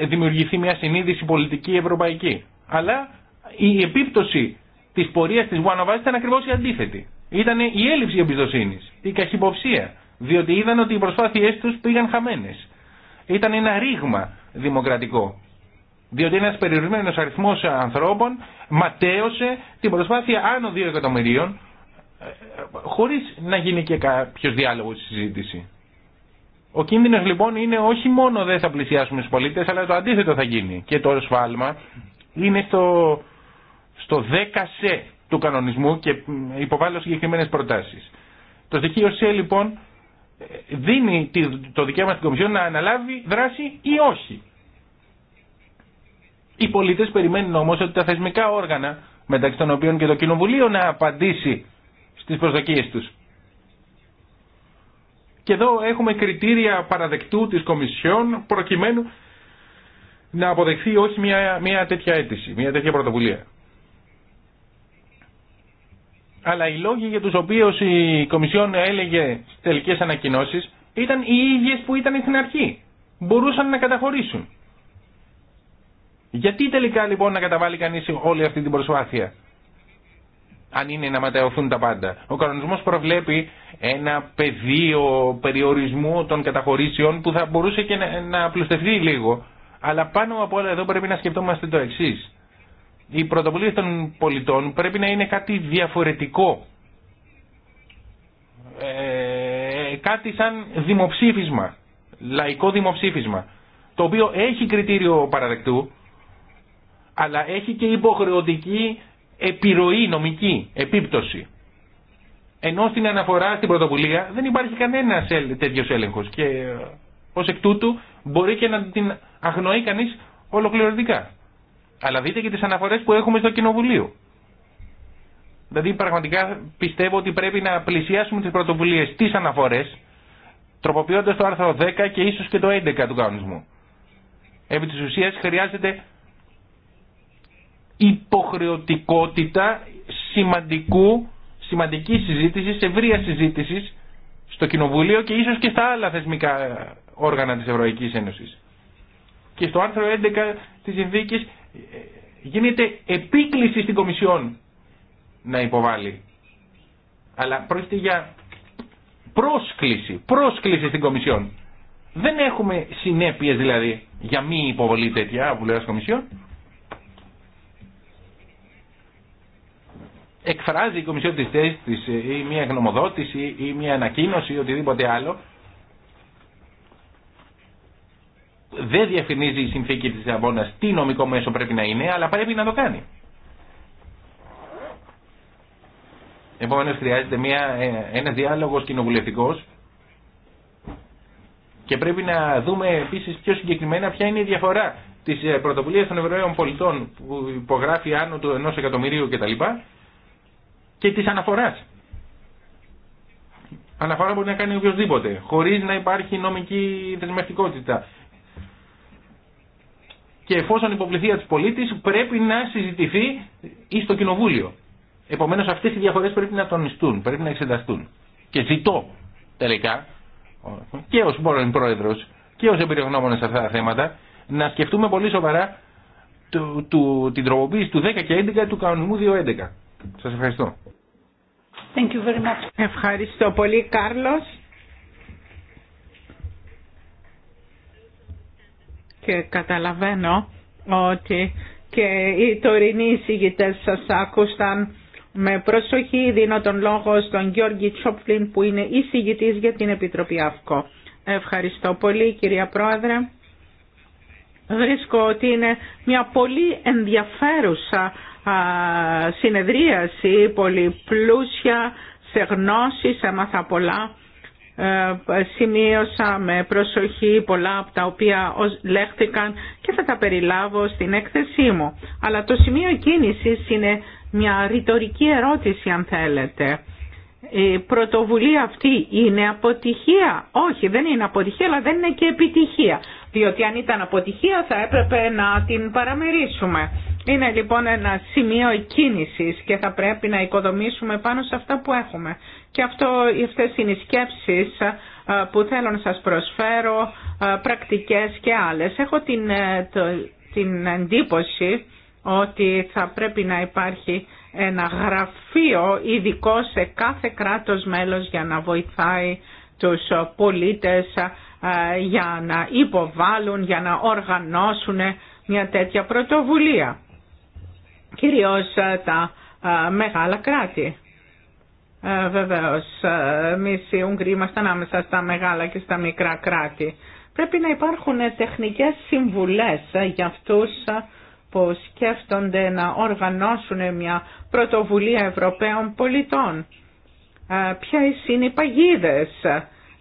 ε, δημιουργηθεί μια συνείδηση πολιτική ευρωπαϊκή. Αλλά η επίπτωση της πορείας της One of Us ήταν ακριβώς η αντίθετη. Ήταν η έλλειψη εμπιστοσύνη, η καχυποψία διότι είδαν ότι οι προσπάθειές τους πήγαν χαμένες. Ήταν ένα ρήγμα δημοκρατικό, διότι ένας περιορισμένος αριθμός ανθρώπων ματέωσε την προσπάθεια άνω 2 εκατομμυρίων, ε, χωρίς να γίνει και κάποιος διάλογο στη συζήτηση. Ο κίνδυνο λοιπόν είναι όχι μόνο δεν θα πλησιάσουμε του πολίτε, αλλά το αντίθετο θα γίνει. Και το σφάλμα είναι στο, στο 10 σε του κανονισμού και υποβάλλω συγκεκριμένε προτάσεις. Το στοιχείο σε λοιπόν δίνει το δικαίωμα στην Κομισιόν να αναλάβει δράση ή όχι. Οι πολίτες περιμένουν όμως ότι τα θεσμικά όργανα, μεταξύ των οποίων και το Κοινοβουλίο, να απαντήσει στις προσδοκίες τους. Και εδώ έχουμε κριτήρια παραδεκτού της Κομισιόν προκειμένου να αποδεχθεί όχι μια, μια τέτοια αίτηση, μια τέτοια πρωτοβουλία. Αλλά οι λόγοι για τους οποίους η Κομισιόν έλεγε τελικές ανακοινώσεις ήταν οι ίδιες που ήταν στην αρχή. Μπορούσαν να καταχωρήσουν. Γιατί τελικά λοιπόν να καταβάλει κανείς όλη αυτή την προσπάθεια αν είναι να ματαιωθούν τα πάντα. Ο κανονισμός προβλέπει ένα πεδίο περιορισμού των καταχωρήσεων που θα μπορούσε και να, να απλουστευτεί λίγο. Αλλά πάνω από όλα εδώ πρέπει να σκεφτόμαστε το εξή η πρωτοβουλία των πολιτών πρέπει να είναι κάτι διαφορετικό. Ε, κάτι σαν δημοψήφισμα, λαϊκό δημοψήφισμα, το οποίο έχει κριτήριο παραδεκτού, αλλά έχει και υποχρεωτική επιρροή νομική, επίπτωση. Ενώ στην αναφορά στην πρωτοβουλία δεν υπάρχει κανένα τέτοιο έλεγχο και ε, ω εκ τούτου μπορεί και να την αγνοεί κανεί ολοκληρωτικά. Αλλά δείτε και τις αναφορές που έχουμε στο Κοινοβουλίο. Δηλαδή πραγματικά πιστεύω ότι πρέπει να πλησιάσουμε τις πρωτοβουλίες, τις αναφορές, τροποποιώντας το άρθρο 10 και ίσως και το 11 του κανονισμού. Επί της ουσίας χρειάζεται υποχρεωτικότητα σημαντικού, σημαντικής συζήτησης, ευρεία συζήτησης στο Κοινοβουλίο και ίσως και στα άλλα θεσμικά όργανα της Ευρωπαϊκής Ένωσης. Και στο άρθρο 11 της συνθήκης γίνεται επίκληση στην Κομισιόν να υποβάλει. Αλλά πρόκειται για πρόσκληση, πρόσκληση στην Κομισιόν. Δεν έχουμε συνέπειες δηλαδή για μη υποβολή τέτοια από Κομισιόν. Εκφράζει η Κομισιόν της θέσης ε, της ή μια γνωμοδότηση ή μια ανακοίνωση ή οτιδήποτε άλλο δεν διαφημίζει η συνθήκη της Λισαβόνας τι νομικό μέσο πρέπει να είναι, αλλά πρέπει να το κάνει. Επομένως χρειάζεται μια, ε, ένας διάλογος κοινοβουλευτικός και πρέπει να δούμε επίσης πιο συγκεκριμένα ποια είναι η διαφορά της ε, πρωτοβουλίας των Ευρωπαίων πολιτών που υπογράφει άνω του ενός εκατομμυρίου κτλ. και της αναφοράς. Αναφορά μπορεί να κάνει οποιοδήποτε, χωρίς να υπάρχει νομική δεσμευτικότητα και εφόσον υποβληθεί από του πολίτε, πρέπει να συζητηθεί ή στο κοινοβούλιο. Επομένω, αυτέ οι διαφορέ πρέπει να τονιστούν, πρέπει να εξεταστούν. Και ζητώ τελικά και ω πρώην πρόεδρο και ω εμπειρογνώμονε σε αυτά τα θέματα να σκεφτούμε πολύ σοβαρά του, την τροποποίηση του 10 και 11 του κανονισμού 2.11. Σα ευχαριστώ. Thank you very much. Ευχαριστώ πολύ, Κάρλος. και καταλαβαίνω ότι και οι τωρινοί εισηγητές σας άκουσαν με προσοχή δίνω τον λόγο στον Γιώργη Τσόπφλιν που είναι εισηγητής για την Επιτροπή ΑΦΚΟ. Ευχαριστώ πολύ κυρία Πρόεδρε. Βρίσκω ότι είναι μια πολύ ενδιαφέρουσα συνεδρίαση, πολύ πλούσια σε γνώσεις, έμαθα πολλά ε, σημείωσα με προσοχή πολλά από τα οποία λέχθηκαν και θα τα περιλάβω στην έκθεσή μου. Αλλά το σημείο κίνησης είναι μια ρητορική ερώτηση αν θέλετε. Η πρωτοβουλία αυτή είναι αποτυχία. Όχι δεν είναι αποτυχία αλλά δεν είναι και επιτυχία. Διότι αν ήταν αποτυχία θα έπρεπε να την παραμερίσουμε. Είναι λοιπόν ένα σημείο κίνησης και θα πρέπει να οικοδομήσουμε πάνω σε αυτά που έχουμε. Και αυτό, αυτές είναι οι σκέψεις που θέλω να σας προσφέρω, πρακτικές και άλλες. Έχω την, ε, την εντύπωση ότι θα πρέπει να υπάρχει ένα γραφείο ειδικό σε κάθε κράτος μέλος για να βοηθάει τους πολίτες για να υποβάλουν, για να οργανώσουν μια τέτοια πρωτοβουλία. Κυρίως τα μεγάλα κράτη. Ε, βεβαίως, ε, εμεί οι Ούγγροι είμαστε ανάμεσα στα μεγάλα και στα μικρά κράτη. Πρέπει να υπάρχουν τεχνικές συμβουλές ε, για αυτούς ε, που σκέφτονται να οργανώσουν μια πρωτοβουλία Ευρωπαίων πολιτών. Ποιες είναι οι παγίδες,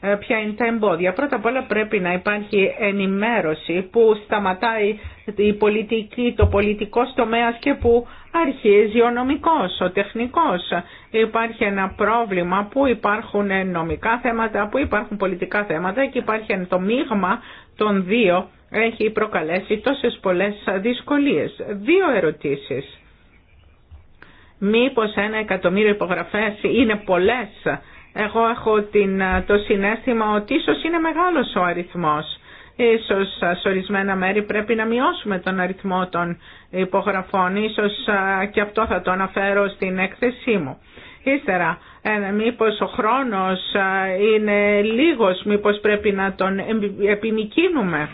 ε, ποια είναι τα εμπόδια. Πρώτα απ' όλα πρέπει να υπάρχει ενημέρωση που σταματάει η πολιτική, το πολιτικό τομέα και που αρχίζει ο νομικός, ο τεχνικός. Υπάρχει ένα πρόβλημα που υπάρχουν νομικά θέματα, που υπάρχουν πολιτικά θέματα και υπάρχει το μείγμα των δύο έχει προκαλέσει τόσες πολλές δυσκολίες. Δύο ερωτήσεις. Μήπως ένα εκατομμύριο υπογραφές είναι πολλές εγώ έχω την, το συνέστημα ότι ίσως είναι μεγάλος ο αριθμός. Ίσως σε ορισμένα μέρη πρέπει να μειώσουμε τον αριθμό των υπογραφών. Ίσως και αυτό θα το αναφέρω στην έκθεσή μου. Ύστερα, ε, μήπως ο χρόνος είναι λίγος, μήπως πρέπει να τον επιμικίνουμε.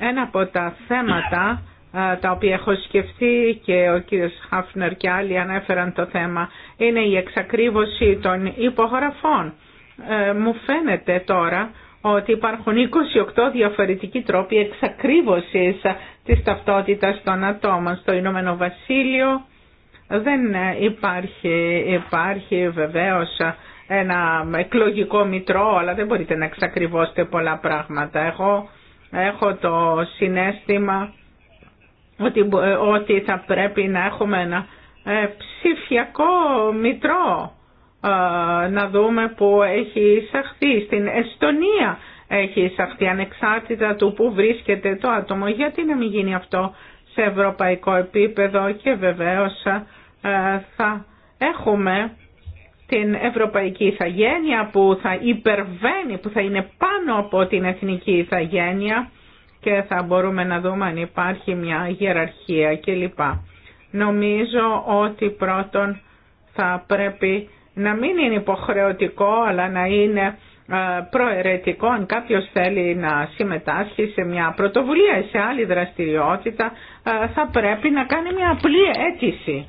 Ένα από τα θέματα τα οποία έχω σκεφτεί και ο κύριος Χάφνερ και άλλοι ανέφεραν το θέμα, είναι η εξακρίβωση των υπογραφών. Ε, μου φαίνεται τώρα ότι υπάρχουν 28 διαφορετικοί τρόποι εξακρίβωσης της ταυτότητας των ατόμων. Στο Ηνωμένο Βασίλειο δεν υπάρχει, υπάρχει βεβαίως ένα εκλογικό μητρό, αλλά δεν μπορείτε να εξακριβώσετε πολλά πράγματα. Εγώ έχω το συνέστημα ότι, ε, ότι θα πρέπει να έχουμε ένα ε, ψηφιακό μητρό ε, να δούμε που έχει εισαχθεί. Στην Εστονία έχει εισαχθεί ανεξάρτητα του που βρίσκεται το άτομο. Γιατί να μην γίνει αυτό σε ευρωπαϊκό επίπεδο και βεβαίως θα έχουμε την ευρωπαϊκή ηθαγένεια που θα υπερβαίνει, που θα είναι πάνω από την εθνική ηθαγένεια και θα μπορούμε να δούμε αν υπάρχει μια γεραρχία κλπ. Νομίζω ότι πρώτον θα πρέπει να μην είναι υποχρεωτικό αλλά να είναι ε, προαιρετικό αν κάποιος θέλει να συμμετάσχει σε μια πρωτοβουλία ή σε άλλη δραστηριότητα ε, θα πρέπει να κάνει μια απλή αίτηση.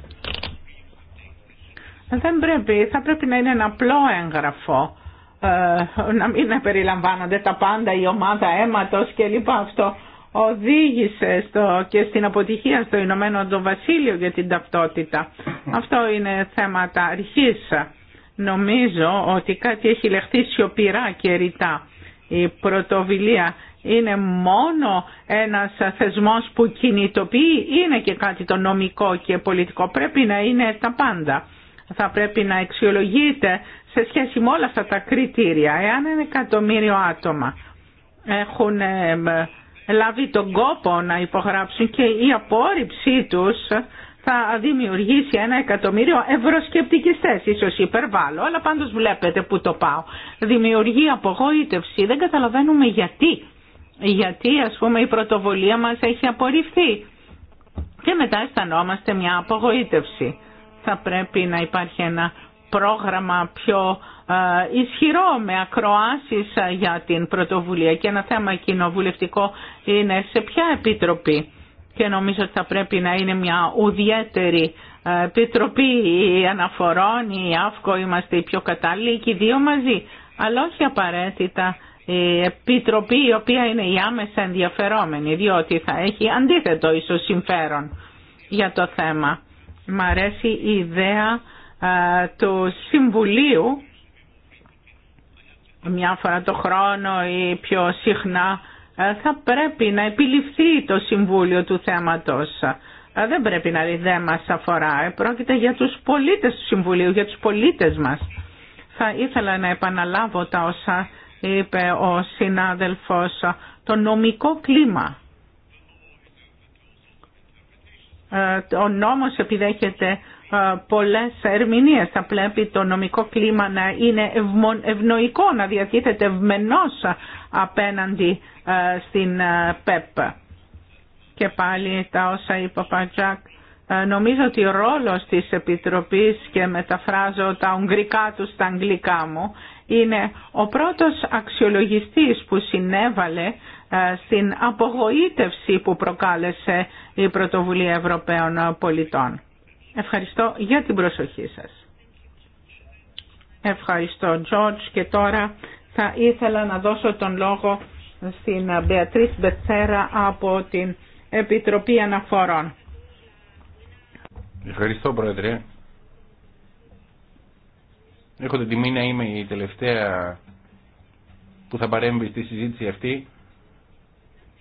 Δεν πρέπει, θα πρέπει να είναι ένα απλό έγγραφο ε, να μην περιλαμβάνονται τα πάντα, η ομάδα αίματος και λοιπά αυτό οδήγησε στο, και στην αποτυχία στο Ηνωμένο Βασίλειο για την ταυτότητα. Αυτό είναι θέματα αρχής. Νομίζω ότι κάτι έχει λεχθεί σιωπηρά και ρητά. Η πρωτοβουλία είναι μόνο ένας θεσμός που κινητοποιεί, είναι και κάτι το νομικό και πολιτικό. Πρέπει να είναι τα πάντα θα πρέπει να αξιολογείται σε σχέση με όλα αυτά τα κριτήρια. Εάν ένα εκατομμύριο άτομα έχουν ε, λάβει τον κόπο να υπογράψουν και η απόρριψή τους θα δημιουργήσει ένα εκατομμύριο ευρωσκεπτικιστές. Ίσως υπερβάλλω, αλλά πάντως βλέπετε που το πάω. Δημιουργεί απογοήτευση. Δεν καταλαβαίνουμε γιατί. Γιατί ας πούμε η πρωτοβολία μας έχει απορριφθεί. Και μετά αισθανόμαστε μια απογοήτευση θα πρέπει να υπάρχει ένα πρόγραμμα πιο ε, ισχυρό με ακροάσεις ε, για την πρωτοβουλία και ένα θέμα κοινοβουλευτικό είναι σε ποια επιτροπή και νομίζω ότι θα πρέπει να είναι μια ουδιαίτερη ε, επιτροπή ή αναφορών ή αύκο είμαστε οι πιο κατάλληλοι και οι δύο μαζί αλλά όχι απαραίτητα η επιτροπή η οποία είναι η άμεσα ενδιαφερόμενη διότι θα έχει αντίθετο ίσως συμφέρον για το θέμα. Μ' αρέσει η ιδέα του Συμβουλίου μια φορά το χρόνο ή πιο συχνά θα πρέπει να επιληφθεί το Συμβούλιο του θέματος. Δεν πρέπει να λέει δεν μας αφορά. Ε, πρόκειται για τους πολίτες του Συμβουλίου, για τους πολίτες μας. Θα ήθελα να επαναλάβω τα όσα είπε ο συνάδελφος το νομικό κλίμα Ε, ο νόμος επιδέχεται ε, πολλές ερμηνείες. Θα πρέπει το νομικό κλίμα να είναι ευνοϊκό, να διατίθεται ευμενός απέναντι ε, στην ΠΕΠ. Και πάλι τα όσα είπε ο Πατζάκ. Νομίζω ότι ο ρόλος της Επιτροπής και μεταφράζω τα ουγγρικά του στα αγγλικά μου είναι ο πρώτος αξιολογιστής που συνέβαλε ε, στην απογοήτευση που προκάλεσε η Πρωτοβουλία Ευρωπαίων Πολιτών. Ευχαριστώ για την προσοχή σας. Ευχαριστώ, Τζόρτζ. Και τώρα θα ήθελα να δώσω τον λόγο στην Μπεατρίς Μπετσέρα από την Επιτροπή Αναφορών. Ευχαριστώ, Πρόεδρε. Έχω την τιμή να είμαι η τελευταία που θα παρέμβει στη συζήτηση αυτή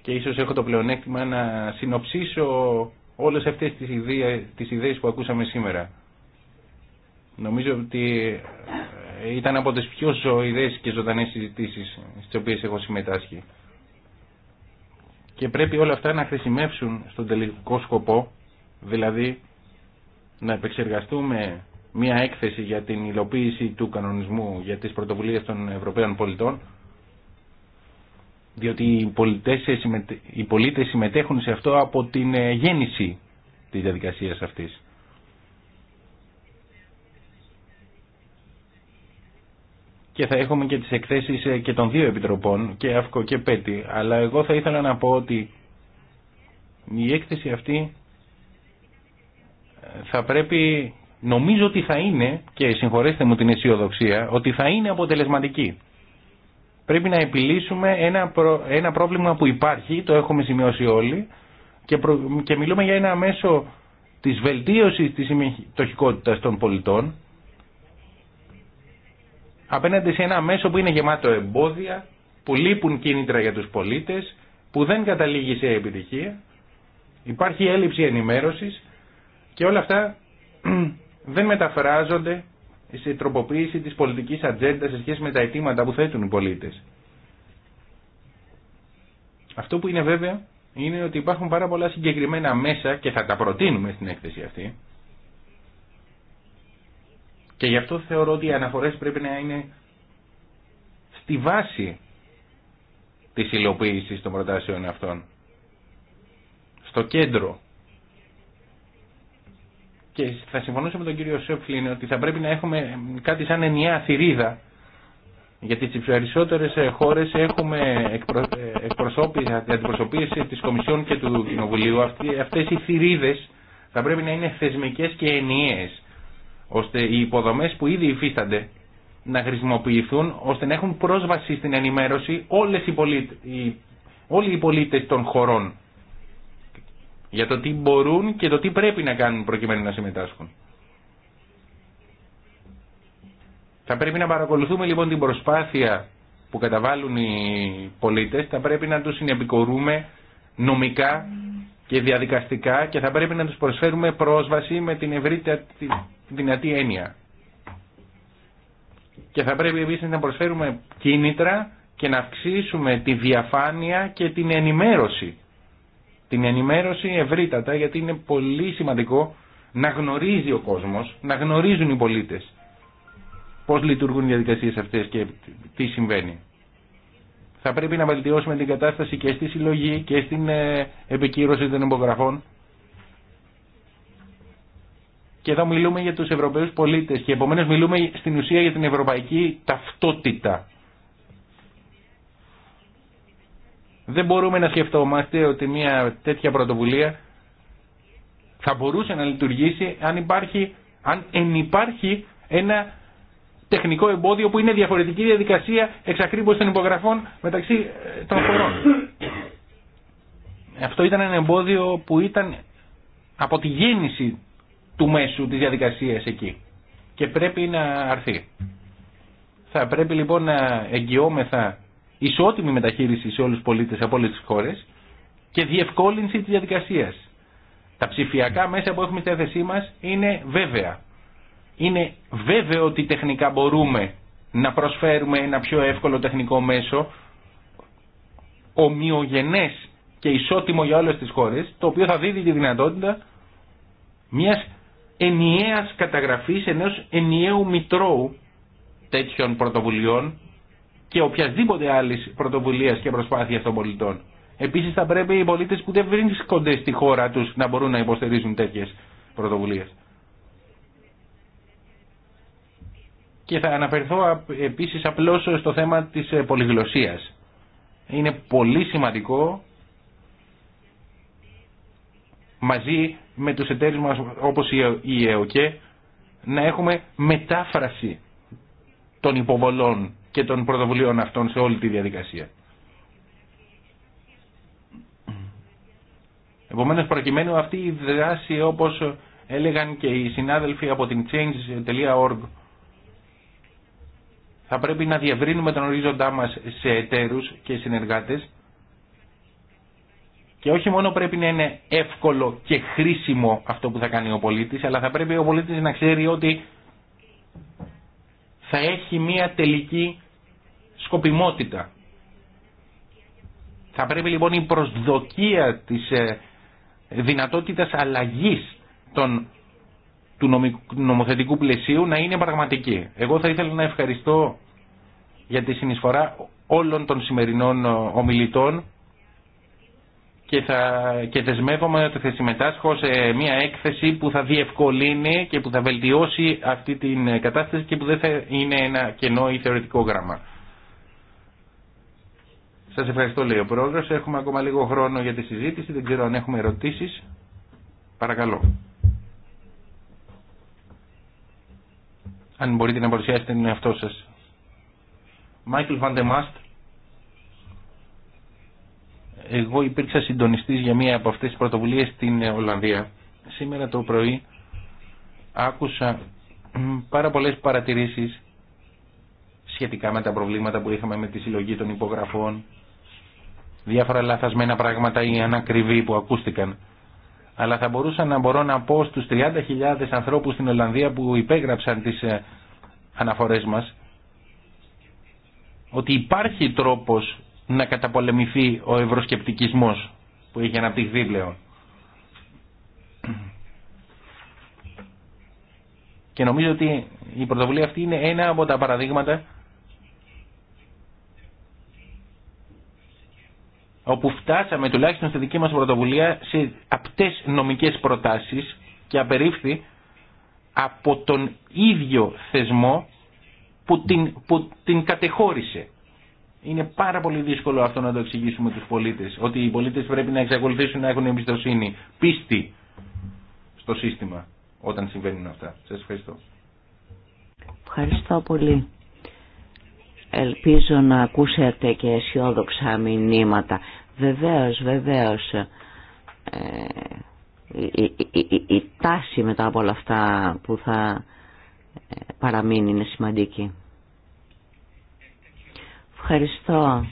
και ίσως έχω το πλεονέκτημα να συνοψίσω όλες αυτές τις ιδέες, τις ιδέες που ακούσαμε σήμερα. Νομίζω ότι ε, ήταν από τις πιο ζωηδές και ζωντανές συζητήσεις στις οποίες έχω συμμετάσχει. Και πρέπει όλα αυτά να χρησιμεύσουν στον τελικό σκοπό, δηλαδή να επεξεργαστούμε μια έκθεση για την υλοποίηση του κανονισμού για τις πρωτοβουλίες των Ευρωπαίων πολιτών, διότι οι πολίτες, οι συμμετέχουν σε αυτό από την ε, γέννηση της διαδικασίας αυτής. Και θα έχουμε και τις εκθέσεις ε, και των δύο επιτροπών, και ΑΦΚΟ και ΠΕΤΗ. Αλλά εγώ θα ήθελα να πω ότι η έκθεση αυτή ε, θα πρέπει, νομίζω ότι θα είναι, και συγχωρέστε μου την αισιοδοξία, ότι θα είναι αποτελεσματική. Πρέπει να επιλύσουμε ένα, ένα πρόβλημα που υπάρχει, το έχουμε σημειώσει όλοι, και, και μιλούμε για ένα μέσο της βελτίωσης της συμμετοχικότητας των πολιτών, απέναντι σε ένα μέσο που είναι γεμάτο εμπόδια, που λείπουν κίνητρα για τους πολίτες, που δεν καταλήγει σε επιτυχία, υπάρχει έλλειψη ενημέρωσης και όλα αυτά δεν μεταφράζονται σε τροποποίηση της πολιτικής ατζέντα σε σχέση με τα αιτήματα που θέτουν οι πολίτες. Αυτό που είναι βέβαια είναι ότι υπάρχουν πάρα πολλά συγκεκριμένα μέσα και θα τα προτείνουμε στην έκθεση αυτή και γι' αυτό θεωρώ ότι οι αναφορές πρέπει να είναι στη βάση της υλοποίησης των προτάσεων αυτών στο κέντρο και θα συμφωνήσω με τον κύριο Σεπφλίν ότι θα πρέπει να έχουμε κάτι σαν ενιαία θηρίδα γιατί στις περισσότερε ε, χώρε έχουμε εκπρο... Ε, εκπροσώπηση της Κομισιόν και του Κοινοβουλίου. Αυτές οι θηρίδε θα πρέπει να είναι θεσμικές και ενιαίες, ώστε οι υποδομές που ήδη υφίστανται να χρησιμοποιηθούν, ώστε να έχουν πρόσβαση στην ενημέρωση όλες οι όλοι οι πολίτε των χωρών για το τι μπορούν και το τι πρέπει να κάνουν προκειμένου να συμμετάσχουν. Θα πρέπει να παρακολουθούμε λοιπόν την προσπάθεια που καταβάλουν οι πολίτες, θα πρέπει να τους συνεπικορούμε νομικά και διαδικαστικά και θα πρέπει να τους προσφέρουμε πρόσβαση με την ευρύτερη δυνατή έννοια. Και θα πρέπει επίσης να προσφέρουμε κίνητρα και να αυξήσουμε τη διαφάνεια και την ενημέρωση την ενημέρωση ευρύτατα γιατί είναι πολύ σημαντικό να γνωρίζει ο κόσμος, να γνωρίζουν οι πολίτες πώς λειτουργούν οι διαδικασίες αυτές και τι συμβαίνει. Θα πρέπει να βελτιώσουμε την κατάσταση και στη συλλογή και στην ε, επικύρωση των υπογραφών. Και εδώ μιλούμε για τους Ευρωπαίους πολίτες και επομένως μιλούμε στην ουσία για την ευρωπαϊκή ταυτότητα Δεν μπορούμε να σκεφτόμαστε ότι μια τέτοια πρωτοβουλία θα μπορούσε να λειτουργήσει αν υπάρχει, αν εν υπάρχει ένα τεχνικό εμπόδιο που είναι διαφορετική διαδικασία εξακρίβωση των υπογραφών μεταξύ ε, των χωρών. Αυτό ήταν ένα εμπόδιο που ήταν από τη γέννηση του μέσου της διαδικασίας εκεί και πρέπει να αρθεί. Θα πρέπει λοιπόν να εγγυόμεθα ισότιμη μεταχείριση σε όλους του πολίτες από όλε τι χώρες και διευκόλυνση της διαδικασία. Τα ψηφιακά μέσα που έχουμε στη θέση μας είναι βέβαια. Είναι βέβαιο ότι τεχνικά μπορούμε να προσφέρουμε ένα πιο εύκολο τεχνικό μέσο ομοιογενές και ισότιμο για όλες τις χώρες, το οποίο θα δίδει τη δυνατότητα μια ενιαία καταγραφής ενό ενιαίου μητρώου τέτοιων πρωτοβουλειών και οποιασδήποτε άλλη πρωτοβουλία και προσπάθεια των πολιτών. Επίση, θα πρέπει οι πολίτε που δεν βρίσκονται στη χώρα του να μπορούν να υποστηρίζουν τέτοιε πρωτοβουλίε. Και θα αναφερθώ επίση απλώ στο θέμα τη ε, πολυγλωσία. Είναι πολύ σημαντικό μαζί με τους εταίρους μας όπως η ΕΟΚΕ να έχουμε μετάφραση των υποβολών και των πρωτοβουλίων αυτών σε όλη τη διαδικασία. Επομένως προκειμένου αυτή η δράση όπως έλεγαν και οι συνάδελφοι από την change.org θα πρέπει να διευρύνουμε τον ορίζοντά μας σε εταίρους και συνεργάτες και όχι μόνο πρέπει να είναι εύκολο και χρήσιμο αυτό που θα κάνει ο πολίτης αλλά θα πρέπει ο πολίτης να ξέρει ότι θα έχει μία τελική σκοπιμότητα. Θα πρέπει λοιπόν η προσδοκία της ε, δυνατότητας αλλαγής των, του νομοθετικού πλαισίου να είναι πραγματική. Εγώ θα ήθελα να ευχαριστώ για τη συνεισφορά όλων των σημερινών ε, ομιλητών και, θα, και δεσμεύομαι ότι θα συμμετάσχω σε μια έκθεση που θα διευκολύνει και που θα βελτιώσει αυτή την κατάσταση και που δεν θα είναι ένα κενό ή θεωρητικό γράμμα. Σας ευχαριστώ λέει ο Πρόεδρος. Έχουμε ακόμα λίγο χρόνο για τη συζήτηση. Δεν ξέρω αν έχουμε ερωτήσεις. Παρακαλώ. Αν μπορείτε να παρουσιάσετε τον εαυτό σας. Μάικλ Βαντεμάστ εγώ υπήρξα συντονιστής για μία από αυτές τις πρωτοβουλίες στην Ολλανδία. Σήμερα το πρωί άκουσα πάρα πολλές παρατηρήσεις σχετικά με τα προβλήματα που είχαμε με τη συλλογή των υπογραφών, διάφορα λαθασμένα πράγματα ή ανακριβή που ακούστηκαν. Αλλά θα μπορούσα να μπορώ να πω στους 30.000 ανθρώπους στην Ολλανδία που υπέγραψαν τις ε, αναφορές μας ότι υπάρχει τρόπος να καταπολεμηθεί ο ευρωσκεπτικισμός που έχει αναπτυχθεί πλέον. Και νομίζω ότι η πρωτοβουλία αυτή είναι ένα από τα παραδείγματα όπου φτάσαμε τουλάχιστον στη δική μας πρωτοβουλία σε απτές νομικές προτάσεις και απερίφθη από τον ίδιο θεσμό που την, που την κατεχώρησε. Είναι πάρα πολύ δύσκολο αυτό να το εξηγήσουμε τους πολίτες. Ότι οι πολίτες πρέπει να εξακολουθήσουν να έχουν εμπιστοσύνη, πίστη στο σύστημα όταν συμβαίνουν αυτά. Σας ευχαριστώ. Ευχαριστώ πολύ. Ελπίζω να ακούσετε και αισιόδοξα μηνύματα. Βεβαίως, βεβαίως. Ε, η, η τάση μετά από όλα αυτά που θα ε, παραμείνει είναι σημαντική. Ευχαριστώ.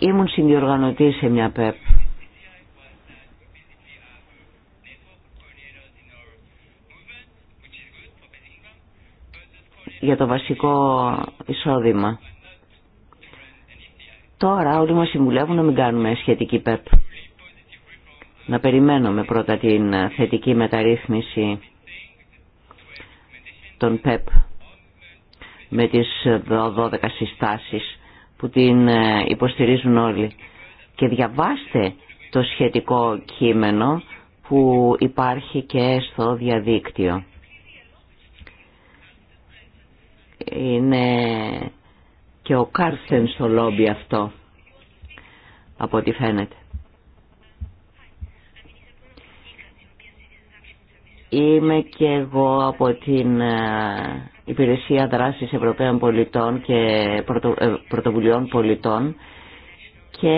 Ήμουν συνδιοργανωτή σε μια ΠΕΠ. για το βασικό εισόδημα. Τώρα όλοι μας συμβουλεύουν να μην κάνουμε σχετική ΠΕΠ. Να περιμένουμε πρώτα την θετική μεταρρύθμιση τον ΠΕΠ με τις 12 συστάσεις που την ε, υποστηρίζουν όλοι. Και διαβάστε το σχετικό κείμενο που υπάρχει και στο διαδίκτυο. Είναι και ο Κάρθεν στο λόμπι αυτό, από ό,τι φαίνεται. Είμαι και εγώ από την ε, Υπηρεσία Δράσης Ευρωπαίων Πολιτών και ε, Πρωτοβουλειών Πολιτών και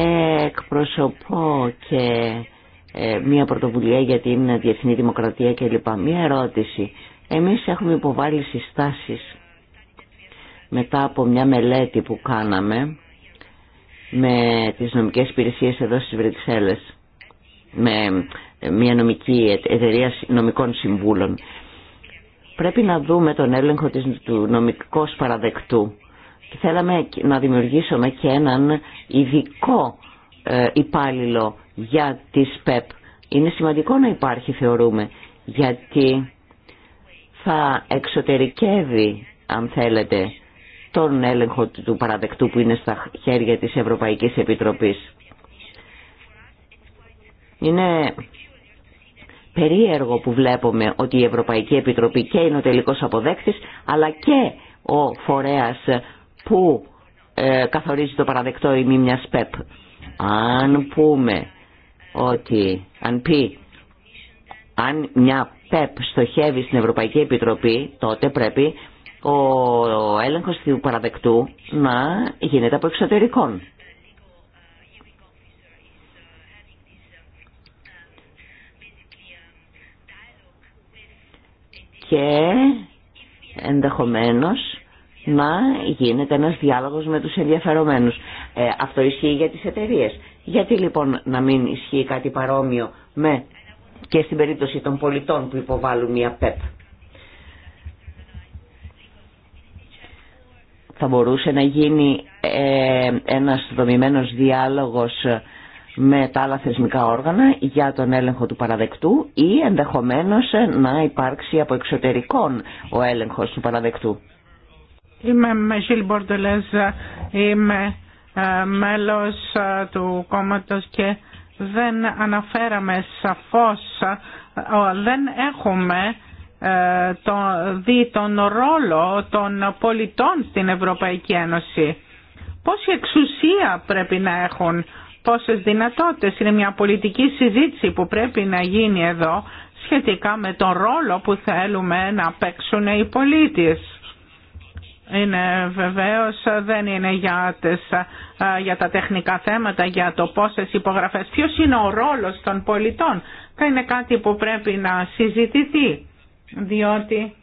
εκπροσωπώ και ε, μια πρωτοβουλία για την διεθνή δημοκρατία κλπ. Μια ερώτηση. Εμείς έχουμε υποβάλει συστάσεις μετά από μια μελέτη που κάναμε με τις νομικές υπηρεσίες εδώ στις Βρυξέλλες με μια νομική εταιρεία νομικών συμβούλων. Πρέπει να δούμε τον έλεγχο του νομικός παραδεκτού. Θέλαμε να δημιουργήσουμε και έναν ειδικό ε, υπάλληλο για τις ΠΕΠ. Είναι σημαντικό να υπάρχει θεωρούμε γιατί θα εξωτερικεύει αν θέλετε τον έλεγχο του παραδεκτού που είναι στα χέρια της Ευρωπαϊκής Επιτροπής. Είναι περίεργο που βλέπουμε ότι η Ευρωπαϊκή Επιτροπή και είναι ο τελικός αποδέκτης αλλά και ο φορέας που ε, καθορίζει το παραδεκτό ή μη μιας ΠΕΠ. Αν πούμε ότι, αν πει, αν μια ΠΕΠ στοχεύει στην Ευρωπαϊκή Επιτροπή, τότε πρέπει ο έλεγχος του παραδεκτού να γίνεται από εξωτερικών. και ενδεχομένως να γίνεται ένας διάλογος με τους ενδιαφερομένους. Ε, αυτό ισχύει για τις εταιρείε. Γιατί λοιπόν να μην ισχύει κάτι παρόμοιο με και στην περίπτωση των πολιτών που υποβάλλουν μια ΠΕΠ. Θα μπορούσε να γίνει ε, ένας δομημένος διάλογος με τα άλλα θεσμικά όργανα για τον έλεγχο του παραδεκτού ή ενδεχομένως να υπάρξει από εξωτερικών ο έλεγχος του παραδεκτού. Είμαι Μεζίλ Μπορτελέζα. είμαι ε, μέλος ε, του κόμματος και δεν αναφέραμε σαφώς, ε, δεν έχουμε δει τον ρόλο των πολιτών στην Ευρωπαϊκή Ένωση. Πόση εξουσία πρέπει να έχουν πόσες δυνατότητες. Είναι μια πολιτική συζήτηση που πρέπει να γίνει εδώ σχετικά με τον ρόλο που θέλουμε να παίξουν οι πολίτες. Είναι βεβαίως δεν είναι για, για τα τεχνικά θέματα, για το πόσες υπογραφές. Ποιος είναι ο ρόλος των πολιτών. Είναι κάτι που πρέπει να συζητηθεί, διότι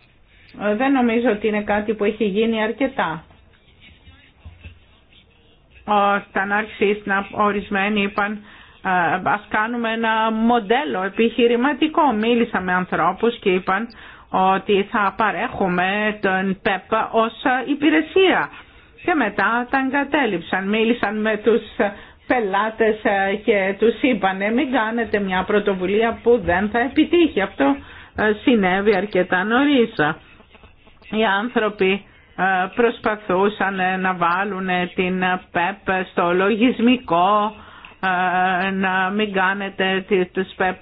δεν νομίζω ότι είναι κάτι που έχει γίνει αρκετά όταν άρχισε να ορισμένοι είπαν α κάνουμε ένα μοντέλο επιχειρηματικό. Μίλησα με ανθρώπους και είπαν ότι θα παρέχουμε τον ΠΕΠ ως υπηρεσία. Και μετά τα εγκατέλειψαν. Μίλησαν με τους πελάτες και τους είπαν μην κάνετε μια πρωτοβουλία που δεν θα επιτύχει. Αυτό συνέβη αρκετά νωρίς. Οι άνθρωποι ε, προσπαθούσαν ε, να βάλουν την ΠΕΠ στο λογισμικό, ε, να μην κάνετε τους ΠΕΠ,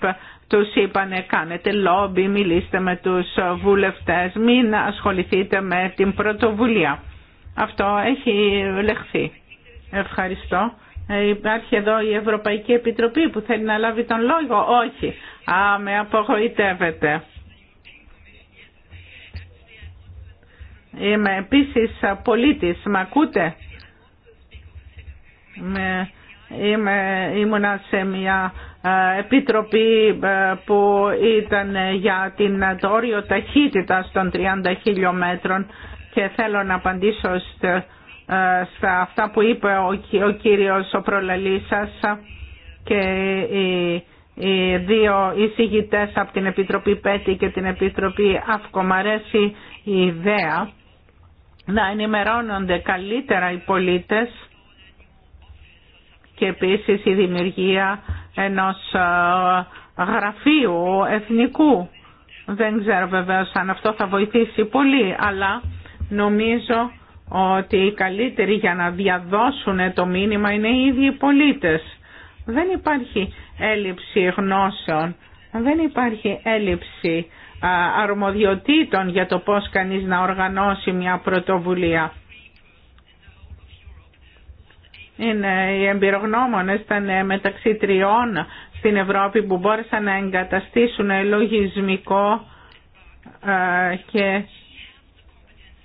τους είπανε κάνετε λόμπι, μιλήστε με τους βουλευτές, μην ασχοληθείτε με την πρωτοβουλία. Αυτό έχει λεχθεί. Ευχαριστώ. Υπάρχει εδώ η Ευρωπαϊκή Επιτροπή που θέλει να λάβει τον λόγο. Όχι. Α, με απογοητεύεται. Είμαι επίσης πολίτης, με ακούτε. Είμαι, ήμουνα σε μια επιτροπή που ήταν για την τορίο ταχύτητα των 30 χιλιόμετρων και θέλω να απαντήσω στα αυτά που είπε ο κύριος ο προλαλής και οι, οι δύο εισηγητές από την Επιτροπή Πέτη και την Επιτροπή Αυκομαρέση η ιδέα να ενημερώνονται καλύτερα οι πολίτες και επίσης η δημιουργία ενός ε, γραφείου εθνικού. Δεν ξέρω βεβαίως αν αυτό θα βοηθήσει πολύ, αλλά νομίζω ότι οι καλύτεροι για να διαδώσουν το μήνυμα είναι οι ίδιοι οι πολίτες. Δεν υπάρχει έλλειψη γνώσεων, δεν υπάρχει έλλειψη αρμοδιοτήτων για το πώς κανείς να οργανώσει μια πρωτοβουλία. Είναι οι εμπειρογνώμονες ήταν ε, μεταξύ τριών στην Ευρώπη που μπόρεσαν να εγκαταστήσουν λογισμικό ε, και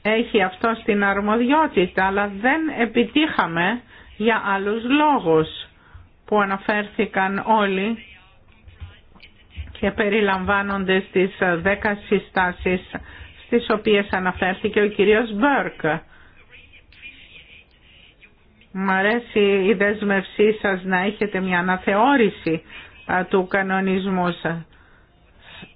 έχει αυτό στην αρμοδιότητα, αλλά δεν επιτύχαμε για άλλους λόγους που αναφέρθηκαν όλοι και περιλαμβάνονται στις ε, δέκα συστάσεις στις οποίες αναφέρθηκε ο κύριος Μπέρκ. Μ' αρέσει η δέσμευσή σας να έχετε μια αναθεώρηση ε, του κανονισμού σας.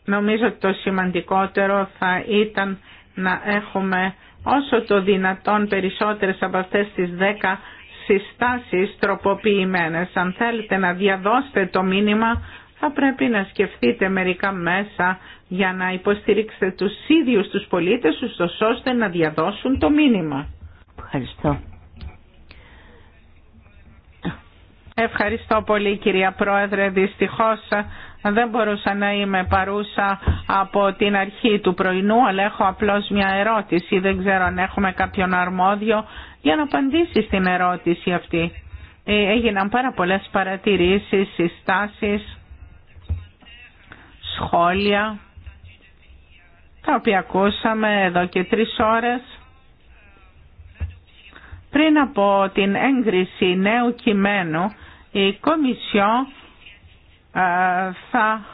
Νομίζω ότι το σημαντικότερο θα ήταν να έχουμε όσο το δυνατόν περισσότερες από αυτές τις δέκα συστάσεις τροποποιημένες. Αν θέλετε να διαδώσετε το μήνυμα θα πρέπει να σκεφτείτε μερικά μέσα για να υποστηρίξετε τους ίδιους τους πολίτες στο ώστε να διαδώσουν το μήνυμα. Ευχαριστώ. Ευχαριστώ πολύ κυρία Πρόεδρε. Δυστυχώς δεν μπορούσα να είμαι παρούσα από την αρχή του πρωινού, αλλά έχω απλώς μια ερώτηση. Δεν ξέρω αν έχουμε κάποιον αρμόδιο για να απαντήσει στην ερώτηση αυτή. Ε, έγιναν πάρα πολλές παρατηρήσεις, συστάσεις σχόλια τα οποία ακούσαμε εδώ και τρεις ώρες πριν από την έγκριση νέου κειμένου η Κομισιό θα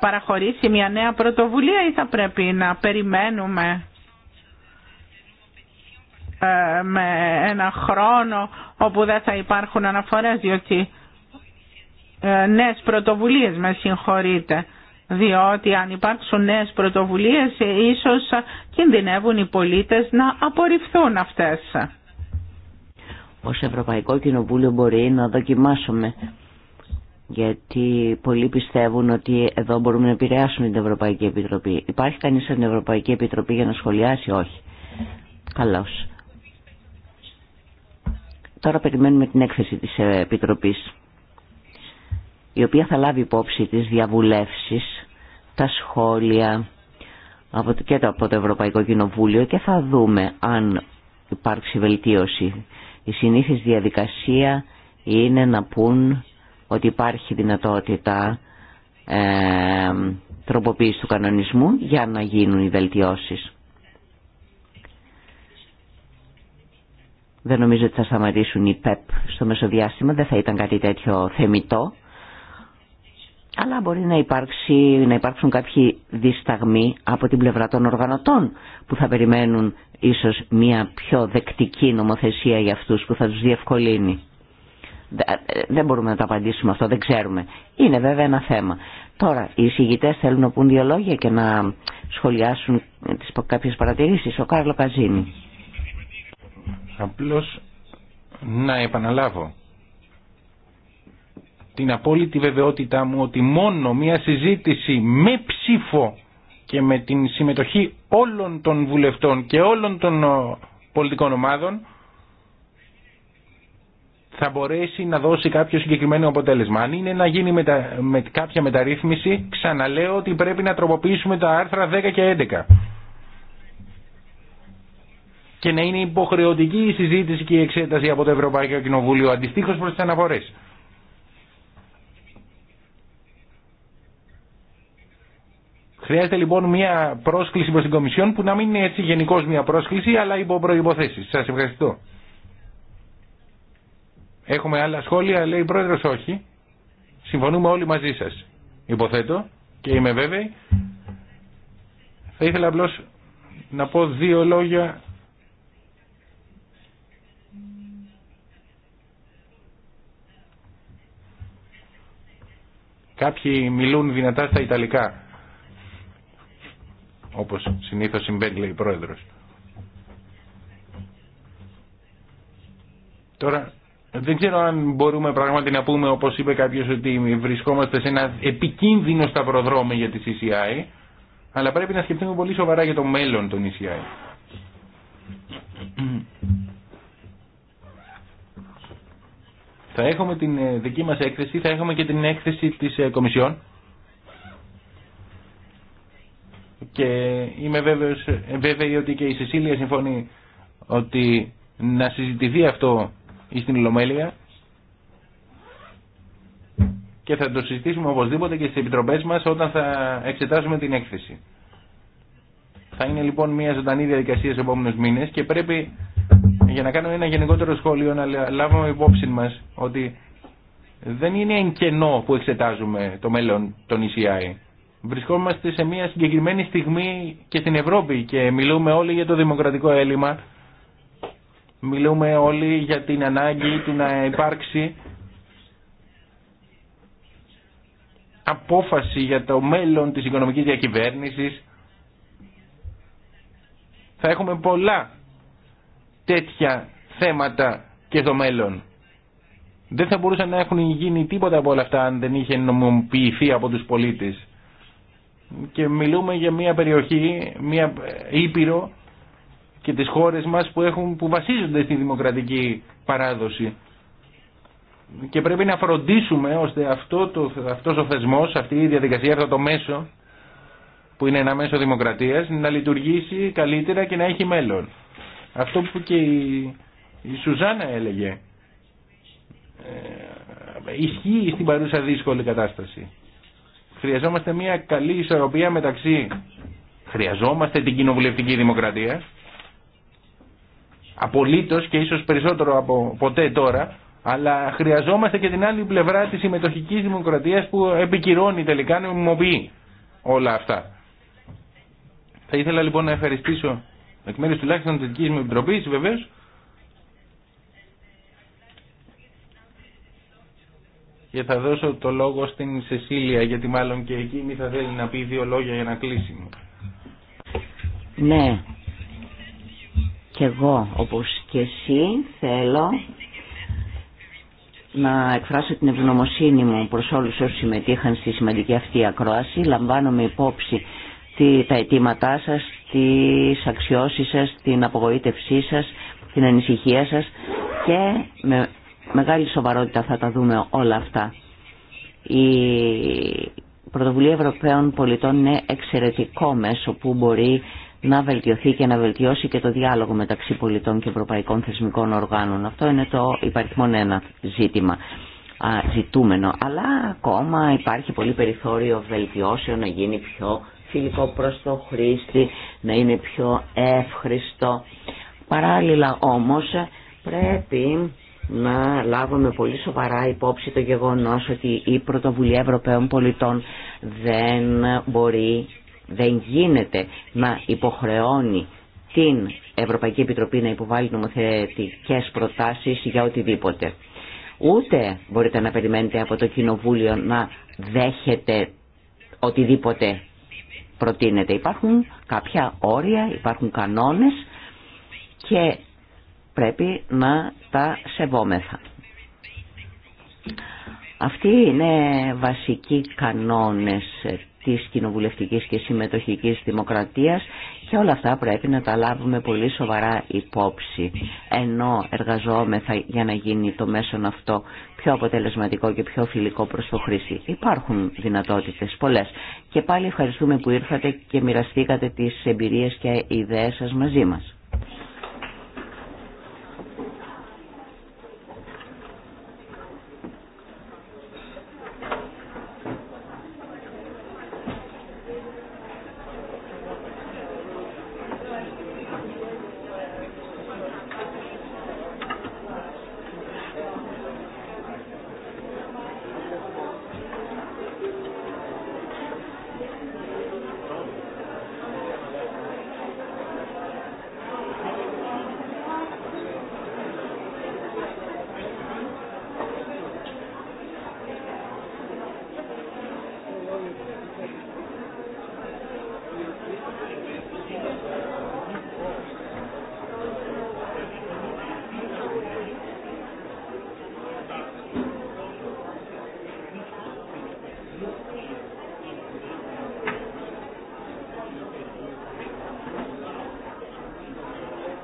παραχωρήσει μια νέα πρωτοβουλία ή θα πρέπει να περιμένουμε με ένα χρόνο όπου δεν θα υπάρχουν αναφορές διότι ε, νέες πρωτοβουλίες, με συγχωρείτε. Διότι αν υπάρξουν νέες πρωτοβουλίες, ίσως κινδυνεύουν οι πολίτες να απορριφθούν αυτές. Ως Ευρωπαϊκό Κοινοβούλιο μπορεί να δοκιμάσουμε, γιατί πολλοί πιστεύουν ότι εδώ μπορούμε να επηρεάσουμε την Ευρωπαϊκή Επιτροπή. Υπάρχει κανείς στην Ευρωπαϊκή Επιτροπή για να σχολιάσει, όχι. Καλώς. Τώρα περιμένουμε την έκθεση της Επιτροπής η οποία θα λάβει υπόψη τις διαβουλεύσεις, τα σχόλια και από το Ευρωπαϊκό Κοινοβούλιο και θα δούμε αν υπάρξει βελτίωση. Η συνήθις διαδικασία είναι να πούν ότι υπάρχει δυνατότητα ε, τροποποίηση του κανονισμού για να γίνουν οι βελτιώσεις. Δεν νομίζω ότι θα σταματήσουν οι ΠΕΠ στο μεσοδιάστημα, δεν θα ήταν κάτι τέτοιο θεμητό αλλά μπορεί να, υπάρξει, να υπάρξουν κάποιοι δισταγμοί από την πλευρά των οργανωτών που θα περιμένουν ίσως μια πιο δεκτική νομοθεσία για αυτούς που θα τους διευκολύνει. Ε, δεν μπορούμε να τα απαντήσουμε αυτό, δεν ξέρουμε. Είναι βέβαια ένα θέμα. Τώρα, οι εισηγητές θέλουν να πούν δύο λόγια και να σχολιάσουν τις κάποιες παρατηρήσεις. Ο Κάρλο Καζίνη. Απλώς να επαναλάβω την απόλυτη βεβαιότητά μου ότι μόνο μια συζήτηση με ψήφο και με την συμμετοχή όλων των βουλευτών και όλων των ε, πολιτικών ομάδων θα μπορέσει να δώσει κάποιο συγκεκριμένο αποτέλεσμα. Αν είναι να γίνει με κάποια μεταρρύθμιση, ξαναλέω ότι πρέπει να τροποποιήσουμε τα άρθρα 10 και 11. Και να είναι υποχρεωτική η συζήτηση και η εξέταση από το Ευρωπαϊκό Κοινοβούλιο αντιστοίχω προ τι αναφορέ. Χρειάζεται λοιπόν μια πρόσκληση προς την Κομισιόν που να μην είναι έτσι γενικώ μια πρόσκληση αλλά υπό προϋποθέσεις. Σας ευχαριστώ. Έχουμε άλλα σχόλια, λέει η Πρόεδρος όχι. Συμφωνούμε όλοι μαζί σας. Υποθέτω και είμαι βέβαιη. Θα ήθελα απλώ να πω δύο λόγια Κάποιοι μιλούν δυνατά στα Ιταλικά όπως συνήθως συμβαίνει λέει η Πρόεδρος. Τώρα δεν ξέρω αν μπορούμε πράγματι να πούμε όπως είπε κάποιος ότι βρισκόμαστε σε ένα επικίνδυνο σταυροδρόμι για τη CCI αλλά πρέπει να σκεφτούμε πολύ σοβαρά για το μέλλον των ECI. Θα έχουμε την ε, δική μας έκθεση, θα έχουμε και την έκθεση της ε, Κομισιόν και είμαι βέβαιος, βέβαιη ότι και η Σεσίλια συμφωνεί ότι να συζητηθεί αυτό στην Λομέλεια και θα το συζητήσουμε οπωσδήποτε και στις επιτροπές μας όταν θα εξετάσουμε την έκθεση. Θα είναι λοιπόν μια ζωντανή διαδικασία σε επόμενους μήνες και πρέπει για να κάνουμε ένα γενικότερο σχόλιο να λάβουμε υπόψη μας ότι δεν είναι εν κενό που εξετάζουμε το μέλλον των ECI. Βρισκόμαστε σε μια συγκεκριμένη στιγμή και στην Ευρώπη και μιλούμε όλοι για το δημοκρατικό έλλειμμα. Μιλούμε όλοι για την ανάγκη του να υπάρξει απόφαση για το μέλλον της οικονομικής διακυβέρνησης. Θα έχουμε πολλά τέτοια θέματα και το μέλλον. Δεν θα μπορούσαν να έχουν γίνει τίποτα από όλα αυτά αν δεν είχε νομιμοποιηθεί από τους πολίτες και μιλούμε για μια περιοχή, μια ήπειρο και τις χώρες μας που, έχουν, που βασίζονται στη δημοκρατική παράδοση. Και πρέπει να φροντίσουμε ώστε αυτό το, αυτός ο θεσμός, αυτή η διαδικασία, αυτό το μέσο που είναι ένα μέσο δημοκρατίας να λειτουργήσει καλύτερα και να έχει μέλλον. Αυτό που και η, η έλεγε ε, ισχύει στην παρούσα δύσκολη κατάσταση. Χρειαζόμαστε μια καλή ισορροπία μεταξύ. Χρειαζόμαστε την κοινοβουλευτική δημοκρατία. Απολύτως και ίσως περισσότερο από ποτέ τώρα. Αλλά χρειαζόμαστε και την άλλη πλευρά της συμμετοχικής δημοκρατίας που επικυρώνει τελικά, νομιμοποιεί όλα αυτά. Θα ήθελα λοιπόν να ευχαριστήσω εκ μέρους τουλάχιστον της Δυτικής μου Επιτροπής βεβαίως και θα δώσω το λόγο στην Σεσίλια γιατί μάλλον και εκείνη θα θέλει να πει δύο λόγια για να μου. Ναι, και εγώ όπως και εσύ θέλω να εκφράσω την ευγνωμοσύνη μου προς όλους όσους συμμετείχαν στη σημαντική αυτή ακρόαση. Λαμβάνομαι υπόψη τα αιτήματά σας, τις αξιώσεις σας, την απογοήτευσή σας, την ανησυχία σας και με μεγάλη σοβαρότητα θα τα δούμε όλα αυτά. Η Πρωτοβουλία Ευρωπαίων Πολιτών είναι εξαιρετικό μέσο που μπορεί να βελτιωθεί και να βελτιώσει και το διάλογο μεταξύ πολιτών και ευρωπαϊκών θεσμικών οργάνων. Αυτό είναι το υπαριθμόν ένα ζήτημα ζητούμενο. Αλλά ακόμα υπάρχει πολύ περιθώριο βελτιώσεων να γίνει πιο φιλικό προς το χρήστη, να είναι πιο εύχριστο. Παράλληλα όμως πρέπει να λάβουμε πολύ σοβαρά υπόψη το γεγονός ότι η πρωτοβουλία Ευρωπαίων πολιτών δεν μπορεί, δεν γίνεται να υποχρεώνει την Ευρωπαϊκή Επιτροπή να υποβάλει νομοθετικές προτάσεις για οτιδήποτε. Ούτε μπορείτε να περιμένετε από το Κοινοβούλιο να δέχεται οτιδήποτε προτείνεται. Υπάρχουν κάποια όρια, υπάρχουν κανόνες και πρέπει να τα σεβόμεθα. Αυτοί είναι βασικοί κανόνες της κοινοβουλευτικής και συμμετοχικής δημοκρατίας και όλα αυτά πρέπει να τα λάβουμε πολύ σοβαρά υπόψη ενώ εργαζόμεθα για να γίνει το μέσον αυτό πιο αποτελεσματικό και πιο φιλικό προς το χρήση. Υπάρχουν δυνατότητες πολλές και πάλι ευχαριστούμε που ήρθατε και μοιραστήκατε τις εμπειρίες και ιδέες σας μαζί μας.